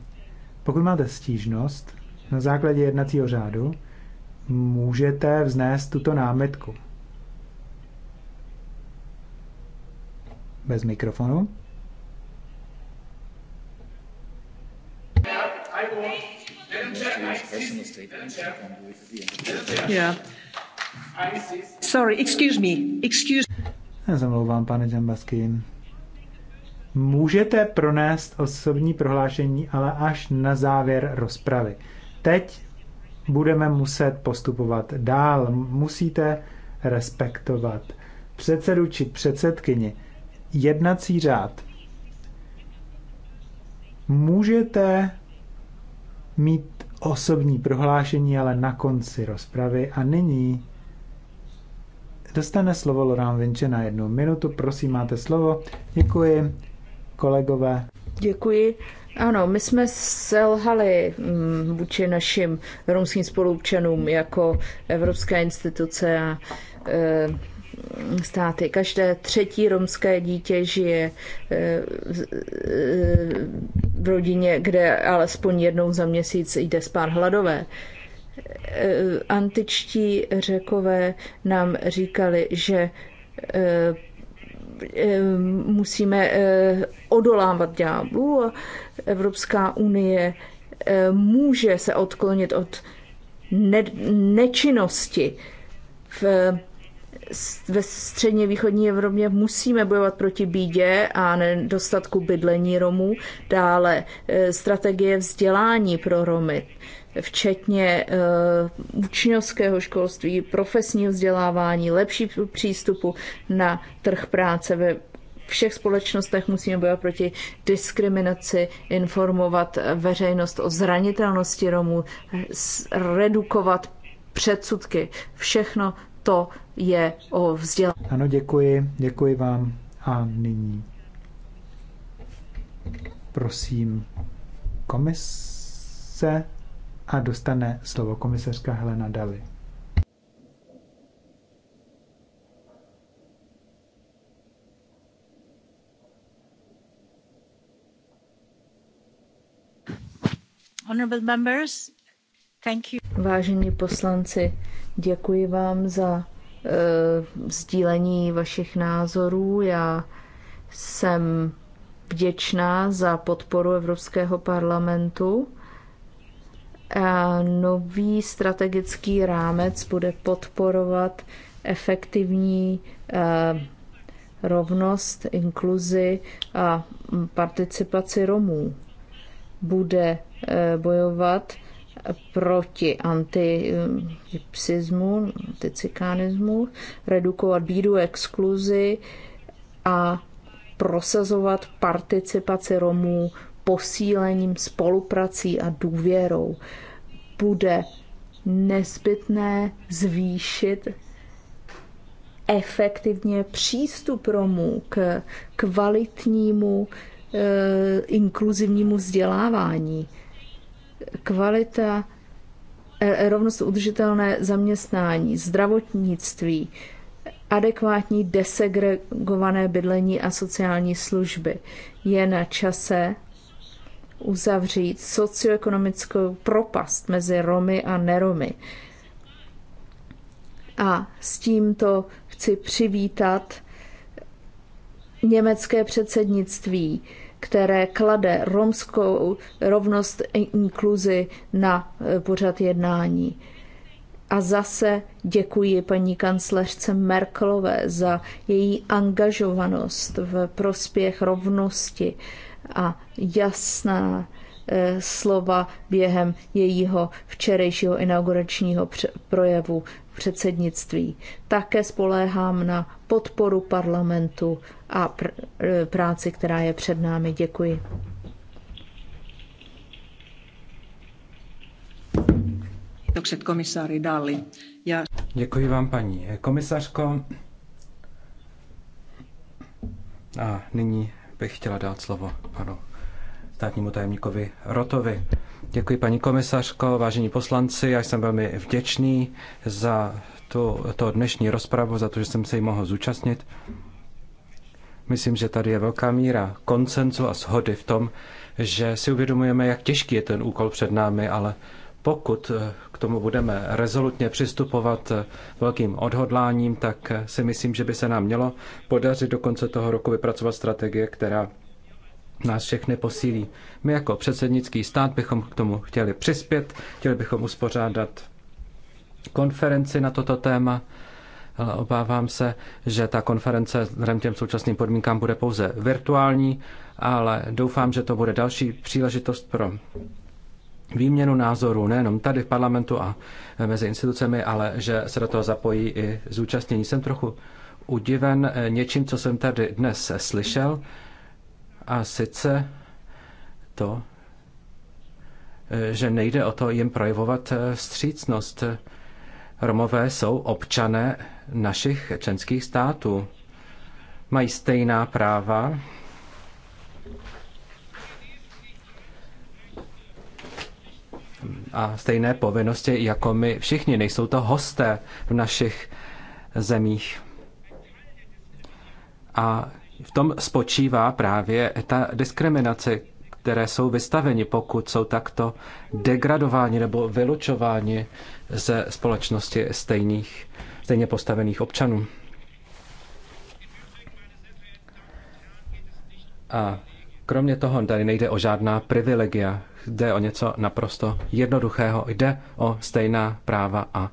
[SPEAKER 9] pokud máte stížnost na základě jednacího řádu, můžete vznést tuto námitku. Bez mikrofonu.
[SPEAKER 7] Yeah.
[SPEAKER 6] Sorry,
[SPEAKER 9] excuse me. Excuse... Já zamlouvám, pane Jambaskin. Můžete pronést osobní prohlášení, ale až na závěr rozpravy. Teď budeme muset postupovat dál. Musíte respektovat předsedu či předsedkyni. Jednací řád. Můžete mít osobní prohlášení, ale na konci rozpravy. A nyní dostane slovo Lorán Vinče na jednu minutu. Prosím, máte slovo. Děkuji kolegové.
[SPEAKER 10] Děkuji. Ano, my jsme selhali mm, vůči našim romským spolupčanům jako evropské instituce a e, státy. Každé třetí romské dítě žije e, e, v rodině, kde alespoň jednou za měsíc jde spát hladové. E, antičtí řekové nám říkali, že Eh, musíme eh, odolávat ďáblu a Evropská unie eh, může se odklonit od ne- nečinnosti v, ve středně východní Evropě musíme bojovat proti bídě a nedostatku bydlení Romů, dále strategie vzdělání pro Romy, včetně eh, učňovského školství, profesního vzdělávání, lepší přístupu na trh práce ve všech společnostech musíme bojovat proti diskriminaci, informovat veřejnost o zranitelnosti Romů, redukovat předsudky. Všechno to je o vzdělání.
[SPEAKER 9] Ano, děkuji, děkuji vám. A nyní prosím komise a dostane slovo komisařka Helena Daly.
[SPEAKER 10] Honorable members, thank you. Vážení poslanci, děkuji vám za uh, sdílení vašich názorů. Já jsem vděčná za podporu Evropského parlamentu nový strategický rámec bude podporovat efektivní eh, rovnost, inkluzi a mm, participaci Romů. Bude eh, bojovat proti antipsismu, anticikánismu, redukovat bídu, exkluzi a prosazovat participaci Romů posílením spoluprací a důvěrou. Bude nezbytné zvýšit efektivně přístup Romů k kvalitnímu e, inkluzivnímu vzdělávání. Kvalita, e, rovnost udržitelné zaměstnání, zdravotnictví, adekvátní desegregované bydlení a sociální služby. Je na čase, uzavřít socioekonomickou propast mezi Romy a Neromy. A s tímto chci přivítat německé předsednictví, které klade romskou rovnost inkluzi na e, pořad jednání. A zase děkuji paní kancléřce Merkelové za její angažovanost v prospěch rovnosti a jasná eh, slova během jejího včerejšího inauguračního projevu předsednictví. Také spoléhám na podporu parlamentu a pr- eh, práci, která je před námi. Děkuji.
[SPEAKER 1] komisáři
[SPEAKER 5] Děkuji vám, paní komisařko. A nyní bych chtěla dát slovo panu státnímu tajemníkovi Rotovi. Děkuji paní komisařko, vážení poslanci, já jsem velmi vděčný za tu, to dnešní rozpravu, za to, že jsem se jí mohl zúčastnit. Myslím, že tady je velká míra koncenzu a shody v tom, že si uvědomujeme, jak těžký je ten úkol před námi, ale pokud eh, k tomu budeme rezolutně přistupovat eh, velkým odhodláním, tak eh, si myslím, že by se nám mělo podařit do konce toho roku vypracovat strategie, která nás všechny posílí. My jako předsednický stát bychom k tomu chtěli přispět, chtěli bychom uspořádat konferenci na toto téma. Obávám se, že ta konference vzhledem těm současným podmínkám bude pouze virtuální, ale doufám, že to bude další příležitost pro výměnu názorů nejenom tady v parlamentu a mezi institucemi, ale že se do toho zapojí i zúčastnění. Jsem trochu udiven něčím, co jsem tady dnes slyšel, a sice to, že nejde o to jim projevovat vstřícnost. Romové jsou občané našich členských států. Mají stejná práva, a stejné povinnosti jako my všichni. Nejsou to hosté v našich zemích. A v tom spočívá právě ta diskriminace, které jsou vystaveni, pokud jsou takto degradováni nebo vylučováni ze společnosti stejných, stejně postavených občanů. A kromě toho tady nejde o žádná privilegia jde o něco naprosto jednoduchého. Jde o stejná práva a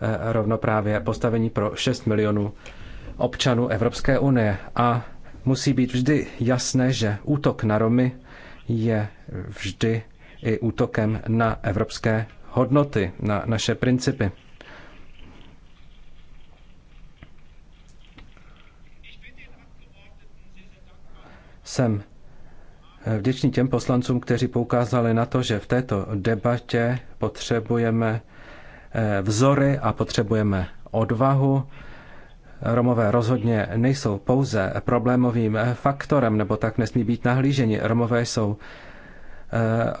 [SPEAKER 5] e, rovnoprávě postavení pro 6 milionů občanů Evropské unie. A musí být vždy jasné, že útok na Romy je vždy i útokem na evropské hodnoty, na naše principy. Jsem Vděčný těm poslancům, kteří poukázali na to, že v této debatě potřebujeme eh, vzory a potřebujeme odvahu. Romové rozhodně nejsou pouze problémovým eh, faktorem, nebo tak nesmí být nahlíženi. Romové jsou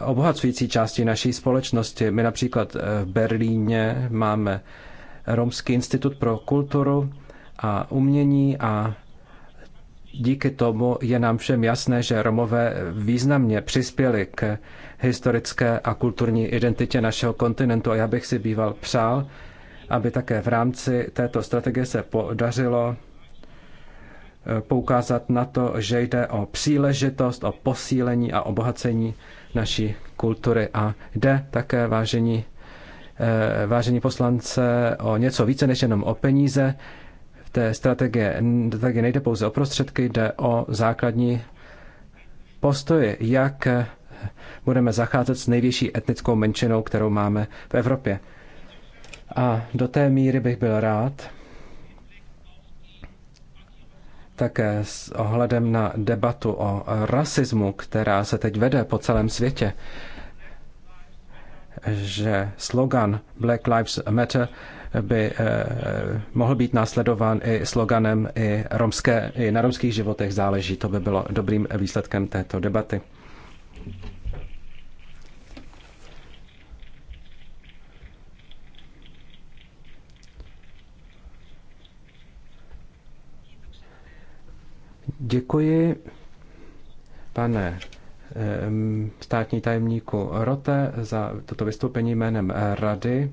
[SPEAKER 5] eh, obohacující části naší společnosti. My například v Berlíně máme Romský institut pro kulturu a umění a Díky tomu je nám všem jasné, že Romové významně přispěli k historické a kulturní identitě našeho kontinentu a já bych si býval přál, aby také v rámci této strategie se podařilo eh, poukázat na to, že jde o příležitost, o posílení a obohacení naší kultury a jde také, vážení, eh, vážení poslance, o něco více než jenom o peníze té strategie, strategie nejde pouze o prostředky, jde o základní postoje, jak budeme zacházet s největší etnickou menšinou, kterou máme v Evropě. A do té míry bych byl rád, také s ohledem na debatu o rasismu, která se teď vede po celém světě, že slogan Black Lives Matter by eh, mohl být následován i sloganem i, romské, i na romských životech záleží. To by bylo dobrým výsledkem této debaty. Děkuji, pane eh, státní tajemníku Rote, za toto vystoupení jménem Rady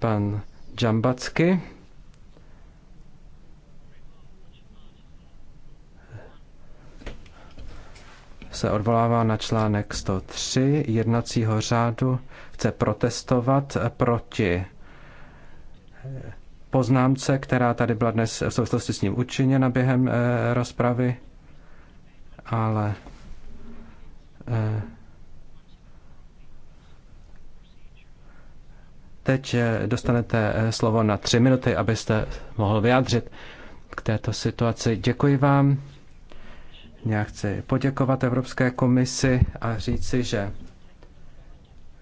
[SPEAKER 5] pan Džambacky. se odvolává na článek 103 jednacího řádu, chce protestovat proti poznámce, která tady byla dnes v souvislosti s ním učiněna během eh, rozpravy, ale eh, Teď eh, dostanete eh, slovo na tři minuty, abyste mohl vyjádřit k této situaci. Děkuji vám. Já chci poděkovat Evropské komisi a říci, že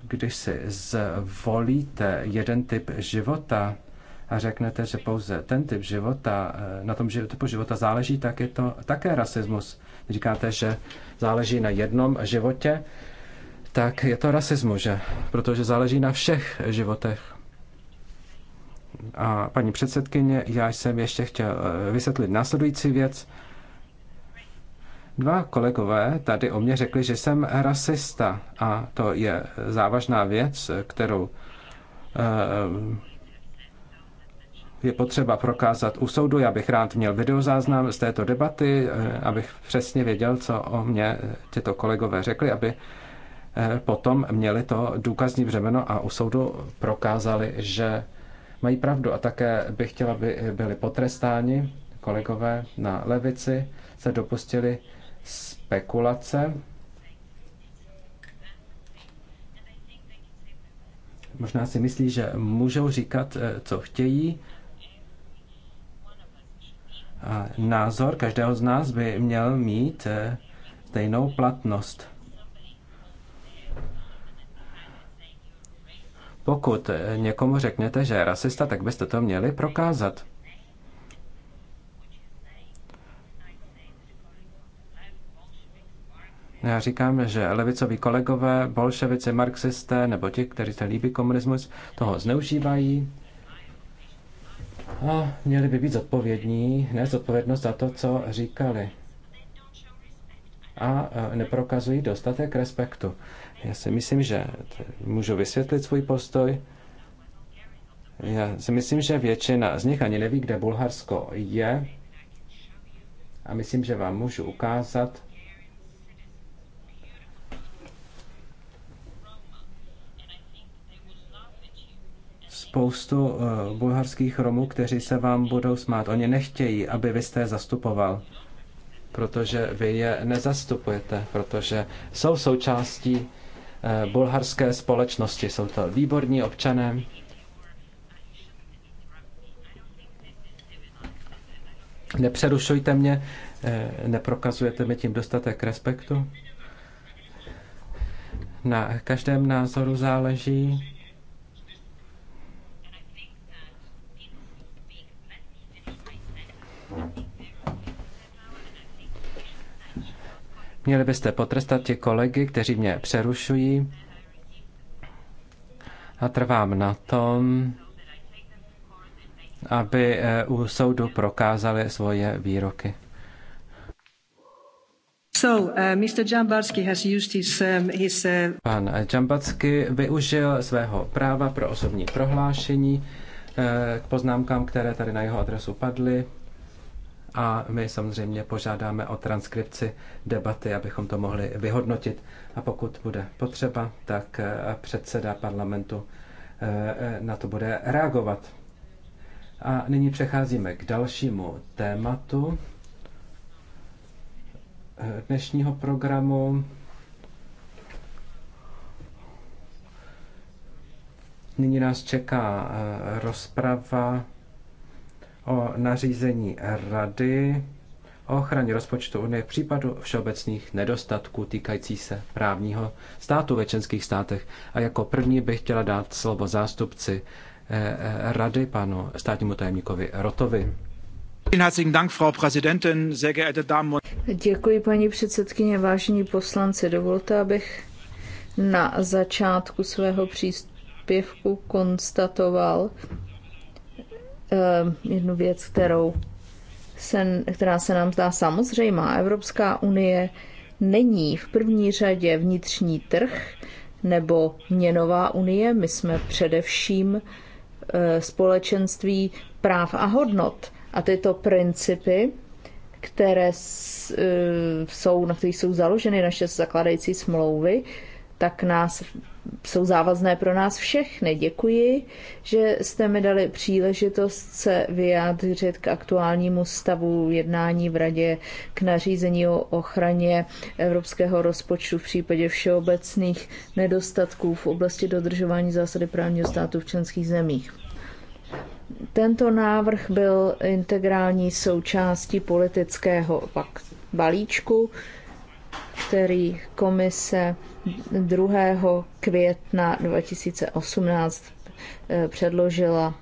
[SPEAKER 5] když si zvolíte jeden typ života a řeknete, že pouze ten typ života, eh, na tom typu života záleží, tak je to také rasismus. Říkáte, že záleží na jednom životě, tak je to rasismus, že? Protože záleží na všech životech. A paní předsedkyně, já jsem ještě chtěl eh, vysvětlit následující věc. Dva kolegové tady o mě řekli, že jsem rasista a to je závažná věc, kterou eh, je potřeba prokázat u soudu. Já bych rád měl videozáznam z této debaty, eh, abych přesně věděl, co o mě tyto kolegové řekli, aby Eh, potom měli to důkazní břemeno a u soudu prokázali, že mají pravdu. A také bych chtěla, aby byli potrestáni kolegové na levici, se dopustili spekulace. Možná si myslí, že můžou říkat, eh, co chtějí. A názor každého z nás by měl mít eh, stejnou platnost. Pokud někomu řeknete, že je rasista, tak byste to měli prokázat. Já říkám, že levicoví kolegové, bolševici, marxisté nebo ti, kteří se líbí komunismus, toho zneužívají a měli by být zodpovědní, ne zodpovědnost za to, co říkali. A e, neprokazují dostatek respektu. Já si myslím, že můžu vysvětlit svůj postoj. Já si myslím, že většina z nich ani neví, kde Bulharsko je. A myslím, že vám můžu ukázat, spoustu uh, bulharských Romů, kteří se vám budou smát. Oni nechtějí, aby vy jste je zastupoval, protože vy je nezastupujete, protože jsou součástí Eh, bulharské společnosti. Jsou to výborní občané. Nepřerušujte mě, eh, neprokazujete mi tím dostatek respektu. Na každém názoru záleží. Thank you. Měli byste potrestat ti kolegy, kteří mě přerušují. A trvám na tom, aby eh, u soudu prokázali svoje výroky.
[SPEAKER 1] So, uh, Mr. has used his, um, his, uh...
[SPEAKER 5] Pan Jambatsky využil svého práva pro osobní prohlášení uh, k poznámkám, které tady na jeho adresu padly a my samozřejmě požádáme o transkripci debaty, abychom to mohli vyhodnotit a pokud bude potřeba, tak eh, předseda parlamentu eh, eh, na to bude reagovat. A nyní přecházíme k dalšímu tématu dnešního programu. Nyní nás čeká rozprava o nařízení Rady o ochraně rozpočtu Unie v případu všeobecných nedostatků týkající se právního státu ve členských státech. A jako první bych chtěla dát slovo zástupci eh, eh, Rady panu státnímu tajemníkovi
[SPEAKER 9] Rotovi.
[SPEAKER 10] Děkuji, paní předsedkyně, vážení poslanci. Dovolte, abych na začátku svého příspěvku konstatoval, Eh, jednu věc, kterou se, která se nám zdá samozřejmá. Evropská unie není v první řadě vnitřní trh nebo měnová unie. My jsme především eh, společenství práv a hodnot. A tyto principy, které eh, jsou, na kterých jsou založeny naše zakladající smlouvy, tak nás jsou závazné pro nás všechny. Děkuji, že jste mi dali příležitost se vyjádřit k aktuálnímu stavu jednání v Radě k nařízení o ochraně evropského rozpočtu v případě všeobecných nedostatků v oblasti dodržování zásady právního státu v členských zemích. Tento návrh byl integrální součástí politického balíčku, který komise 2. května 2018 eh, předložila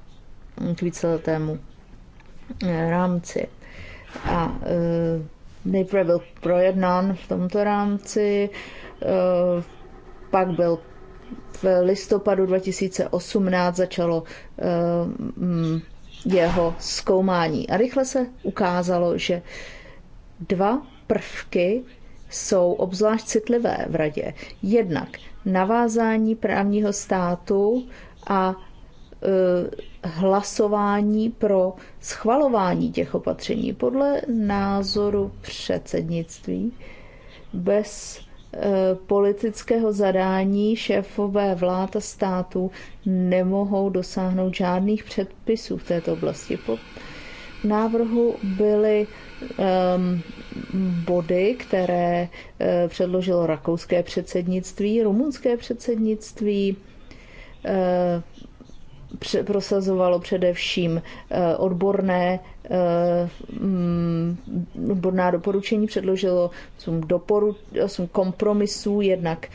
[SPEAKER 10] k víceletému eh, rámci. A eh, nejprve byl projednán v tomto rámci, pak byl v listopadu 2018 začalo jeho zkoumání. A rychle se ukázalo, že dva prvky jsou obzvlášť citlivé v radě. Jednak navázání právního státu a e, hlasování pro schvalování těch opatření. Podle názoru předsednictví bez e, politického zadání šéfové vlád a států nemohou dosáhnout žádných předpisů v této oblasti. Po návrhu byly Um, body, které uh, předložilo rakouské předsednictví, rumunské předsednictví, uh, prosazovalo především uh, odborné, mm, odborná doporučení, předložilo 8, doporu, kompromisů, jednak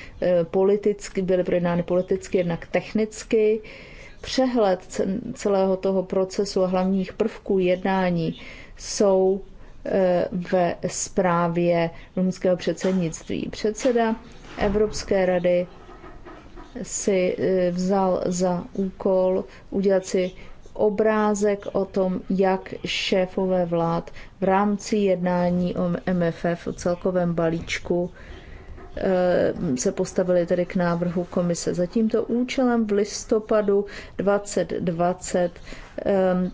[SPEAKER 10] politicky, byly projednány politicky, jednak technicky. Přehled celého toho procesu a hlavních prvků jednání jsou Eh, ve zprávě rumunského předsednictví. Předseda Evropské rady si eh, vzal za úkol udělat si obrázek o tom, jak šéfové vlád v rámci jednání o MFF, o celkovém balíčku, eh, se postavili tedy k návrhu komise. Za tímto účelem v listopadu 2020 Eh,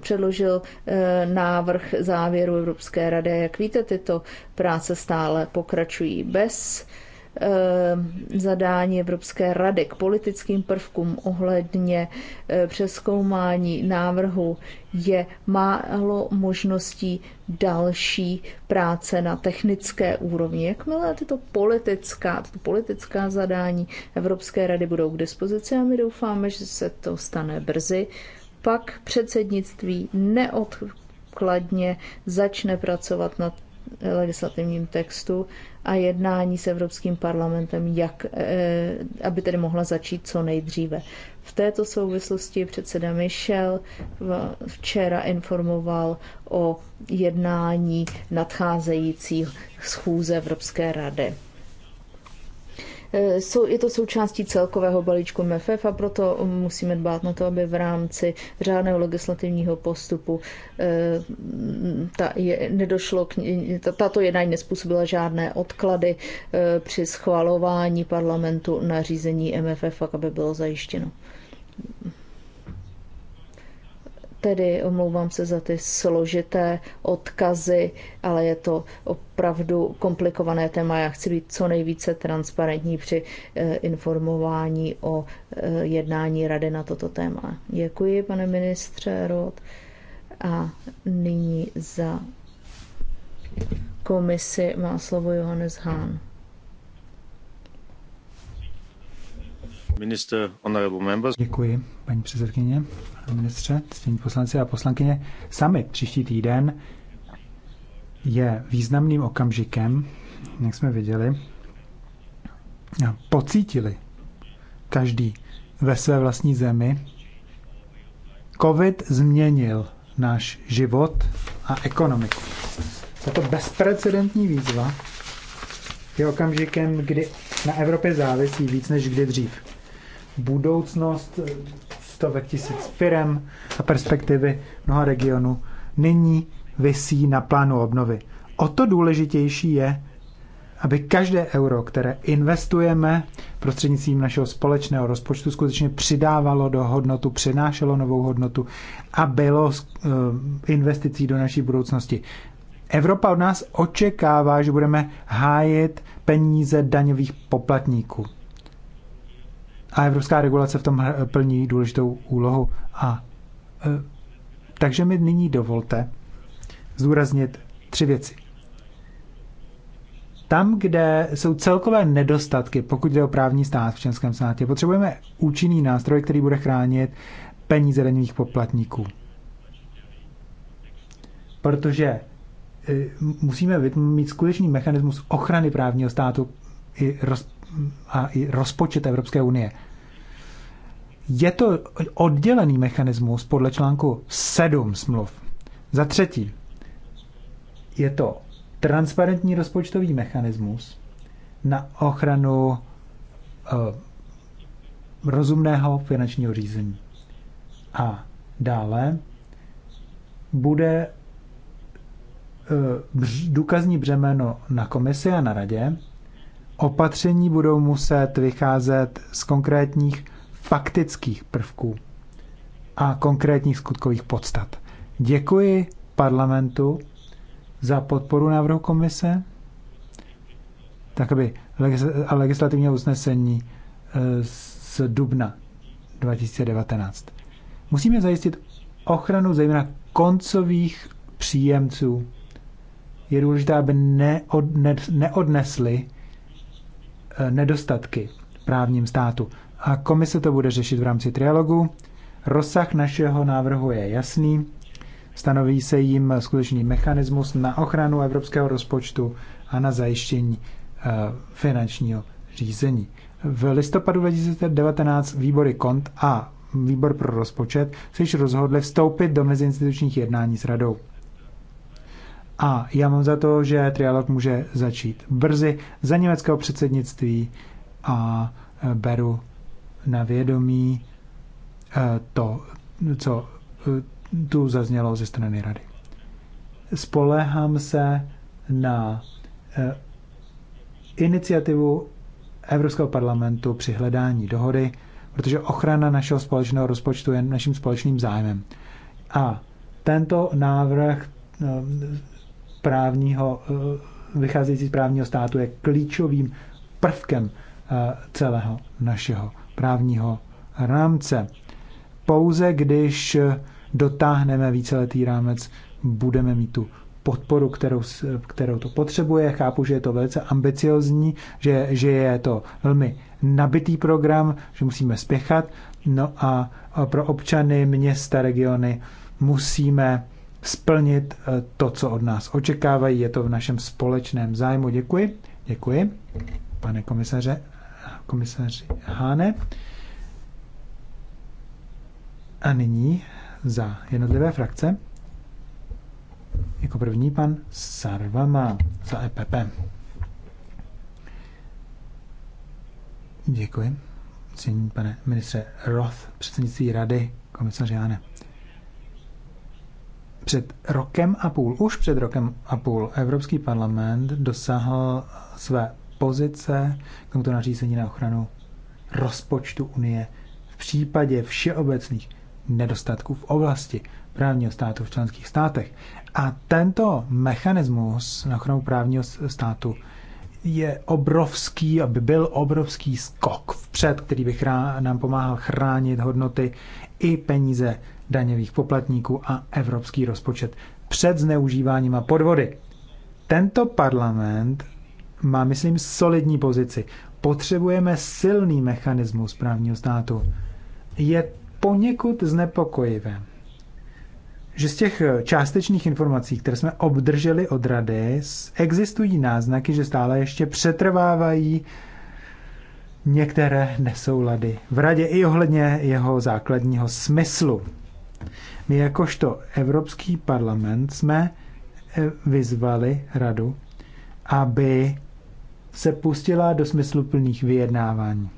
[SPEAKER 10] předložil eh, návrh závěru Evropské rady. Jak víte, tyto práce stále pokračují bez Eh, zadání Evropské rady k politickým prvkům ohledně eh, přeskoumání návrhu je málo možností další práce na technické úrovni. Jakmile tyto politická, tyto politická zadání Evropské rady budou k dispozici a my doufáme, že se to stane brzy, pak předsednictví neodkladně začne pracovat nad legislativním textu a jednání s Evropským parlamentem, jak, eh, aby tedy mohla začít co nejdříve. V této souvislosti předseda Michel včera informoval o jednání nadcházející schůze Evropské rady. Eh, je to součástí celkového balíčku MFF a proto musíme dbát na to, aby v rámci řádného legislativního postupu eh, ta je, nedošlo k, tato jednání nespůsobila žádné odklady eh, při schvalování parlamentu nařízení MFF, aby bylo zajištěno tedy omlouvám se za ty složité odkazy, ale je to opravdu komplikované téma. Já chci být co nejvíce transparentní při eh, informování o eh, jednání rady na toto téma. Děkuji, pane ministře Rod. A nyní za komisi má slovo Johannes Hahn.
[SPEAKER 11] Děkuji,
[SPEAKER 9] paní předsedkyně, pane ministře, ctění poslanci a poslankyně. Summit příští týden je významným okamžikem, jak jsme viděli, pocítili každý ve své vlastní zemi. COVID změnil náš život a ekonomiku. Tato bezprecedentní výzva je okamžikem, kdy na Evropě závisí víc než kdy dřív budoucnost stovek tisíc firem a perspektivy mnoha regionů nyní vysí na plánu obnovy. O to důležitější je, aby každé euro, které investujeme prostřednictvím našeho společného rozpočtu, skutečně přidávalo do hodnotu, přinášelo novou hodnotu a bylo eh, investicí do naší budoucnosti. Evropa od nás očekává, že budeme hájit peníze daňových poplatníků. A evropská regulace v tom eh, plní důležitou úlohu. A eh, takže mi nyní dovolte zúraznit tři věci. Tam, kde jsou celkové nedostatky, pokud jde o právní stát v českém státě, potřebujeme účinný nástroj, který bude chránit peníze daňových poplatníků. Protože eh, musíme mít skutečný mechanismus ochrany právního státu i a i rozpočet Evropské unie. Je to oddělený mechanismus podle článku 7 smluv. Za třetí, je to transparentní rozpočtový mechanismus na ochranu uh, rozumného finančního řízení. A dále bude eh, důkazní břemeno na komisi a na radě opatření budou muset vycházet z konkrétních faktických prvků a konkrétních skutkových podstat. Děkuji parlamentu za podporu návrhu komise, tak aby a legislativního usnesení e, z dubna 2019. Musíme zajistit ochranu zejména koncových příjemců. Je důležité, aby neodnesli Eh, nedostatky v právním státu. A komise to bude řešit v rámci trialogu. Rozsah našeho návrhu je jasný. Stanoví se jim skutečný mechanismus na ochranu evropského rozpočtu a na zajištění eh, finančního řízení. V listopadu 2019 výbory KONT a výbor pro rozpočet se již rozhodli vstoupit do meziinstitučních jednání s radou. A já mám za to, že trialog může začít brzy za německého předsednictví a e, beru na vědomí e, to, co e, tu zaznělo ze strany rady. Spolehám se na iniciativu Evropského parlamentu při hledání dohody, protože ochrana našeho společného rozpočtu je naším společným zájmem. A tento návrh právního, eh, vycházející z právního státu je klíčovým prvkem eh, celého našeho právního rámce. Pouze když eh, dotáhneme víceletý rámec, budeme mít tu podporu, kterou, kterou to potřebuje. Chápu, že je to velice ambiciozní, že, že je to velmi nabitý program, že musíme spěchat. No a pro občany, města, regiony musíme splnit eh, to, co od nás očekávají. Je to v našem společném zájmu. Děkuji. Děkuji, pane komisaře, komisaři Háne. A nyní za jednotlivé frakce. Jako první pan Sarvama za EPP. Děkuji. Cení pane ministře Roth, předsednictví rady, komisaři Háne. Před rokem a půl, už před rokem a půl, Evropský parlament dosáhl své pozice k tomuto nařízení na ochranu rozpočtu Unie v případě všeobecných nedostatků v oblasti právního státu v členských státech. A tento mechanismus na ochranu právního státu je obrovský, aby byl obrovský skok vpřed, který by nám pomáhal chránit hodnoty i peníze daňových poplatníků a evropský rozpočet před zneužíváním a podvody. Tento parlament má, myslím, solidní pozici. Potřebujeme silný mechanismus právního státu. Je poněkud znepokojivé, že z těch částečných informací, které jsme obdrželi od rady, existují náznaky, že stále ještě přetrvávají některé nesoulady v radě i ohledně jeho základního smyslu. My jakožto Evropský parlament jsme eh, vyzvali radu, aby se pustila do smysluplných vyjednávání.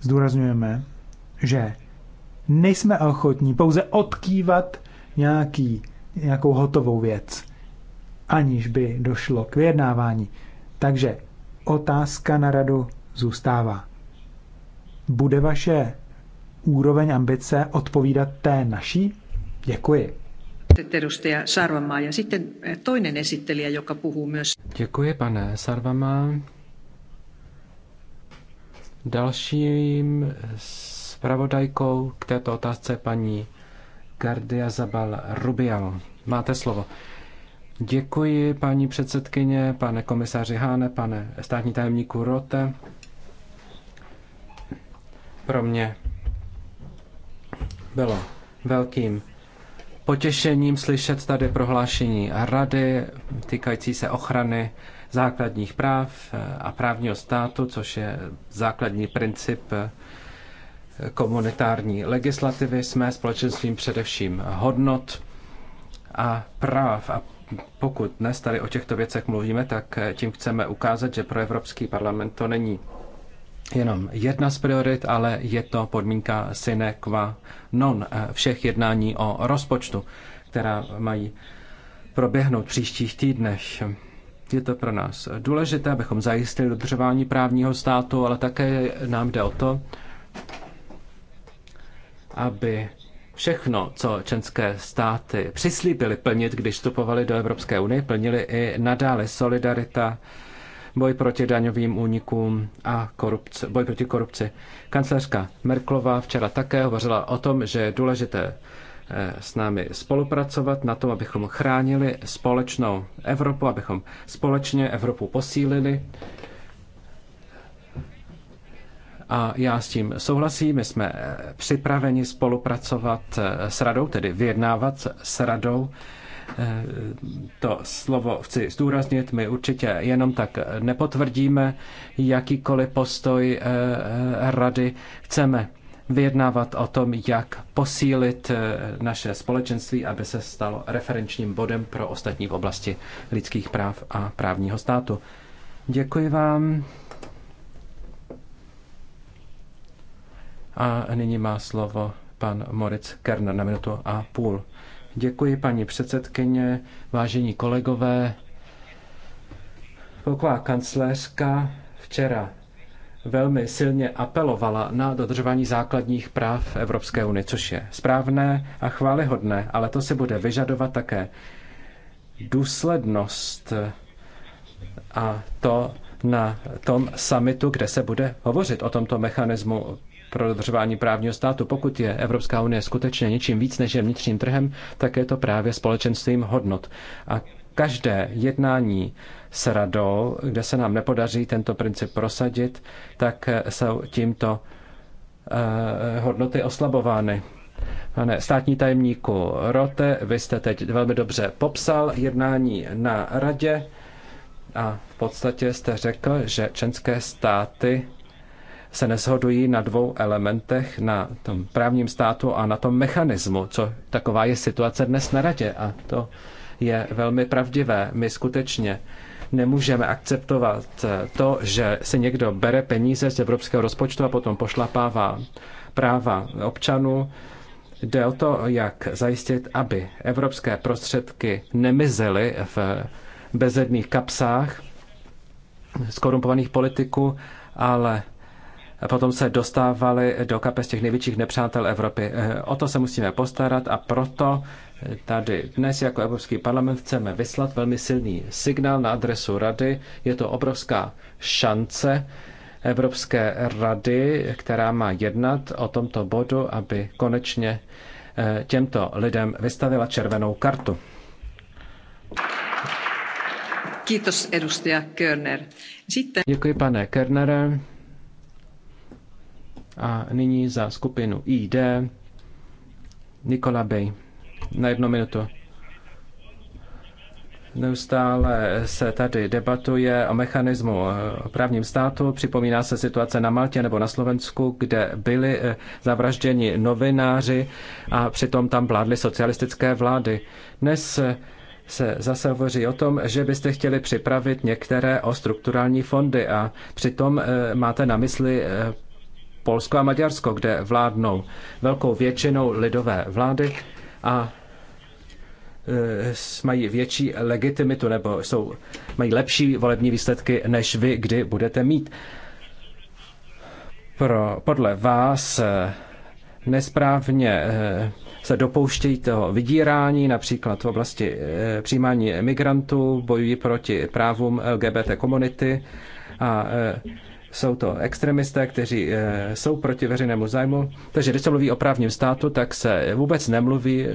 [SPEAKER 9] Zdůrazňujeme, že nejsme ochotní pouze odkývat nějaký, nějakou hotovou věc, aniž by došlo k vyjednávání. Takže otázka na radu zůstává. Bude vaše úroveň ambice odpovídat té naší? Děkuji.
[SPEAKER 1] Eh, joka
[SPEAKER 5] puhuu Děkuji, pane Sarvama. Dalším zpravodajkou k této otázce paní Gardia Zabal Rubial. Máte slovo. Děkuji, paní předsedkyně, pane komisáři Háne, pane státní tajemníku Rote. Pro mě bylo velkým potěšením slyšet tady prohlášení rady týkající se ochrany základních práv a právního státu, což je základní princip komunitární legislativy. Jsme společenstvím především hodnot a práv. A pokud dnes tady o těchto věcech mluvíme, tak tím chceme ukázat, že pro Evropský parlament to není jenom jedna z priorit, ale je to podmínka sine qua non eh, všech jednání o rozpočtu, která mají proběhnout v příštích týdnech. Je to pro nás důležité, abychom zajistili dodržování právního státu, ale také nám jde o to, aby všechno, co členské státy přislíbily plnit, když vstupovaly do Evropské unie, plnili i nadále solidarita, boj proti daňovým únikům a korupce, boj proti korupci. Kancelářka Merklova včera také hovořila o tom, že je důležité eh, s námi spolupracovat na tom, abychom chránili společnou Evropu, abychom společně Evropu posílili. A já s tím souhlasím, my jsme eh, připraveni spolupracovat eh, s radou, tedy vyjednávat s radou Eh, to slovo chci zdůraznit, my určitě jenom tak nepotvrdíme jakýkoliv postoj eh, eh, rady. Chceme vyjednávat o tom, jak posílit naše společenství, aby se stalo referenčním bodem pro ostatní v oblasti lidských práv a právního státu. Děkuji vám. A nyní má slovo pan Moritz Kerner na minutu a půl. Děkuji, paní předsedkyně, vážení kolegové. Poková kancléřka včera velmi silně apelovala na dodržování základních práv Evropské unie, což je správné a chválihodné, ale to se bude vyžadovat také důslednost a to na tom samitu kde se bude hovořit o tomto mechanismu pro dodržování právního státu. Pokud je Evropská unie skutečně něčím víc než je vnitřním trhem, tak je to právě společenstvím hodnot. A každé jednání s radou, kde se nám nepodaří tento princip prosadit, tak jsou tímto eh, hodnoty oslabovány. Pane státní tajemníku Rote, vy jste teď velmi dobře popsal jednání na radě a v podstatě jste řekl, že členské státy se neshodují na dvou elementech, na tom právním státu a na tom mechanismu, co taková je situace dnes na radě. A to je velmi pravdivé. My skutečně nemůžeme akceptovat to, že si někdo bere peníze z evropského rozpočtu a potom pošlapává práva občanů. Jde o to, jak zajistit, aby evropské prostředky nemizely v bezedných kapsách skorumpovaných politiků, ale potom se dostávali do kapes těch největších nepřátel Evropy. Eh, o to se musíme postarat a proto tady dnes jako Evropský parlament chceme vyslat velmi silný signál na adresu Rady. Je to obrovská šance Evropské rady, která má jednat o tomto bodu, aby konečně eh, těmto lidem vystavila červenou kartu.
[SPEAKER 1] Kýtos, edustaja Körner.
[SPEAKER 5] Sitten... Děkuji, pane Körnere. A nyní za skupinu ID Nikola Bay, Na jednu minutu. Neustále se tady debatuje o mechanismu eh, právním státu. Připomíná se situace na Maltě nebo na Slovensku, kde byli eh, zavražděni novináři a přitom tam vládly socialistické vlády. Dnes eh, se zase hovoří o tom, že byste chtěli připravit některé o strukturální fondy a přitom máte na mysli Polsko a Maďarsko, kde vládnou velkou většinou lidové vlády a e, mají větší legitimitu nebo jsou, mají lepší volební výsledky, než vy kdy budete mít. Pro, podle vás e, nesprávně e, se dopouštějí toho vydírání, například v oblasti přijímání migrantů, bojují proti právům LGBT komunity a jsou to extremisté, kteří eh, jsou proti veřejnému zájmu. Takže když se mluví o právním státu, tak se vůbec nemluví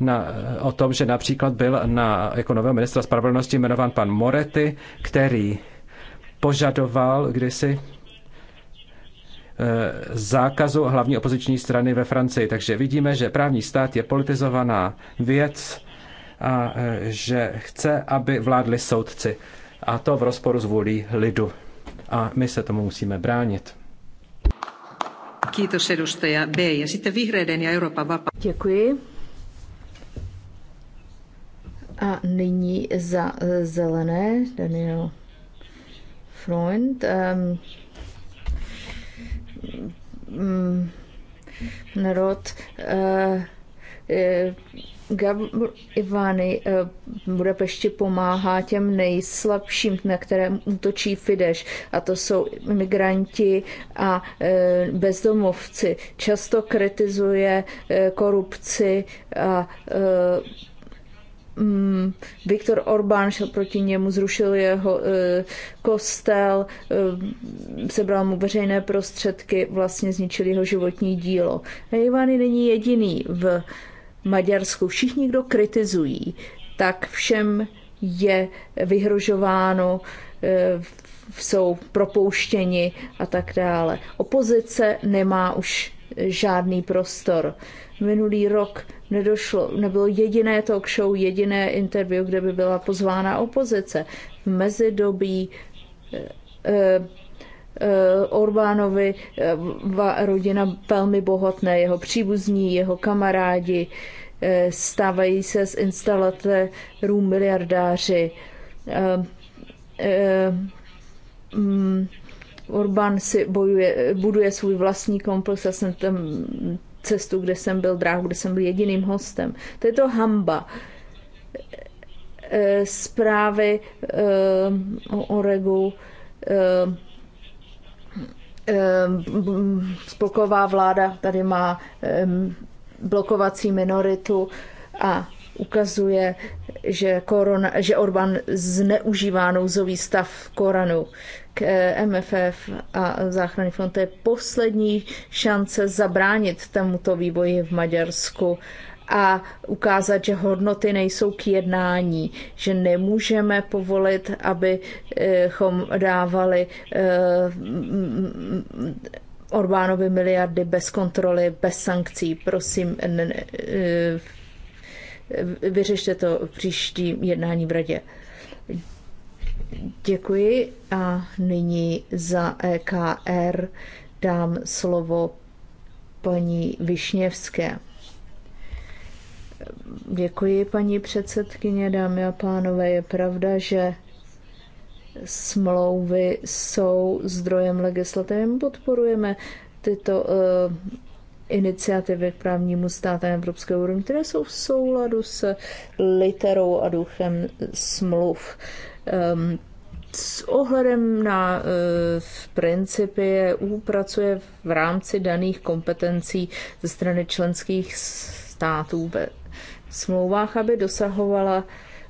[SPEAKER 5] na, o tom, že například byl na jako nového ministra spravedlnosti jmenován pan Moretti, který požadoval kdysi eh, zákazu hlavní opoziční strany ve Francii. Takže vidíme, že právní stát je politizovaná věc a eh, že chce, aby vládli soudci. A to v rozporu s vůlí lidu a my se tomu musíme bránit.
[SPEAKER 1] Kiitos edustaja B. Ja sitten vihreiden ja Euroopan vapa... Děkuji.
[SPEAKER 10] A nyní za zelené Daniel Freund. Um, um, narod uh, uh, Gabor Ivany eh, Budapešti pomáhá těm nejslabším, na které útočí Fideš, a to jsou imigranti a eh, bezdomovci. Často kritizuje eh, korupci a mm, Viktor Orbán šel proti němu, zrušil jeho kostel, sebral mu veřejné prostředky, vlastně zničil jeho životní dílo. A Ivany není jediný v Maďarsku. Všichni, kdo kritizují, tak všem je vyhrožováno, eh, jsou propouštěni a tak dále. Opozice nemá už eh, žádný prostor. Minulý rok nedošlo, nebylo jediné talk show, jediné interview, kde by byla pozvána opozice. V mezidobí eh, Eh, Orbánovi eh, rodina velmi bohatné, jeho příbuzní, jeho kamarádi, eh, stávají se z instalatérů miliardáři. Ehm, mm, Orbán si bojuje, buduje svůj vlastní komplex. Já jsem tam cestu, kde jsem byl dráhu, kde jsem byl jediným hostem. To je to hamba. Zprávy o Oregu Eh, spolková vláda tady má eh, blokovací minoritu a ukazuje, že, korona, že Orbán zneužívá nouzový stav Koranu k eh, MFF a záchranný fond. To je poslední šance zabránit tomuto vývoji v Maďarsku a ukázat, že hodnoty nejsou k jednání, že nemůžeme povolit, abychom dávali eh, Orbánovi miliardy bez kontroly, bez sankcí. Prosím, eh, vyřešte to v jednání v radě. Děkuji a nyní za EKR dám slovo paní Višněvské. Děkuji, paní předsedkyně, dámy a pánové. Je pravda, že smlouvy jsou zdrojem legislativy. My podporujeme tyto eh, iniciativy k právnímu státu evropské úrovni, které jsou v souladu s literou a duchem smluv. Ehm, s ohledem na eh, v principy EU pracuje v rámci daných kompetencí ze strany členských států smlouvách, aby dosahovala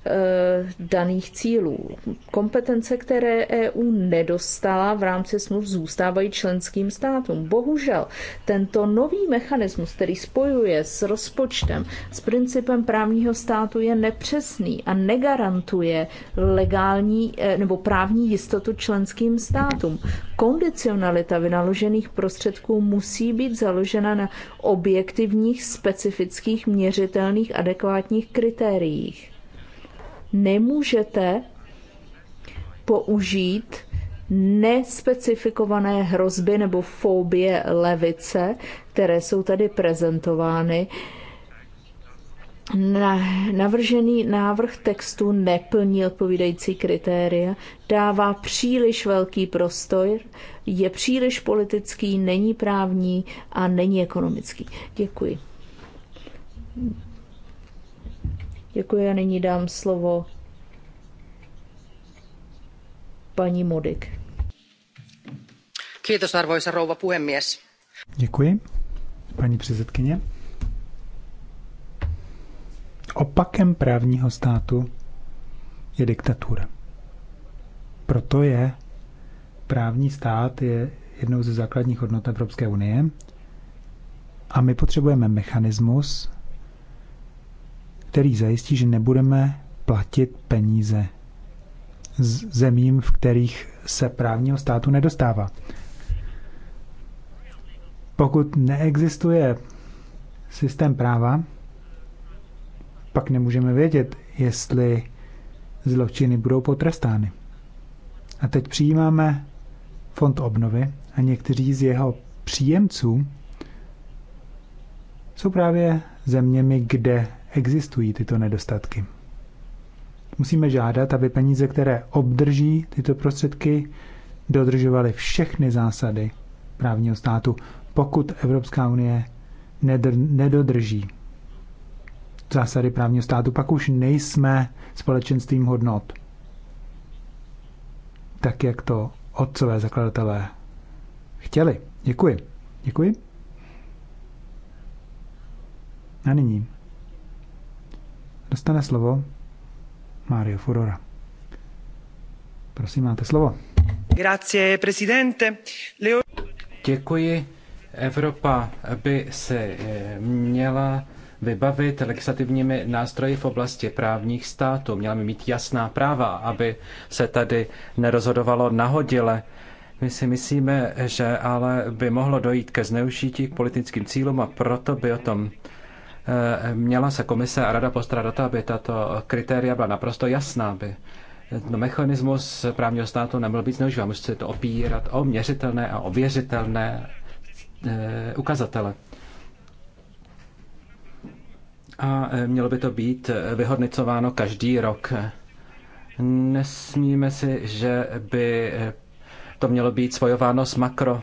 [SPEAKER 10] Eh, daných cílů. Kompetence, které EU nedostala v rámci smluv, zůstávají členským státům. Bohužel tento nový mechanismus, který spojuje s rozpočtem, s principem právního státu, je nepřesný a negarantuje legální eh, nebo právní jistotu členským státům. Kondicionalita vynaložených prostředků musí být založena na objektivních, specifických, měřitelných, adekvátních kritériích nemůžete použít nespecifikované hrozby nebo fobie levice, které jsou tady prezentovány. Navržený návrh textu neplní odpovídající kritéria, dává příliš velký prostor, je příliš politický, není právní a není ekonomický. Děkuji. Děkuji a nyní dám slovo paní Modik.
[SPEAKER 1] Kiitos arvoisa rouva
[SPEAKER 10] puhemies.
[SPEAKER 9] Děkuji, paní předsedkyně. Opakem právního státu je diktatura. Proto je právní stát je jednou ze základních hodnot Evropské unie a my potřebujeme mechanismus, který zajistí, že nebudeme platit peníze zemím, v kterých se právního státu nedostává. Pokud neexistuje systém práva, pak nemůžeme vědět, jestli zločiny budou potrestány. A teď přijímáme fond obnovy a někteří z jeho příjemců jsou právě zeměmi, kde existují tyto nedostatky. Musíme žádat, aby peníze, které obdrží tyto prostředky, dodržovaly všechny zásady právního státu, pokud Evropská unie nedodrží zásady právního státu, pak už nejsme společenstvím hodnot. Tak, jak to otcové zakladatelé chtěli. Děkuji. Děkuji. A nyní dostane slovo Mario Furora. Prosím, máte slovo. Grazie, presidente. Leo... Děkuji.
[SPEAKER 5] Evropa by se eh, měla vybavit legislativními nástroji v oblasti právních států. Měla by mít jasná práva, aby se tady nerozhodovalo nahodile. My si myslíme, že ale by mohlo dojít ke zneužití k politickým cílům a proto by o tom Eh, měla se komise a rada postradat, aby tato kritéria byla naprosto jasná, aby no, mechanismus právního státu nemohl být zneužíván. Musí se to opírat o měřitelné a ověřitelné eh, ukazatele. A eh, mělo by to být vyhodnicováno každý rok. Nesmíme si, že by to mělo být spojováno s makro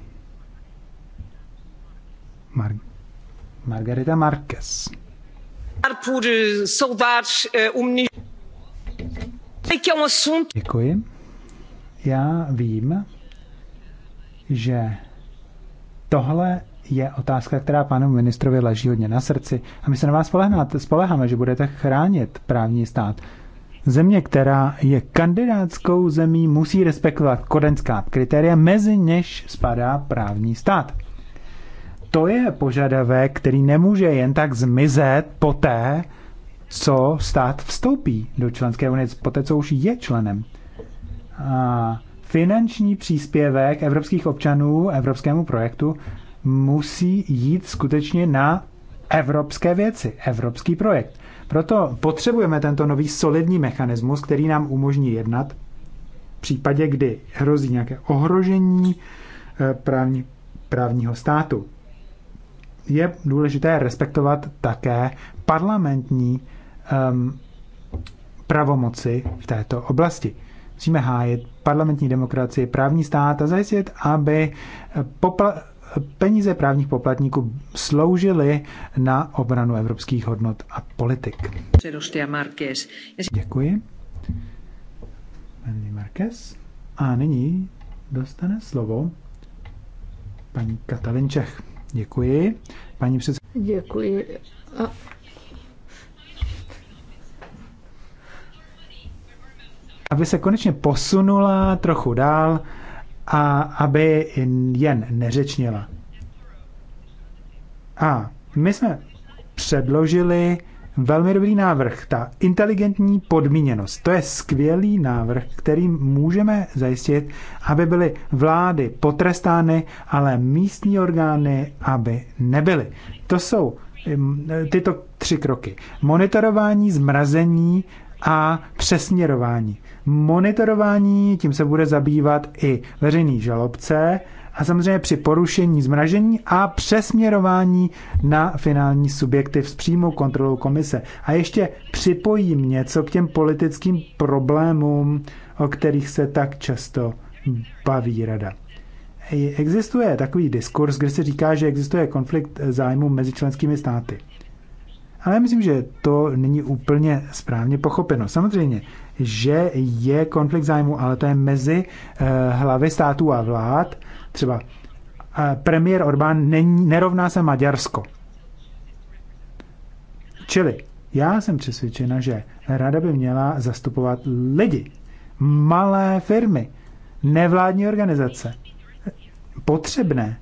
[SPEAKER 9] Mar- Margarita Marquez. Eh, um Děkuji. Já vím, že tohle je otázka, která panu ministrovi leží hodně na srdci. A my se na vás spoleháme, že budete chránit právní stát. Země, která je kandidátskou zemí, musí respektovat kodenská kritéria, mezi něž spadá právní stát to je požadavek, který nemůže jen tak zmizet poté, co stát vstoupí do členské unie, poté, co už je členem. A finanční příspěvek evropských občanů evropskému projektu musí jít skutečně na evropské věci, evropský projekt. Proto potřebujeme tento nový solidní mechanismus, který nám umožní jednat v případě, kdy hrozí nějaké ohrožení eh, právní, právního státu je důležité respektovat také parlamentní um, pravomoci v této oblasti. Musíme hájit parlamentní demokracii, právní stát a zajistit, aby eh, popla- peníze právních poplatníků sloužily na obranu evropských hodnot a politik. Děkuji. Paní Marquez. A nyní dostane slovo paní Katalin Čech. Děkuji. Paní předsedkyně.
[SPEAKER 10] Děkuji. A...
[SPEAKER 9] Aby se konečně posunula trochu dál a aby jen neřečnila. A my jsme předložili velmi dobrý návrh, ta inteligentní podmíněnost. To je skvělý návrh, kterým můžeme zajistit, aby byly vlády potrestány, ale místní orgány, aby nebyly. To jsou tyto tři kroky. Monitorování, zmrazení a přesměrování. Monitorování, tím se bude zabývat i veřejný žalobce a samozřejmě při porušení zmražení a přesměrování na finální subjekty s přímou kontrolou komise. A ještě připojím něco k těm politickým problémům, o kterých se tak často baví rada. Existuje takový diskurs, kde se říká, že existuje konflikt zájmu mezi členskými státy. Ale myslím, že to není úplně správně pochopeno. Samozřejmě, že je konflikt zájmu, ale to je mezi eh, hlavy států a vlád Třeba eh, premiér Orbán není, nerovná se Maďarsko. Čili já jsem přesvědčena, že rada by měla zastupovat lidi, malé firmy, nevládní organizace, potřebné.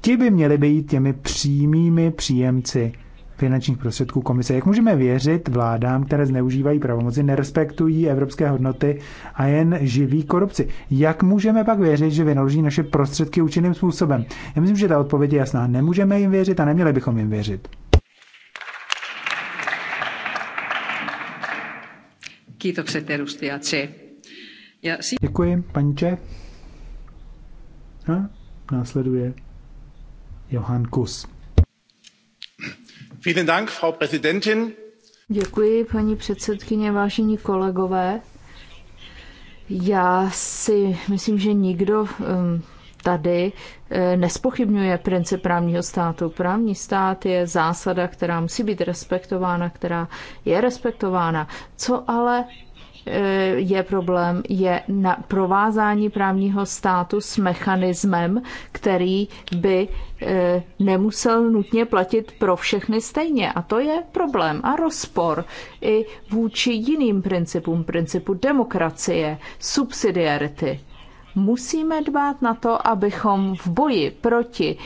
[SPEAKER 9] Ti by měli být těmi přímými příjemci finančních prostředků komise. Jak můžeme věřit vládám, které zneužívají pravomoci, nerespektují evropské hodnoty a jen živí korupci? Jak můžeme pak věřit, že vynaloží naše prostředky účinným způsobem? Já myslím, že ta odpověď je jasná. Nemůžeme jim věřit a neměli bychom jim věřit. Děkuji, paní A no, následuje
[SPEAKER 7] Johan Kus.
[SPEAKER 10] Děkuji, paní předsedkyně, vážení kolegové. Já si myslím, že nikdo um, tady eh, nespochybňuje princip právního státu. Právní stát je zásada, která musí být respektována, která je respektována. Co ale Eh, je problém, je na provázání právního státu s mechanismem, který by eh, nemusel nutně platit pro všechny stejně. A to je problém a rozpor i vůči jiným principům, principu demokracie, subsidiarity. Musíme dbát na to, abychom v boji proti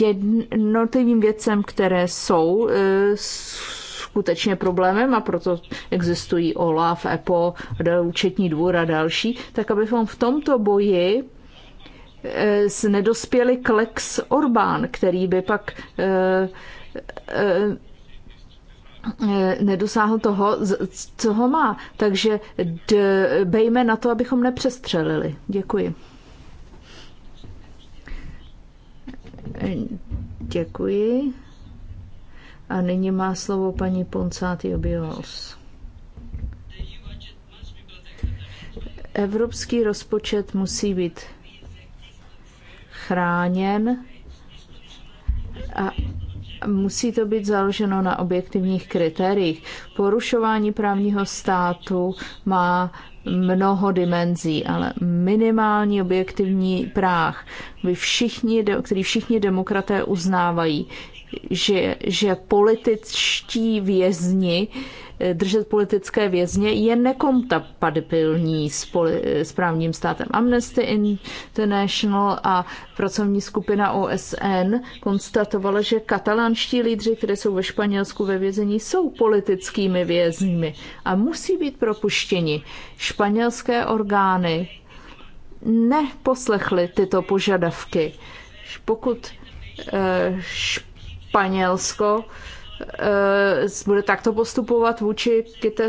[SPEAKER 10] jednotlivým věcem, které jsou eh, skutečně problémem a proto existují OLAF, EPO, účetní dvůr a další, tak abychom v tomto boji eh, nedospěli k Lex Orbán, který by pak eh, eh, nedosáhl toho, co ho má. Takže dbejme na to, abychom nepřestřelili. Děkuji. Děkuji. A nyní má slovo paní Poncáty Obios. Evropský rozpočet musí být chráněn a musí to být založeno na objektivních kritériích. Porušování právního státu má mnoho dimenzí, ale minimální objektivní práh, který všichni demokraté uznávají, že, že političtí vězni, eh, držet politické vězně je nekompatibilní s, poli, s právním státem. Amnesty International a pracovní skupina OSN konstatovala, že katalánští lídři, které jsou ve Španělsku ve vězení, jsou politickými vězni a musí být propuštěni. Španělské orgány neposlechly tyto požadavky. Pokud eh, Španělsko eh, bude takto postupovat vůči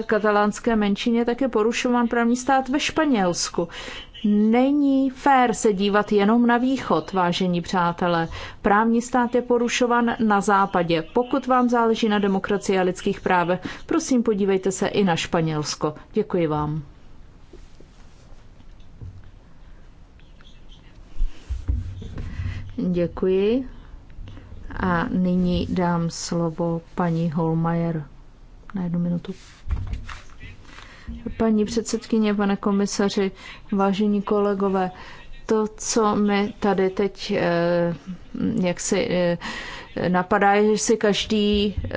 [SPEAKER 10] katalánské menšině, tak je porušován právní stát ve Španělsku. Není fér se dívat jenom na východ, vážení přátelé. Právní stát je porušovan na západě. Pokud vám záleží na demokracii a lidských právech, prosím podívejte se i na Španělsko. Děkuji vám. Děkuji. A nyní dám slovo paní Holmajer na jednu minutu. Paní předsedkyně, pane komisaři, vážení kolegové, to, co mi tady teď eh, jak si eh, napadá, je, že si každý eh,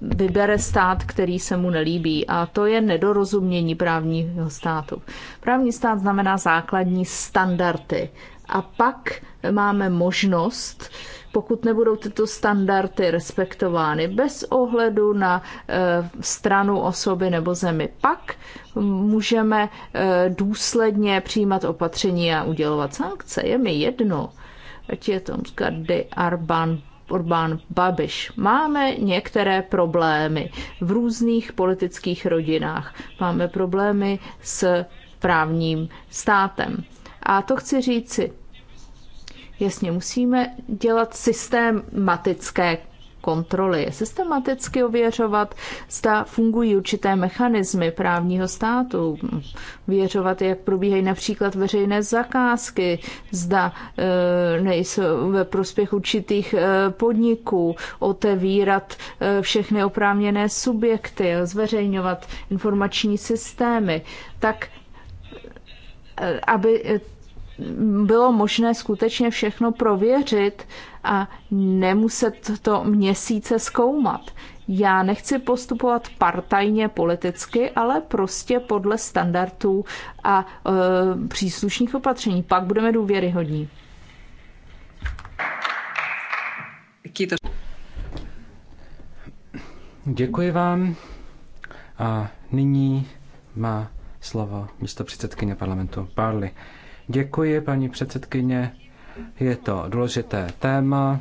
[SPEAKER 10] vybere stát, který se mu nelíbí. A to je nedorozumění právního státu. Právní stát znamená základní standardy. A pak máme možnost pokud nebudou tyto standardy respektovány bez ohledu na eh, stranu osoby nebo zemi. Pak můžeme eh, důsledně přijímat opatření a udělovat sankce. Je mi jedno, ať je to de Arban Orbán Babiš. Máme některé problémy v různých politických rodinách. Máme problémy s právním státem. A to chci říci, Jasně, musíme dělat systematické kontroly, systematicky ověřovat, zda fungují určité mechanismy právního státu, věřovat, jak probíhají například veřejné zakázky, zda e, nejsou ve prospěch určitých e, podniků, otevírat e, všechny oprávněné subjekty, zveřejňovat informační systémy, tak e, aby bylo možné skutečně všechno prověřit a nemuset to měsíce zkoumat. Já nechci postupovat partajně politicky, ale prostě podle standardů a e, příslušných opatření. Pak budeme důvěryhodní.
[SPEAKER 5] Děkuji vám. A nyní má slovo místo předsedkyně parlamentu Parly. Děkuji, paní předsedkyně. Je to důležité téma.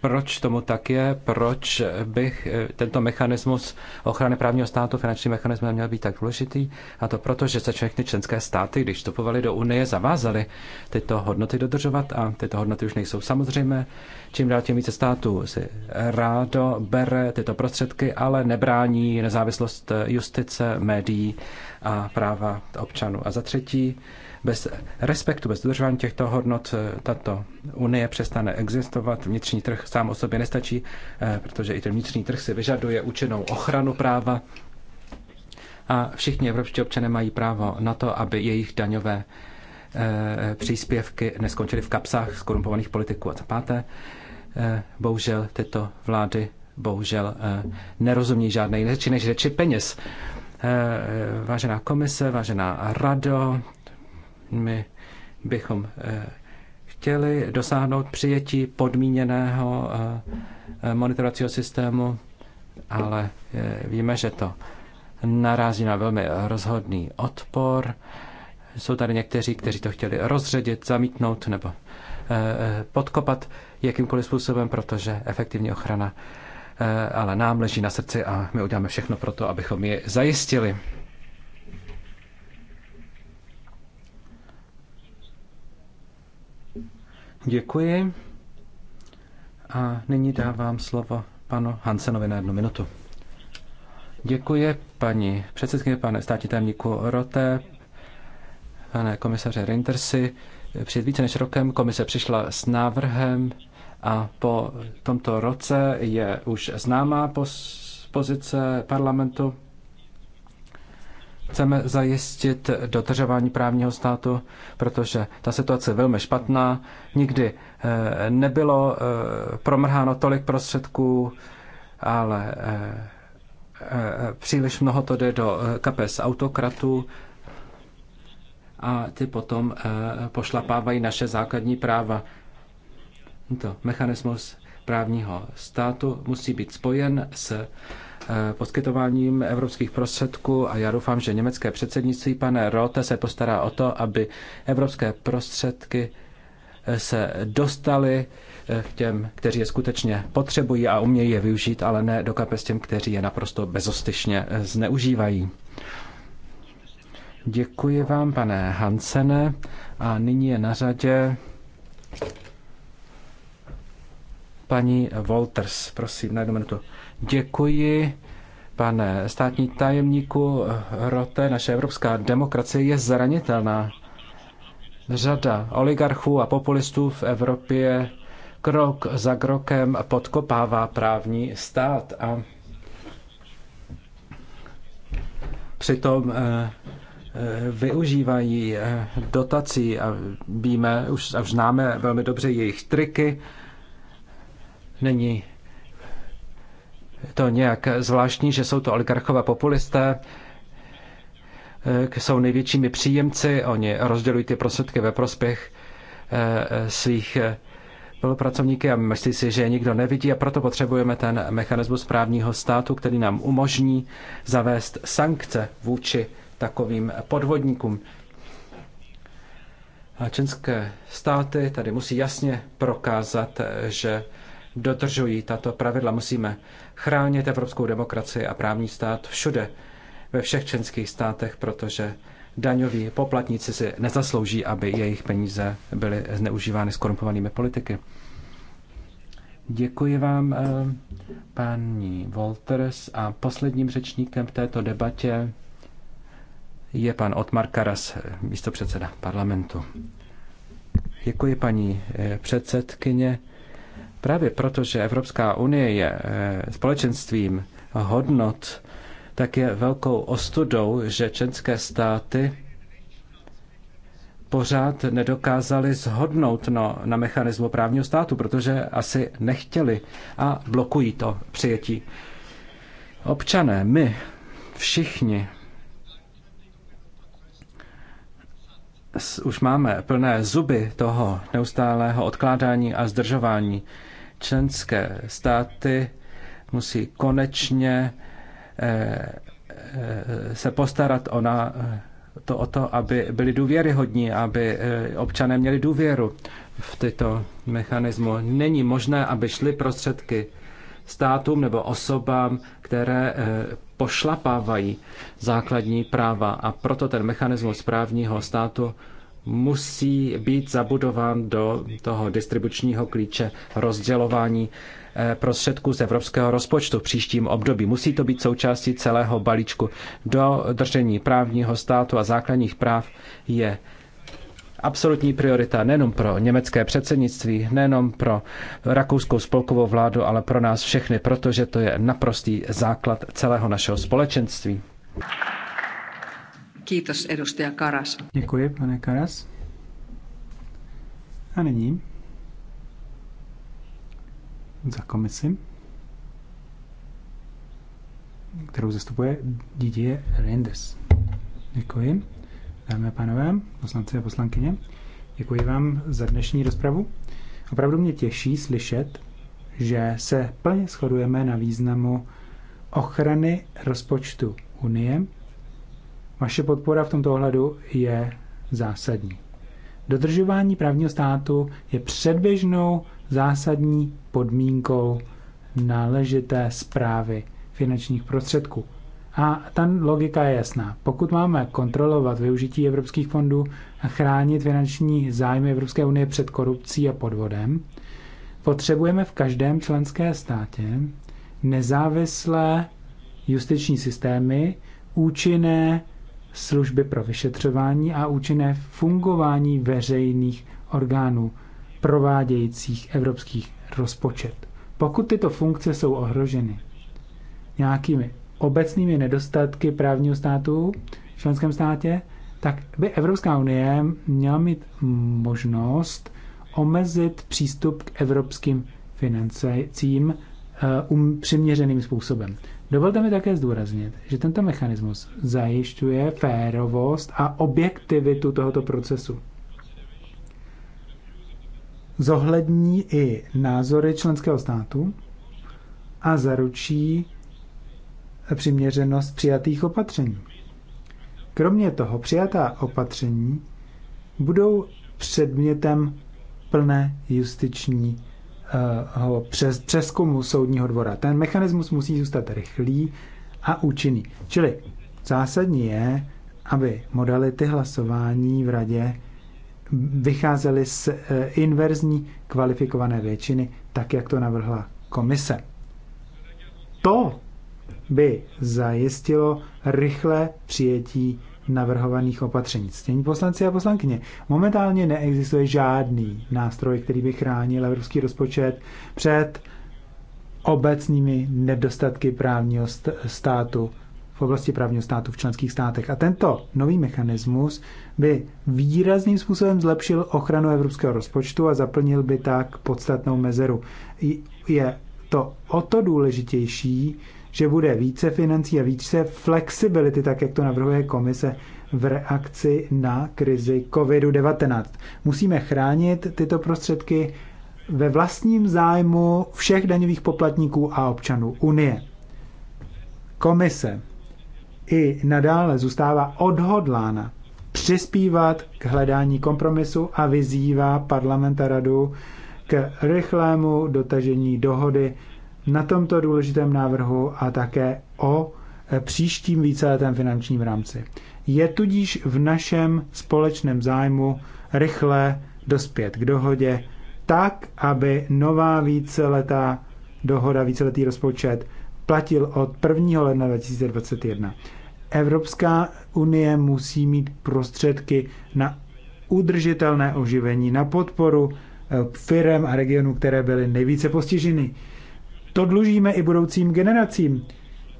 [SPEAKER 5] Proč tomu tak je? Proč bych eh, tento mechanismus ochrany právního státu, finanční mechanismus měl být tak důležitý? A to proto, že se všechny členské státy, když vstupovaly do Unie, zavázaly tyto hodnoty dodržovat a tyto hodnoty už nejsou samozřejmé. Čím dál tím více států si rádo bere tyto prostředky, ale nebrání nezávislost justice, médií a práva občanů. A za třetí, bez respektu, bez dodržování těchto hodnot eh, tato unie přestane existovat. Vnitřní trh sám o sobě nestačí, eh, protože i ten vnitřní trh si vyžaduje účinnou ochranu práva a všichni evropští občané mají právo na to, aby jejich daňové eh, příspěvky neskončily v kapsách skorumpovaných politiků. A za páté, bohužel tyto vlády bohužel nerozumí žádné jiné řeči než řeči peněz. Vážená komise, vážená rado, my bychom eh, chtěli dosáhnout přijetí podmíněného eh, monitorovacího systému, ale eh, víme, že to narazí na velmi rozhodný odpor. Jsou tady někteří, kteří to chtěli rozředit, zamítnout nebo podkopat jakýmkoliv způsobem, protože efektivní ochrana ale nám leží na srdci a my uděláme všechno pro to, abychom ji zajistili. Děkuji. A nyní dávám slovo panu Hansenovi na jednu minutu. Děkuji paní předsedkyně, pane státní tajemníku Rote, pane komisaře Rintersi. Před více než rokem komise přišla s návrhem a po tomto roce je už známá pozice parlamentu Chceme zajistit dotržování právního státu, protože ta situace je velmi špatná. Nikdy eh, nebylo eh, promrháno tolik prostředků, ale eh, příliš mnoho to jde do kapes autokratů a ty potom pošlapávají naše základní práva. To mechanismus právního státu musí být spojen s Eh, poskytováním evropských prostředků a já doufám, že německé předsednictví, pane Rote, se postará o to, aby evropské prostředky eh, se dostaly eh, k těm, kteří je skutečně potřebují a umějí je využít, ale ne do kapes těm, kteří je naprosto bezostyšně zneužívají. Děkuji vám, pane Hansene. A nyní je na řadě paní Wolters. Prosím, na jednu minutu. Děkuji, pane státní tajemníku Rote. Naše evropská demokracie je zranitelná. Řada oligarchů a populistů v Evropě krok za krokem podkopává právní stát a přitom eh, eh, využívají eh, dotací a víme, už, a už známe velmi dobře jejich triky. Není to nějak zvláštní, že jsou to oligarchové populisté, eh, jsou největšími příjemci, oni rozdělují ty prostředky ve prospěch eh, svých eh, spolupracovníky a myslí si, že je nikdo nevidí a proto potřebujeme ten mechanismus správního státu, který nám umožní zavést sankce vůči takovým podvodníkům. A čínské státy tady musí jasně prokázat, že dodržují tato pravidla. Musíme chránit evropskou demokracii a právní stát všude, ve všech členských státech, protože daňoví poplatníci si nezaslouží, aby jejich peníze byly zneužívány skorumpovanými politiky. Děkuji vám, eh, paní Wolters. A posledním řečníkem v této debatě je pan Otmar Karas, místopředseda parlamentu. Děkuji, paní eh, předsedkyně. Právě proto, že Evropská unie je eh, společenstvím hodnot, tak je velkou ostudou, že členské státy pořád nedokázali zhodnout no, na mechanismu právního státu, protože asi nechtěli a blokují to přijetí. Občané, my, všichni, už máme plné zuby toho neustálého odkládání a zdržování. Členské státy musí konečně eh, eh, se postarat o, na, to, o to, aby byli důvěryhodní, aby eh, občané měli důvěru v tyto mechanismu. Není možné, aby šly prostředky státům nebo osobám, které pošlapávají základní práva a proto ten mechanismus správního státu musí být zabudován do toho distribučního klíče rozdělování eh, prostředků z evropského rozpočtu v příštím období. Musí to být součástí celého balíčku. Do držení právního státu a základních práv je absolutní priorita nejenom pro německé předsednictví, nejenom pro rakouskou spolkovou vládu, ale pro nás všechny, protože to je naprostý základ celého našeho společenství.
[SPEAKER 1] Kiitos, edustaja Karas.
[SPEAKER 9] Děkuji, pane Karas. A nyní za komisi, kterou zastupuje Didier Rendes. Děkuji. Dámy a pánové, poslanci a poslankyně, děkuji vám za dnešní rozpravu. Opravdu mě těší slyšet, že se plně shodujeme na významu ochrany rozpočtu Unie vaše podpora v tomto ohledu je zásadní. Dodržování právního státu je předběžnou zásadní podmínkou náležité zprávy finančních prostředků. A ta logika je jasná. Pokud máme kontrolovat využití evropských fondů a chránit finanční zájmy Evropské unie před korupcí a podvodem, potřebujeme v každém členské státě nezávislé justiční systémy, účinné služby pro vyšetřování a účinné fungování veřejných orgánů provádějících evropských rozpočet. Pokud tyto funkce jsou ohroženy nějakými obecnými nedostatky právního státu v členském státě, tak by Evropská unie měla mít možnost omezit přístup k evropským financím eh, um, přiměřeným způsobem. Dovolte mi také zdůraznit, že tento mechanismus zajišťuje férovost a objektivitu tohoto procesu. Zohlední i názory členského státu a zaručí přiměřenost přijatých opatření. Kromě toho přijatá opatření budou předmětem plné justiční uh, přes, přeskumu soudního dvora. Ten mechanismus musí zůstat rychlý a účinný. Čili zásadní je, aby modality hlasování v radě vycházely z uh, inverzní kvalifikované většiny, tak jak to navrhla komise. To by zajistilo rychlé přijetí navrhovaných opatření. Stění poslanci a poslankyně, momentálně neexistuje žádný nástroj, který by chránil evropský rozpočet před obecnými nedostatky právního státu v oblasti právního státu v členských státech. A tento nový mechanismus by výrazným způsobem zlepšil ochranu evropského rozpočtu a zaplnil by tak podstatnou mezeru. Je to o to důležitější, že bude více financí a více flexibility, tak jak to navrhuje komise v reakci na krizi COVID-19. Musíme chránit tyto prostředky ve vlastním zájmu všech daňových poplatníků a občanů Unie. Komise i nadále zůstává odhodlána přispívat k hledání kompromisu a vyzývá parlament a radu k rychlému dotažení dohody na tomto důležitém návrhu a také o e, příštím víceletém finančním rámci. Je tudíž v našem společném zájmu rychle dospět k dohodě, tak, aby nová víceletá dohoda, víceletý rozpočet platil od 1. ledna 2021. Evropská unie musí mít prostředky na udržitelné oživení, na podporu e, firem a regionů, které byly nejvíce postiženy. To dlužíme i budoucím generacím.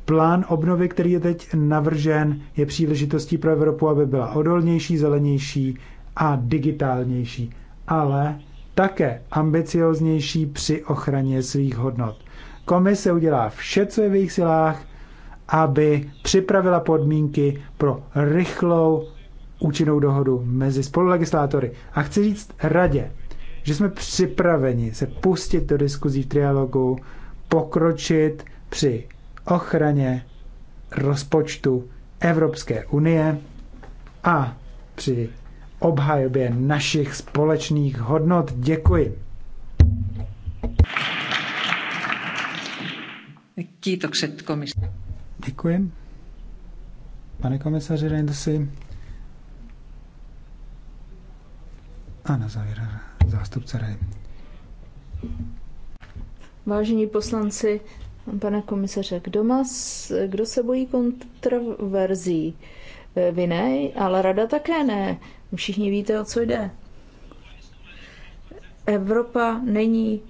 [SPEAKER 9] Plán obnovy, který je teď navržen, je příležitostí pro Evropu, aby byla odolnější, zelenější a digitálnější, ale také ambicioznější při ochraně svých hodnot. Komise udělá vše, co je v jejich silách, aby připravila podmínky pro rychlou účinnou dohodu mezi spolulegislátory. A chci říct radě, že jsme připraveni se pustit do diskuzí v trialogu pokročit při ochraně rozpočtu Evropské unie a při obhajobě našich společných hodnot. Děkuji. Děkuji. Pane komisaři si A na závěr zástupce Rady.
[SPEAKER 10] Vážení poslanci, pane komisaře, kdo, má, kdo se bojí kontroverzí? Eh, vy ne, ale rada také ne. Všichni víte, o co jde. Evropa není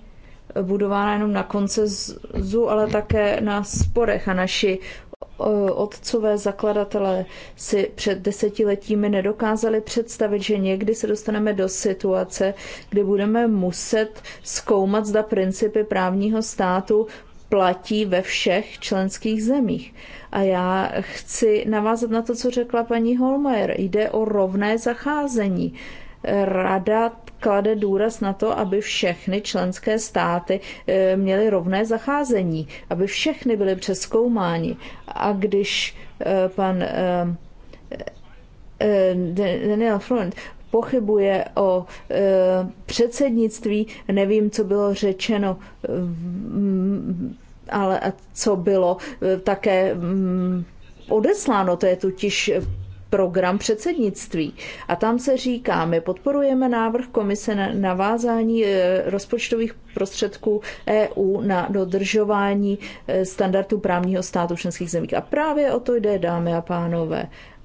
[SPEAKER 10] budována jenom na koncezu, ale také na sporech a naši Eh, otcové zakladatelé si před desetiletími nedokázali představit, že někdy se dostaneme do situace, kdy budeme muset zkoumat, zda principy právního státu platí ve všech členských zemích. A já chci navázat na to, co řekla paní Holmeier. Jde o rovné zacházení. Rada klade důraz na to, aby všechny členské státy eh, měly rovné zacházení, aby všechny byly přeskoumáni. A když eh, pan eh, Daniel Front pochybuje o e, předsednictví, nevím, co bylo řečeno, ale co bylo také mm, odesláno, to je totiž program předsednictví. A tam se říká, my podporujeme návrh komise na navázání e, rozpočtových prostředků EU na dodržování e, standardů právního státu v členských zemích. A právě o to jde, dámy a pánové.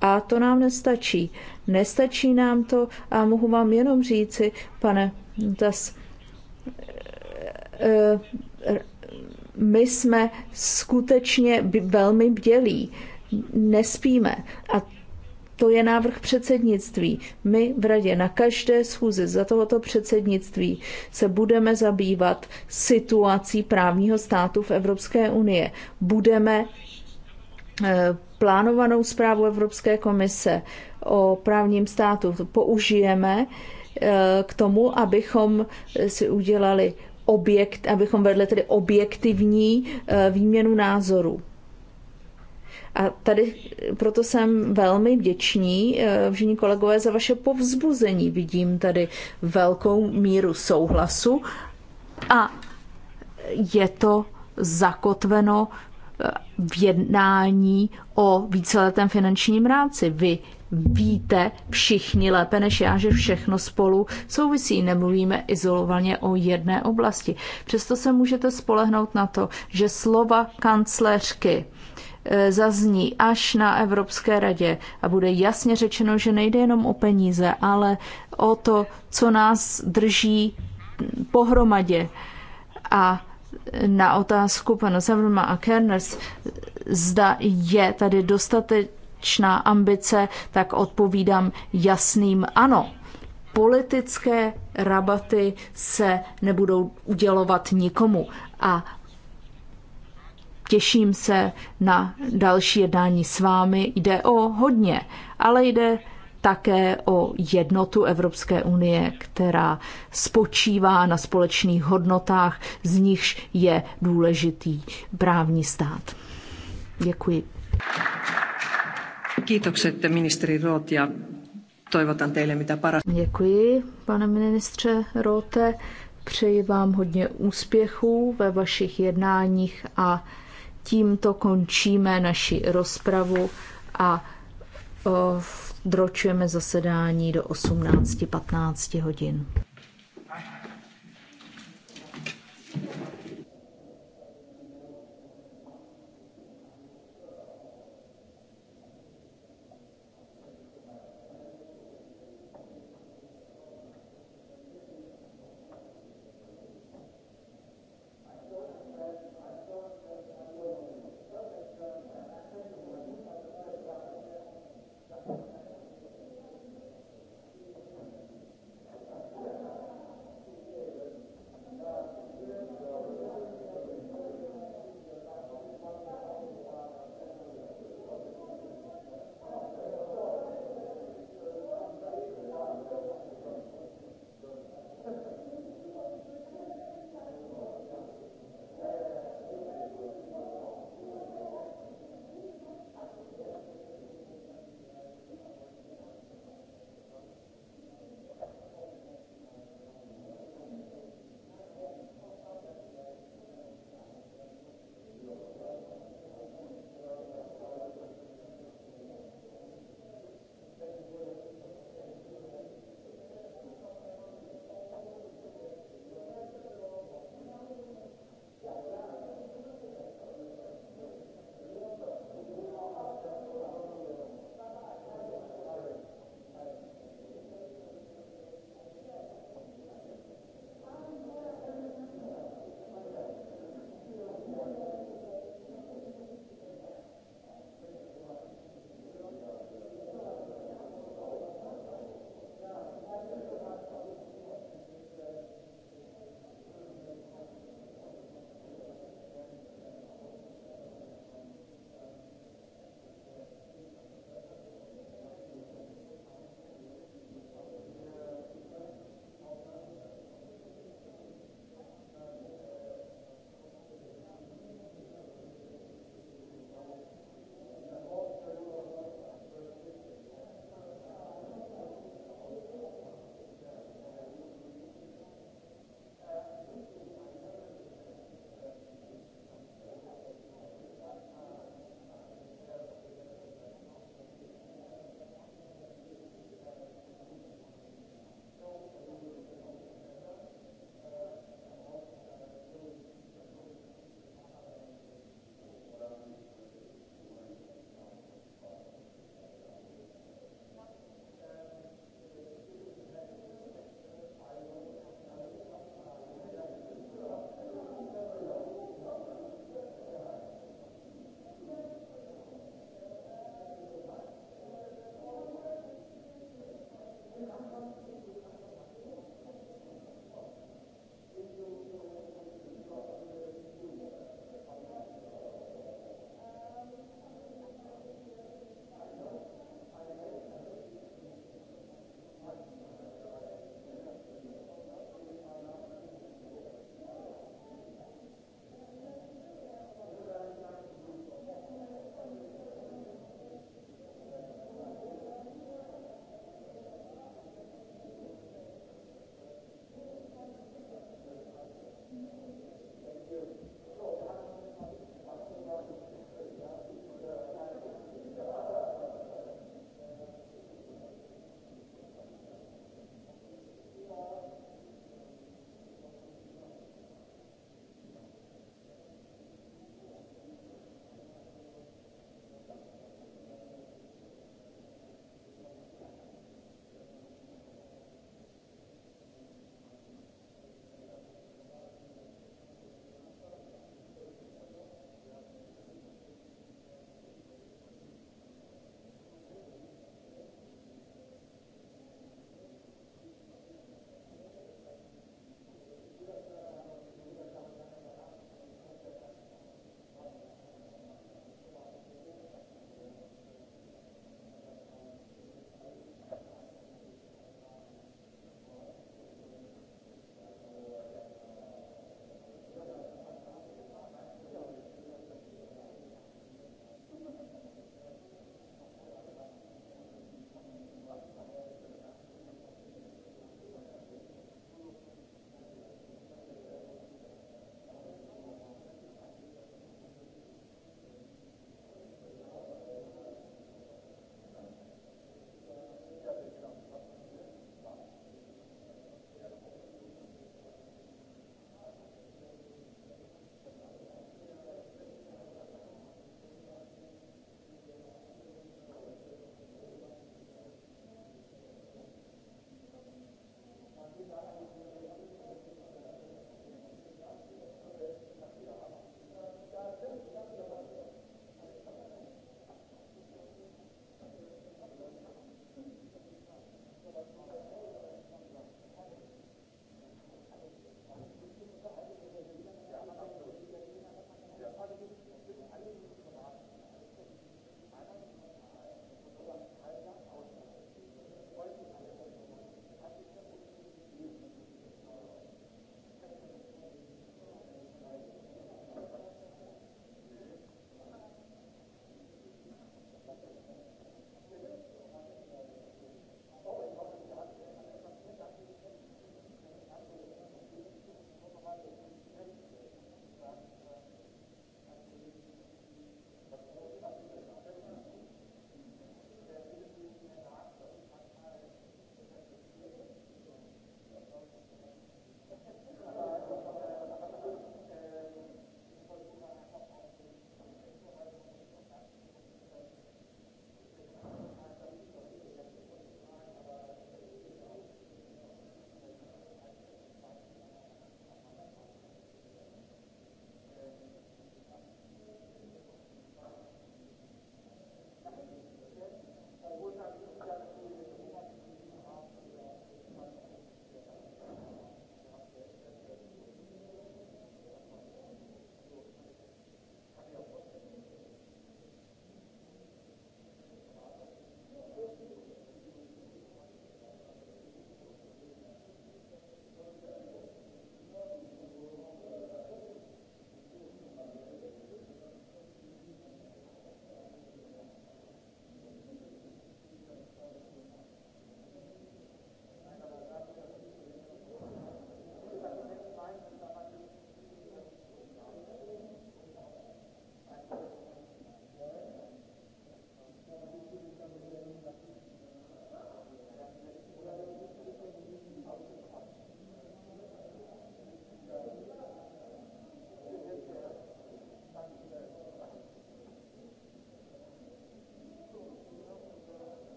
[SPEAKER 10] A to nám nestačí. Nestačí nám to a mohu vám jenom říci, pane Tas, e, my jsme skutečně velmi bdělí nespíme. A to je návrh předsednictví. My v radě na každé schůzi za tohoto předsednictví se budeme zabývat situací právního státu v Evropské unie. Budeme eh, plánovanou zprávu Evropské komise o právním státu použijeme eh, k tomu, abychom si udělali objekt, abychom vedli tedy objektivní eh, výměnu názorů. A tady proto jsem velmi vděčný, eh, vžení kolegové, za vaše povzbuzení. Vidím tady velkou míru souhlasu a je to zakotveno eh, v jednání o víceletém finančním rámci. Vy víte všichni lépe než já, že všechno spolu souvisí. Nemluvíme izolovaně o jedné oblasti. Přesto se můžete spolehnout na to, že slova kancléřky E, zazní až na Evropské radě a bude jasně řečeno, že nejde jenom o peníze, ale o to, co nás drží pohromadě. A na otázku pana Zavrma a Kerners, zda je tady dostatečná ambice, tak odpovídám jasným ano. Politické rabaty se nebudou udělovat nikomu a Těším se na další jednání s vámi. Jde o hodně, ale jde také o jednotu Evropské unie, která spočívá na společných hodnotách, z nichž je důležitý právní stát.
[SPEAKER 1] Děkuji. Kiitokset ministeri Roth ja toivotan teille mitä paras.
[SPEAKER 10] Děkuji, pane ministře Rote. Přeji vám hodně úspěchů ve vašich jednáních a Tímto končíme naši rozpravu a dročujeme zasedání do 18.15 hodin.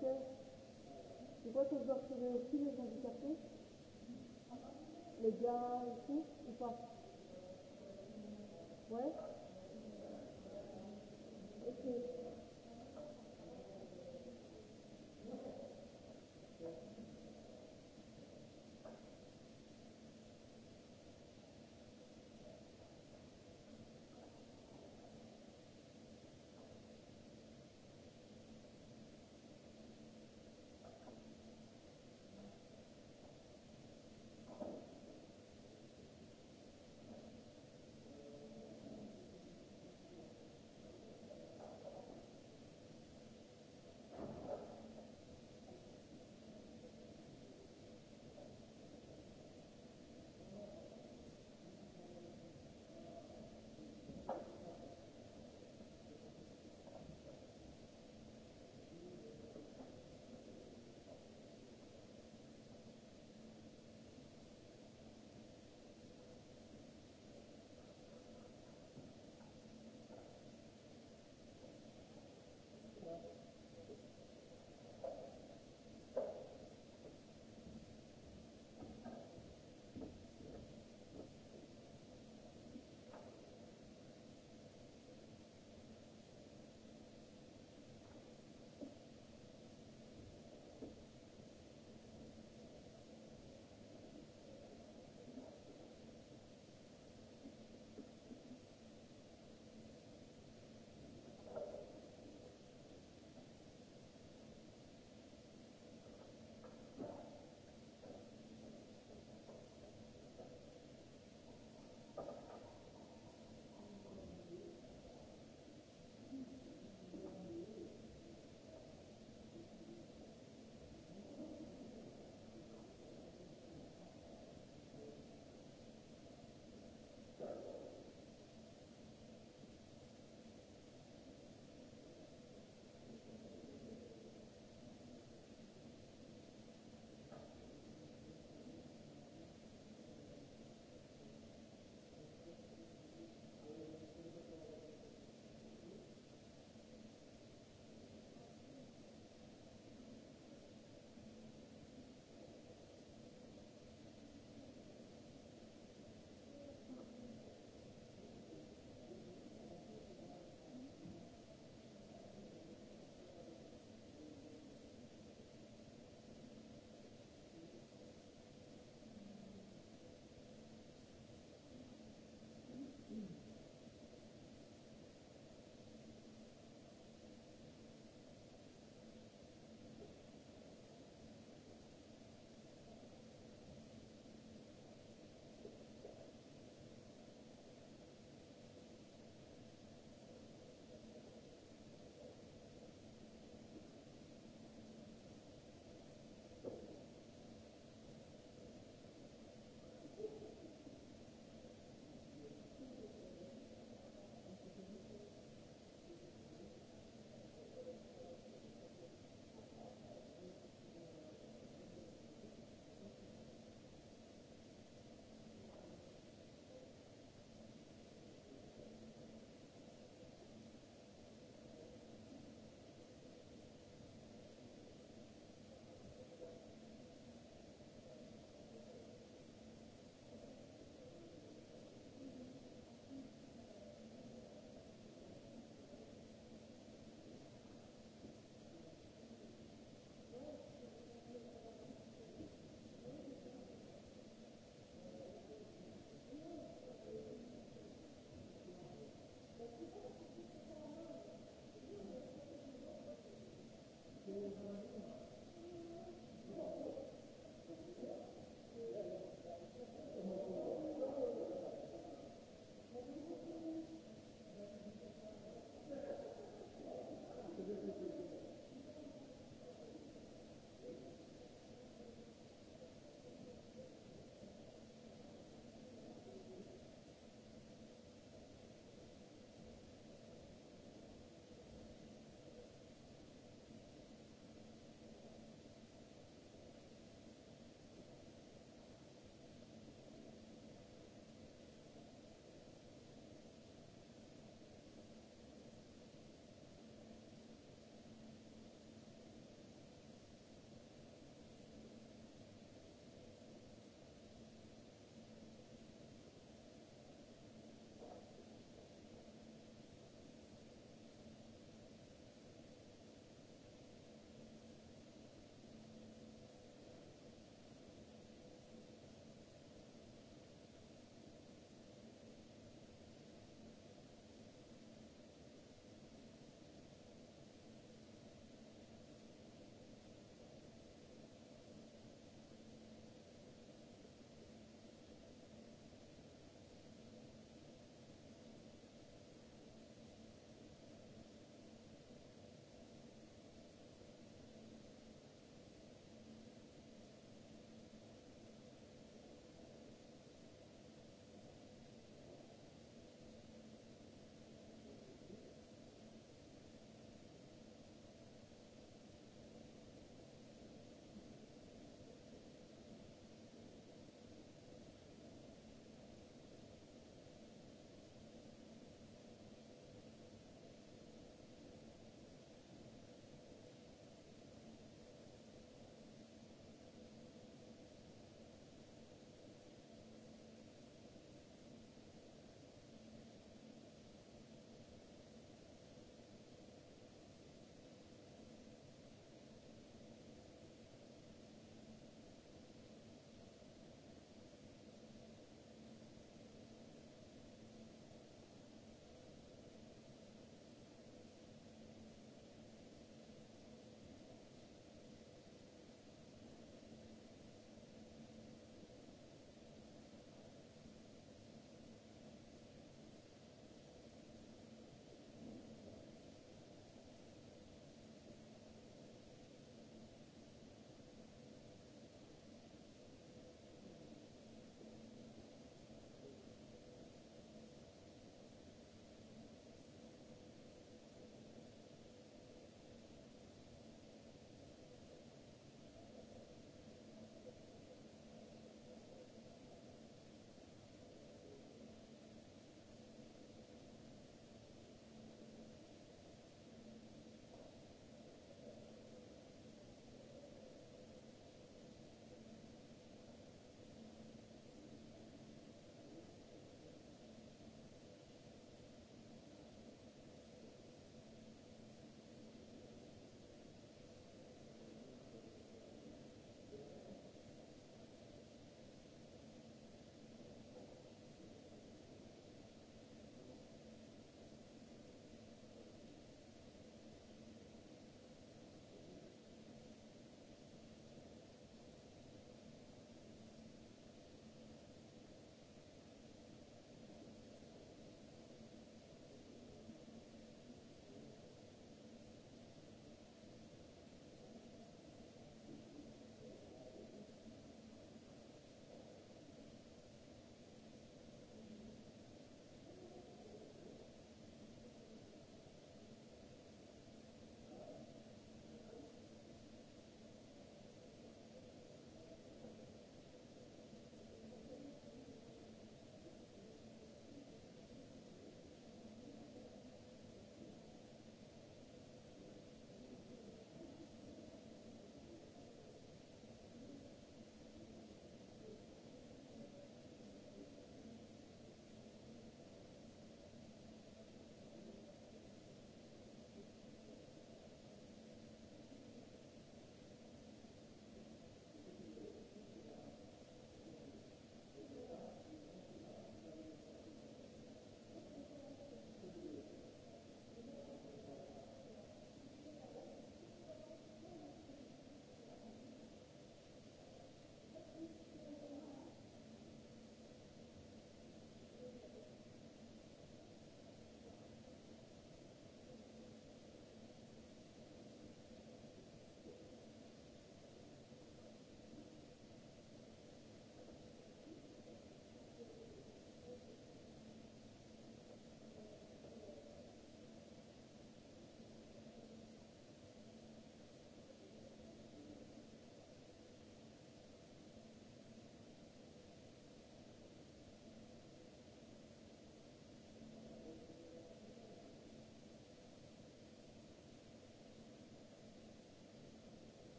[SPEAKER 2] handicapés. Je vois que je dois retrouver aussi les handicapés. Les gars et tout, ou pas Ouais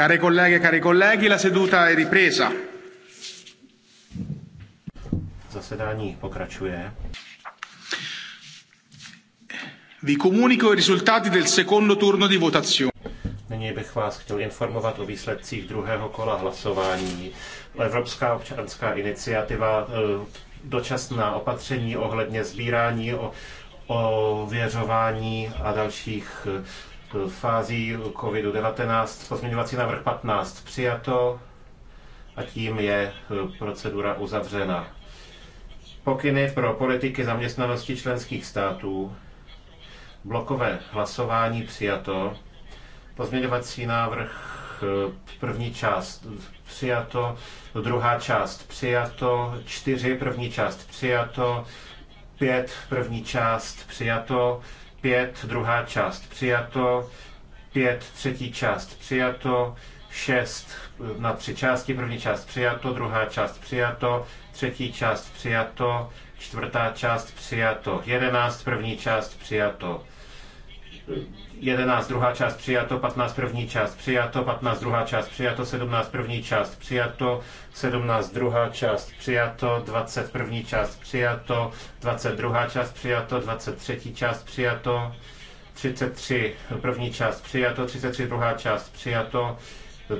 [SPEAKER 7] Care colleghe e cari colleghi, la seduta è ripresa. Zasedání pokračuje. Vi comunico i risultati del secondo turno di votazione.
[SPEAKER 11] Nyní bych vás chtěl informovat o výsledcích druhého kola hlasování. Evropská občanská iniciativa eh, dočasná opatření ohledně sbírání o ověřování a dalších eh, fází COVID-19, pozměňovací návrh 15 přijato a tím je eh, procedura uzavřena. Pokyny pro politiky zaměstnanosti členských států, blokové hlasování přijato, pozměňovací návrh eh, první část přijato, druhá část přijato, čtyři první část přijato, pět první část přijato, 5, druhá část přijato, 5, třetí část přijato, 6 na tři části, první část přijato, druhá část přijato, třetí část přijato, čtvrtá část přijato, 11, první část přijato. 11 druhá část přijato, 15 první část přijato, 15 druhá část přijato, 17 první část přijato, 17 druhá část přijato, 20 první část přijato, dvacet druhá část přijato, 23 část přijato, 33 první část přijato, 33 druhá část přijato,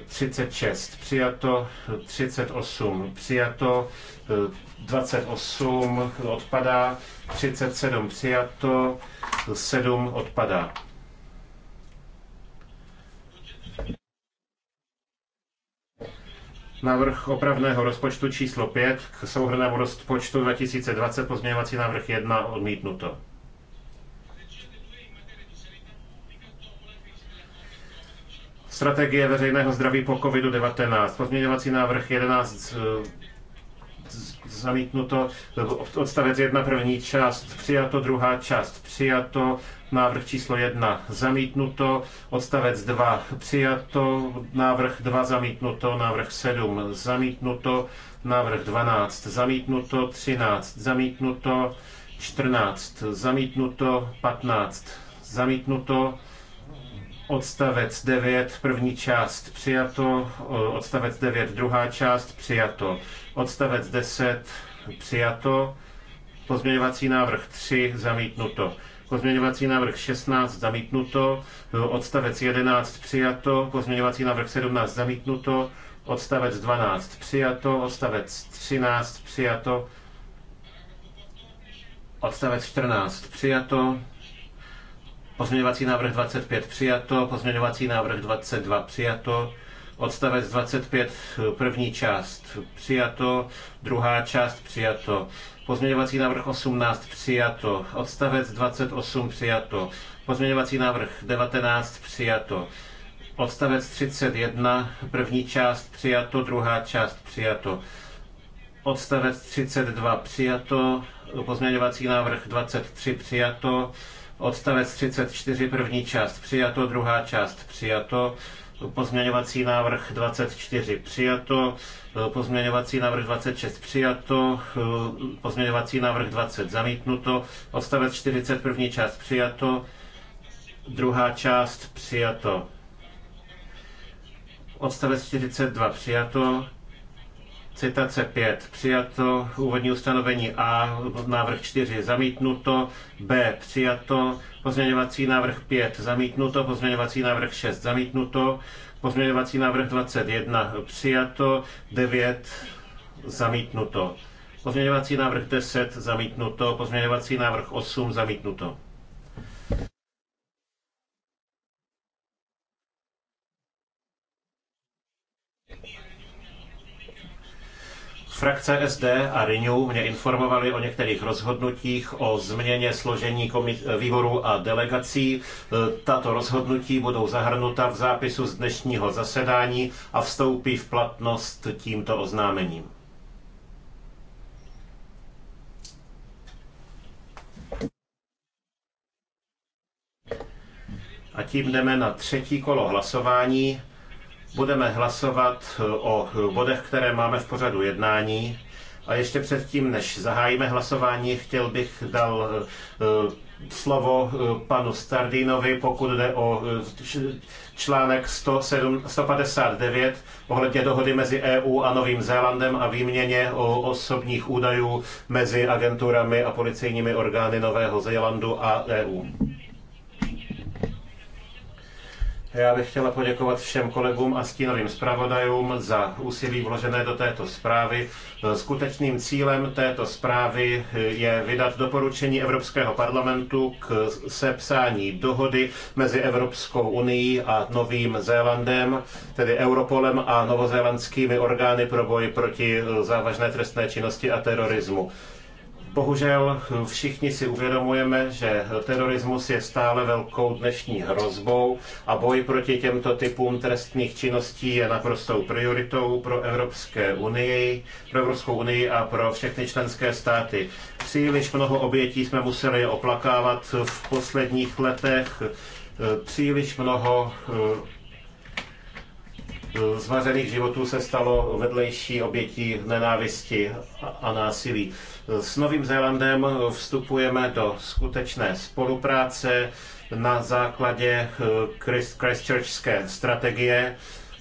[SPEAKER 11] 36 přijato, 38 přijato, 28 odpadá, 37 přijato, 7 odpadá. Návrh opravného rozpočtu číslo 5 k souhrnému rozpočtu 2020 pozměňovací návrh 1 odmítnuto. strategie veřejného zdraví po COVID-19. Pozměňovací návrh 11 eh, zamítnuto, odstavec 1 první část, přijato druhá část, přijato návrh číslo 1 zamítnuto, odstavec 2 přijato, návrh 2 zamítnuto, návrh 7 zamítnuto, návrh 12 zamítnuto, 13 zamítnuto, 14 zamítnuto, 15 zamítnuto, Odstavec 9, první část přijato, odstavec 9, druhá část přijato, odstavec 10 přijato, pozměňovací návrh 3 zamítnuto, pozměňovací návrh 16 zamítnuto, odstavec 11 přijato, pozměňovací návrh 17 zamítnuto, odstavec 12 přijato, odstavec 13 přijato, odstavec 14 přijato, Pozměňovací návrh 25 přijato, pozměňovací návrh 22 přijato, odstavec 25 první část přijato, druhá část přijato, pozměňovací návrh 18 přijato, odstavec 28 přijato, pozměňovací návrh 19 přijato, odstavec 31 první část přijato, druhá část přijato, odstavec 32 přijato, pozměňovací návrh 23 přijato, Odstavec 34, první část přijato, druhá část přijato. Pozměňovací návrh 24 přijato, pozměňovací návrh 26 přijato, pozměňovací návrh 20 zamítnuto, odstavec 40 první část přijato, druhá část přijato, odstavec 42 přijato, Citace 5. Přijato úvodní ustanovení A, návrh 4 zamítnuto, B přijato, pozměňovací návrh 5 zamítnuto, pozměňovací návrh 6 zamítnuto, pozměňovací návrh 21 přijato, 9 zamítnuto, pozměňovací návrh 10 zamítnuto, pozměňovací návrh 8 zamítnuto. Frakce SD a Renew mě informovali o některých rozhodnutích o změně složení výborů a delegací. Tato rozhodnutí budou zahrnuta v zápisu z dnešního zasedání a vstoupí v platnost tímto oznámením. A tím jdeme na třetí kolo hlasování Budeme hlasovat eh, o eh, bodech, které máme v pořadu jednání. A ještě předtím, než zahájíme hlasování, chtěl bych dal eh, slovo panu Stardinovi, pokud jde o článek 107, 159 ohledně dohody mezi EU a Novým Zélandem a výměně o osobních údajů mezi agenturami a policejními orgány Nového Zélandu a EU. Já bych chtěla poděkovat všem kolegům a stínovým zpravodajům za úsilí vložené do této zprávy. Skutečným cílem této zprávy je vydat doporučení Evropského parlamentu k sepsání dohody mezi Evropskou unii a Novým Zélandem, tedy Europolem a novozélandskými orgány pro boj proti závažné trestné činnosti a terorismu. Bohužel všichni si uvědomujeme, že terorismus je stále velkou dnešní hrozbou a boj proti těmto typům trestných činností je naprostou prioritou pro Evropské unii, pro Evropskou unii a pro všechny členské státy. Příliš mnoho obětí jsme museli oplakávat v posledních letech, příliš mnoho eh, zmařených životů se stalo vedlejší obětí nenávisti a násilí. S Novým Zélandem eh, vstupujeme do skutečné spolupráce na základě eh, Christchurchské strategie.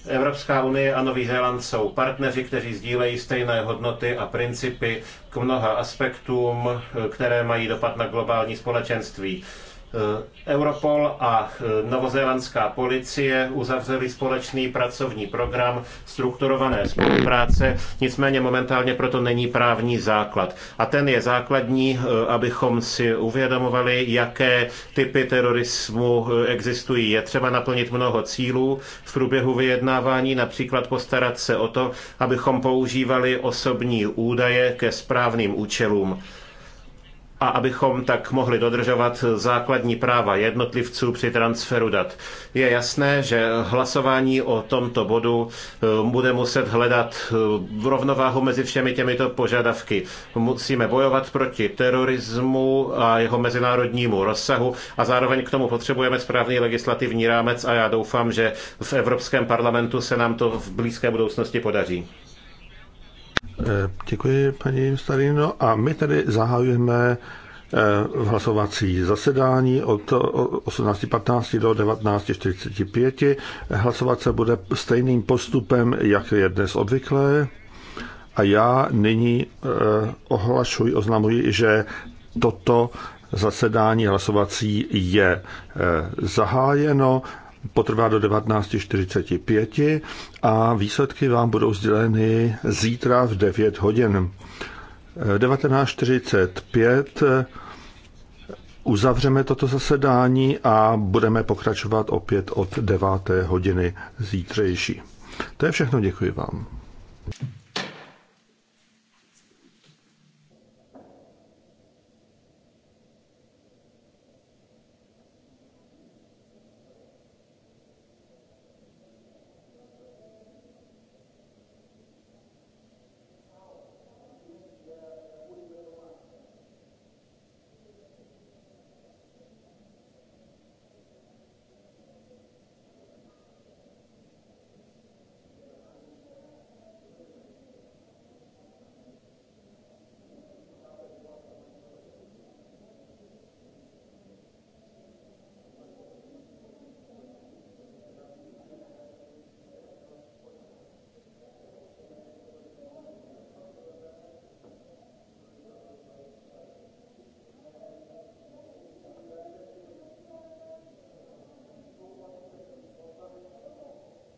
[SPEAKER 11] Evropská unie a Nový Zéland jsou partneři, kteří sdílejí stejné hodnoty a principy k mnoha aspektům, eh, které mají dopad na globální společenství. Eh, Europol a eh, novozélandská policie uzavřeli společný pracovní program strukturované spolupráce, nicméně momentálně proto není právní základ. A ten je základní, eh, abychom si uvědomovali, jaké typy terorismu existují. Je třeba naplnit mnoho cílů v průběhu vyjednávání, například postarat se o to, abychom používali osobní údaje ke správným účelům a abychom tak mohli dodržovat základní práva jednotlivců při transferu dat. Je jasné, že hlasování o tomto bodu eh, bude muset hledat eh, rovnováhu mezi všemi těmito požadavky. Musíme bojovat proti terorismu a jeho mezinárodnímu rozsahu a zároveň k tomu potřebujeme správný legislativní rámec a já doufám, že v Evropském parlamentu se nám to v blízké budoucnosti podaří.
[SPEAKER 4] Eh, děkuji, paní Starino. A my tedy zahajujeme eh, hlasovací zasedání od 18.15 do 19.45. Hlasovat se bude stejným postupem, jak je dnes obvyklé. A já nyní eh, ohlašuji, oznamuji, že toto zasedání hlasovací je zahájeno potrvá do 19.45 a výsledky vám budou sděleny zítra v 9 hodin. 19.45 uzavřeme toto zasedání a budeme pokračovat opět od 9. hodiny zítřejší. To je všechno, děkuji vám.